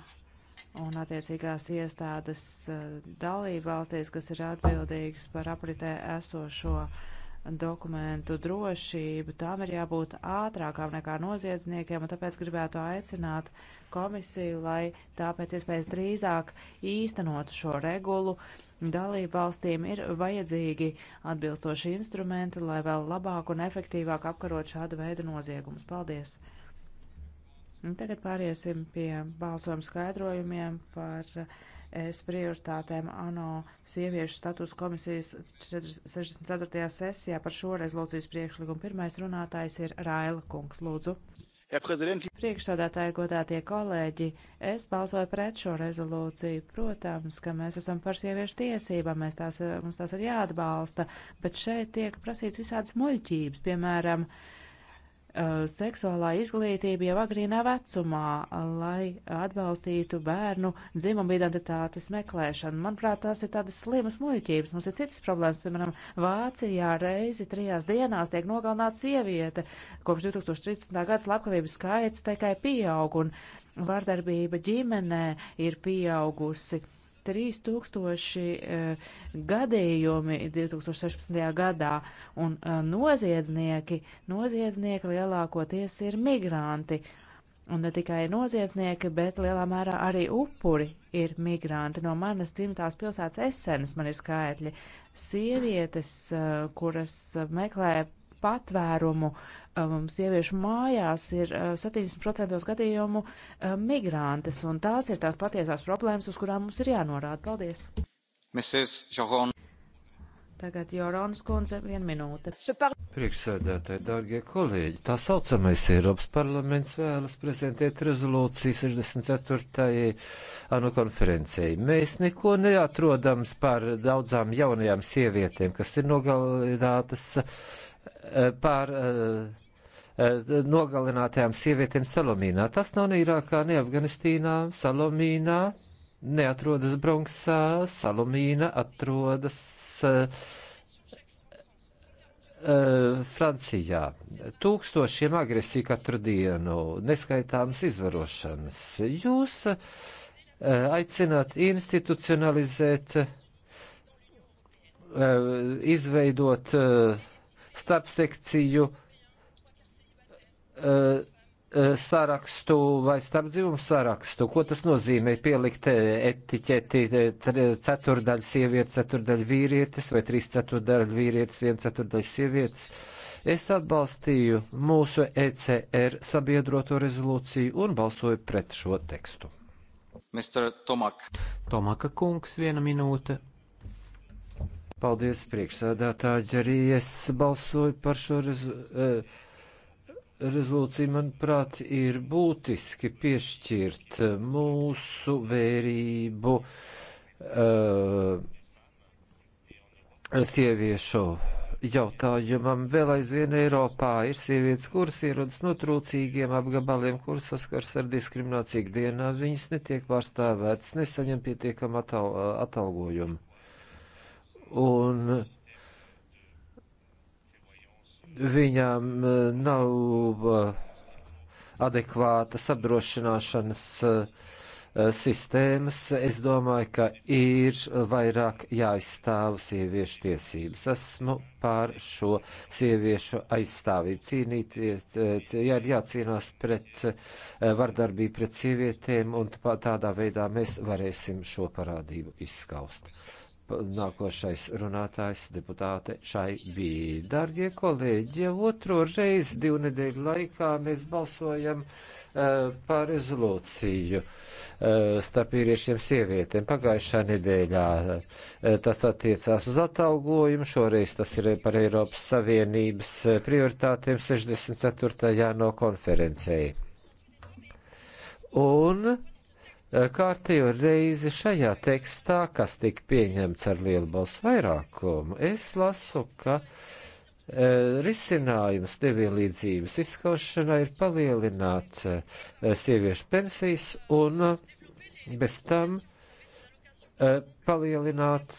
un attiecīgās iestādes eh, dalībvalstīs, kas ir atbildīgas par apritē esošo uh, dokumentu drošību, tām ir jābūt ātrākām nekā noziedzniekiem, un tāpēc gribētu aicināt komisiju, lai tāpēc iespējas drīzāk īstenotu šo regulu. Dalību valstīm ir vajadzīgi atbilstoši instrumenti, lai vēl labāk un efektīvāk apkarot šādu veidu noziegumus. Paldies! Un tagad pāriesim pie balsojuma skaidrojumiem par uh, es prioritātēm ANO sieviešu status komisijas 64. sesijā par šo rezolūcijas priekšlikumu. Pirmais runātājs ir Raila Kungs. Lūdzu. Priekšsādātāji, godātie kolēģi, es balsoju pret šo rezolūciju. Protams, ka mēs esam par sieviešu tiesībām, mēs tās, mums tās ir jāatbalsta, bet šeit tiek prasīts visādas muļķības, piemēram, uh, Uh, seksuālā izglītība jau agrīnā vecumā, lai atbalstītu bērnu dzimumu identitātes meklēšanu. Manuprāt, tās ir tādas slimas muļķības. Mums ir citas problēmas. Piemēram, Vācijā reizi trijās dienās tiek nogalināta sieviete. Kopš 2013. gada slepkavības skaits tikai pieaug un vārdarbība ģimenē ir pieaugusi. 3000 e, gadījumi 2016. gadā, un e, noziedznieki, noziedznieki lielākoties ir migranti. Un ne tikai noziedznieki, bet lielā mērā arī upuri ir migranti. No manas dzimtās pilsētas Esenas man ir skaitļi. Sievietes, e, kuras meklē patvērumu, uh, Uh, um, sieviešu mājās ir uh, 70% gadījumu uh, migrantes, un tās ir tās patiesās problēmas, uz kurām mums ir jānorāda. Paldies! Mrs. Joron. Tagad Jorons kundze, viena minūte. Priekšsēdētāji, dārgie kolēģi, tā saucamais Eiropas parlaments vēlas prezentēt rezolūciju 64. anu konferencei. Mēs neko neatrodams par daudzām jaunajām sievietēm, kas ir nogalinātas eh, pār uh, eh, Eh, nogalinātajām sievietēm Salomīnā. Tas nav ne Irākā, ne Afganistīnā, Salomīnā neatrodas Bronksā, Salomīna atrodas uh, uh, Francijā. Tūkstošiem agresiju katru dienu, neskaitāmas izvarošanas. Jūs uh, aicināt institucionalizēt, izveidot starpsekciju, Eh, eh, sarakstu vai starpdzimumu sarakstu. Ko tas nozīmē pielikt eh, etiķeti ceturdaļu sievietes, ceturdaļu vīrietis vai trīs ceturdaļu vīrietis, viens ceturdaļu sievietes? Es atbalstīju mūsu ECR sabiedroto rezolūciju un balsoju pret šo tekstu. Mr. Tomak. Tomaka kungs, viena minūte. Paldies, priekšsēdētāji, arī es balsoju par šo rezolūciju. Uh, rezolūcija, manuprāt, ir būtiski piešķirt mūsu vērību uh, sieviešu jautājumam. Vēl aizvien Eiropā ir sievietes, kuras ierodas no trūcīgiem apgabaliem, kuras saskars ar diskrimināciju dienā. Viņas netiek pārstāvētas, nesaņem pietiekam atal, atalgojumu. Un uh, viņām e, nav e, adekvātas apdrošināšanas e, sistēmas. Es domāju, ka ir vairāk jāizstāv sieviešu tiesības. Esmu pār šo sieviešu aizstāvību cīnīties, jā, ir jācīnās pret vardarbību pret sievietēm, un tādā veidā mēs varēsim šo parādību izskaust nākošais runātājs deputāte šai bija. Dargie kolēģi, jau otro reizi divu nedēļu laikā mēs balsojam uh, par rezolūciju uh, starp vīriešiem sievietēm. Pagājušā nedēļā uh, tas attiecās uz atalgojumu, šoreiz tas ir par Eiropas Savienības prioritātiem 64. jāno konferencei. Un Eh, kārtējo reizi šajā tekstā, kas tika pieņemts ar lielu balsu vairākumu, es lasu, ka eh, risinājums nevienlīdzības izskaušanai ir palielināt eh, sieviešu pensijas un bez tam palielināt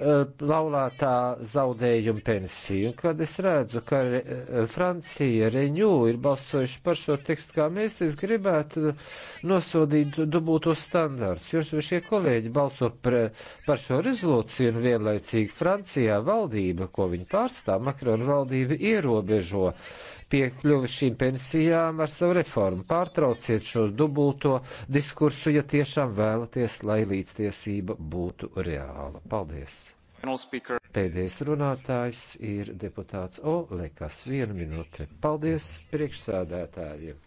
Eh, laulātā zaudējuma pensiju. Un kad es redzu, ka Re, eh, Francija, Reņū ir balsojuši par šo tekstu, kā mēs, es gribētu nosodīt dubūtos standārts. Jo šie kolēģi balso par, par šo rezolūciju un vienlaicīgi Francijā valdība, ko viņi pārstāv, Makrona valdība ierobežo piekļuvi šīm pensijām ar savu reformu. Pārtrauciet šo dubulto diskursu, ja tiešām vēlaties, lai līdztiesība būtu reāla. Paldies! Pēdējais runātājs ir deputāts Olekas. Vienu minūte. Paldies priekšsādētājiem!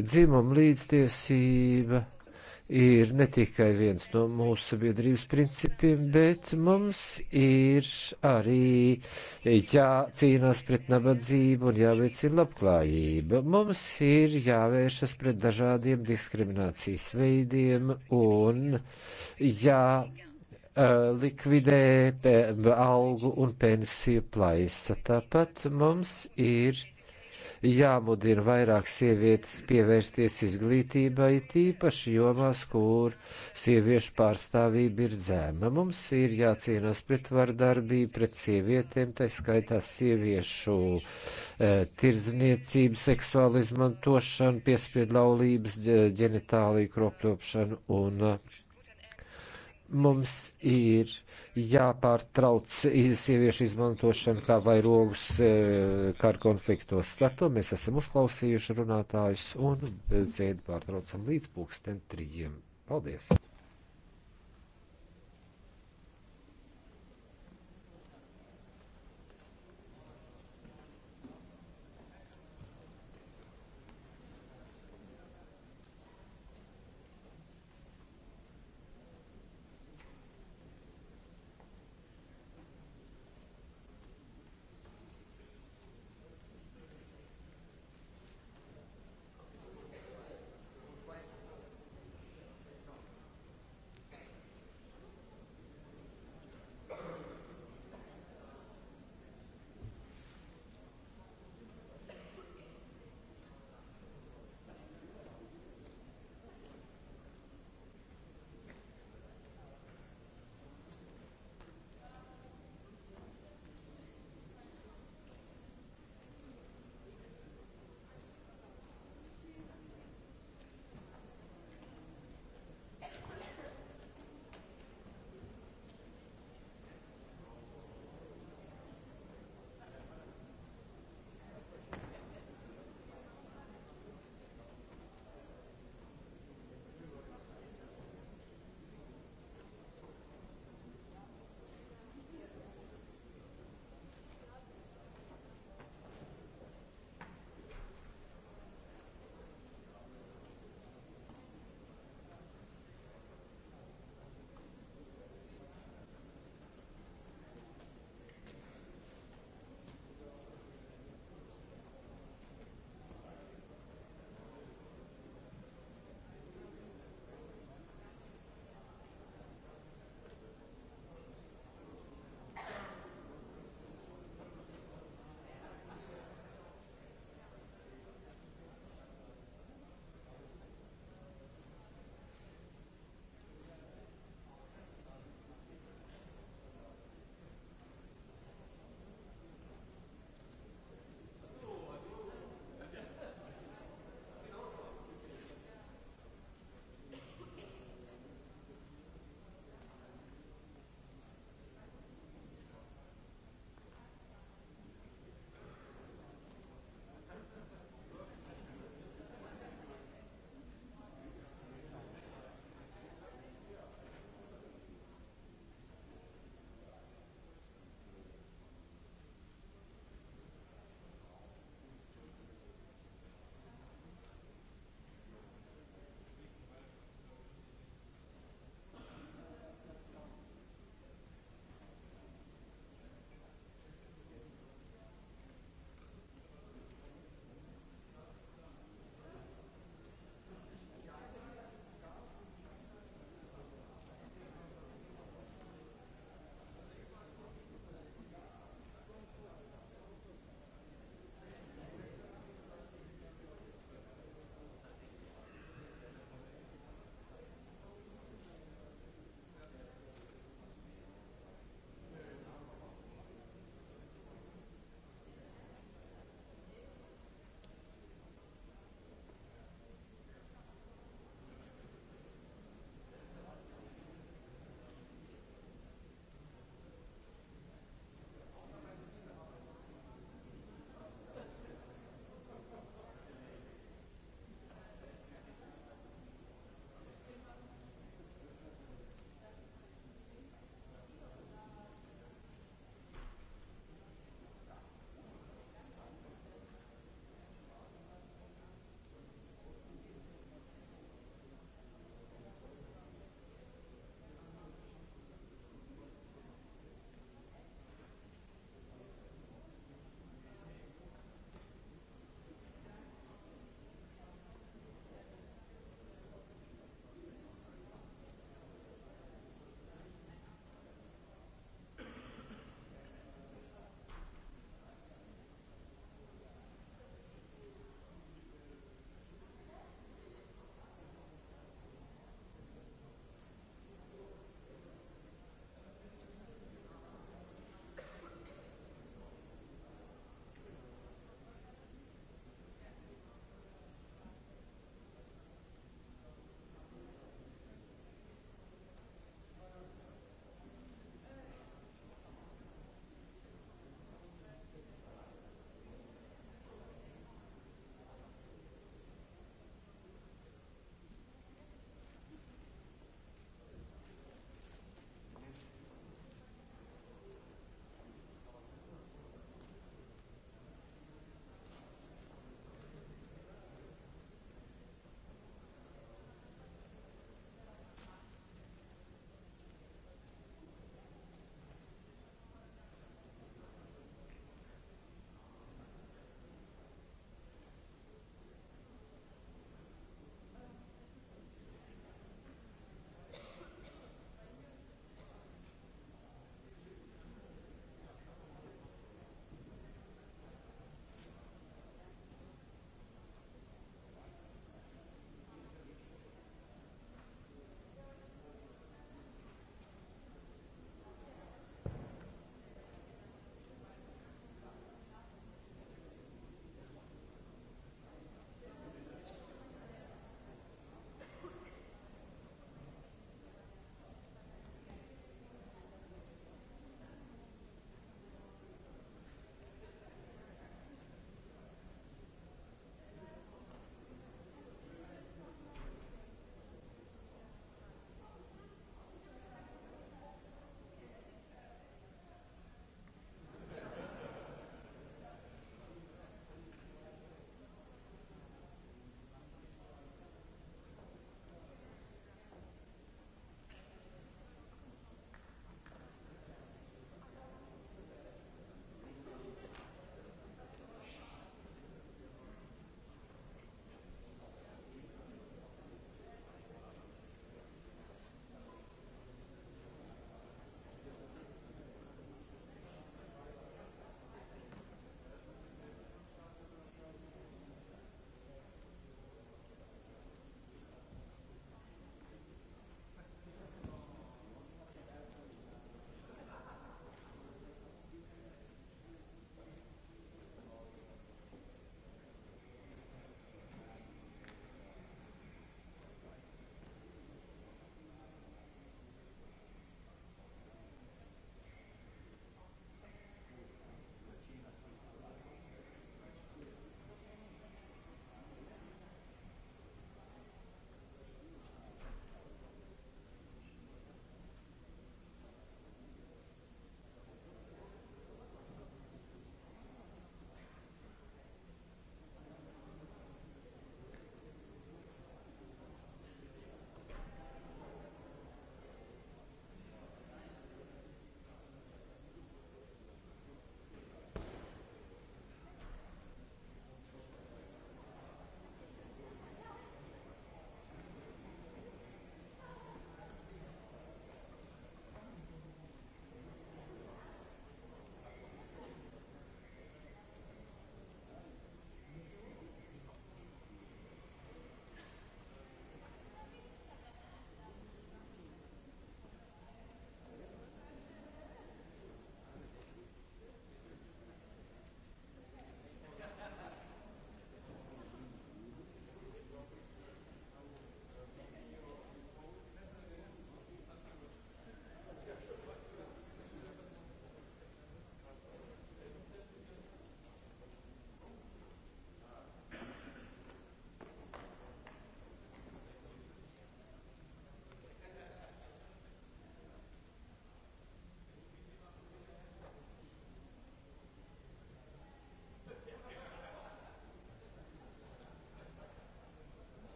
Dzimuma līdztiesība ir ne tikai viens no mūsu sabiedrības principiem, bet mums ir arī jācīnās pret nabadzību un jāveicina labklājība. Mums ir jāvēršas pret dažādiem diskriminācijas veidiem un jā likvidē algu un pensiju plaisa. Tāpat mums ir jāmudina vairāk sievietes pievērsties izglītībai, tīpaši jomās, kur sieviešu pārstāvība ir dzēma. Mums ir jācīnās pret vardarbību, pret sievietēm, tā skaitā sieviešu e, tirdzniecību, seksuālu izmantošanu, piespiedu laulības, ģenitāliju kropļopšanu un. E, Mums ir jāpārtrauc sieviešu izmantošanu kā vairogus e, kara konfliktos. Ar to mēs esam uzklausījuši runātājus un dzēdi pārtraucam līdz pulksten trījiem. Paldies!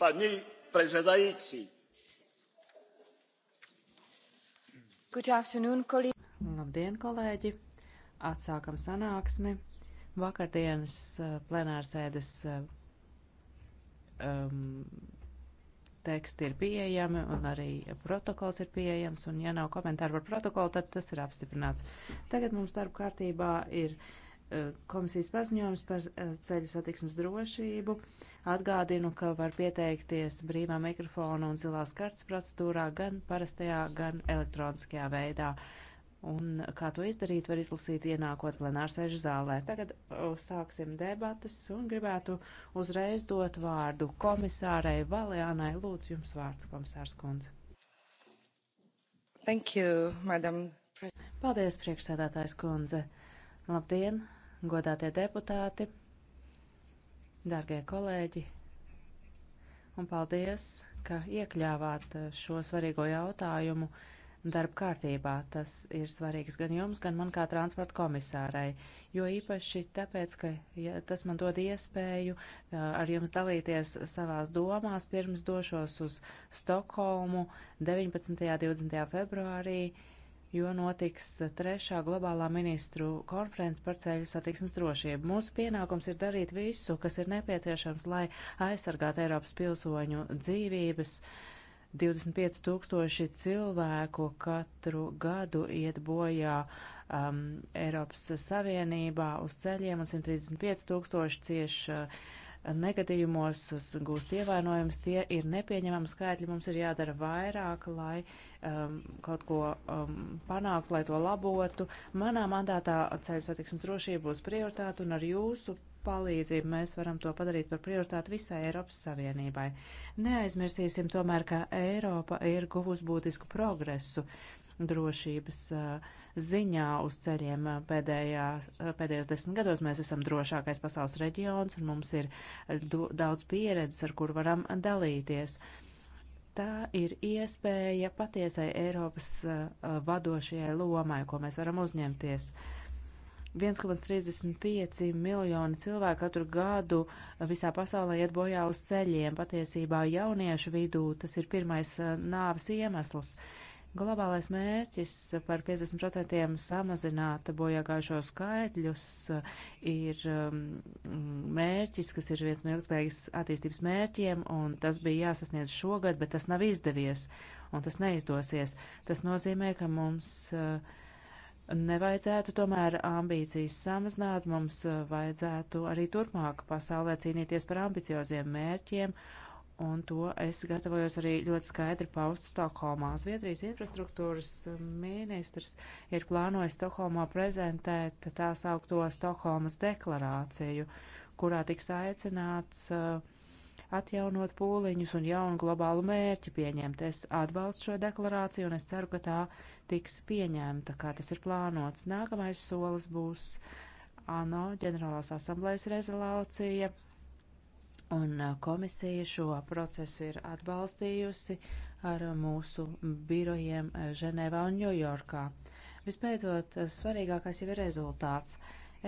paní předsedající Labdien, kolēģi! Atsākam sanāksmi. Vakardienas eh, plenārsēdes eh, um, teksti ir pieejami un arī protokols ir pieejams, un ja nav komentāru par protokolu, tad tas ir apstiprināts. Tagad mums darba kārtībā ir komisijas paziņojums par eh, ceļu satiksmes drošību. Atgādinu, ka var pieteikties brīvā mikrofona un zilās kartas procedūrā gan parastajā, gan elektroniskajā veidā. Un kā to izdarīt, var izlasīt ienākot plenārsēžu zālē. Tagad sāksim debatas un gribētu uzreiz dot vārdu komisārei Valianai. Lūdzu, jums vārds, komisārs Kundze. Thank you, madam. Paldies, priekšsēdētājs Kundze. Labdien, godātie deputāti, dārgie kolēģi, un paldies, ka iekļāvāt eh, šo svarīgo jautājumu darba kārtībā. Tas ir svarīgs gan jums, gan man kā transporta komisārai, jo īpaši tāpēc, ka ja, tas man dod iespēju eh, ar jums dalīties savās domās, pirms došos uz Stokholmu 19. un 20. februārī jo notiks trešā globālā ministru konferences par ceļu satiksmes drošību. Mūsu pienākums ir darīt visu, kas ir nepieciešams, lai aizsargātu Eiropas pilsoņu dzīvības. 25 tūkstoši cilvēku katru gadu iet bojā um, Eiropas Savienībā uz ceļiem un 135 tūkstoši cieši uh, negadījumos gūst ievainojumus. Tie ir nepieņemami skaitļi. Mums ir jādara vairāk, lai um, kaut ko um, panāktu, lai to labotu. Manā mandātā ceļu satiksmes drošība būs prioritāte un ar jūsu palīdzību mēs varam to padarīt par prioritāti visai Eiropas Savienībai. Neaizmirsīsim tomēr, ka Eiropa ir guvusi būtisku progresu. Uh, drošības eh, ziņā uz ceļiem eh, pēdējā, eh, pēdējos desmit gados. Mēs esam drošākais pasaules reģions un mums ir daudz pieredzes, ar kur varam dalīties. Tā ir iespēja patiesai Eiropas vadošajai lomai, ko mēs varam uzņemties. 1,35 miljoni cilvēku katru gadu visā pasaulē iet bojā uz ceļiem. Patiesībā jauniešu vidū tas ir pirmais nāves iemesls. Uh, Globālais mērķis par 50% samazināt bojāgājušo skaitļus ir um, mērķis, kas ir viens no ilgspējīgas attīstības mērķiem, un tas bija jāsasniedz šogad, bet tas nav izdevies, un tas neizdosies. Tas nozīmē, ka mums uh, nevajadzētu tomēr ambīcijas samazināt, mums uh, vajadzētu arī turpmāk pasaulē cīnīties par ambicioziem mērķiem un to es gatavojos arī ļoti skaidri paust Stokholmā. Zviedrijas infrastruktūras ministrs ir plānojis Stokholmā prezentēt tā saukto Stokholmas deklarāciju, kurā tiks aicināts uh, atjaunot pūliņus un jaunu globālu mērķi pieņemt. Es atbalstu šo deklarāciju un es ceru, ka tā tiks pieņemta, kā tas ir plānots. Nākamais solis būs ANO ģenerālās asamblējas rezolācija Un uh, komisija šo procesu ir atbalstījusi ar uh, mūsu birojiem uh, Ženēvā un Ņujorkā. Vispēcot, svarīgākais jau ir rezultāts.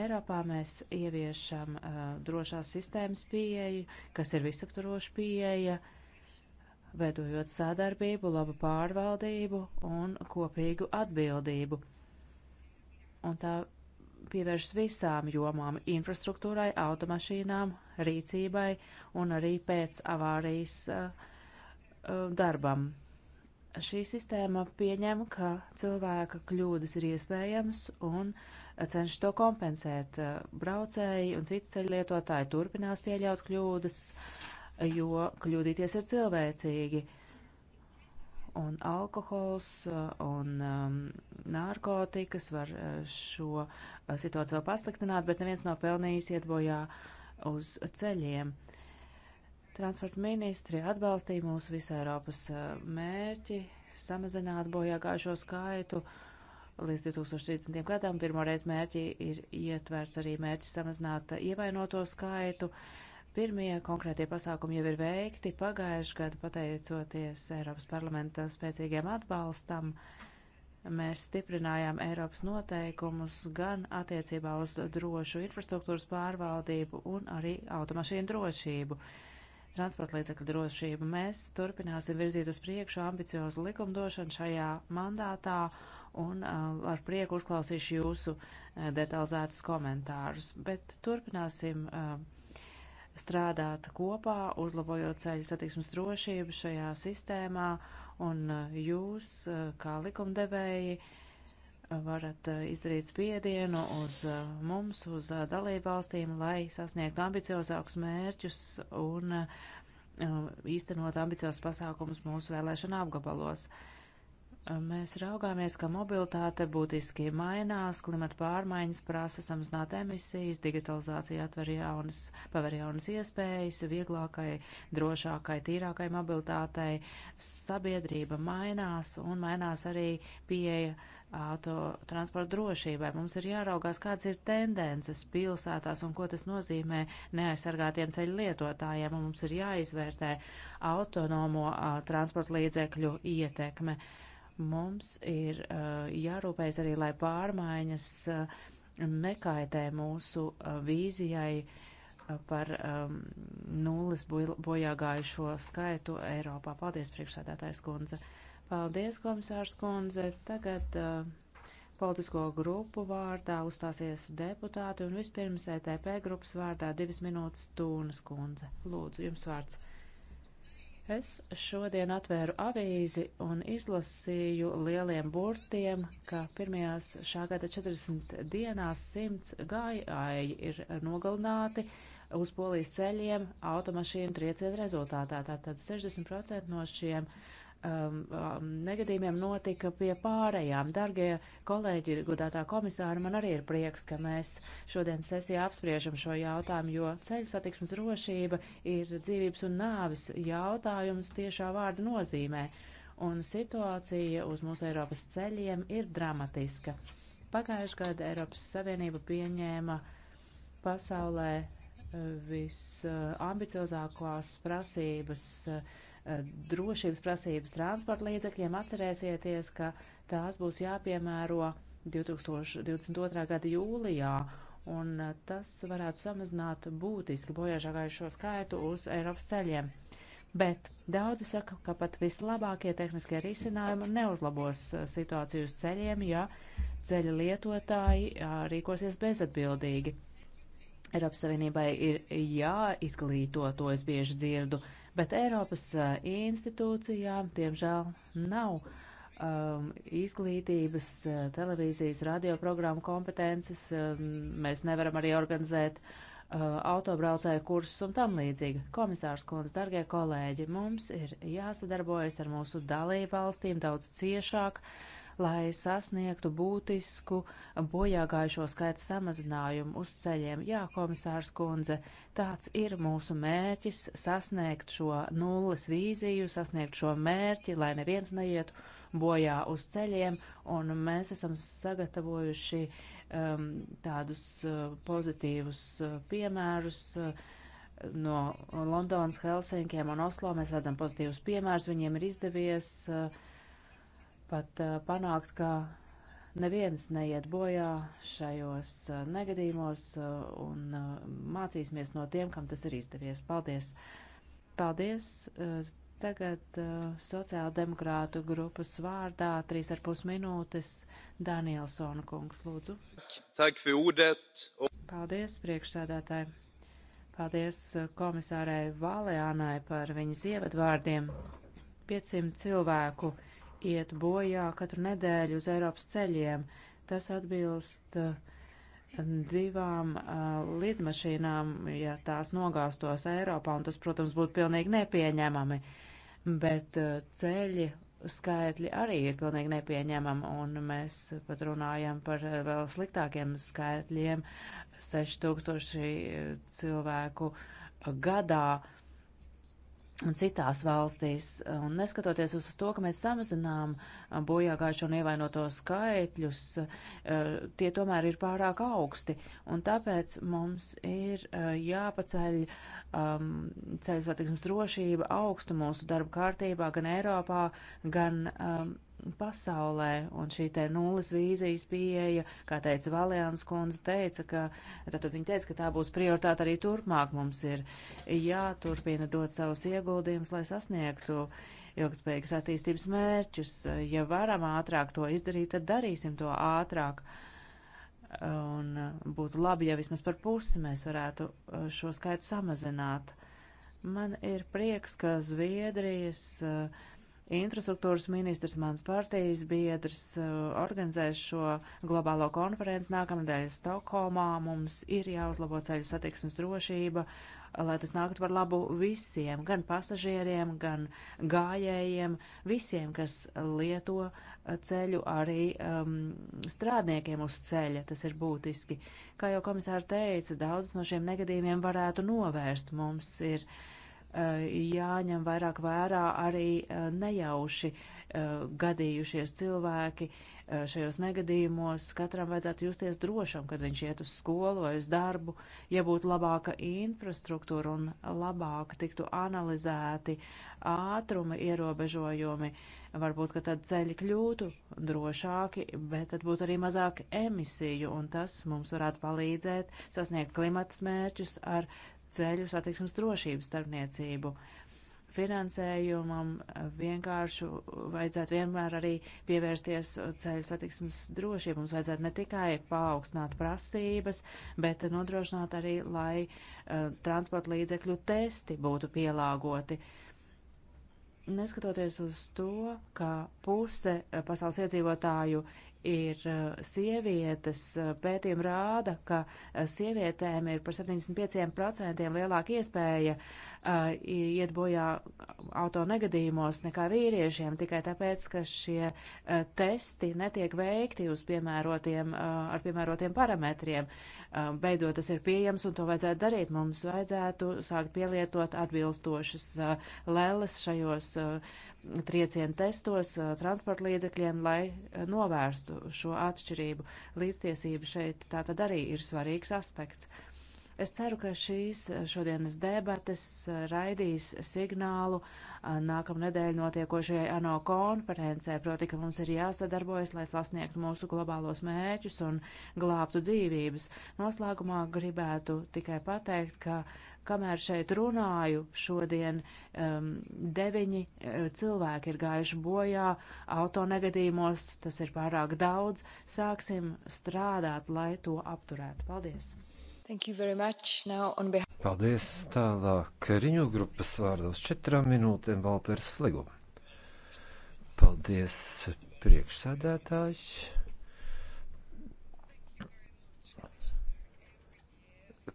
Eiropā mēs ieviešam uh, drošās sistēmas pieeju, kas ir visaptvaroša pieeja, veidojot sadarbību, labu pārvaldību un kopīgu atbildību. Un tā pievēršas visām jomām - infrastruktūrai, automašīnām, rīcībai un arī pēc avārijas uh, darbam. Šī sistēma pieņem, ka cilvēka kļūdas ir iespējams un cenšas to kompensēt. Braucēji un citi ceļlietotāji turpinās pieļaut kļūdas, jo kļūdīties ir cilvēcīgi un alkohols eh, un um, narkotikas var šo situāciju vēl pasliktināt, bet neviens nav pelnījis iet bojā uz ceļiem. Transporta ministri atbalstīja mūsu visā Eiropas mērķi samazināt bojāgājušo skaitu. Līdz 2030. gadam pirmoreiz mērķi ir ietverts arī mērķis samazināt ievainoto skaitu. Pirmie konkrētie pasākumi jau ir veikti pagājuši gadu pateicoties Eiropas parlamenta spēcīgiem atbalstam. Uh, mēs stiprinājām Eiropas noteikumus gan attiecībā uz drošu infrastruktūras pārvaldību un arī automašīnu drošību. Transporta līdzekļu drošību mēs turpināsim virzīt uz priekšu ambiciozu likumdošanu šajā mandātā un uh, ar prieku uzklausīšu jūsu uh, detalizētus komentārus. Bet turpināsim uh, strādāt kopā, uzlabojot ceļu satiksmes drošību šajā sistēmā. Uh, un e, jūs, e, kā likumdevēji, e, varat izdarīt spiedienu uz mums, uz dalībvalstīm, lai sasniegtu ambiciozākus mērķus un īstenot ambiciozus pasākumus mūsu vēlēšana apgabalos. Uh, Mēs raugāmies, ka mobilitāte būtiski mainās, klimata pārmaiņas prasa samazināt emisijas, digitalizācija atver jaunas, paver jaunas iespējas, vieglākai, drošākai, tīrākai mobilitātei, sabiedrība mainās un mainās arī pieeja autotransporta drošībai. Mums ir jāraugās, kādas ir tendences pilsētās un ko tas nozīmē neaizsargātiem ceļu lietotājiem. Mums ir jāizvērtē autonomo a, transporta līdzekļu ietekme. Uh, Mums ir eh, jārūpējas arī, lai pārmaiņas eh, nekaitē mūsu eh, vīzijai par um, nulles bojāgājušo skaitu Eiropā. Paldies, priekšsēdētājs kundze. Paldies, komisārs kundze. Tagad uh, politisko grupu vārdā uzstāsies deputāti un vispirms ETP grupas vārdā divas minūtes Tūnas kundze. Lūdzu, jums vārds. Es šodien atvēru avīzi un izlasīju lieliem burtiem, ka pirmajās šā gada 40 dienās simts gājēji ir nogalināti uz polijas ceļiem automašīnu triecienu rezultātā. Tātad 60% no šiem uh, Um, um, negadījumiem notika pie pārējām. Dargie kolēģi, godātā komisāra, man arī ir prieks, ka mēs šodien sesijā apspriežam šo jautājumu, jo ceļu satiksmes drošība ir dzīvības un nāvis jautājums tiešā vārda nozīmē, un situācija uz mūsu Eiropas ceļiem ir dramatiska. Pagājušajā gadā Eiropas Savienība pieņēma pasaulē uh, visambiciozākās prasības uh, Eh, drošības prasības transporta līdzekļiem, atcerēsieties, ka tās būs jāpiemēro 2022. gada jūlijā, un eh, tas varētu samazināt būtiski bojāžāgājušo skaitu uz Eiropas ceļiem. Bet daudzi saka, ka pat vislabākie tehniskie risinājumi neuzlabos eh, situāciju uz ceļiem, ja ceļa lietotāji rīkosies bezatbildīgi. Eiropas Savienībai ir jāizglīto, to es bieži dzirdu. Uh, bet Eiropas institūcijām, diemžēl, nav um, izglītības, televīzijas, radioprogrammu kompetences. Mēs nevaram arī organizēt uh, autobraucēju kursus un tam līdzīgi. Komisārs Kons, dargie kolēģi, mums ir jāsadarbojas ar mūsu dalību valstīm daudz ciešāk. Uh, lai sasniegtu būtisku bojāgājušo skaitu samazinājumu uz ceļiem. Jā, komisārs kundze, tāds ir mūsu mērķis - sasniegt šo nulles vīziju, sasniegt šo mērķi, lai neviens neietu bojā uz ceļiem, un mēs esam sagatavojuši um, tādus uh, pozitīvus uh, piemērus. Uh, No Londonas, Helsinkiem un Oslo mēs redzam pozitīvus piemērus. Viņiem ir izdevies uh, pat panākt, ka neviens neiet bojā šajos negadījumos un mācīsimies no tiem, kam tas ir izdevies. Paldies! Paldies! Tagad sociāla demokrātu grupas vārdā 3,5 minūtes Danielsona kungs, lūdzu. Paldies, priekšsēdētāji. Paldies komisārai Valēānai par viņas ievadvārdiem. 500 cilvēku iet bojā katru nedēļu uz Eiropas ceļiem. Tas atbilst uh, divām uh, lidmašīnām, ja tās nogāstos Eiropā, un tas, protams, būtu pilnīgi nepieņemami. Bet uh, ceļi skaitļi arī ir pilnīgi nepieņemami, un mēs pat runājam par uh, vēl sliktākiem skaitļiem - 6000 uh, cilvēku gadā un citās valstīs. Un neskatoties uz to, ka mēs samazinām bojāgājušo un ievainoto skaitļus, tie tomēr ir pārāk augsti. Un tāpēc mums ir jāpaceļ um, ceļu satiksmes drošība augstu mūsu darba kārtībā gan Eiropā, gan um, pasaulē, un šī te nulles vīzijas pieeja, kā teica Valēns kundze, teica, ka, tātad viņa teica, ka tā būs prioritāte arī turpmāk mums ir jāturpina dot savus ieguldījumus, lai sasniegtu ilgspējīgas attīstības mērķus. Ja varam ātrāk to izdarīt, tad darīsim to ātrāk. Un būtu labi, ja vismaz par pusi mēs varētu uh, šo skaitu samazināt. Man ir prieks, ka Zviedrijas uh, Infrastruktūras ministrs mans partijas biedrs uh, organizēs šo globālo konferenci nākamnedēļ Stokholmā. Mums ir jāuzlabo ceļu satiksmes drošība, lai tas nāktu par labu visiem, gan pasažieriem, gan gājējiem, visiem, kas lieto uh, ceļu, arī um, strādniekiem uz ceļa. Tas ir būtiski. Kā jau komisāra teica, daudz no šiem negadījumiem varētu novērst. Mums ir uh, jāņem vairāk vērā arī e, nejauši e, gadījušies cilvēki e, šajos negadījumos. Katram vajadzētu justies drošam, kad viņš iet uz skolu vai uz darbu, ja būtu labāka infrastruktūra un labāk tiktu analizēti ātruma ierobežojumi. Varbūt, ka tad ceļi kļūtu drošāki, bet tad būtu arī mazāk emisiju, un tas mums varētu palīdzēt sasniegt klimatas mērķus ar ceļu satiksmes drošības starpniecību. Finansējumam vienkārši vajadzētu vienmēr arī pievērsties ceļu satiksmes drošību. Mums vajadzētu ne tikai paaugstināt prasības, bet nodrošināt arī, lai uh, transporta līdzekļu testi būtu pielāgoti. Uh, neskatoties uz to, ka puse e, pasaules iedzīvotāju ir sievietes. Pētījumi rāda, ka sievietēm ir par 75% lielāka iespēja uh, uh, iet bojā autonegadījumos nekā vīriešiem, tikai tāpēc, ka šie uh, testi netiek veikti uz piemērotiem, uh, ar piemērotiem parametriem. Uh, beidzot, tas ir pieejams un to vajadzētu darīt. Mums vajadzētu sākt pielietot atbilstošas uh, lēles šajos uh, triecienu testos uh, transporta līdzekļiem, lai uh, novērstu šo atšķirību. Līdztiesība šeit tātad arī ir svarīgs aspekts. Uh, Es ceru, ka šīs šodienas debates eh, raidīs signālu eh, nākamnedēļ notiekošajai ANO konferencē, proti, ka mums ir jāsadarbojas, lai sasniegtu mūsu globālos mērķus un glābtu dzīvības. Noslēgumā gribētu tikai pateikt, ka kamēr šeit runāju, šodien um, deviņi eh, cilvēki ir gājuši bojā autonegadījumos, tas ir pārāk daudz. Sāksim strādāt, lai to apturētu. Paldies! Paldies tālāk Riņu grupas vārdos četrām minūtēm Valters Fligu. Paldies priekšsēdētājs.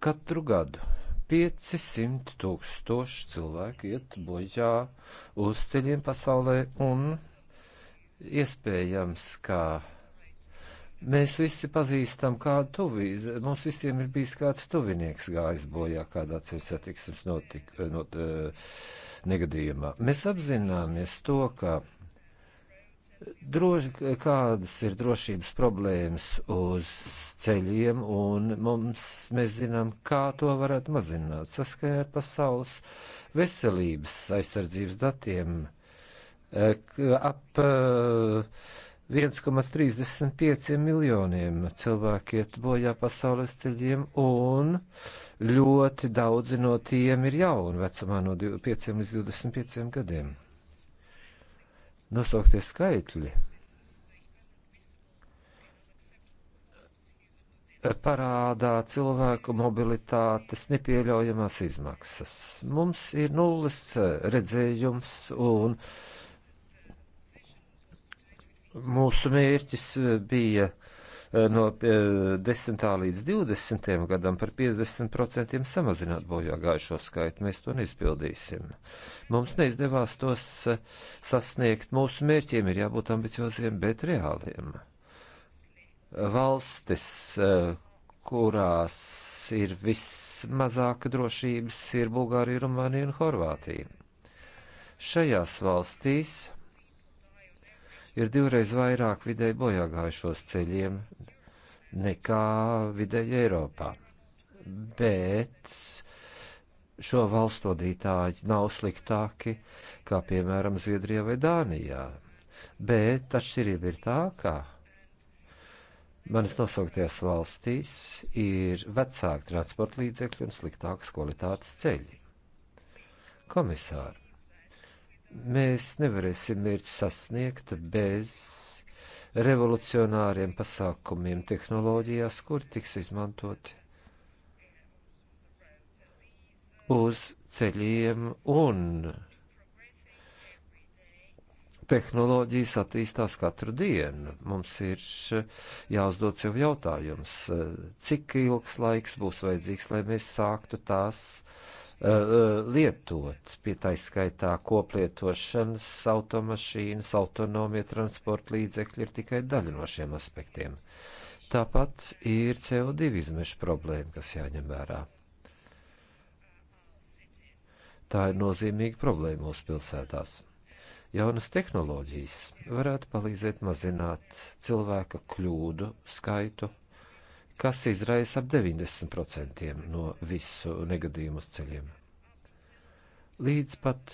Katru gadu 500 tūkstoši cilvēku iet bojā uz ceļiem pasaulē un iespējams, ka Mēs visi pazīstam kādu tuvīzi, mums visiem ir bijis kāds tuvinieks gājis bojā kādā ceļu satiksmes notik, not, eh, negadījumā. Mēs apzināmies to, ka droši, kādas ir drošības problēmas uz ceļiem, un mums, mēs zinām, kā to varētu mazināt saskaņā ar pasaules veselības aizsardzības datiem. Eh, ap, uh, 1,35 miljoniem cilvēki iet bojā pasaules ceļiem, un ļoti daudzi no tiem ir jauni vecumā no 5 līdz 25 gadiem. Nosauktie skaitļi parādā cilvēku mobilitātes nepieļaujamās izmaksas. Mums ir nulles redzējums un uh, Mūsu mērķis eh, bija eh, no 10. Eh, līdz 20. gadam par 50% samazināt bojā gājušo skaitu. Mēs to neizpildīsim. Mums neizdevās tos sasniegt. Mūsu mērķiem ir jābūt ambicioziem, bet reāliem. Valstis, kurās ir vismazāka drošības, ir Bulgārija, Rumānija un Horvātija. Šajās valstīs ir divreiz vairāk vidēji bojāgājušos ceļiem nekā vidēji Eiropā. Bet šo valstu vadītāji nav sliktāki kā, piemēram, Zviedrijā vai Dānijā. Bet atšķirība ir tā, ka manas nosauktajās valstīs ir vecāki transporta līdzekļi un sliktākas kvalitātes ceļi. Komisāri, Mēs nevarēsim mērķi sasniegt bez revolucionāriem pasākumiem tehnoloģijās, kuri tiks izmantoti uz ceļiem un tehnoloģijas attīstās katru dienu. Mums ir jāuzdod sev jautājums, cik ilgs laiks būs vajadzīgs, lai mēs sāktu tās uh, Uh, uh, lietot, pie taiskaitā koplietošanas automašīnas, autonomie transporta līdzekļi ir tikai daļa no šiem aspektiem. Tāpat ir CO2 izmešu problēma, kas jāņem vērā. Tā ir nozīmīga problēma mūsu pilsētās. Jaunas tehnoloģijas varētu palīdzēt mazināt cilvēka kļūdu skaitu kas izraisa ap 90% no visu negadījumu uz ceļiem. Līdz pat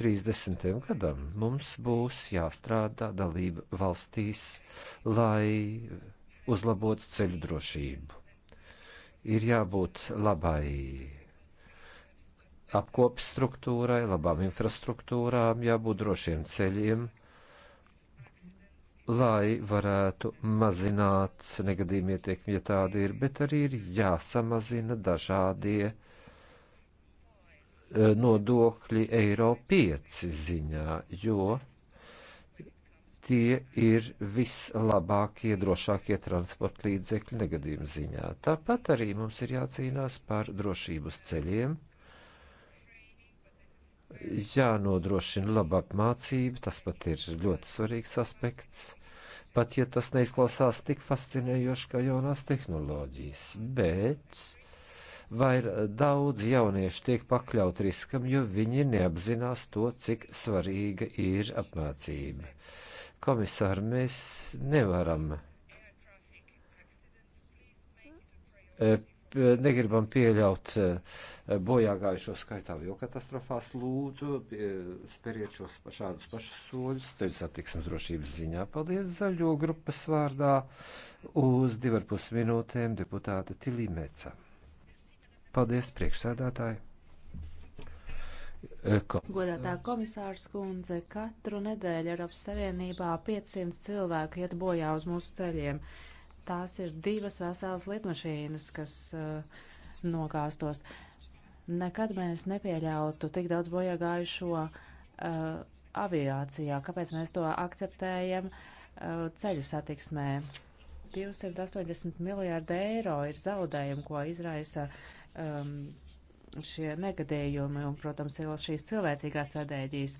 30. gadam mums būs jāstrādā dalība valstīs, lai uzlabotu ceļu drošību. Ir jābūt labai apkopes struktūrai, labām infrastruktūrām, jābūt drošiem ceļiem lai varētu mazināt negadījumi ietekmi, ja tāda ir, bet arī ir jāsamazina dažādie e, nodokļi eiro 5 ziņā, jo tie ir vislabākie, drošākie transporta līdzekļi negadījumu ziņā. Tāpat arī mums ir jācīnās par drošības ceļiem jānodrošina laba apmācība, tas pat ir ļoti svarīgs aspekts pat ja tas neizklausās tik fascinējoši kā jaunās tehnoloģijas. Bet vai daudz jauniešu tiek pakļaut riskam, jo viņi neapzinās to, cik svarīga ir apmācība. Komisāri, mēs nevaram e, negribam pieļaut eh, bojāgājušo skaitā avio katastrofās, lūdzu, speriet šos šādus pašus soļus ceļu satiksmes drošības ziņā. Paldies zaļo grupas vārdā uz divar pus minūtēm deputāta Tilīmeca. Paldies priekšsēdētāji. Eh, ko? Godātā komisārs kundze, katru nedēļu Eiropas Savienībā 500 cilvēku iet bojā uz mūsu ceļiem. Uh, tās ir divas veselas lidmašīnas, kas uh, nokāstos. Nekad mēs nepieļautu tik daudz bojāgājušo uh, aviācijā. Kāpēc mēs to akceptējam uh, ceļu satiksmē? 280 miljārdi eiro ir zaudējumi, ko izraisa um, šie negadījumi un, protams, ir šīs cilvēcīgās stratēģijas.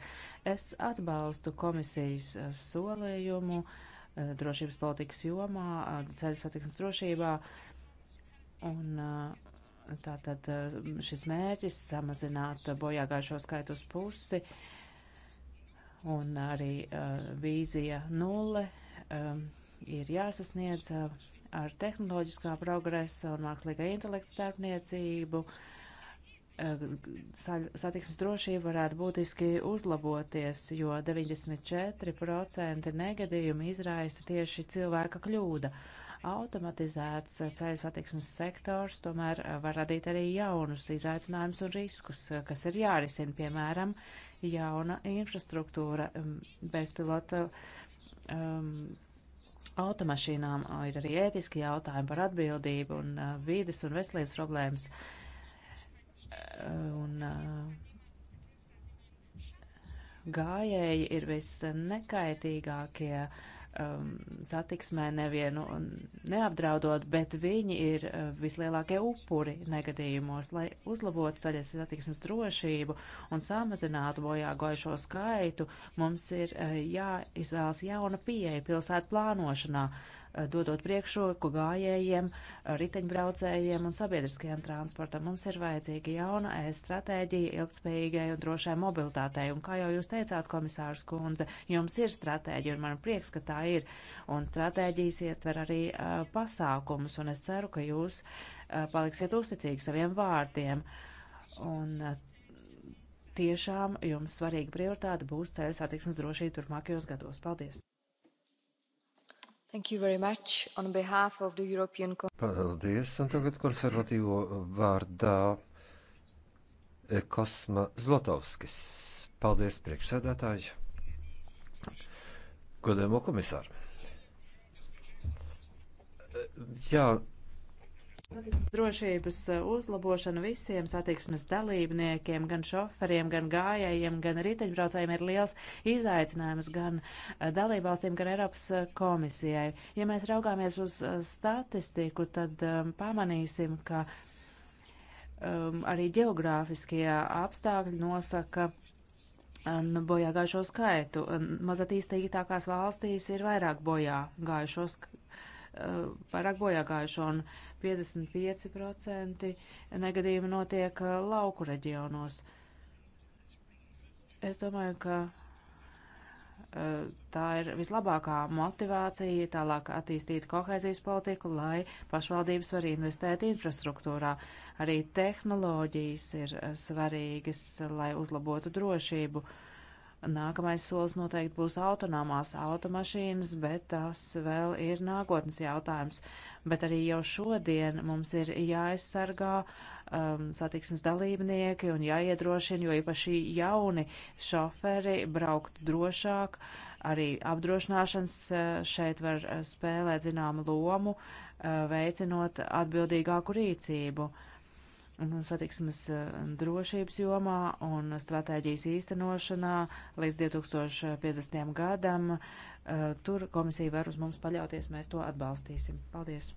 Es atbalstu komisijas uh, solījumu uh, Eh, drošības politikas jomā, eh, ceļu satiksmes drošībā. Un eh, tātad šis mērķis samazināt bojāgājušo skaitu uz pusi un arī vīzija nulle ir jāsasniedz ar tehnoloģiskā progresa un mākslīgā intelekta starpniecību. Uh, Eh, satiksmes drošība varētu būtiski uzlaboties, jo 94% negadījumu izraisa tieši cilvēka kļūda. Automatizēts eh, ceļu satiksmes sektors tomēr eh, var radīt arī jaunus izaicinājumus un riskus, kas ir jārisina, piemēram, jauna infrastruktūra mm, bezpilota. Um, Automašīnām ir arī ētiski jautājumi par atbildību un uh, vīdes un veselības problēmas. Uh, Un gājēji ir visnekaitīgākie um, satiksmē nevienu neapdraudot, bet viņi ir vislielākie upuri negadījumos, lai uzlabotu ceļas satiksmes drošību un samazinātu bojā gojušo skaitu. Mums ir uh, jāizvēlas jauna pieeja pilsētu plānošanā. Uh, dodot priekšroku gājējiem, riteņbraucējiem un sabiedriskajam transportam. Mums ir vajadzīga jauna e-stratēģija ilgspējīgai un drošai mobilitātei. Un kā jau jūs teicāt, komisārs Kundze, jums ir stratēģija un man prieks, ka tā ir. Un stratēģijas ietver arī uh, pasākumus un es ceru, ka jūs uh, paliksiet uzticīgi saviem vārdiem. Un uh, tiešām jums svarīga prioritāte būs ceļu satiksmes drošība turpmākajos gados. Paldies! European... Paldies, un tagad konservatīvo vārdā eh, Kosma Zlotovskis. Paldies, priekšsēdētāji. Godēmo komisāru. Eh, jā, Drošības eh, uzlabošana visiem satiksmes dalībniekiem, gan šoferiem, gan gājējiem, gan riteņbraucējiem ir liels izaicinājums gan eh, dalībvalstīm, gan Eiropas eh, komisijai. Ja mēs raugāmies uz statistiku, tad um, pamanīsim, ka um, arī geogrāfiskie apstākļi nosaka um, bojā gājušo skaitu. Mazatīstīgākās valstīs ir vairāk bojā gājušo skaitu Eh, pārāk bojāgājuši, un 55% negadījumi notiek eh, lauku reģionos. Es domāju, ka eh, tā ir vislabākā motivācija tālāk attīstīt kohēzijas politiku, lai pašvaldības var investēt infrastruktūrā. Arī tehnoloģijas ir svarīgas, lai uzlabotu drošību. Uh, Nākamais solis noteikti būs autonomās automašīnas, bet tas vēl ir nākotnes jautājums. Bet arī jau šodien mums ir jāaizsargā um, satiksmes dalībnieki un jāiedrošina, jo īpaši jauni šoferi braukt drošāk. Arī apdrošināšanas uh, šeit var spēlēt zināmu lomu, uh, veicinot atbildīgāku rīcību. Uh, satiksmes eh, drošības jomā un stratēģijas īstenošanā līdz 2050. gadam. Eh, tur komisija var uz mums paļauties, mēs to atbalstīsim. Paldies!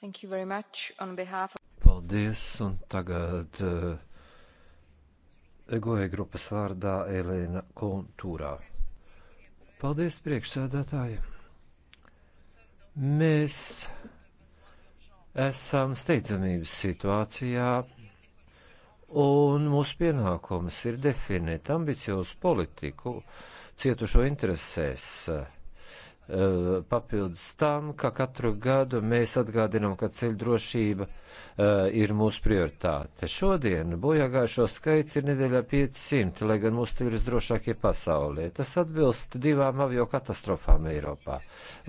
Thank you very much on behalf of... Paldies, un tagad uh, eh, egoja grupas vārdā Elēna Kontūrā. Paldies, priekšsēdētāji! Mēs esam steidzamības situācijā, un mūsu pienākums ir definēt ambiciozu politiku cietušo interesēs. Eh, papildus tam, ka katru gadu mēs atgādinām, ka ceļu drošība uh, eh, ir mūsu prioritāte. Šodien bojāgājušo skaits ir nedēļā 500, lai gan mūsu ceļi ir drošākie pasaulē. Tas atbilst divām avio katastrofām Eiropā.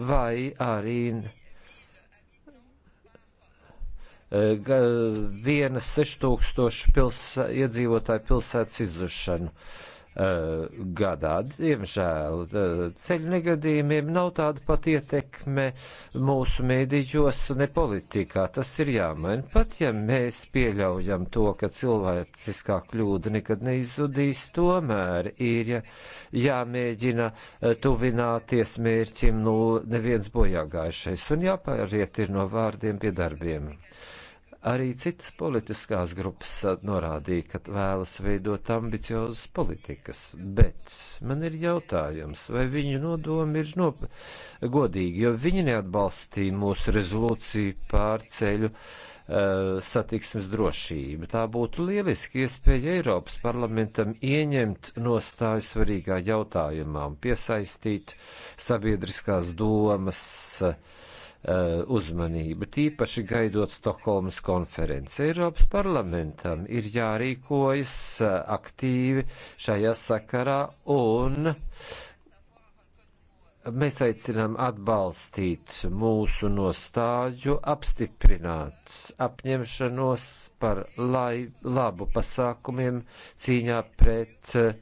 Vai arī Eh, vienas 6000 pils, iedzīvotāju pilsētas izzušanu eh, gadā. Diemžēl eh, ceļu negadījumiem nav tāda pat ietekme mūsu mēdījos ne politikā. Tas ir jāmaina. Pat ja mēs pieļaujam to, ka cilvēciskā kļūda nekad neizzudīs, tomēr ir ja, jāmēģina tuvināties mērķim, nu neviens bojāgājušais, un jāpāriet ir no vārdiem pie darbiem. Arī citas politiskās grupas norādīja, ka vēlas veidot ambiciozas politikas, bet man ir jautājums, vai viņu nodomi ir nop godīgi, jo viņi neatbalstīja mūsu rezolūciju pār ceļu satiksmes drošība. Tā būtu lieliski iespēja Eiropas parlamentam ieņemt nostāju svarīgā jautājumā un piesaistīt sabiedriskās domas uh, Uh, uzmanība, tīpaši gaidot Stokholmas konferenci. Eiropas parlamentam ir jārīkojas uh, aktīvi šajā sakarā un mēs aicinām atbalstīt mūsu nostāju, apstiprināt apņemšanos par lai, labu pasākumiem cīņā pret uh,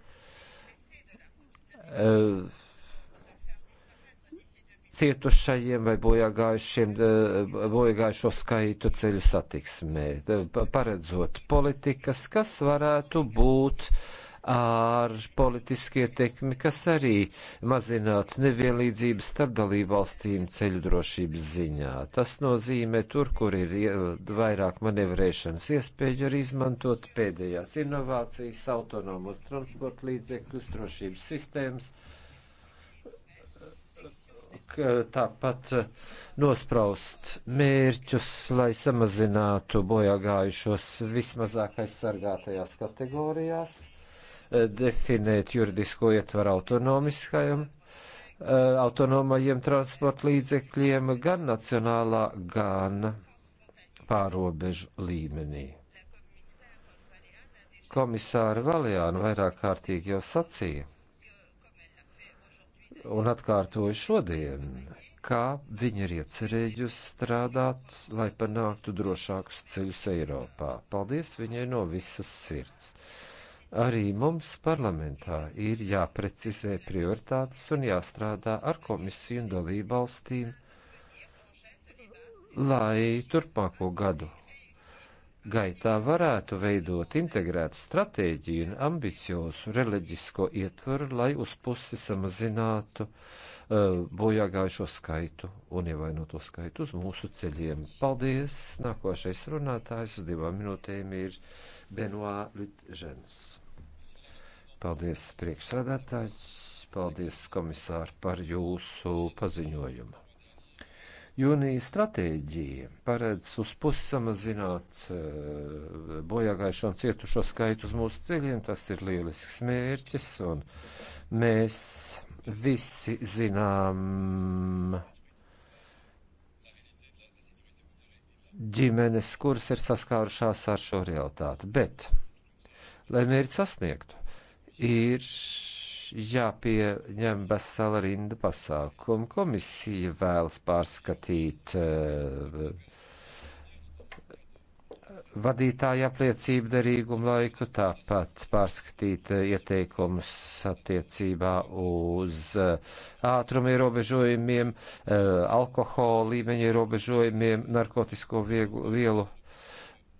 cietušajiem vai bojāgājušiem, eh, bojāgājušo skaitu ceļu satiksmē, paredzot politikas, kas varētu būt ar politisku ietekmi, kas arī mazinātu nevienlīdzības starp dalībvalstīm ceļu drošības ziņā. Tas nozīmē, tur, kur ir vairāk manevrēšanas iespēju, arī izmantot pēdējās inovācijas, autonomos transporta līdzekļus, drošības sistēmas tāpat eh, nospraust mērķus, lai samazinātu bojāgājušos vismazāk aizsargātajās kategorijās, eh, definēt juridisko ietvaru autonomiskajam, eh, autonomajiem transporta līdzekļiem gan nacionālā, gan pārobežu līmenī. Komisāra Valjāna vairāk kārtīgi jau sacīja un atkārtoju šodien, kā viņa ir iecerējusi strādāt, lai panāktu drošākus ceļus Eiropā. Paldies viņai no visas sirds. Arī mums parlamentā ir jāprecizē prioritātes un jāstrādā ar komisiju un dalību valstīm, lai turpmāko gadu gaitā varētu veidot integrētu stratēģiju un ambiciozu reliģisko ietvaru, lai uz pusi samazinātu uh, bojāgājušo skaitu un ievainoto skaitu uz mūsu ceļiem. Paldies! Nākošais runātājs uz divām minūtēm ir Benoā Lutžens. Paldies, priekšsādātājs! Paldies, komisāri, par jūsu paziņojumu! Jūnija stratēģija paredz uz pusi samazināt eh, bojāgājušo un cietušo skaitu uz mūsu ceļiem. Tas ir lielisks mērķis, un mēs visi zinām ģimenes, kuras ir saskārušās ar šo realitāti. Bet, lai mērķi sasniegtu, ir jāpieņem vesela rinda pasākumu. Komisija vēlas pārskatīt uh, vadītāja apliecību derīgumu laiku, tāpat pārskatīt eh, ieteikumus attiecībā uz eh, ātruma ierobežojumiem, alkohola līmeņa ierobežojumiem, narkotisko vielu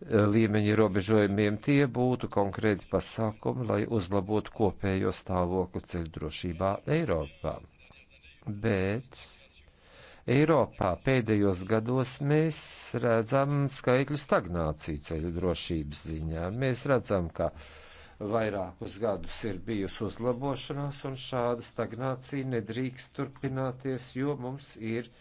Eh, līmeņa ierobežojumiem, tie būtu konkrēti pasākumi, lai uzlabotu kopējo stāvokli ceļdrošībā Eiropā. Bet Eiropā pēdējos gados mēs redzam skaitļu stagnāciju ceļu drošības ziņā. Mēs redzam, ka vairākus gadus ir bijusi uzlabošanās, un šāda stagnācija nedrīkst turpināties, jo mums ir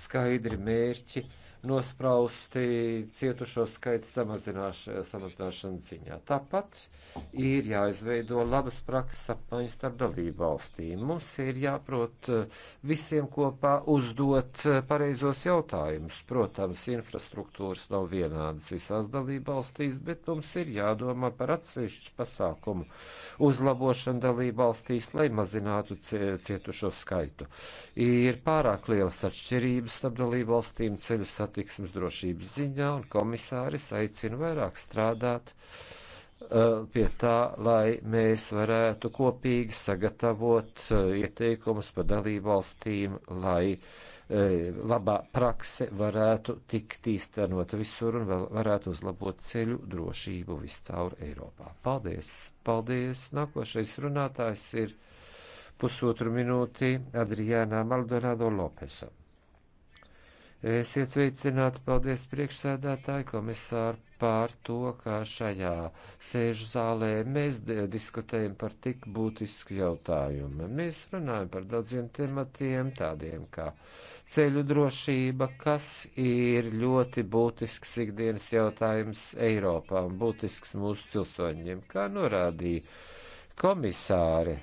skaidri mērķi uh, nosprausti cietušo skaitu samazināšanas ziņā. Tāpat ir jāizveido labas prakses apmaiņas starp dalību valstīm. Mums ir jāprot eh, visiem kopā uzdot eh, pareizos jautājumus. Protams, infrastruktūras nav vienādas visās dalību valstīs, bet mums ir jādomā par atsevišķu pasākumu uzlabošanu dalību valstīs, lai mazinātu cietušo skaitu. Ir pārāk lielas atšķirības starp dalību valstīm ceļu satikšanā satiksmes drošības ziņā, un komisāris aicina vairāk strādāt uh, pie tā, lai mēs varētu kopīgi sagatavot uh, ieteikumus par dalību valstīm, lai uh, labā prakse varētu tikt īstenota visur un varētu uzlabot ceļu drošību viscaur Eiropā. Paldies! Paldies! Nākošais runātājs ir pusotru minūti Adriānā Maldonado Lopesam. Esiet sveicināti, paldies priekšsēdētāji komisāri pār to, kā šajā sēžu zālē mēs diskutējam par tik būtisku jautājumu. Mēs runājam par daudziem tematiem, tādiem kā ceļu drošība, kas ir ļoti būtisks ikdienas jautājums Eiropā un būtisks mūsu pilsoņiem, kā norādīja komisāri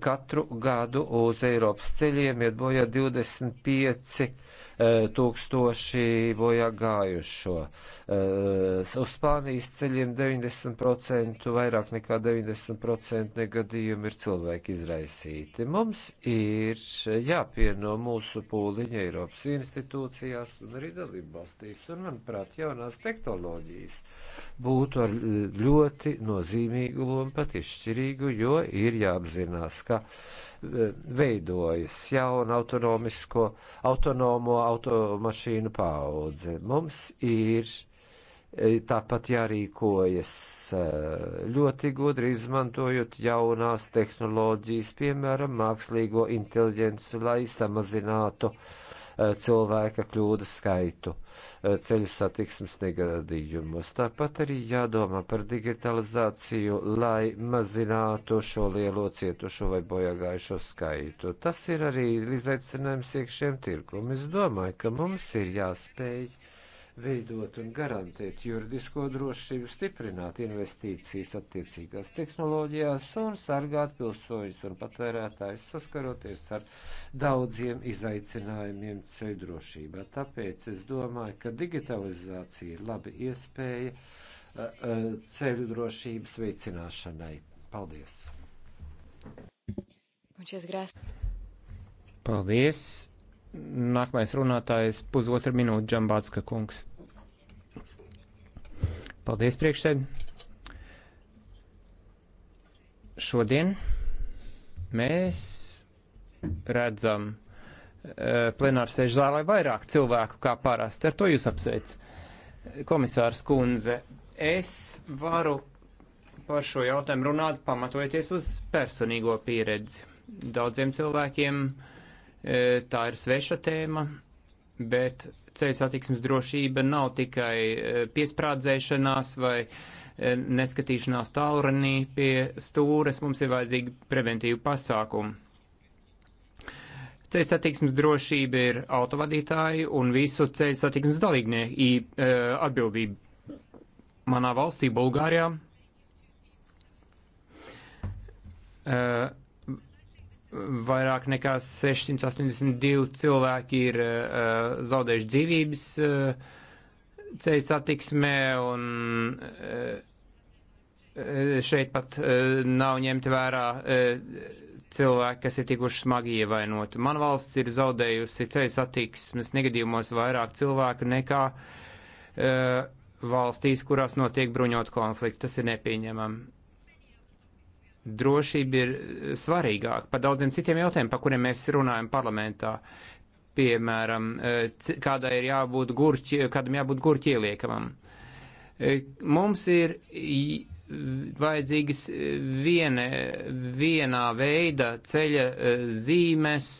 katru gadu uz Eiropas ceļiem iet bojā 25 e, tūkstoši bojā gājušo. E, uz Spānijas ceļiem 90% vairāk nekā 90% negadījumi ir cilvēki izraisīti. Mums ir jāpieno mūsu pūliņa Eiropas institūcijās un arī dalībvalstīs, un manuprāt, jaunās tehnoloģijas būtu ar ļoti nozīmīgu lomu pat izšķirīgu, jo ir jāapzinās izskatās, ka e, veidojas jauna autonomisko, autonomo automašīnu paudze. Mums ir e, tāpat jārīkojas e, ļoti gudri izmantojot jaunās tehnoloģijas, piemēram, mākslīgo inteliģenci, lai samazinātu uh, Eh, cilvēka kļūdas skaitu eh, ceļu satiksmes negadījumus. Tāpat arī jādomā par digitalizāciju, lai mazinātu šo lielo cietušo vai bojāgājušo skaitu. Tas ir arī izaicinājums iekšējiem tirkumam. Es domāju, ka mums ir jāspēj veidot un garantēt juridisko drošību, stiprināt investīcijas attiecīgās tehnoloģijās un sargāt pilsoņus un patērētājus saskaroties ar daudziem izaicinājumiem ceļu drošībā. Tāpēc es domāju, ka digitalizācija ir laba iespēja ceļu drošības veicināšanai. Paldies! Paldies! Nākamais runātājs pusotra minūte Džambātska kungs. Paldies priekšsēd. Šodien mēs redzam eh, plenāru sēžu zālē vairāk cilvēku kā parasti. Ar to jūs apsveic, komisārs Kunze. Es varu par šo jautājumu runāt pamatojoties uz personīgo pieredzi. Daudziem cilvēkiem uh, E, tā ir sveša tēma, bet ceļu satiksmes drošība nav tikai e, piesprādzēšanās vai e, neskatīšanās tālrunī pie stūres, mums ir vajadzīgi preventīvi pasākumi. Ceļu satiksmes drošība ir autovadītāju un visu ceļu satiksmes dalībnieku atbildība. Manā valstī, Bulgārijā, vairāk nekā 682 cilvēki ir uh, zaudējuši dzīvības uh, ceļu satiksmē, un uh, šeit pat uh, nav ņemti vērā uh, cilvēki, kas ir tikuši smagi ievainoti. Man valsts ir zaudējusi ceļu satiksmes negadījumos vairāk cilvēku nekā uh, valstīs, kurās notiek bruņot konflikti. Tas ir nepieņemami drošība ir eh, svarīgāka par daudziem citiem jautājumiem, par kuriem mēs runājam parlamentā. Piemēram, eh, kādai ir jābūt gurķi, kādam jābūt gurķi ieliekamam. Eh, mums ir vajadzīgas viena, vienā veida ceļa zīmes,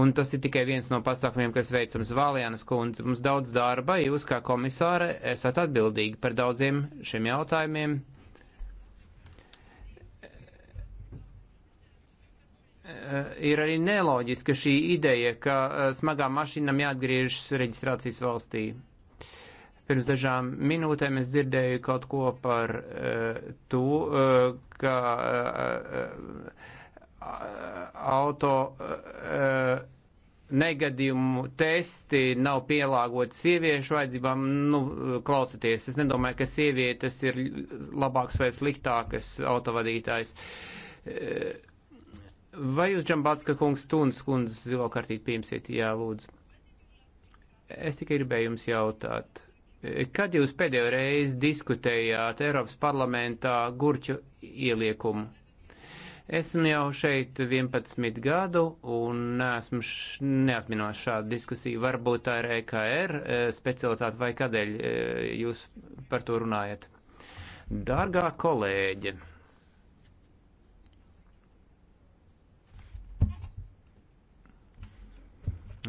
un tas ir tikai viens no pasākumiem, kas veicams Vālijānas kundze. Mums daudz darba, jūs kā komisāre esat atbildīgi par daudziem šiem jautājumiem Eh, ir arī neloģiska šī ideja, ka eh, smagām mašīnām jāatgriežas reģistrācijas valstī. Pirms dažām minūtēm es dzirdēju kaut ko par uh, to, uh, ka uh, auto uh, negadījumu testi nav pielāgoti sieviešu vajadzībām. Nu, klausieties, es nedomāju, ka sievietes ir labāks vai sliktākas autovadītājs. Uh, Vai jūs, Džambatska kungs, Tunis kundze, zilo kartīti pieņemsiet? Jā, lūdzu. Es tikai gribēju jums jautāt, kad jūs pēdējo reizi diskutējāt Eiropas parlamentā gurķu ieliekumu? Esmu jau šeit 11 gadu un esmu neatminos šādu diskusiju. Varbūt tā ir EKR e, specialitāte vai kādēļ e, jūs par to runājat? Dārgā kolēģe!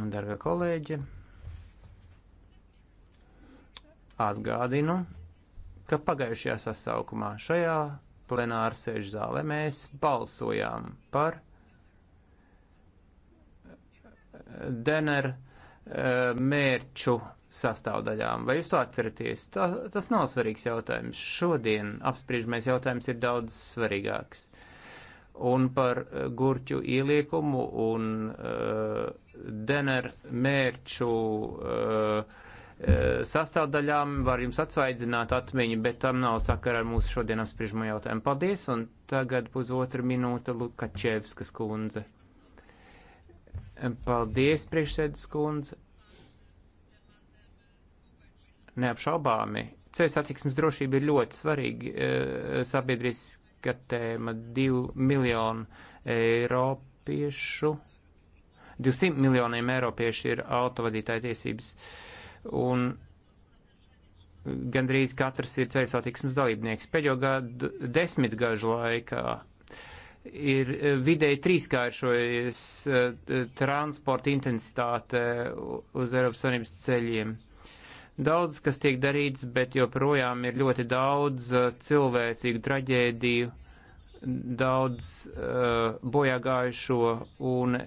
Darga kolēģe, atgādinu, ka pagājušajā sasaukumā šajā plenāra sēžu zālē mēs balsojām par eh, DNR eh, mērķu sastāvdaļām. Vai jūs to atceraties? Tā, tas nav svarīgs jautājums. Šodien apspriežamais jautājums ir daudz svarīgāks. Uh, un par eh, gurķu ieliekumu un uh, eh, dener mērču uh, eh, sastāvdaļām var jums atsvaidzināt atmiņu, bet tam nav sakara ar mūsu šodien apspriežamo jautājumu. Paldies, un tagad pusotra minūte Lukačevskas kundze. Paldies, priekšsēdas kundze. Neapšaubāmi. Ceļu satiksmes drošība ir ļoti svarīga e, sabiedriski ka tēma 2 miljonu eiropiešu, 200 miljoniem eiropiešu ir autovadītāja tiesības. Un gandrīz katrs ir ceļu satiksmes dalībnieks. Pēdējo gadu desmitgažu laikā ir vidēji trīskāršojies eh, transporta intensitāte uz Eiropas Savienības ceļiem. Daudz, kas tiek darīts, bet joprojām ir ļoti daudz uh, cilvēcīgu traģēdiju, daudz uh, bojāgājušo un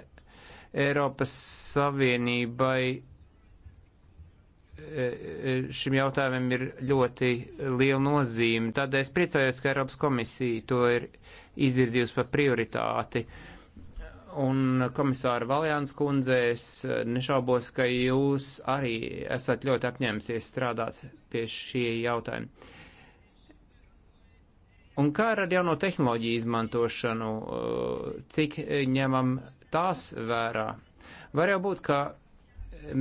Eiropas Savienībai uh, šim jautājumam ir ļoti liela nozīme. Tādēļ es priecājos, ka Eiropas komisija to ir izvirzījusi par prioritāti. Uh, Un komisāra Valjāns kundze, es eh, nešaubos, ka jūs arī esat ļoti apņēmusies strādāt pie šī jautājuma. Un kā ar jauno tehnoloģiju izmantošanu, eh, cik ņemam tās vērā? Var jau būt, ka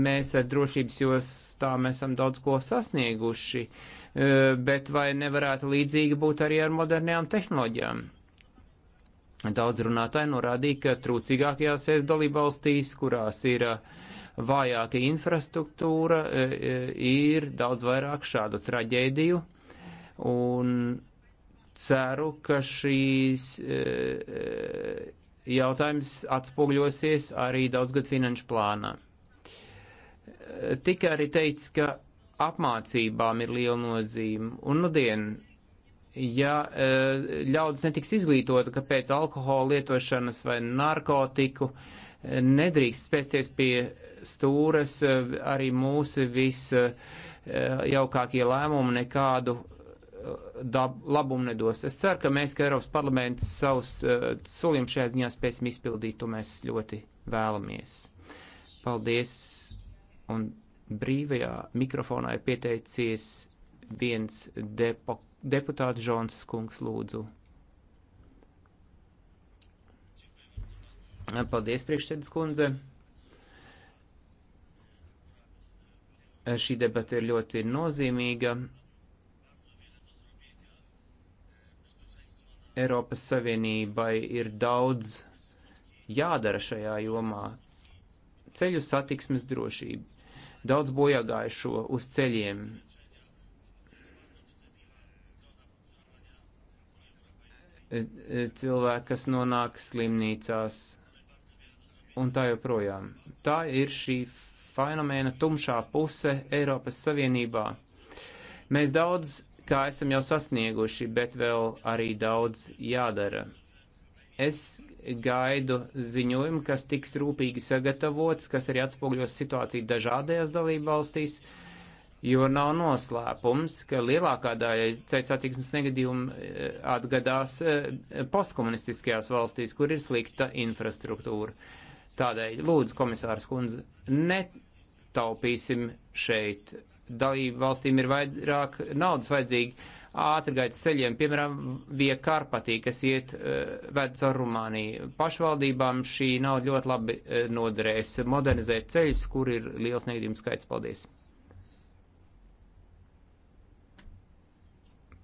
mēs ar drošības jostām esam daudz ko sasnieguši, eh, bet vai nevarētu līdzīgi būt arī ar modernajām tehnoloģijām? Daudz runātāji norādīja, ka trūcīgākajās es dalībvalstīs, kurās ir uh, vājāka infrastruktūra, uh, uh, ir daudz vairāk šādu traģēdiju. Un ceru, ka šīs jautājums atspogļosies arī daudzgad finanšu plānā. Tikai arī teica, ka apmācībām ir liela nozīme. Un nudien ja e, ļaudis netiks izglītot, ka pēc alkohola lietošanas vai narkotiku e, nedrīkst spēsties pie stūres, e, arī mūsu visjaukākie lēmumi nekādu dab, labumu nedos. Es ceru, ka mēs, ka Eiropas parlaments savus uh, solījumus šajā ziņā spēsim izpildīt, to mēs ļoti vēlamies. Paldies! Un brīvajā mikrofonā ir pieteicies viens depok Deputāta Žonsas kungs lūdzu. Paldies, priekšsēdus kundze. Šī debata ir ļoti nozīmīga. Eiropas Savienībai ir daudz jādara šajā jomā. Ceļu satiksmes drošība, daudz bojāgājušo uz ceļiem, E, e, cilvēki, kas nonāk slimnīcās un tā joprojām. Tā ir šī fenomēna tumšā puse Eiropas Savienībā. Mēs daudz kā esam jau sasnieguši, bet vēl arī daudz jādara. Es gaidu ziņojumu, kas tiks rūpīgi sagatavots, kas arī atspoguļos situāciju dažādajās dalību valstīs. Uh, jo nav noslēpums, ka lielākā daļa ceļu satiksmes negadījumu e, atgadās e, postkomunistiskajās valstīs, kur ir slikta infrastruktūra. Tādēļ lūdzu, komisārs kundze, netaupīsim šeit. Dalību valstīm ir vairāk naudas vajadzīgi ātrgaitas ceļiem, piemēram, Vie Karpatī, kas iet uh, ved caur Rumāniju. Pašvaldībām šī nauda ļoti labi uh, noderēs modernizēt ceļus, kur ir liels negadījums skaits. Paldies!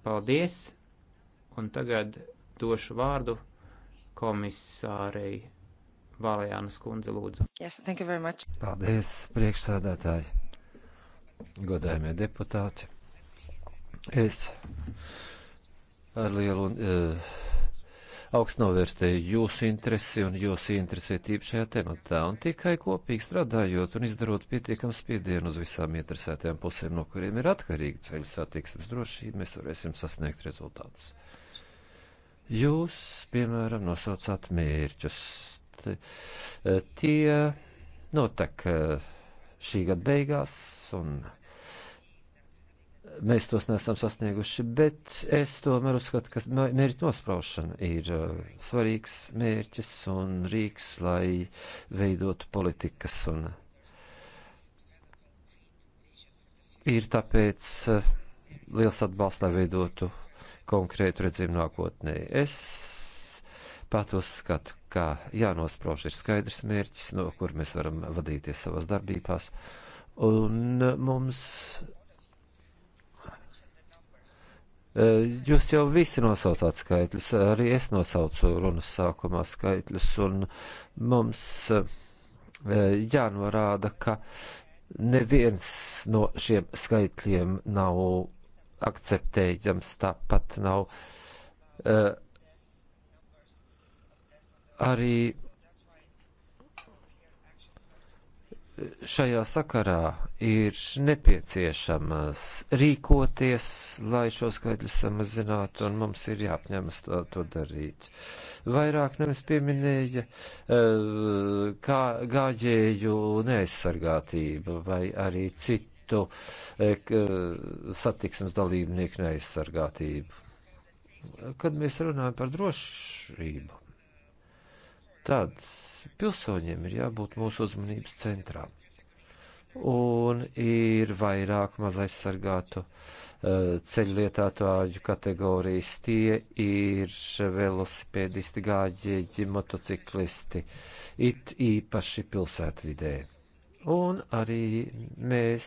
Paldies, un tagad došu vārdu komisārei Valējānas kundze lūdzu. Yes, thank you very much. Paldies, priekšsādātāji, godājumie deputāti. Es ar lielu. Uh, augstu novērtēju jūsu interesi un jūsu interesētību šajā tematā, un tikai kopīgi strādājot un izdarot pietiekam spiedienu uz visām interesētajām pusēm, no kuriem ir atkarīga ceļu satiksmes drošība, mēs varēsim sasniegt rezultātus. Jūs, piemēram, nosaucāt mērķus. T eh, tie notek eh, šī gada beigās un mēs tos nesam sasnieguši, bet es tomēr uzskatu, ka mērķa nospraušana ir uh, svarīgs mērķis un rīks, lai veidotu politikas. Un uh, ir tāpēc uh, liels atbalsts, lai veidotu konkrētu redzījumu nākotnē. Es pat uzskatu, ka jānosprauž ir skaidrs mērķis, no kur mēs varam vadīties savas darbībās. Un mums Eh, jūs jau visi nosaucāt skaitļus, arī es nosaucu runas sākumā skaitļus, un mums eh, jānorāda, ka neviens no šiem skaitļiem nav akceptējams, tāpat nav eh, arī šajā sakarā ir nepieciešams rīkoties, lai šo skaitļu samazinātu, un mums ir jāapņemas to, to darīt. Vairāk nevis pieminēja eh, kā gāģēju neaizsargātību vai arī citu eh, satiksmes dalībnieku neaizsargātību. Kad mēs runājam par drošību, tad pilsoņiem ir jābūt mūsu uzmanības centrā. Un ir vairāk mazaizsargātu eh, ceļlietotāju kategorijas. Tie ir velosipēdisti, gāģieģi, motociklisti, it īpaši pilsētvidē. Un arī mēs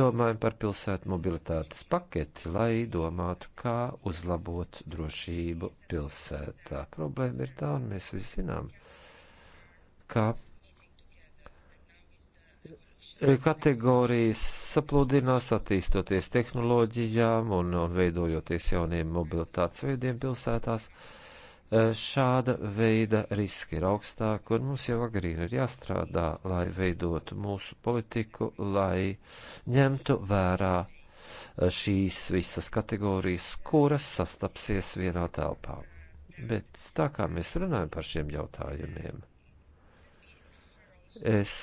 domājam par pilsētu mobilitātes paketi, lai domātu, kā uzlabot drošību pilsētā. Problēma ir tā, un mēs visi zinām, ka kategorijas saplūdinās attīstoties tehnoloģijām un, un veidojoties jauniem mobilitātes veidiem pilsētās. Uh, Eh, šāda veida riski ir augstāki, un mums jau agrīn ir jāstrādā, lai veidotu mūsu politiku, lai ņemtu vērā eh, šīs visas kategorijas, kuras sastapsies vienā telpā. Bet tā kā mēs runājam par šiem jautājumiem, es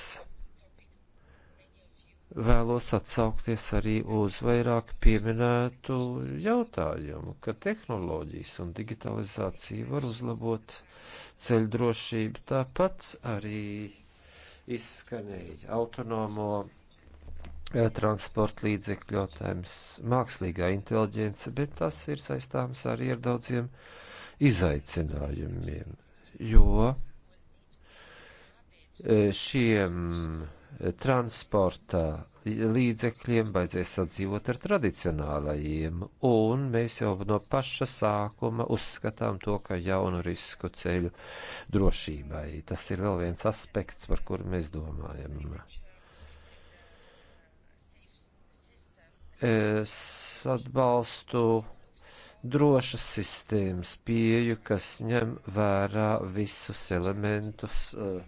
vēlos atsaukties arī uz vairāk pieminētu jautājumu, ka tehnoloģijas un digitalizācija var uzlabot ceļdrošību. Tāpat arī izskanēja autonomo eh, transporta līdzekļu jautājums, mākslīgā inteliģence, bet tas ir saistāms arī ar daudziem izaicinājumiem, jo eh, šiem transporta līdzekļiem, baidzies sadzīvot ar tradicionālajiem, un mēs jau no paša sākuma uzskatām to, ka jaunu risku ceļu drošībai. Tas ir vēl viens aspekts, par kuru mēs domājam. Es atbalstu drošas sistēmas pieju, kas ņem vērā visus elementus. Uh,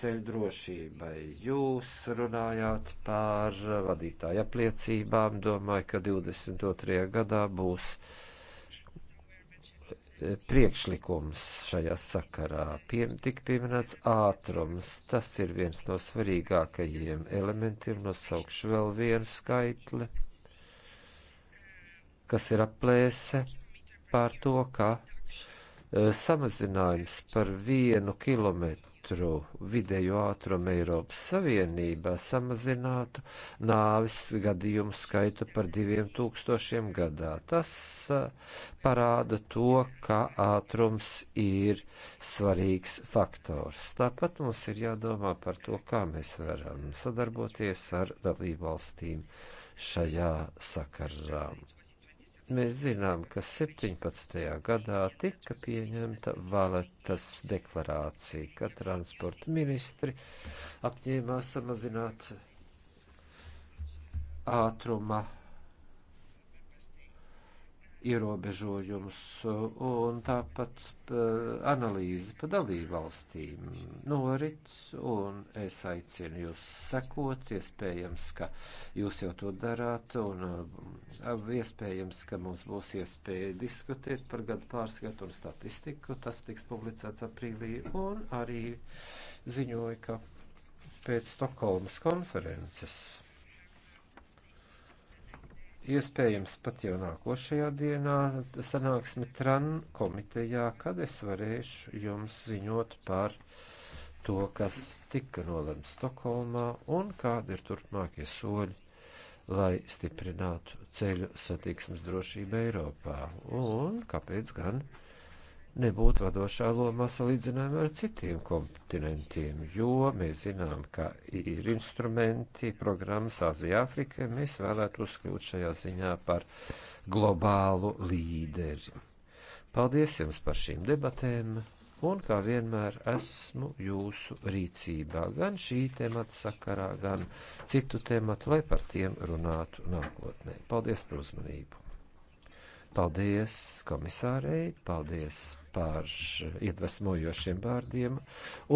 ceļu drošībai. Jūs runājāt par vadītāju apliecībām. Domāju, ka 22. gadā būs e, priekšlikums šajā sakarā. Piem, tik pieminēts ātrums. Tas ir viens no svarīgākajiem elementiem. Nosaukšu vēl vienu skaitli, kas ir aplēse par to, ka e, samazinājums par vienu kilometru metru vidējo ātrumu Eiropas Savienībā samazinātu nāvis gadījumu skaitu par diviem tūkstošiem gadā. Tas parāda to, ka ātrums ir svarīgs faktors. Tāpat mums ir jādomā par to, kā mēs varam sadarboties ar dalībvalstīm šajā sakarā. Mēs zinām, ka 17. gadā tika pieņemta valetas deklarācija, ka transporta ministri apņēmās samazināt ātruma ierobežojumus un tāpat analīzi pa dalībvalstīm norit, un es aicinu jūs sekot, iespējams, ka jūs jau to darāt, un um, iespējams, ka mums būs iespēja diskutēt par gadu pārskatu un statistiku, tas tiks publicēts aprīlī, un arī ziņoju, ka pēc Stokholmas konferences iespējams pat jau nākošajā dienā sanāksme TRAN komitejā, kad es varēšu jums ziņot par to, kas tika nolemts Stokholmā un kādi ir turpmākie soļi, lai stiprinātu ceļu satiksmes drošību Eiropā. Un kāpēc gan? nebūtu vadošā lomā salīdzinājumā ar citiem kontinentiem, jo mēs zinām, ka ir instrumenti, programmas Azijā, Afrikai, mēs vēlētos kļūt šajā ziņā par globālu līderi. Paldies jums par šīm debatēm, un kā vienmēr esmu jūsu rīcībā gan šī temata sakarā, gan citu tematu, lai par tiem runātu nākotnē. Paldies par uzmanību! Paldies komisārei, paldies par iedvesmojošiem vārdiem,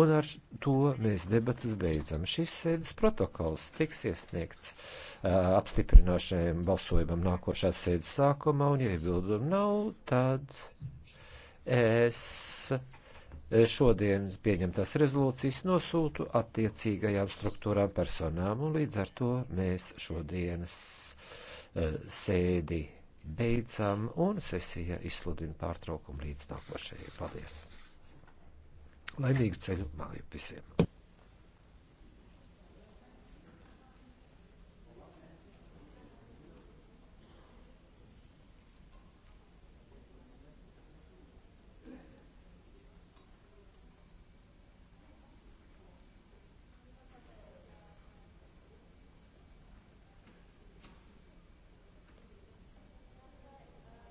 un ar to mēs debatas beidzam. Šis sēdes protokols tiks iesniegts uh, apstiprināšanai balsojumam nākošā sēdes sākumā, un ja iebildumu nav, tad es šodienas pieņemtās rezolūcijas nosūtu attiecīgajām struktūrām personām, un līdz ar to mēs šodienas uh, sēdi beidzam un sesija izsludina pārtraukumu līdz nākošajai. Paldies! Laimīgu ceļu māju visiem!